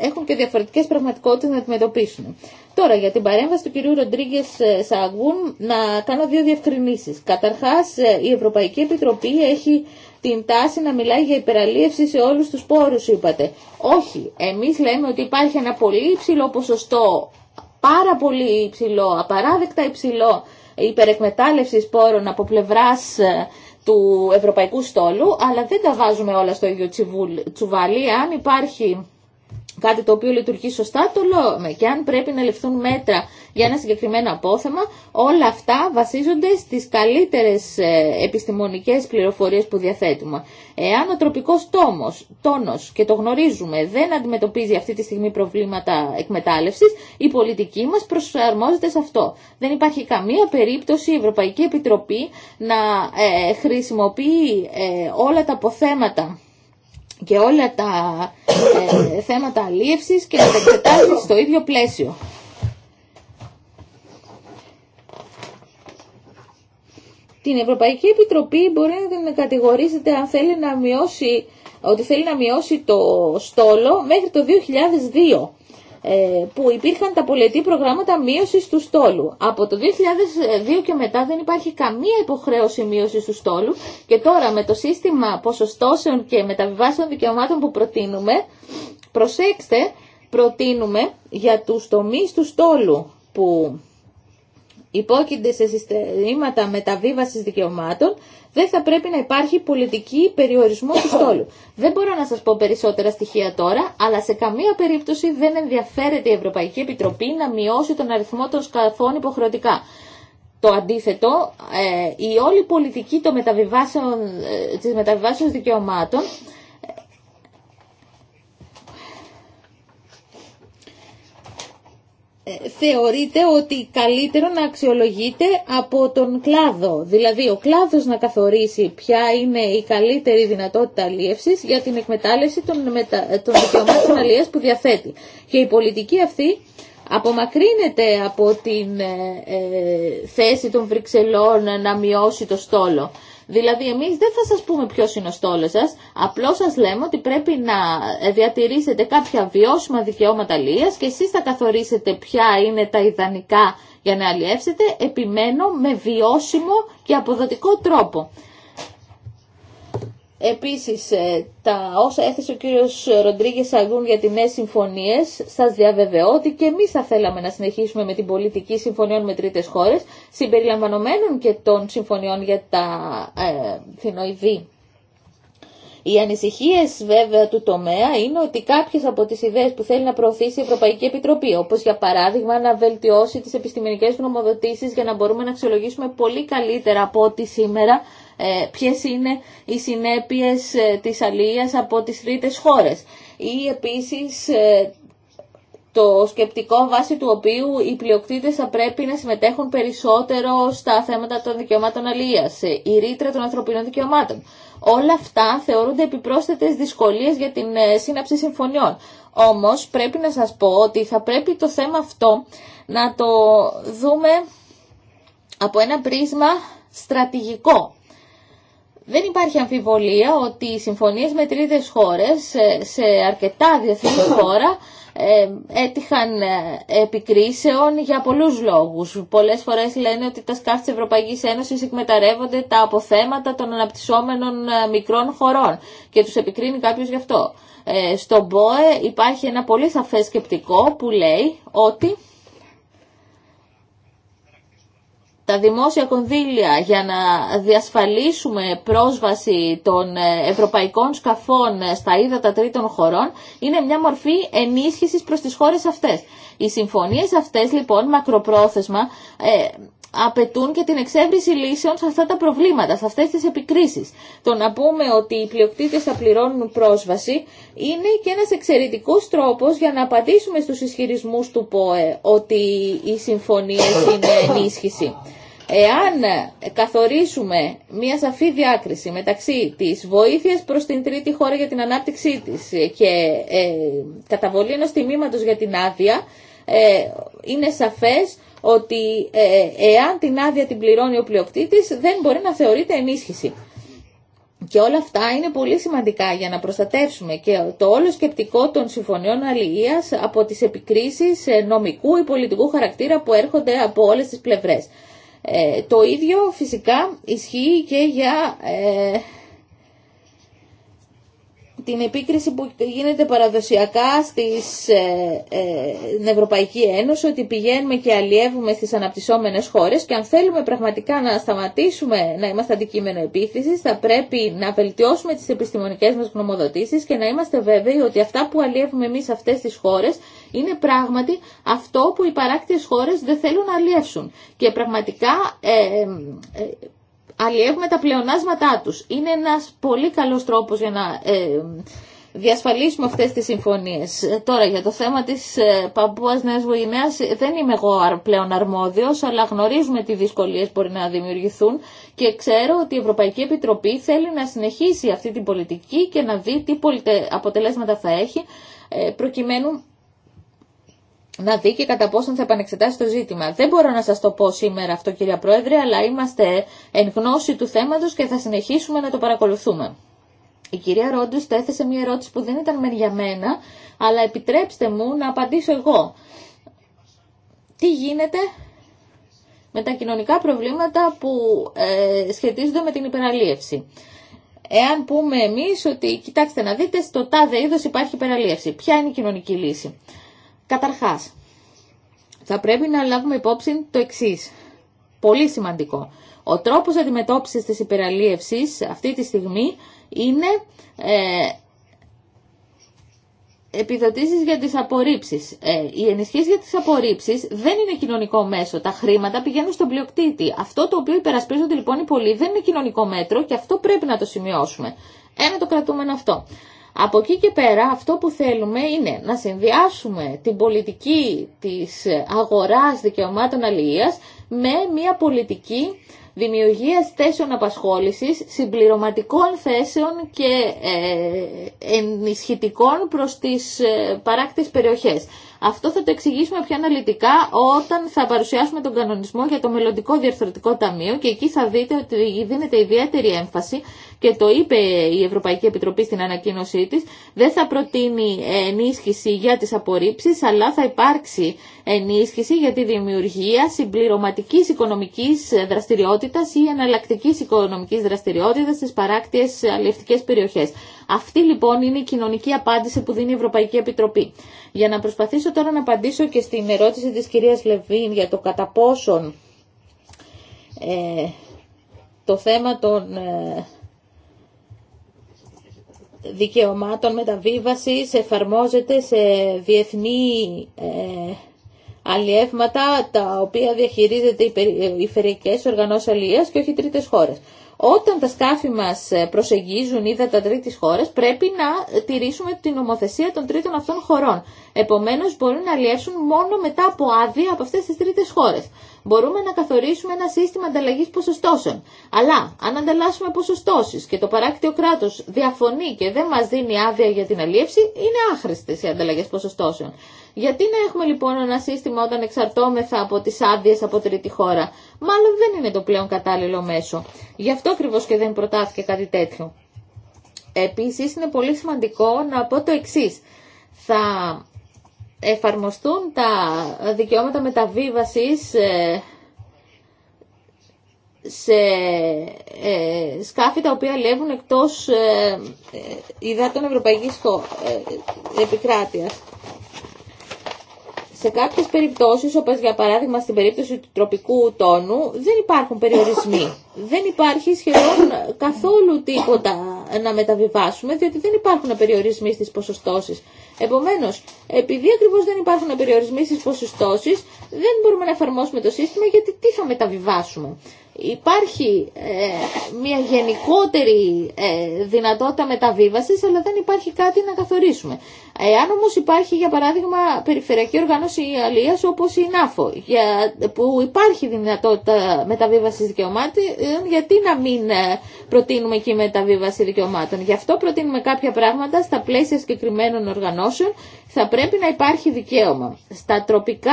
έχουν και διαφορετικές πραγματικότητες να αντιμετωπίσουν. Τώρα για την παρέμβαση του κυρίου Ροντρίγκε ε, Σαγούν να κάνω δύο διευκρινήσεις. Καταρχάς ε, η Ευρωπαϊκή Επιτροπή έχει την τάση να μιλάει για υπεραλίευση σε όλους τους πόρους είπατε. Όχι, εμείς λέμε ότι υπάρχει ένα πολύ υψηλό ποσοστό, πάρα πολύ υψηλό, απαράδεκτα υψηλό υπερεκμετάλλευση πόρων από πλευρά. Ε, του Ευρωπαϊκού Στόλου, αλλά δεν τα βάζουμε όλα στο ίδιο τσιβούλ, τσουβάλι. Αν υπάρχει κάτι το οποίο λειτουργεί σωστά, το λέμε. Και αν πρέπει να λεφθούν μέτρα για ένα συγκεκριμένο απόθεμα, όλα αυτά βασίζονται στις καλύτερες ε, επιστημονικές πληροφορίες που διαθέτουμε. Εάν ο τροπικός τόμος, τόνος, και το γνωρίζουμε, δεν αντιμετωπίζει αυτή τη στιγμή προβλήματα εκμετάλλευσης, η πολιτική μα προσαρμόζεται σε αυτό. Δεν υπάρχει καμία περίπτωση η Ευρωπαϊκή Επιτροπή να ε, χρησιμοποιεί ε, όλα τα αποθέματα και όλα τα ε, θέματα αλίευσης και να τα εξετάσεις στο ίδιο πλαίσιο. Την Ευρωπαϊκή Επιτροπή μπορεί να την κατηγορήσετε αν θέλει να μειώσει, ότι θέλει να μειώσει το στόλο μέχρι το 2002. Ε, που υπήρχαν τα πολιετή προγράμματα μείωσης του στόλου. Από το 2002 και μετά δεν υπάρχει καμία υποχρέωση μείωσης του στόλου και τώρα με το σύστημα ποσοστώσεων και μεταβιβάσεων δικαιωμάτων που προτείνουμε, προσέξτε, προτείνουμε για τους τομείς του στόλου που υπόκεινται σε συστήματα μεταβίβασης δικαιωμάτων, δεν θα πρέπει να υπάρχει πολιτική περιορισμό του στόλου. Δεν μπορώ να σας πω περισσότερα στοιχεία τώρα, αλλά σε καμία περίπτωση δεν ενδιαφέρεται η Ευρωπαϊκή Επιτροπή να μειώσει τον αριθμό των σκαφών υποχρεωτικά. Το αντίθετο, ε, η όλη πολιτική των μεταβιβάσεων, ε, της μεταβιβάσεως δικαιωμάτων Ε, θεωρείται ότι καλύτερο να αξιολογείται από τον κλάδο. Δηλαδή ο κλάδος να καθορίσει ποια είναι η καλύτερη δυνατότητα αλίευσης για την εκμετάλλευση των, μετα... των δικαιωμάτων αλίευσης που διαθέτει. Και η πολιτική αυτή απομακρύνεται από την ε, ε, θέση των Βρυξελών να μειώσει το στόλο. Δηλαδή εμείς δεν θα σας πούμε ποιος είναι ο στόλος σας, απλώς σας λέμε ότι πρέπει να διατηρήσετε κάποια βιώσιμα δικαιώματα λίας και εσείς θα καθορίσετε ποια είναι τα ιδανικά για να αλλιεύσετε, επιμένω με βιώσιμο και αποδοτικό τρόπο. Επίσης, ε, τα όσα έθεσε ο κύριος Ροντρίγκε Αγούν για τις νέες συμφωνίες, σας διαβεβαιώ ότι και εμείς θα θέλαμε να συνεχίσουμε με την πολιτική συμφωνιών με τρίτες χώρες, συμπεριλαμβανομένων και των συμφωνιών για τα ε, θηνοειδή. Οι ανησυχίες βέβαια του τομέα είναι ότι κάποιες από τις ιδέες που θέλει να προωθήσει η Ευρωπαϊκή Επιτροπή, όπως για παράδειγμα να βελτιώσει τις επιστημονικές γνωμοδοτήσεις για να μπορούμε να αξιολογήσουμε πολύ καλύτερα από ό,τι σήμερα ε, ποιες είναι οι συνέπειες ε, της αλληλείας από τις τρίτες χώρες. Ή επίσης ε, το σκεπτικό βάσει του οποίου οι πλειοκτήτες θα πρέπει να συμμετέχουν περισσότερο στα θέματα των δικαιωμάτων αλληλείας, η επισης το σκεπτικο βαση του οποιου οι πλειοκτητες θα πρεπει να συμμετεχουν περισσοτερο στα θεματα των ανθρωπίνων δικαιωμάτων. Όλα αυτά θεωρούνται επιπρόσθετες δυσκολίες για την σύναψη συμφωνιών. Όμως πρέπει να σας πω ότι θα πρέπει το θέμα αυτό να το δούμε από ένα πρίσμα στρατηγικό. Δεν υπάρχει αμφιβολία ότι οι συμφωνίες με τρίτες χώρες σε αρκετά διεθνή χώρα ε, έτυχαν ε, επικρίσεων για πολλούς λόγους. Πολλές φορές λένε ότι τα σκάφη της Ευρωπαϊκής Ένωσης εκμεταρεύονται τα αποθέματα των αναπτυσσόμενων ε, μικρών χωρών και τους επικρίνει κάποιος γι' αυτό. Στο Μπόε υπάρχει ένα πολύ σαφές σκεπτικό που λέει ότι τα δημόσια κονδύλια για να διασφαλίσουμε πρόσβαση των ε, ευρωπαϊκών σκαφών ε, στα ύδατα τρίτων χωρών είναι μια μορφή ενίσχυσης προς τις χώρες αυτές. Οι συμφωνίες αυτές λοιπόν μακροπρόθεσμα ε, απαιτούν και την εξέβριση λύσεων σε αυτά τα προβλήματα, σε αυτές τις επικρίσεις. Το να πούμε ότι οι πλειοκτήτες θα πληρώνουν πρόσβαση είναι και ένας εξαιρετικός τρόπος για να απαντήσουμε στους ισχυρισμούς του ΠΟΕ ότι οι συμφωνίες είναι ενίσχυση. Εάν καθορίσουμε μια σαφή διάκριση μεταξύ της βοήθειας προς την τρίτη χώρα για την ανάπτυξή της και ε, καταβολή ενός τιμήματος για την άδεια, ε, είναι σαφές ότι ε, ε, εάν την άδεια την πληρώνει ο πλειοκτήτης δεν μπορεί να θεωρείται ενίσχυση. Και όλα αυτά είναι πολύ σημαντικά για να προστατεύσουμε και το όλο σκεπτικό των συμφωνιών αλληλείας από τις επικρίσεις ε, νομικού ή πολιτικού χαρακτήρα που έρχονται από όλες τις πλευρές. το ίδιο φυσικά ισχύει και για την επίκριση που γίνεται παραδοσιακά στις, ε, ε, στην Ευρωπαϊκή Ένωση ότι πηγαίνουμε και αλλιεύουμε στις αναπτυσσόμενες χώρες και αν θέλουμε πραγματικά να σταματήσουμε να είμαστε αντικείμενο επίθεσης θα πρέπει να βελτιώσουμε τις επιστημονικές μας γνωμοδοτήσεις και να είμαστε βέβαιοι ότι αυτά που αλλιεύουμε εμείς αυτές τις χώρες είναι πράγματι αυτό που οι παράκτιες χώρες δεν θέλουν να αλλιεύσουν. Και πραγματικά ε, ε, αλλιεύουμε τα πλεονάσματά τους. Είναι ένας πολύ καλός τρόπος για να ε, διασφαλίσουμε αυτές τις συμφωνίες. Τώρα για το θέμα της ε, Παππούας Νέας δεν είμαι εγώ πλέον αρμόδιος, αλλά γνωρίζουμε τι δυσκολίες μπορεί να δημιουργηθούν και ξέρω ότι η Ευρωπαϊκή Επιτροπή θέλει να συνεχίσει αυτή την πολιτική και να δει τι αποτελέσματα θα έχει, ε, προκειμένου να δει και κατά πόσον θα επανεξετάσει το ζήτημα. Δεν μπορώ να σας το πω σήμερα αυτό κυρία Πρόεδρε, αλλά είμαστε εν γνώση του θέματος και θα συνεχίσουμε να το παρακολουθούμε. Η κυρία Ρόντου έθεσε μια ερώτηση που δεν ήταν για μένα, αλλά επιτρέψτε μου να απαντήσω εγώ. Τι γίνεται με τα κοινωνικά προβλήματα που ε, σχετίζονται με την υπεραλίευση. Εάν πούμε εμείς ότι, κοιτάξτε να δείτε, στο τάδε είδος υπάρχει υπεραλίευση. Ποια είναι η κοινωνική λύση. Καταρχάς, θα πρέπει να λάβουμε υπόψη το εξή. Πολύ σημαντικό. Ο τρόπος αντιμετώπισης της υπεραλίευσης αυτή τη στιγμή είναι ε, επιδοτήσεις για τις απορρίψεις. Ε, οι ενισχύσεις για τις απορρίψεις δεν είναι κοινωνικό μέσο. Τα χρήματα πηγαίνουν στον πλειοκτήτη. Αυτό το οποίο υπερασπίζονται λοιπόν οι πολλοί δεν είναι κοινωνικό μέτρο και αυτό πρέπει να το σημειώσουμε. Ένα το κρατούμενο αυτό. Από εκεί και πέρα αυτό που θέλουμε είναι να συνδυάσουμε την πολιτική της αγοράς δικαιωμάτων αλληλείας με μια πολιτική δημιουργίας θέσεων απασχόλησης, συμπληρωματικών θέσεων και ε, ενισχυτικών προς τις ε, παράκτες περιοχές. Αυτό θα το εξηγήσουμε πιο αναλυτικά όταν θα παρουσιάσουμε τον κανονισμό για το μελλοντικό διαρθρωτικό ταμείο και εκεί θα δείτε ότι δίνεται ιδιαίτερη έμφαση και το είπε η Ευρωπαϊκή Επιτροπή στην ανακοίνωσή της, δεν θα προτείνει ενίσχυση για τις απορρίψεις, αλλά θα υπάρξει ενίσχυση για τη δημιουργία συμπληρωματικής οικονομικής δραστηριότητας ή εναλλακτικής οικονομικής δραστηριότητας στις παράκτιες αλληλευτικές περιοχές. Αυτή λοιπόν είναι η εναλλακτικη οικονομικης δραστηριοτητας απάντηση που δίνει η Ευρωπαϊκή Επιτροπή. Για να προσπαθήσω τώρα να απαντήσω και στην ερώτηση της κυρίας Λεβίν για το κατά πόσον ε, το θέμα των ε, δικαιωμάτων μεταβίβασης εφαρμόζεται σε διεθνή ε, αλλιεύματα τα οποία διαχειρίζεται οι περιφερειακές οργανώσεις και όχι τρίτες χώρες. Όταν τα σκάφη μας ε, προσεγγίζουν τα τρίτη χώρας, πρέπει να τηρήσουμε την νομοθεσία των τρίτων αυτών χωρών. Επομένως, μπορούν να αλλιεύσουν μόνο μετά από άδεια από αυτές τις τρίτες χώρες. Μπορούμε να καθορίσουμε ένα σύστημα ανταλλαγή ποσοστώσεων. Αλλά αν ανταλλάσσουμε ποσοστώσει και το παράκτιο κράτο διαφωνεί και δεν μα δίνει άδεια για την αλλιεύση είναι άχρηστε οι ανταλλαγέ ποσοστώσεων. Γιατί να έχουμε λοιπόν ένα σύστημα όταν εξαρτόμεθα από τις άδειε από τρίτη χώρα. Μάλλον δεν είναι το πλέον κατάλληλο μέσο. Γι' αυτό ακριβώ και δεν προτάθηκε κάτι τέτοιο. Επίσης είναι πολύ σημαντικό να πω το εξή Θα εφαρμοστούν τα δικαιώματα μεταβίβασης ε, σε ε, σκάφη τα οποία λεύουν εκτός ε, υδάτων Ευρωπαϊκής Επικράτειας. Σε κάποιε περιπτώσεις, όπω για παράδειγμα στην περίπτωση του τροπικού τόνου, δεν υπάρχουν περιορισμοί. Δεν υπάρχει σχεδόν καθόλου τίποτα να μεταβιβάσουμε, διότι δεν υπάρχουν περιορισμοί στις ποσοστώσεις. Επομένως, επειδή ακριβώ δεν υπάρχουν περιορισμοί στις ποσοστώσεις, δεν μπορούμε να εφαρμόσουμε το σύστημα γιατί τι θα μεταβιβάσουμε. Υπάρχει ε, μια γενικότερη ε, δυνατότητα μεταβίβασης, αλλά δεν υπάρχει κάτι να καθορίσουμε. Αν όμως υπάρχει, για παράδειγμα, περιφερειακή οργάνωση αλλίας όπως η ΝΑΦΟ, για, που υπάρχει δυνατότητα μεταβίβασης δικαιωμάτων, γιατί να μην ε, προτείνουμε εκεί μεταβίβαση δικαιωμάτων. Γι' αυτό προτείνουμε κάποια πράγματα στα πλαίσια συγκεκριμένων οργανώσεων, θα πρέπει να υπάρχει δικαίωμα. Στα τροπικά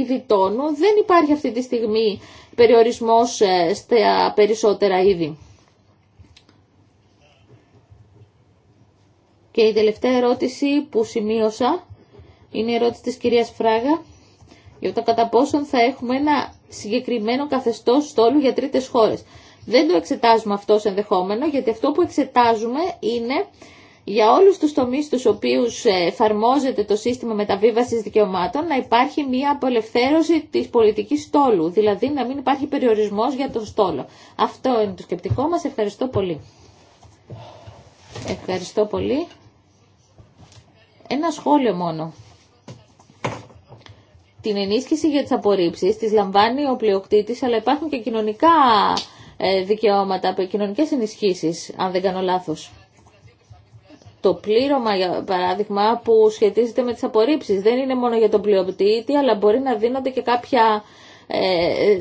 είδη τόνου δεν υπάρχει αυτή τη στιγμή περιορισμός ε, στα περισσότερα είδη. Και η τελευταία ερώτηση που σημείωσα είναι η ερώτηση της κυρίας Φράγα για το κατά πόσον θα έχουμε ένα συγκεκριμένο καθεστώς στόλου για τρίτες χώρες. Δεν το εξετάζουμε αυτό ενδεχόμενο, γιατί αυτό που εξετάζουμε είναι για όλους τους τομείς στους οποίους ε, εφαρμόζεται το σύστημα μεταβίβασης δικαιωμάτων να υπάρχει μια απελευθέρωση της πολιτικής στόλου, δηλαδή να μην υπάρχει περιορισμός για τον στόλο. Αυτό είναι το σκεπτικό μας. Ευχαριστώ πολύ. Ευχαριστώ πολύ. Ένα σχόλιο μόνο. Την ενίσχυση για τις απορρίψεις τις λαμβάνει ο πλειοκτήτης, αλλά υπάρχουν και κοινωνικά ε, δικαιώματα, κοινωνικές ενισχύσεις, αν δεν κάνω λάθος. Το πλήρωμα, για παράδειγμα, που σχετίζεται με τις απορρίψεις δεν είναι μόνο για τον πλειοπτήτη, αλλά μπορεί να δίνονται και κάποια ε,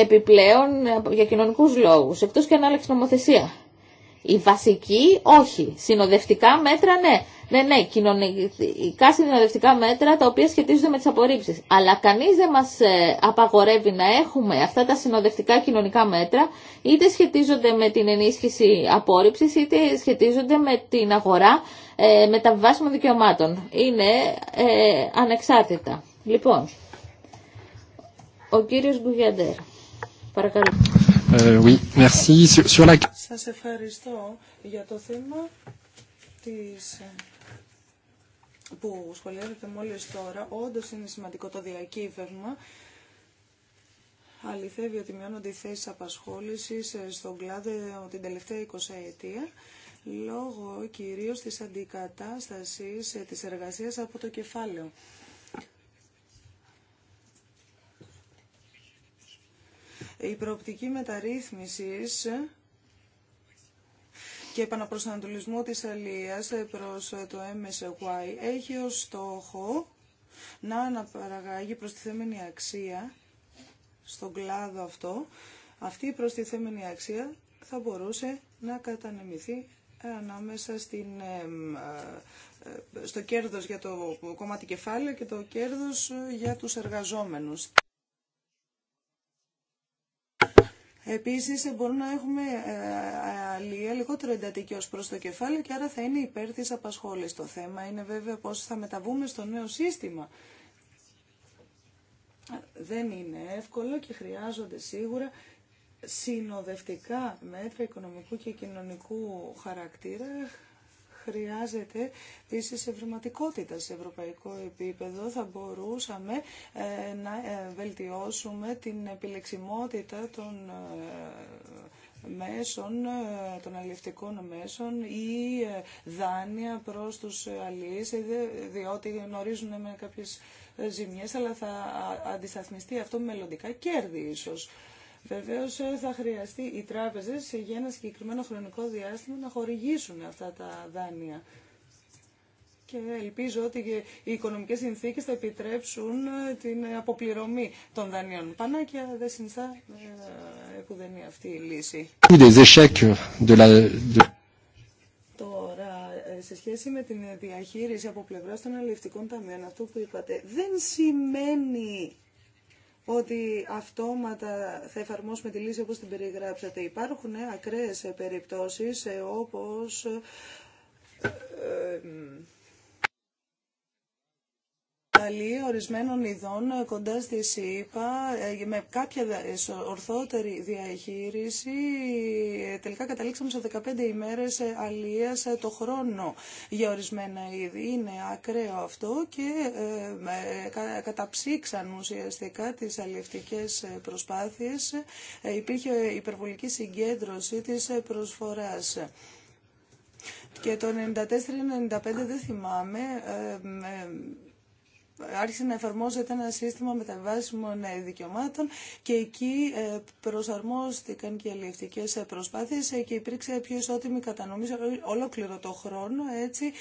επιπλέον για κοινωνικούς λόγους, εκτός και ανάλεξη νομοθεσία. Η βασική, όχι. Συνοδευτικά μέτρα, ναι. Ναι, ναι, κοινωνικά συνοδευτικά μέτρα τα οποία σχετίζονται με τι απορρίψει. Αλλά κανεί δεν μας ε, απαγορεύει να έχουμε αυτά τα συνοδευτικά κοινωνικά μέτρα είτε σχετίζονται με την ενίσχυση απόρριψη, είτε σχετίζονται με την αγορά ε, μεταβάσιμων δικαιωμάτων. Είναι ε, ανεξάρτητα. Λοιπόν, ο κύριος Γκουγιαντέρ. Παρακαλώ. Ε, Σας ευχαριστώ για το θέμα της που σχολιάζεται μόλις τώρα, όντως είναι σημαντικό το διακύβευμα. Αληθεύει ότι μειώνονται οι θέσεις απασχόλησης ε, στον κλάδο ε, την τελευταία 20 ετία λόγω κυρίως της αντικατάστασης ε, της εργασίας από το κεφάλαιο. Η προοπτική μεταρρύθμισης και επαναπροσανατολισμό της αλίας προς το MSY έχει ως στόχο να αναπαραγάγει προστιθέμενη αξία στον κλάδο αυτό. Αυτή η προστιθέμενη αξία θα μπορούσε να κατανεμηθεί ανάμεσα στην, ε, ε, στο κέρδος για το κομμάτι κεφάλαιο και το κέρδος για τους εργαζόμενους. Επίσης μπορούμε να έχουμε ε, αλληλεία λιγότερο εντατική ως προς το κεφάλαιο και άρα θα είναι υπέρ της απασχόλησης. Το θέμα είναι βέβαια πώς θα μεταβούμε στο νέο σύστημα. Δεν είναι εύκολο και χρειάζονται σίγουρα συνοδευτικά μέτρα οικονομικού και κοινωνικού χαρακτήρα χρειάζεται ίσης ευρηματικότητα σε ευρωπαϊκό επίπεδο. Θα μπορούσαμε ε, να ε, βελτιώσουμε την επιλεξιμότητα των ε, μέσων, των αλληλευτικών μέσων ή δάνεια προς τους αλληλείς, διότι γνωρίζουν με κάποιες ζημιές, αλλά θα αντισταθμιστεί αυτό με μελλοντικά κέρδη ίσως. Βεβαίω ε, θα χρειαστεί οι τράπεζε για ένα συγκεκριμένο χρονικό διάστημα να χορηγήσουν αυτά τα δάνεια. Και ελπίζω ότι οι οικονομικέ συνθήκε θα επιτρέψουν ε, την αποπληρωμή των δανείων. Πανάκια δεν συνιστά ε, είναι αυτή η λύση. Τώρα, σε σχέση με την διαχείριση από πλευρά των αλληλευτικών ταμείων, αυτό που είπατε, δεν σημαίνει ότι αυτόματα θα εφαρμόσουμε τη λύση όπως την περιγράψατε. Υπάρχουν ε, ακραίες ε, περιπτώσεις ε, όπως αλληλεία ορισμένων ειδών ε, κοντά στη ΣΥΠΑ ε, με κάποια ε, ορθότερη διαχείριση τελικά καταλήξαμε σε 15 ημέρες αλίας το χρόνο για ορισμένα είδη. Είναι ακραίο αυτό και καταψήξαν ουσιαστικά τις αλληλευτικές προσπάθειες. Υπήρχε υπερβολική συγκέντρωση της προσφοράς. Και το 94-95 δεν θυμάμαι, άρχισε να εφαρμόζεται ένα σύστημα μεταβάσιμων ε, δικαιωμάτων και εκεί ε, προσαρμόστηκαν και αλληλευτικέ ε, προσπάθειε και υπήρξε πιο ισότιμη κατανομή σε ολόκληρο το χρόνο. Έτσι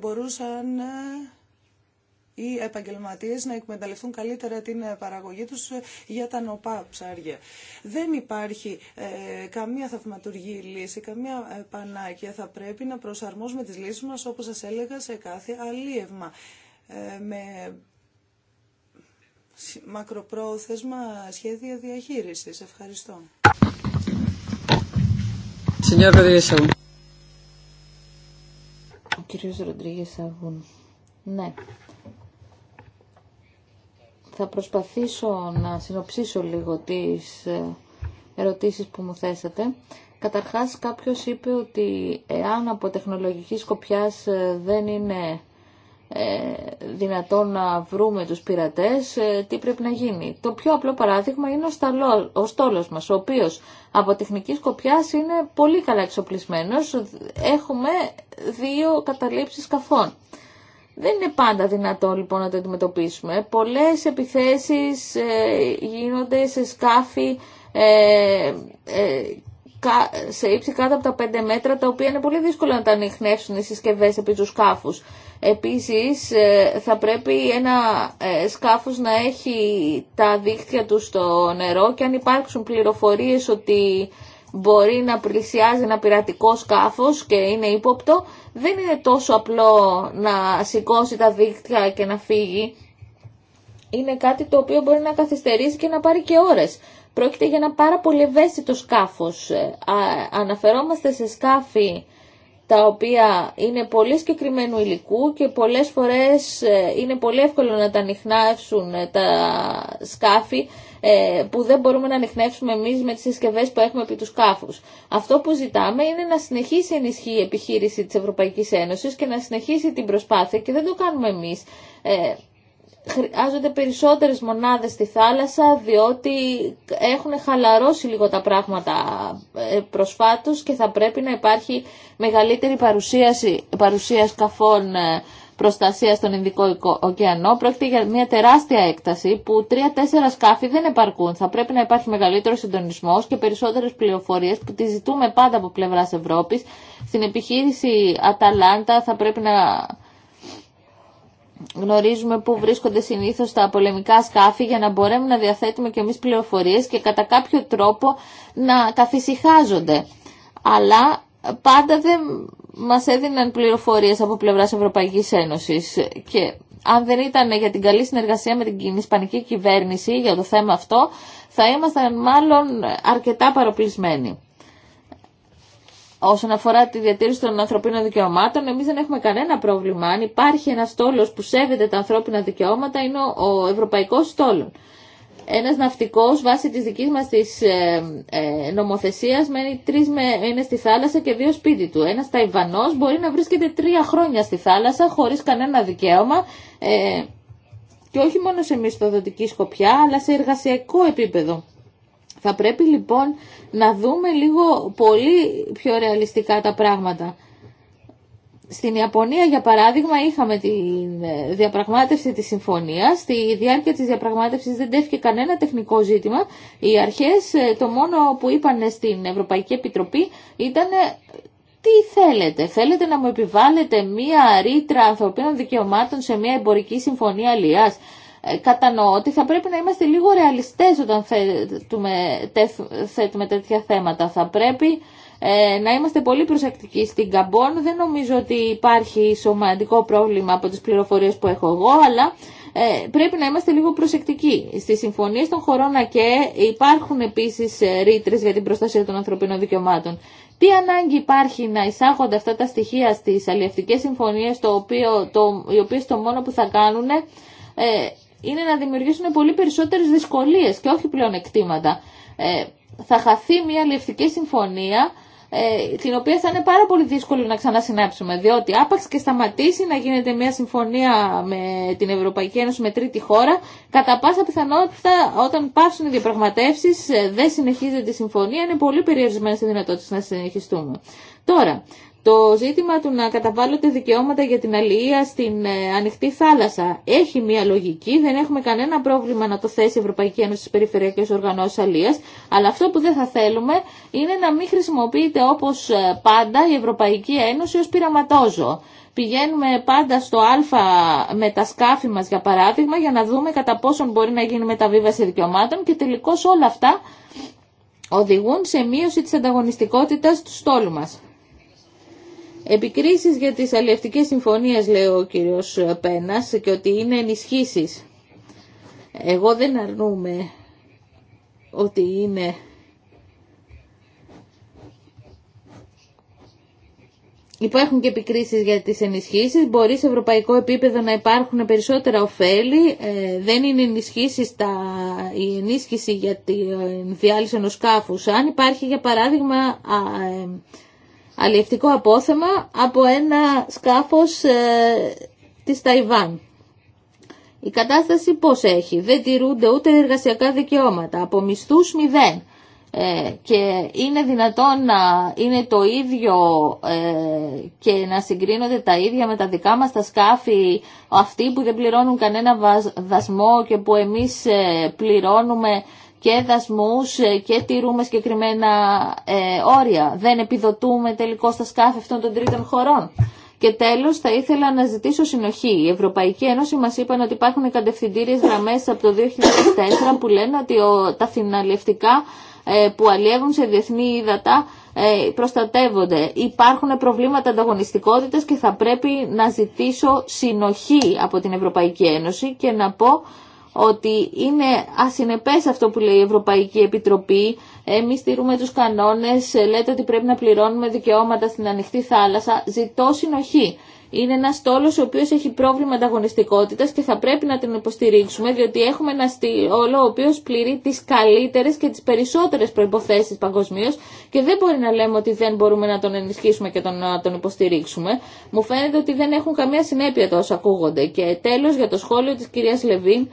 μπορούσαν οι επαγγελματίες να εκμεταλλευτούν καλύτερα την παραγωγή τους για τα νοπά ψάρια. Δεν υπάρχει καμία θαυματουργή λύση, καμία πανάκια. Θα πρέπει να προσαρμόσουμε τις λύσεις μας, όπως σας έλεγα, σε κάθε αλίευμα. Ε, με μακροπρόθεσμα σχέδια διαχείρισης. Ευχαριστώ. Ο κύριος Ροντρίγες Ναι. Θα προσπαθήσω να συνοψίσω λίγο τις ε, ερωτήσεις που μου θέσατε. Καταρχάς κάποιος είπε ότι εάν από τεχνολογική σκοπιάς ε, δεν είναι ε, δυνατόν να βρούμε τους πειρατές, ε, τι πρέπει να γίνει. Το πιο απλό παράδειγμα είναι ο, σταλό, ο στόλος μας, ο οποίος από τεχνική σκοπιά είναι πολύ καλά εξοπλισμένος. Έχουμε δύο καταλήψεις σκαφών. Δεν είναι πάντα δυνατό λοιπόν να το αντιμετωπίσουμε. Πολλές επιθέσεις ε, γίνονται σε σκάφη ε, σε ύψη κάτω από τα 5 μέτρα, τα οποία είναι πολύ δύσκολο να τα ανοιχνεύσουν οι συσκευέ επί του σκάφου. Επίσης, ε, θα πρέπει ένα ε, σκάφος να έχει τα δίχτυα του στο νερό και αν υπάρξουν πληροφορίες ότι μπορεί να πλησιάζει ένα πειρατικό σκάφος και είναι ύποπτο, δεν είναι τόσο απλό να σηκώσει τα δίχτυα και να φύγει. Είναι κάτι το οποίο μπορεί να καθυστερήσει και να πάρει και ώρες. Πρόκειται για ένα πάρα πολύ ευαίσθητο σκάφος. Ε, αναφερόμαστε σε σκάφη τα οποία είναι πολύ συγκεκριμένου υλικού και πολλές φορές ε, είναι πολύ εύκολο να τα ανοιχνεύσουν ε, τα σκάφη που δεν μπορούμε να ανοιχνεύσουμε εμείς με τις συσκευέ που έχουμε επί του σκάφους. Αυτό που ζητάμε είναι να συνεχίσει ενισχύ η επιχείρηση της Ευρωπαϊκής Ένωσης και να συνεχίσει την προσπάθεια και δεν το κάνουμε εμείς χρειάζονται περισσότερες μονάδες στη θάλασσα διότι έχουν χαλαρώσει λίγο τα πράγματα ε, προσφάτως και θα πρέπει να υπάρχει μεγαλύτερη παρουσίαση, παρουσία σκαφών ε, προστασία στον Ινδικό ωκεανό. Πρόκειται για μια τεράστια έκταση που τρία-τέσσερα σκάφη δεν επαρκούν. Θα πρέπει να υπάρχει μεγαλύτερο συντονισμό και περισσότερε πληροφορίε που τη ζητούμε πάντα από πλευρά Ευρώπη. Στην επιχείρηση Αταλάντα θα πρέπει να γνωρίζουμε πού βρίσκονται συνήθως τα πολεμικά σκάφη για να μπορέμε να διαθέτουμε και εμείς πληροφορίες και κατά κάποιο τρόπο να καθησυχάζονται. Αλλά πάντα δεν μας έδιναν πληροφορίες από πλευράς Ευρωπαϊκής Ένωσης και αν δεν ήταν για την καλή συνεργασία με την Ισπανική κυβέρνηση για το θέμα αυτό, θα ήμασταν μάλλον αρκετά παροπλισμένοι. Όσον αφορά τη διατήρηση των ανθρωπίνων δικαιωμάτων, εμεί δεν έχουμε κανένα πρόβλημα. Αν υπάρχει ένα στόλο που σέβεται τα ανθρώπινα δικαιώματα, είναι ο ευρωπαϊκό στόλο. Ένα ναυτικό βάσει τη δική μα ε, ε νομοθεσία μένει τρει μήνε στη θάλασσα και δύο σπίτι του. Ένα Ταϊβανό μπορεί να βρίσκεται τρία χρόνια στη θάλασσα χωρί κανένα δικαίωμα ε, και όχι μόνο σε μισθοδοτική σκοπιά αλλά σε εργασιακό επίπεδο. Θα πρέπει λοιπόν να δούμε λίγο πολύ πιο ρεαλιστικά τα πράγματα. Στην Ιαπωνία, για παράδειγμα, είχαμε τη ε, διαπραγμάτευση της συμφωνίας. Στη διάρκεια της διαπραγμάτευσης δεν τέθηκε κανένα τεχνικό ζήτημα. Οι αρχές ε, το μόνο που είπαν στην Ευρωπαϊκή Επιτροπή ήταν ε, τι θέλετε. Θέλετε να μου επιβάλλετε μία ρήτρα ανθρωπίνων δικαιωμάτων σε μία εμπορική συμφωνία αλλιάς. Ε, κατανοώ ότι θα πρέπει να είμαστε λίγο ρεαλιστές όταν θέτουμε, θέτουμε τέτοια θέματα. Θα πρέπει ε, να είμαστε πολύ προσεκτικοί στην Καμπόν. Δεν νομίζω ότι υπάρχει σωματικό πρόβλημα από τις πληροφορίες που έχω εγώ, αλλά ε, πρέπει να είμαστε λίγο προσεκτικοί. Στι συμφωνίε των χωρών ΑΚΕ υπάρχουν επίσης ε, ρήτρε για την προστασία των ανθρωπίνων δικαιωμάτων. Τι ανάγκη υπάρχει να εισάγονται αυτά τα στοιχεία στις αλληλευτικές συμφωνίες, οι οποίες το μόνο που θα κάνουν ε, είναι να δημιουργήσουν πολύ περισσότερε δυσκολίε και όχι πλέον εκτίματα. Ε, θα χαθεί μια λευτική συμφωνία ε, την οποία θα είναι πάρα πολύ δύσκολο να ξανασυνάψουμε διότι άπαξ και σταματήσει να γίνεται μια συμφωνία με την Ευρωπαϊκή Ένωση με τρίτη χώρα κατά πάσα πιθανότητα όταν πάψουν οι διαπραγματεύσεις ε, δεν συνεχίζεται η συμφωνία είναι πολύ περιορισμένε οι δυνατότητε να συνεχιστούμε. Τώρα, το ζήτημα του να καταβάλλονται δικαιώματα για την αλληλεία στην ε, ανοιχτή θάλασσα έχει μία λογική. Δεν έχουμε κανένα πρόβλημα να το θέσει η Ευρωπαϊκή Ένωση στι περιφερειακέ οργανώσει αλληλεία. Αλλά αυτό που δεν θα θέλουμε είναι να μην χρησιμοποιείται όπω ε, πάντα η Ευρωπαϊκή Ένωση ω πειραματόζω. Πηγαίνουμε πάντα στο Α με τα σκάφη μα, για παράδειγμα, για να δούμε κατά πόσον μπορεί να γίνει μεταβίβαση δικαιωμάτων και τελικώ όλα αυτά οδηγούν σε μείωση της ανταγωνιστικότητας του στόλου μας. Επικρίσεις για τις αλλιευτικές συμφωνίες, λέει ο κύριος Πένας, και ότι είναι ενισχύσεις. Εγώ δεν αρνούμαι ότι είναι Υπάρχουν και επικρίσεις για τις ενισχύσεις. Μπορεί σε ευρωπαϊκό επίπεδο να υπάρχουν περισσότερα ωφέλη. Ε, δεν είναι ενισχύσεις τα, η ενίσχυση για τη ε, διάλυση ενός σκάφους. Αν υπάρχει για παράδειγμα ε, Αλληλευτικό απόθεμα από ένα σκάφος ε, της Ταϊβάν. Η κατάσταση πώς έχει. Δεν τηρούνται ούτε εργασιακά δικαιώματα. Από μισθούς μηδέν. Ε, και είναι δυνατόν να είναι το ίδιο ε, και να συγκρίνονται τα ίδια με τα δικά μας τα σκάφη αυτοί που δεν πληρώνουν κανένα δασμό και που εμείς πληρώνουμε και δασμούς ε, και τηρούμε συγκεκριμένα ε, όρια. Δεν επιδοτούμε τελικώς στα σκάφη αυτών των τρίτων χωρών. Και τέλο, θα ήθελα να ζητήσω συνοχή. Η Ευρωπαϊκή Ένωση μα είπαν ότι υπάρχουν κατευθυντήριε γραμμέ από το 2004 που λένε ότι τα ε, που αλλιεύουν σε διεθνή ύδατα ε, προστατεύονται. Υπάρχουν προβλήματα ανταγωνιστικότητα και θα πρέπει να ζητήσω συνοχή από την Ευρωπαϊκή Ένωση και να πω ότι είναι ασυνεπές αυτό που λέει η Ευρωπαϊκή Επιτροπή. Εμείς στηρούμε τους κανόνες, λέτε ότι πρέπει να πληρώνουμε δικαιώματα στην ανοιχτή θάλασσα. Ζητώ συνοχή. Είναι ένα στόλο ο οποίο έχει πρόβλημα ανταγωνιστικότητα και θα πρέπει να τον υποστηρίξουμε, διότι έχουμε ένα στόλο ο οποίο πληρεί τι καλύτερε και τι περισσότερε προποθέσει παγκοσμίω και δεν μπορεί να λέμε ότι δεν μπορούμε να τον ενισχύσουμε και τον, να τον υποστηρίξουμε. Μου φαίνεται ότι δεν έχουν καμία συνέπεια τόσο ακούγονται. Και τέλο, για το σχόλιο τη κυρία Λεβίν,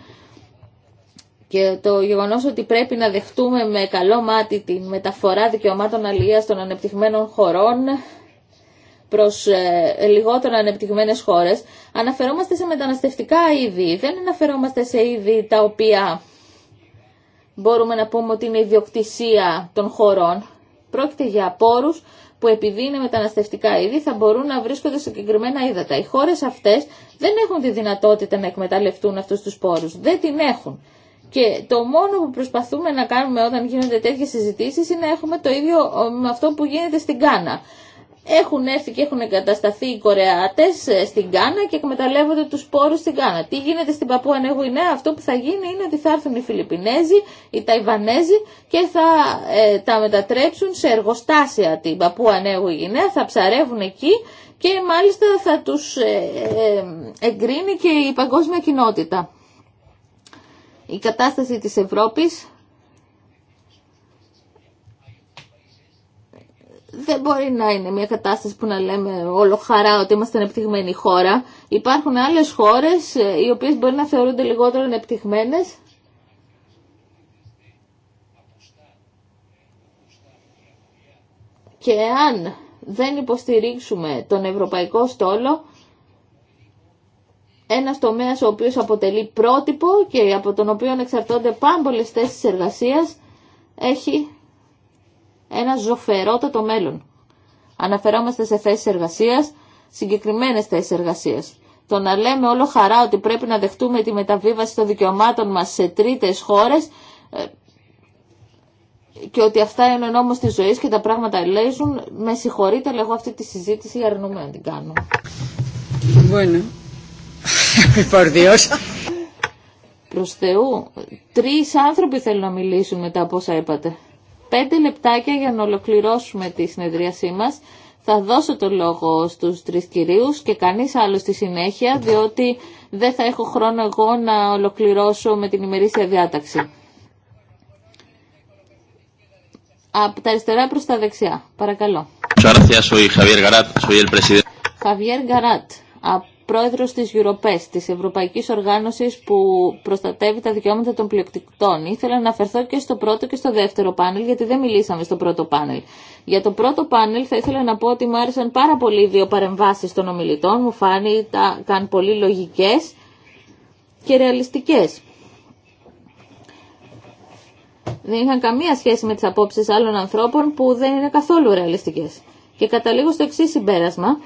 και το γεγονό ότι πρέπει να δεχτούμε με καλό μάτι τη μεταφορά δικαιωμάτων αλληλεία των ανεπτυγμένων χωρών προς ε, λιγότερο ανεπτυγμένε χώρε, αναφερόμαστε σε μεταναστευτικά είδη. Δεν αναφερόμαστε σε είδη τα οποία μπορούμε να πούμε ότι είναι ιδιοκτησία των χωρών. Πρόκειται για πόρου που επειδή είναι μεταναστευτικά είδη θα μπορούν να βρίσκονται σε συγκεκριμένα ύδατα. Οι χώρες αυτές δεν έχουν τη δυνατότητα να εκμεταλλευτούν αυτούς τους πόρους. Δεν την έχουν. Και το μόνο που προσπαθούμε να κάνουμε όταν γίνονται τέτοιες συζητήσεις είναι να έχουμε το ίδιο με αυτό που γίνεται στην Κάνα. Έχουν έρθει και έχουν εγκατασταθεί οι Κορεάτες ε, στην Κάνα και εκμεταλλεύονται τους σπόρους στην Κάνα. Τι γίνεται στην Ανέγου Ινέα, αυτό που θα γίνει είναι ότι θα έρθουν οι Φιλιππινέζοι, οι Ταϊβανέζοι και θα ε, τα μετατρέψουν σε εργοστάσια την Ανέγου Ινέα, θα ψαρεύουν εκεί και μάλιστα θα τους ε, εγκρίνει και η παγκόσμια κοινότητα η κατάσταση της Ευρώπης δεν μπορεί να είναι μια κατάσταση που να λέμε όλο χαρά ότι είμαστε ανεπτυγμένη χώρα. Υπάρχουν άλλες χώρες ε, οι οποίες μπορεί να θεωρούνται λιγότερο ανεπτυγμένες. Και αν δεν υποστηρίξουμε τον ευρωπαϊκό στόλο, ένα τομέας ο οποίος αποτελεί πρότυπο και από τον οποίο εξαρτώνται πάμπολες θέσεις εργασίας έχει ένα ζωφερότατο μέλλον. Αναφερόμαστε σε θέσεις εργασίας, συγκεκριμένες θέσεις εργασίας. Το να λέμε όλο χαρά ότι πρέπει να δεχτούμε τη μεταβίβαση των δικαιωμάτων μας σε τρίτες χώρες ε, και ότι αυτά είναι ο νόμος της ζωής και τα πράγματα ελέγχουν, με συγχωρείτε, αλλά εγώ αυτή τη συζήτηση αρνούμαι να την κάνω. Bueno. Por Dios. Προς Θεού, τρεις άνθρωποι θέλουν να μιλήσουν μετά από όσα είπατε. Πέντε λεπτάκια για να ολοκληρώσουμε τη συνεδρίασή μας. Θα δώσω το λόγο στους τρεις κυρίους και κανείς άλλος στη συνέχεια, διότι δεν θα έχω χρόνο εγώ να ολοκληρώσω με την ημερήσια διάταξη. Από τα αριστερά προς τα δεξιά. Παρακαλώ. Χαβιέρ Γκαράτ, πρόεδρος της Europest, της Ευρωπαϊκής Οργάνωσης που προστατεύει τα δικαιώματα των πλειοκτηκτών. Ήθελα να αναφερθώ και στο πρώτο και στο δεύτερο πάνελ, γιατί δεν μιλήσαμε στο πρώτο πάνελ. Για το πρώτο πάνελ θα ήθελα να πω ότι μου άρεσαν πάρα πολύ οι δύο παρεμβάσεις των ομιλητών, μου φάνηκαν πολύ λογικές και ρεαλιστικές. Δεν είχαν καμία σχέση με τις απόψεις άλλων ανθρώπων που δεν είναι καθόλου ρεαλιστικές. Και καταλήγω στο εξή συμπέρασμα,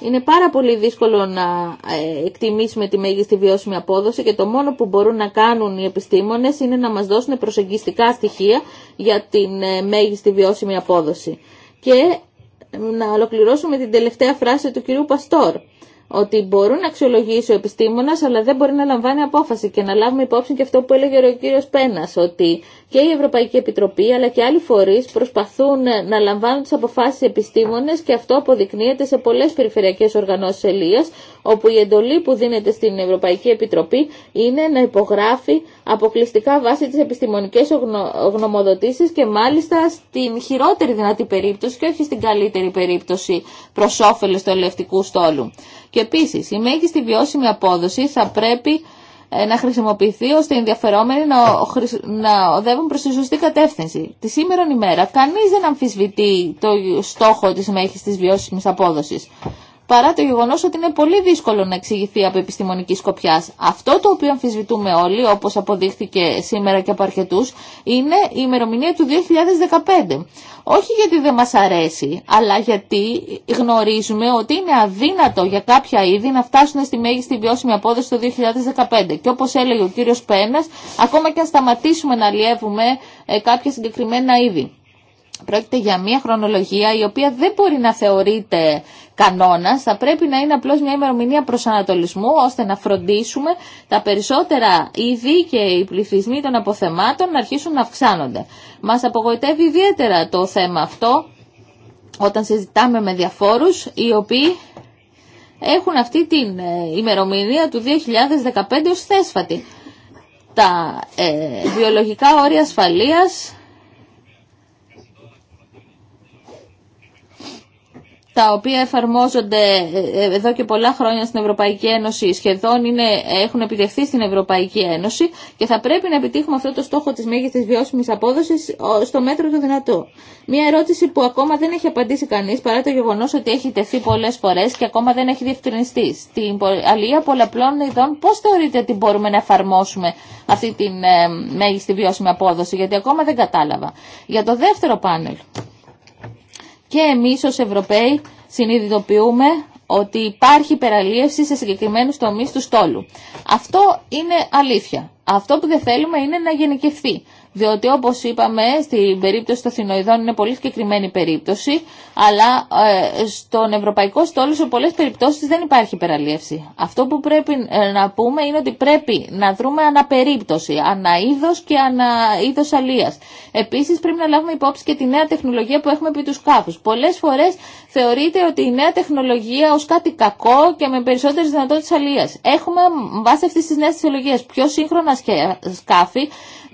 είναι πάρα πολύ δύσκολο να ε, εκτιμήσουμε τη μέγιστη βιώσιμη απόδοση και το μόνο που μπορούν να κάνουν οι επιστήμονες είναι να μας δώσουν προσεγγιστικά στοιχεία για την ε, μέγιστη βιώσιμη απόδοση. Και ε, να ολοκληρώσουμε την τελευταία φράση του κυρίου Παστόρ ότι μπορούν να αξιολογήσει ο επιστήμονα, αλλά δεν μπορεί να λαμβάνει απόφαση. Και να λάβουμε υπόψη και αυτό που έλεγε ο κύριο Πένα, ότι και η Ευρωπαϊκή Επιτροπή αλλά και άλλοι φορείς προσπαθούν να λαμβάνουν τις αποφάσεις επιστήμονες και αυτό αποδεικνύεται σε πολλές περιφερειακές οργανώσεις ελίας όπου η εντολή που δίνεται στην Ευρωπαϊκή Επιτροπή είναι να υπογράφει αποκλειστικά βάσει τις επιστημονικές γνωμοδοτήσεις και μάλιστα στην χειρότερη δυνατή περίπτωση και όχι στην καλύτερη περίπτωση προς όφελος του ελευτικού στόλου. Και επίσης η μέγιστη βιώσιμη απόδοση θα πρέπει ε, να χρησιμοποιηθεί ώστε οι ενδιαφερόμενοι να οδεύουν προς τη σωστή κατεύθυνση. Τη σήμερον ημέρα κανείς δεν αμφισβητεί το στόχο της της βιώσιμης απόδοσης παρά το γεγονός ότι είναι πολύ δύσκολο να εξηγηθεί από επιστημονική σκοπιά. Αυτό το οποίο αμφισβητούμε όλοι, όπως αποδείχθηκε σήμερα και από αρκετού, είναι η ημερομηνία του 2015. Όχι γιατί δεν μα αρέσει, αλλά γιατί γνωρίζουμε ότι είναι αδύνατο για κάποια είδη να φτάσουν στη μέγιστη βιώσιμη απόδοση το 2015. Και όπω έλεγε ο κύριο Πένα, ακόμα και αν σταματήσουμε να αλλιεύουμε ε, κάποια συγκεκριμένα είδη. Πρόκειται για μια χρονολογία η οποία δεν μπορεί να θεωρείται κανόνας, θα πρέπει να είναι απλώς μια ημερομηνία προσανατολισμού ώστε να φροντίσουμε τα περισσότερα είδη και οι πληθυσμοί των αποθεμάτων να αρχίσουν να αυξάνονται. Μας απογοητεύει ιδιαίτερα το θέμα αυτό όταν συζητάμε με διαφόρους οι οποίοι έχουν αυτή την ε, ημερομηνία του 2015 ως θέσφατη. Τα ε, βιολογικά όρια ασφαλείας τα οποία εφαρμόζονται ε, ε, εδώ και πολλά χρόνια στην Ευρωπαϊκή Ένωση, σχεδόν είναι, έχουν επιτευχθεί στην Ευρωπαϊκή Ένωση και θα πρέπει να επιτύχουμε αυτό το στόχο της μέγιστης βιώσιμης απόδοσης στο μέτρο του δυνατού. Μία ερώτηση που ακόμα δεν έχει απαντήσει κανείς παρά το γεγονός ότι έχει τεθεί πολλές φορές και ακόμα δεν έχει διευκρινιστεί. Στην αλληλεία πολλαπλών ειδών πώς θεωρείτε ότι μπορούμε να εφαρμόσουμε αυτή τη ε, μέγιστη βιώσιμη απόδοση, γιατί ακόμα δεν κατάλαβα. Για το δεύτερο πάνελ και εμείς ως Ευρωπαίοι συνειδητοποιούμε ότι υπάρχει υπεραλίευση σε συγκεκριμένους τομείς του στόλου. Αυτό είναι αλήθεια. Αυτό που δεν θέλουμε είναι να γενικευθεί διότι όπως είπαμε στην περίπτωση των θηνοειδών είναι πολύ συγκεκριμένη περίπτωση, αλλά ε, στον ευρωπαϊκό στόλο σε πολλές περιπτώσεις δεν υπάρχει υπεραλίευση. Αυτό που πρέπει ε, να πούμε είναι ότι πρέπει να δρούμε αναπερίπτωση, αναείδος και αναείδος αλίας. Επίσης πρέπει να λάβουμε υπόψη και τη νέα τεχνολογία που έχουμε επί του σκάφους. Πολλές φορές θεωρείται ότι η νέα τεχνολογία ως κάτι κακό και με περισσότερες δυνατότητες αλίας. Έχουμε βάσει αυτής της νέας τεχνολογίας πιο σύγχρονα σκάφη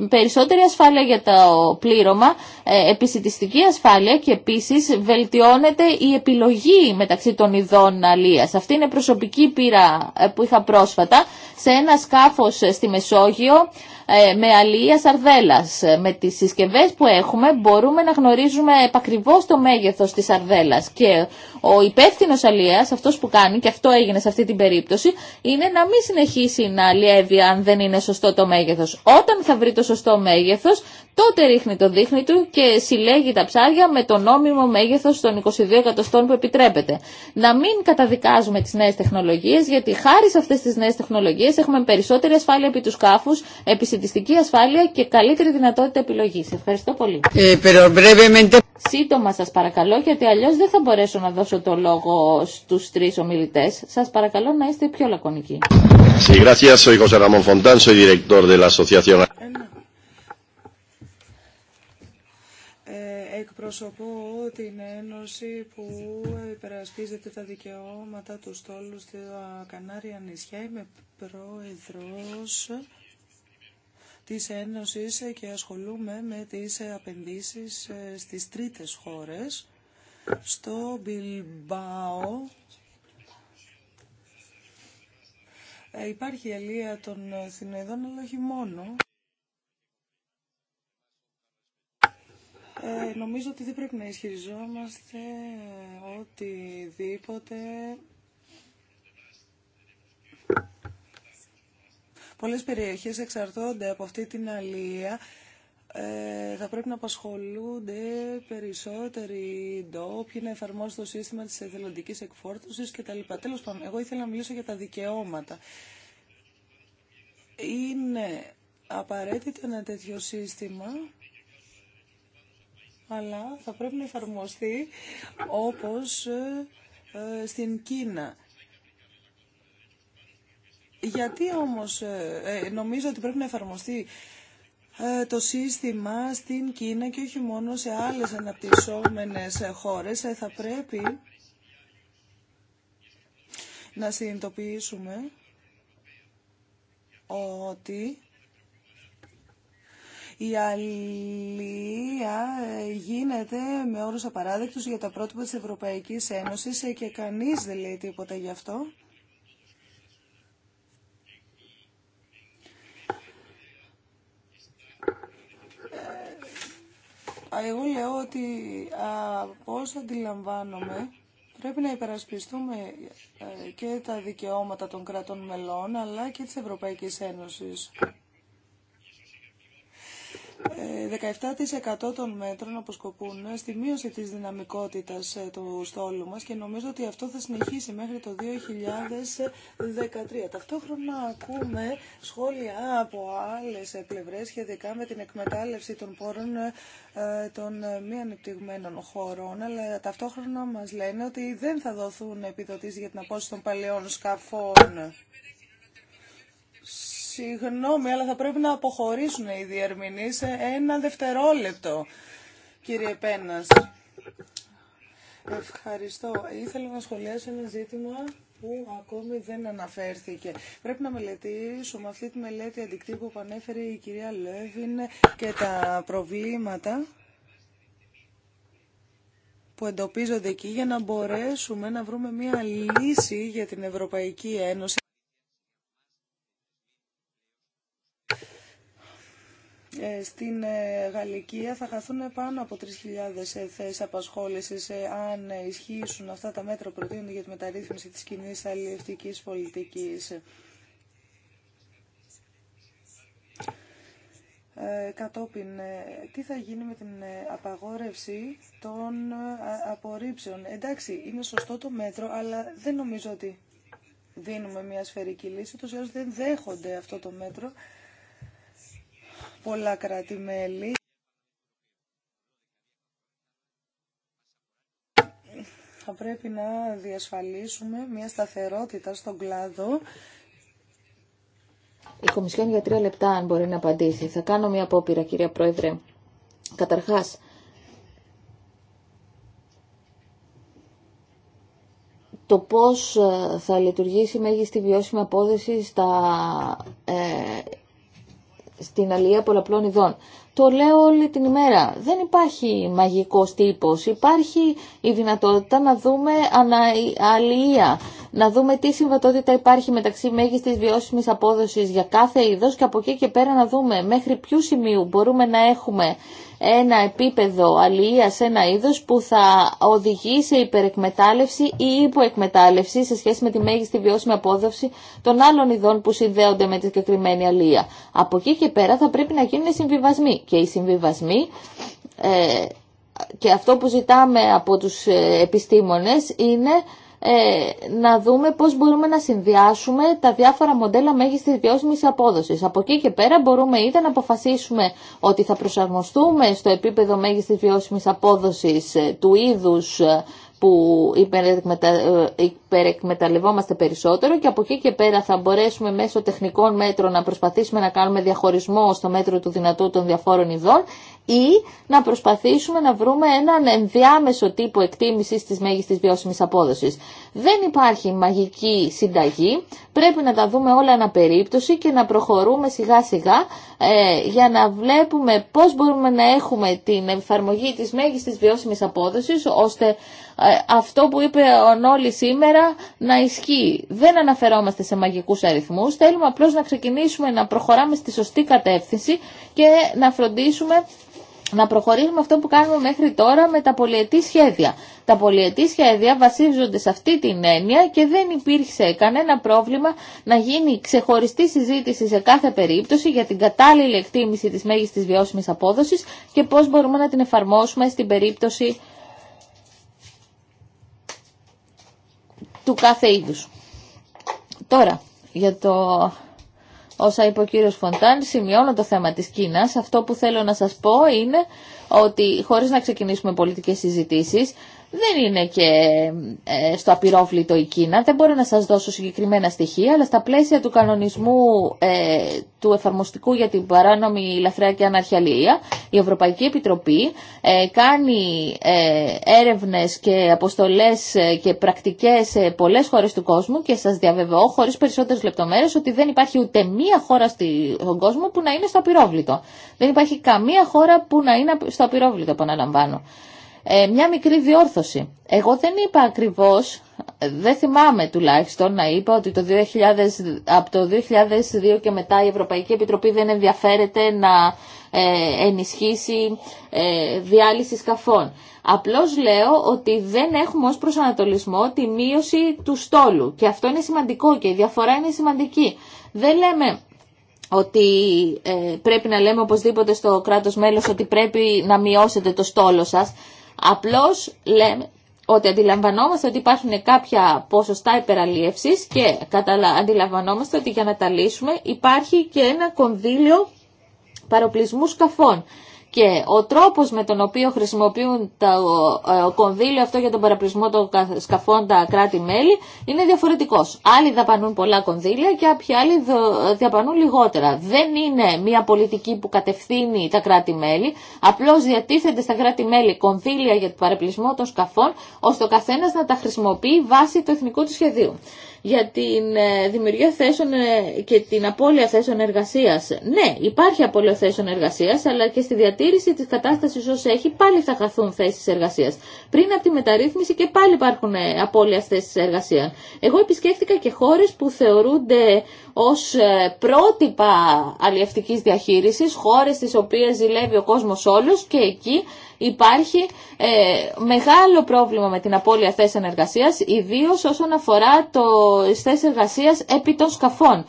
περισσότερη ασφάλεια για το πλήρωμα, ε, επισητιστική ασφάλεια και επίσης βελτιώνεται η επιλογή μεταξύ των ειδών αλίας. Αυτή είναι προσωπική πείρα ε, που είχα πρόσφατα σε ένα σκάφος ε, στη Μεσόγειο με αλίας αρδέλας Με τις συσκευές που έχουμε μπορούμε να γνωρίζουμε επακριβώς το μέγεθος της αρδέλας και ο υπεύθυνο αλλιέα, αυτό που κάνει, και αυτό έγινε σε αυτή την περίπτωση, είναι να μην συνεχίσει να αλλιεύει αν δεν είναι σωστό το μέγεθο. Όταν θα βρει το σωστό μέγεθο, τότε ρίχνει το δείχνη του και συλλέγει τα ψάρια με το νόμιμο μέγεθο των 22 εκατοστών που επιτρέπεται. Να μην καταδικάζουμε τι νέε τεχνολογίε, γιατί χάρη σε αυτέ τι νέε τεχνολογίε έχουμε περισσότερη ασφάλεια επί του σκάφου, επισητιστική ασφάλεια και καλύτερη δυνατότητα επιλογή. Ευχαριστώ πολύ. Ε, Σύντομα σα παρακαλώ, γιατί αλλιώ δεν θα μπορέσω να δώσω δώσω το λόγο στους τρεις ομιλητές. Σας παρακαλώ να είστε πιο λακωνικοί. Εκπροσωπώ την Ένωση που υπερασπίζεται τα δικαιώματα του στόλου στη Κανάρια νησιά. Είμαι πρόεδρος της Ένωσης και ασχολούμαι με τις απεντήσεις ε, στις τρίτες χώρες στο Μπιλμπάο. Ε, υπάρχει αλεία των ε, Συνεδών, αλλά όχι μόνο. Ε, νομίζω ότι δεν πρέπει να ισχυριζόμαστε οτιδήποτε. Πολλές περιοχές εξαρτώνται από αυτή την αλεία. Ε, θα πρέπει να απασχολούνται περισσότεροι ντόπιοι να εφαρμόσουν το σύστημα της εθελοντικής εκφόρτωσης κτλ. Τέλος πάντων, εγώ ήθελα να μιλήσω για τα δικαιώματα. Είναι απαραίτητο ένα τέτοιο σύστημα, αλλά θα πρέπει να εφαρμοστεί όπως ε, στην Κίνα. Γιατί όμως ε, νομίζω ότι πρέπει να εφαρμοστεί ε, το σύστημα στην Κίνα και όχι μόνο σε άλλες αναπτυσσόμενες χώρες. Ε, θα πρέπει να συνειδητοποιήσουμε ότι η αλληλεία ε, γίνεται με όρους απαράδεκτους για τα πρότυπα της Ευρωπαϊκής Ένωσης και κανείς δεν λέει τίποτα γι' αυτό. εγώ λέω ότι από όσο αντιλαμβάνομαι πρέπει να υπερασπιστούμε ε, και τα δικαιώματα των κρατών μελών αλλά και της Ευρωπαϊκής Ένωσης. 17% των μέτρων αποσκοπούν στη μείωση της δυναμικότητας ε, του στόλου μας και νομίζω ότι αυτό θα συνεχίσει μέχρι το 2013. Ταυτόχρονα ακούμε σχόλια από άλλες πλευρές σχετικά με την εκμετάλλευση των πόρων ε, των μη ανεπτυγμένων χωρών, αλλά ταυτόχρονα μας λένε ότι δεν θα δοθούν επιδοτήσεις για την απόσταση των παλαιών σκαφών. Συγγνώμη, αλλά θα πρέπει να αποχωρήσουν οι διερμηνείς σε ένα δευτερόλεπτο, κύριε Πένας. Ευχαριστώ. Ήθελα να σχολιάσω ένα ζήτημα που ακόμη δεν αναφέρθηκε. Πρέπει να μελετήσουμε αυτή τη μελέτη αντικτύπου που ανέφερε η κυρία Λέβιν και τα προβλήματα που εντοπίζονται εκεί για να μπορέσουμε να βρούμε μια λύση για την Ευρωπαϊκή Ένωση. Ε, στην ε, Γαλλικία θα χαθούν πάνω από 3.000 ε, θέσεις απασχόλησης αν ισχύσουν αυτά τα μέτρα που προτείνονται για τη μεταρρύθμιση της κοινή αλληλευτικής πολιτικής. κατόπιν, τι θα γίνει με την απαγόρευση των απορρίψεων. Εντάξει, είναι σωστό το μέτρο, αλλά δεν νομίζω ότι δίνουμε μια σφαιρική λύση. Τους δεν δέχονται αυτό το μέτρο πολλά Θα πρέπει να διασφαλίσουμε μια σταθερότητα στον κλάδο. Η Κομισιόν για τρία λεπτά αν μπορεί να απαντήσει. Θα κάνω μια απόπειρα κυρία Πρόεδρε. Καταρχάς, το πώς ε, θα λειτουργήσει η μέγιστη βιώσιμη απόδοση στα ε, στην αλληλεία πολλαπλών ειδών. Το λέω όλη την ημέρα. Δεν υπάρχει μαγικός τύπος. Υπάρχει η δυνατότητα να δούμε αλληλεία να δούμε τι συμβατότητα υπάρχει μεταξύ μέγιστη βιώσιμη απόδοση για κάθε είδο και από εκεί και πέρα να δούμε μέχρι ποιου σημείου μπορούμε να έχουμε ένα επίπεδο αλληλεία σε ένα είδο που θα οδηγεί σε υπερεκμετάλλευση ή υποεκμετάλλευση σε σχέση με τη μέγιστη βιώσιμη απόδοση των άλλων ειδών που συνδέονται με τη συγκεκριμένη αλληλεία. Από εκεί και πέρα θα πρέπει να γίνουν συμβιβασμοί και οι συμβιβασμοί ε, και αυτό που ζητάμε από τους ε, επιστήμονες είναι ε, να δούμε πώς μπορούμε να συνδυάσουμε τα διάφορα μοντέλα μέγιστης βιώσιμης απόδοσης. Από εκεί και πέρα μπορούμε είτε να αποφασίσουμε ότι θα προσαρμοστούμε στο επίπεδο μέγιστης βιώσιμης απόδοσης ε, του είδους ε, που υπερεκμεταλλευόμαστε περισσότερο και από εκεί και πέρα θα μπορέσουμε μέσω τεχνικών μέτρων να προσπαθήσουμε να κάνουμε διαχωρισμό στο μέτρο του δυνατού των διαφόρων ειδών ή να προσπαθήσουμε να βρούμε έναν ενδιάμεσο τύπο εκτίμησης της μέγιστης βιώσιμης απόδοσης. Δεν υπάρχει μαγική συνταγή, πρέπει να τα δούμε όλα ένα περίπτωση και να προχωρούμε σιγά σιγά ε, για να βλέπουμε πώς μπορούμε να έχουμε την εφαρμογή της μέγιστης βιώσιμης απόδοσης ώστε ε, αυτό που είπε ο Νόλη σήμερα να ισχύει. Δεν αναφερόμαστε σε μαγικούς αριθμούς, θέλουμε απλώς να ξεκινήσουμε να προχωράμε στη σωστή κατεύθυνση και να φροντίσουμε να προχωρήσουμε αυτό που κάνουμε μέχρι τώρα με τα πολιετή σχέδια. Τα πολιετή σχέδια βασίζονται σε αυτή την έννοια και δεν υπήρξε κανένα πρόβλημα να γίνει ξεχωριστή συζήτηση σε κάθε περίπτωση για την κατάλληλη εκτίμηση της μέγιστης βιώσιμης απόδοσης και πώς μπορούμε να την εφαρμόσουμε στην περίπτωση του κάθε είδους. Τώρα, για το όσα είπε ο κύριος Φοντάν, σημειώνω το θέμα της Κίνας. Αυτό που θέλω να σας πω είναι ότι χωρίς να ξεκινήσουμε πολιτικές συζητήσεις, δεν είναι και ε, στο απειρόβλητο η Κίνα. Δεν μπορώ να σας δώσω συγκεκριμένα στοιχεία, αλλά στα πλαίσια του κανονισμού ε, του εφαρμοστικού για την παράνομη λαθρέα και αναρχιαλία, η Ευρωπαϊκή Επιτροπή ε, κάνει ε, έρευνες και αποστολές ε, και πρακτικές σε πολλές χώρες του κόσμου και σας διαβεβαιώ χωρίς περισσότερες λεπτομέρειες ότι δεν υπάρχει ούτε μία χώρα στον κόσμο που να είναι στο απειρόβλητο. Δεν υπάρχει καμία χώρα που να είναι στο απειρόβλητο, επαναλαμβάνω. Ε, μια μικρή διόρθωση. Εγώ δεν είπα ακριβώς, ε, δεν θυμάμαι τουλάχιστον να είπα ότι το 2000, από το 2002 και μετά η Ευρωπαϊκή Επιτροπή δεν ενδιαφέρεται να ε, ενισχύσει διάλυση σκαφών. Απλώς λέω ότι δεν έχουμε ως προσανατολισμό τη μείωση του στόλου και αυτό είναι σημαντικό και η διαφορά είναι σημαντική. Δεν λέμε ότι πρέπει να λέμε οπωσδήποτε στο κράτος μέλος ότι πρέπει να μειώσετε το στόλο σας. Απλώς λέμε ότι αντιλαμβανόμαστε ότι υπάρχουν κάποια ποσοστά υπεραλίευσης και αντιλαμβανόμαστε ότι για να τα λύσουμε υπάρχει και ένα κονδύλιο παροπλισμού σκαφών και ο τρόπος με τον οποίο χρησιμοποιούν το ε, κονδύλιο αυτό για τον παραπλησμό των σκαφών τα κράτη-μέλη είναι διαφορετικός. Άλλοι δαπανούν πολλά κονδύλια και κάποιοι άλλοι δαπανούν λιγότερα. Δεν είναι μια πολιτική που κατευθύνει τα κράτη-μέλη, απλώς διατίθεται στα κράτη-μέλη κονδύλια για τον παραπλησμό των σκαφών, ώστε ο καθένας να τα χρησιμοποιεί βάσει του εθνικού του σχεδίου για την ε, δημιουργία θέσεων ε, και την απώλεια θέσεων εργασίας. Ναι, υπάρχει απώλεια θέσεων εργασίας, αλλά και στη διατήρηση της κατάστασης όσο έχει πάλι θα χαθούν θέσεις εργασίας. Πριν από τη μεταρρύθμιση και πάλι υπάρχουν ε, απώλεια θέσεις εργασίας. Εγώ επισκέφτηκα και χώρες που θεωρούνται ως ε, πρότυπα αλλιευτικής διαχείρισης, χώρες στις οποίες ζηλεύει ο κόσμος όλος και εκεί υπάρχει ε, μεγάλο πρόβλημα με την απώλεια θέσεων εργασίας, ιδίως όσον αφορά το θέσει εργασίας επί των σκαφών.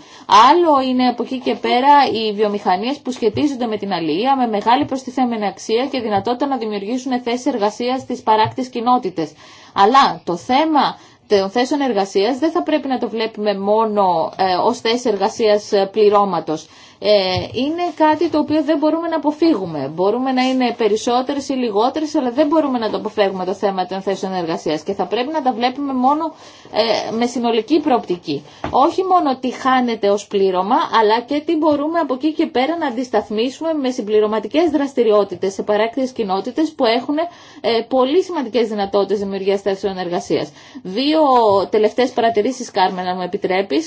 Άλλο είναι από εκεί και πέρα οι βιομηχανίες που σχετίζονται με την αλληλεία, με μεγάλη προστιθέμενη αξία και δυνατότητα να δημιουργήσουν θέσει εργασίας στις παράκτης κοινότητες. Αλλά το θέμα των θέσεων εργασίας δεν θα πρέπει να το βλέπουμε μόνο ε, ως θέση εργασίας ε, πληρώματος. Ε, είναι κάτι το οποίο δεν μπορούμε να αποφύγουμε. Μπορούμε να είναι περισσότερε ή λιγότερε, αλλά δεν μπορούμε να το αποφεύγουμε το θέμα των θέσεων εργασία και θα πρέπει να τα βλέπουμε μόνο ε, με συνολική προοπτική. Όχι μόνο τι χάνεται ω πλήρωμα, αλλά και τι μπορούμε από εκεί και πέρα να αντισταθμίσουμε με συμπληρωματικέ δραστηριότητε σε παράκτιε κοινότητε που έχουν ε, πολύ σημαντικέ δυνατότητε δημιουργία θέσεων εργασία. Δύο τελευταίε παρατηρήσει, Κάρμενα, μου επιτρέπει.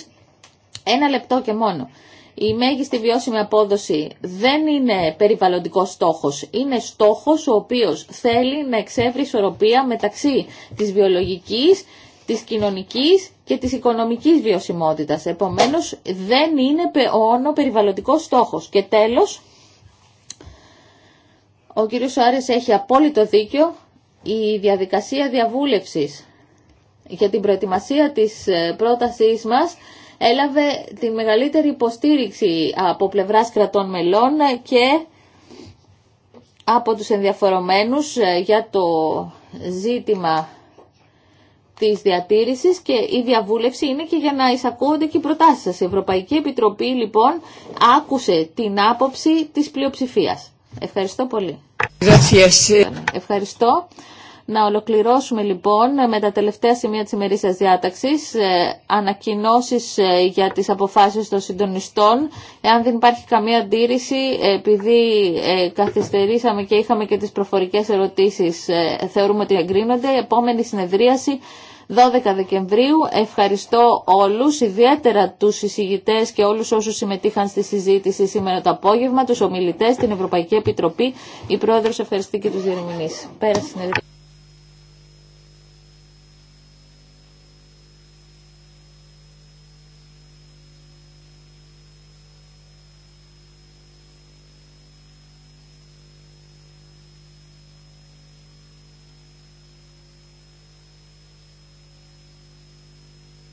Ένα λεπτό και μόνο η μέγιστη βιώσιμη απόδοση δεν είναι περιβαλλοντικός στόχος, είναι στόχος ο οποίος θέλει να εξεύρει ισορροπία μεταξύ της βιολογικής, της κοινωνικής και της οικονομικής βιωσιμότητας. Επομένως δεν είναι όνο περιβαλλοντικός στόχος. Και τέλος, ο κύριος Σουάρε έχει απόλυτο δίκιο, η διαδικασία διαβούλευσης για την προετοιμασία της ε, πρότασής μας έλαβε τη μεγαλύτερη υποστήριξη από πλευράς κρατών μελών και από τους ενδιαφορομένους ε, για το ζήτημα της διατήρησης και η διαβούλευση είναι και για να εισακούονται και οι προτάσεις σας. Η Ευρωπαϊκή Επιτροπή λοιπόν άκουσε την άποψη της πλειοψηφίας. Ευχαριστώ πολύ. Ευχαριστώ. Να ολοκληρώσουμε λοιπόν με τα τελευταία σημεία της ημερήσιας διάταξης, ε, ανακοινώσεις ε, για τις αποφάσεις των συντονιστών. Εάν δεν υπάρχει καμία αντίρρηση, επειδή ε, καθυστερήσαμε και είχαμε και τις προφορικές ερωτήσεις, θεωρούμε ότι εγκρίνονται. επόμενη συνεδρίαση 12 Δεκεμβρίου. Ευχαριστώ όλους, ιδιαίτερα τους εισηγητές και όλους όσους συμμετείχαν στη συζήτηση σήμερα το απόγευμα, τους ομιλητές, την Ευρωπαϊκή Επιτροπή. Η Πρόεδρος ευχαριστεί και τους διερμηνείς. Πέρα συνεδρία.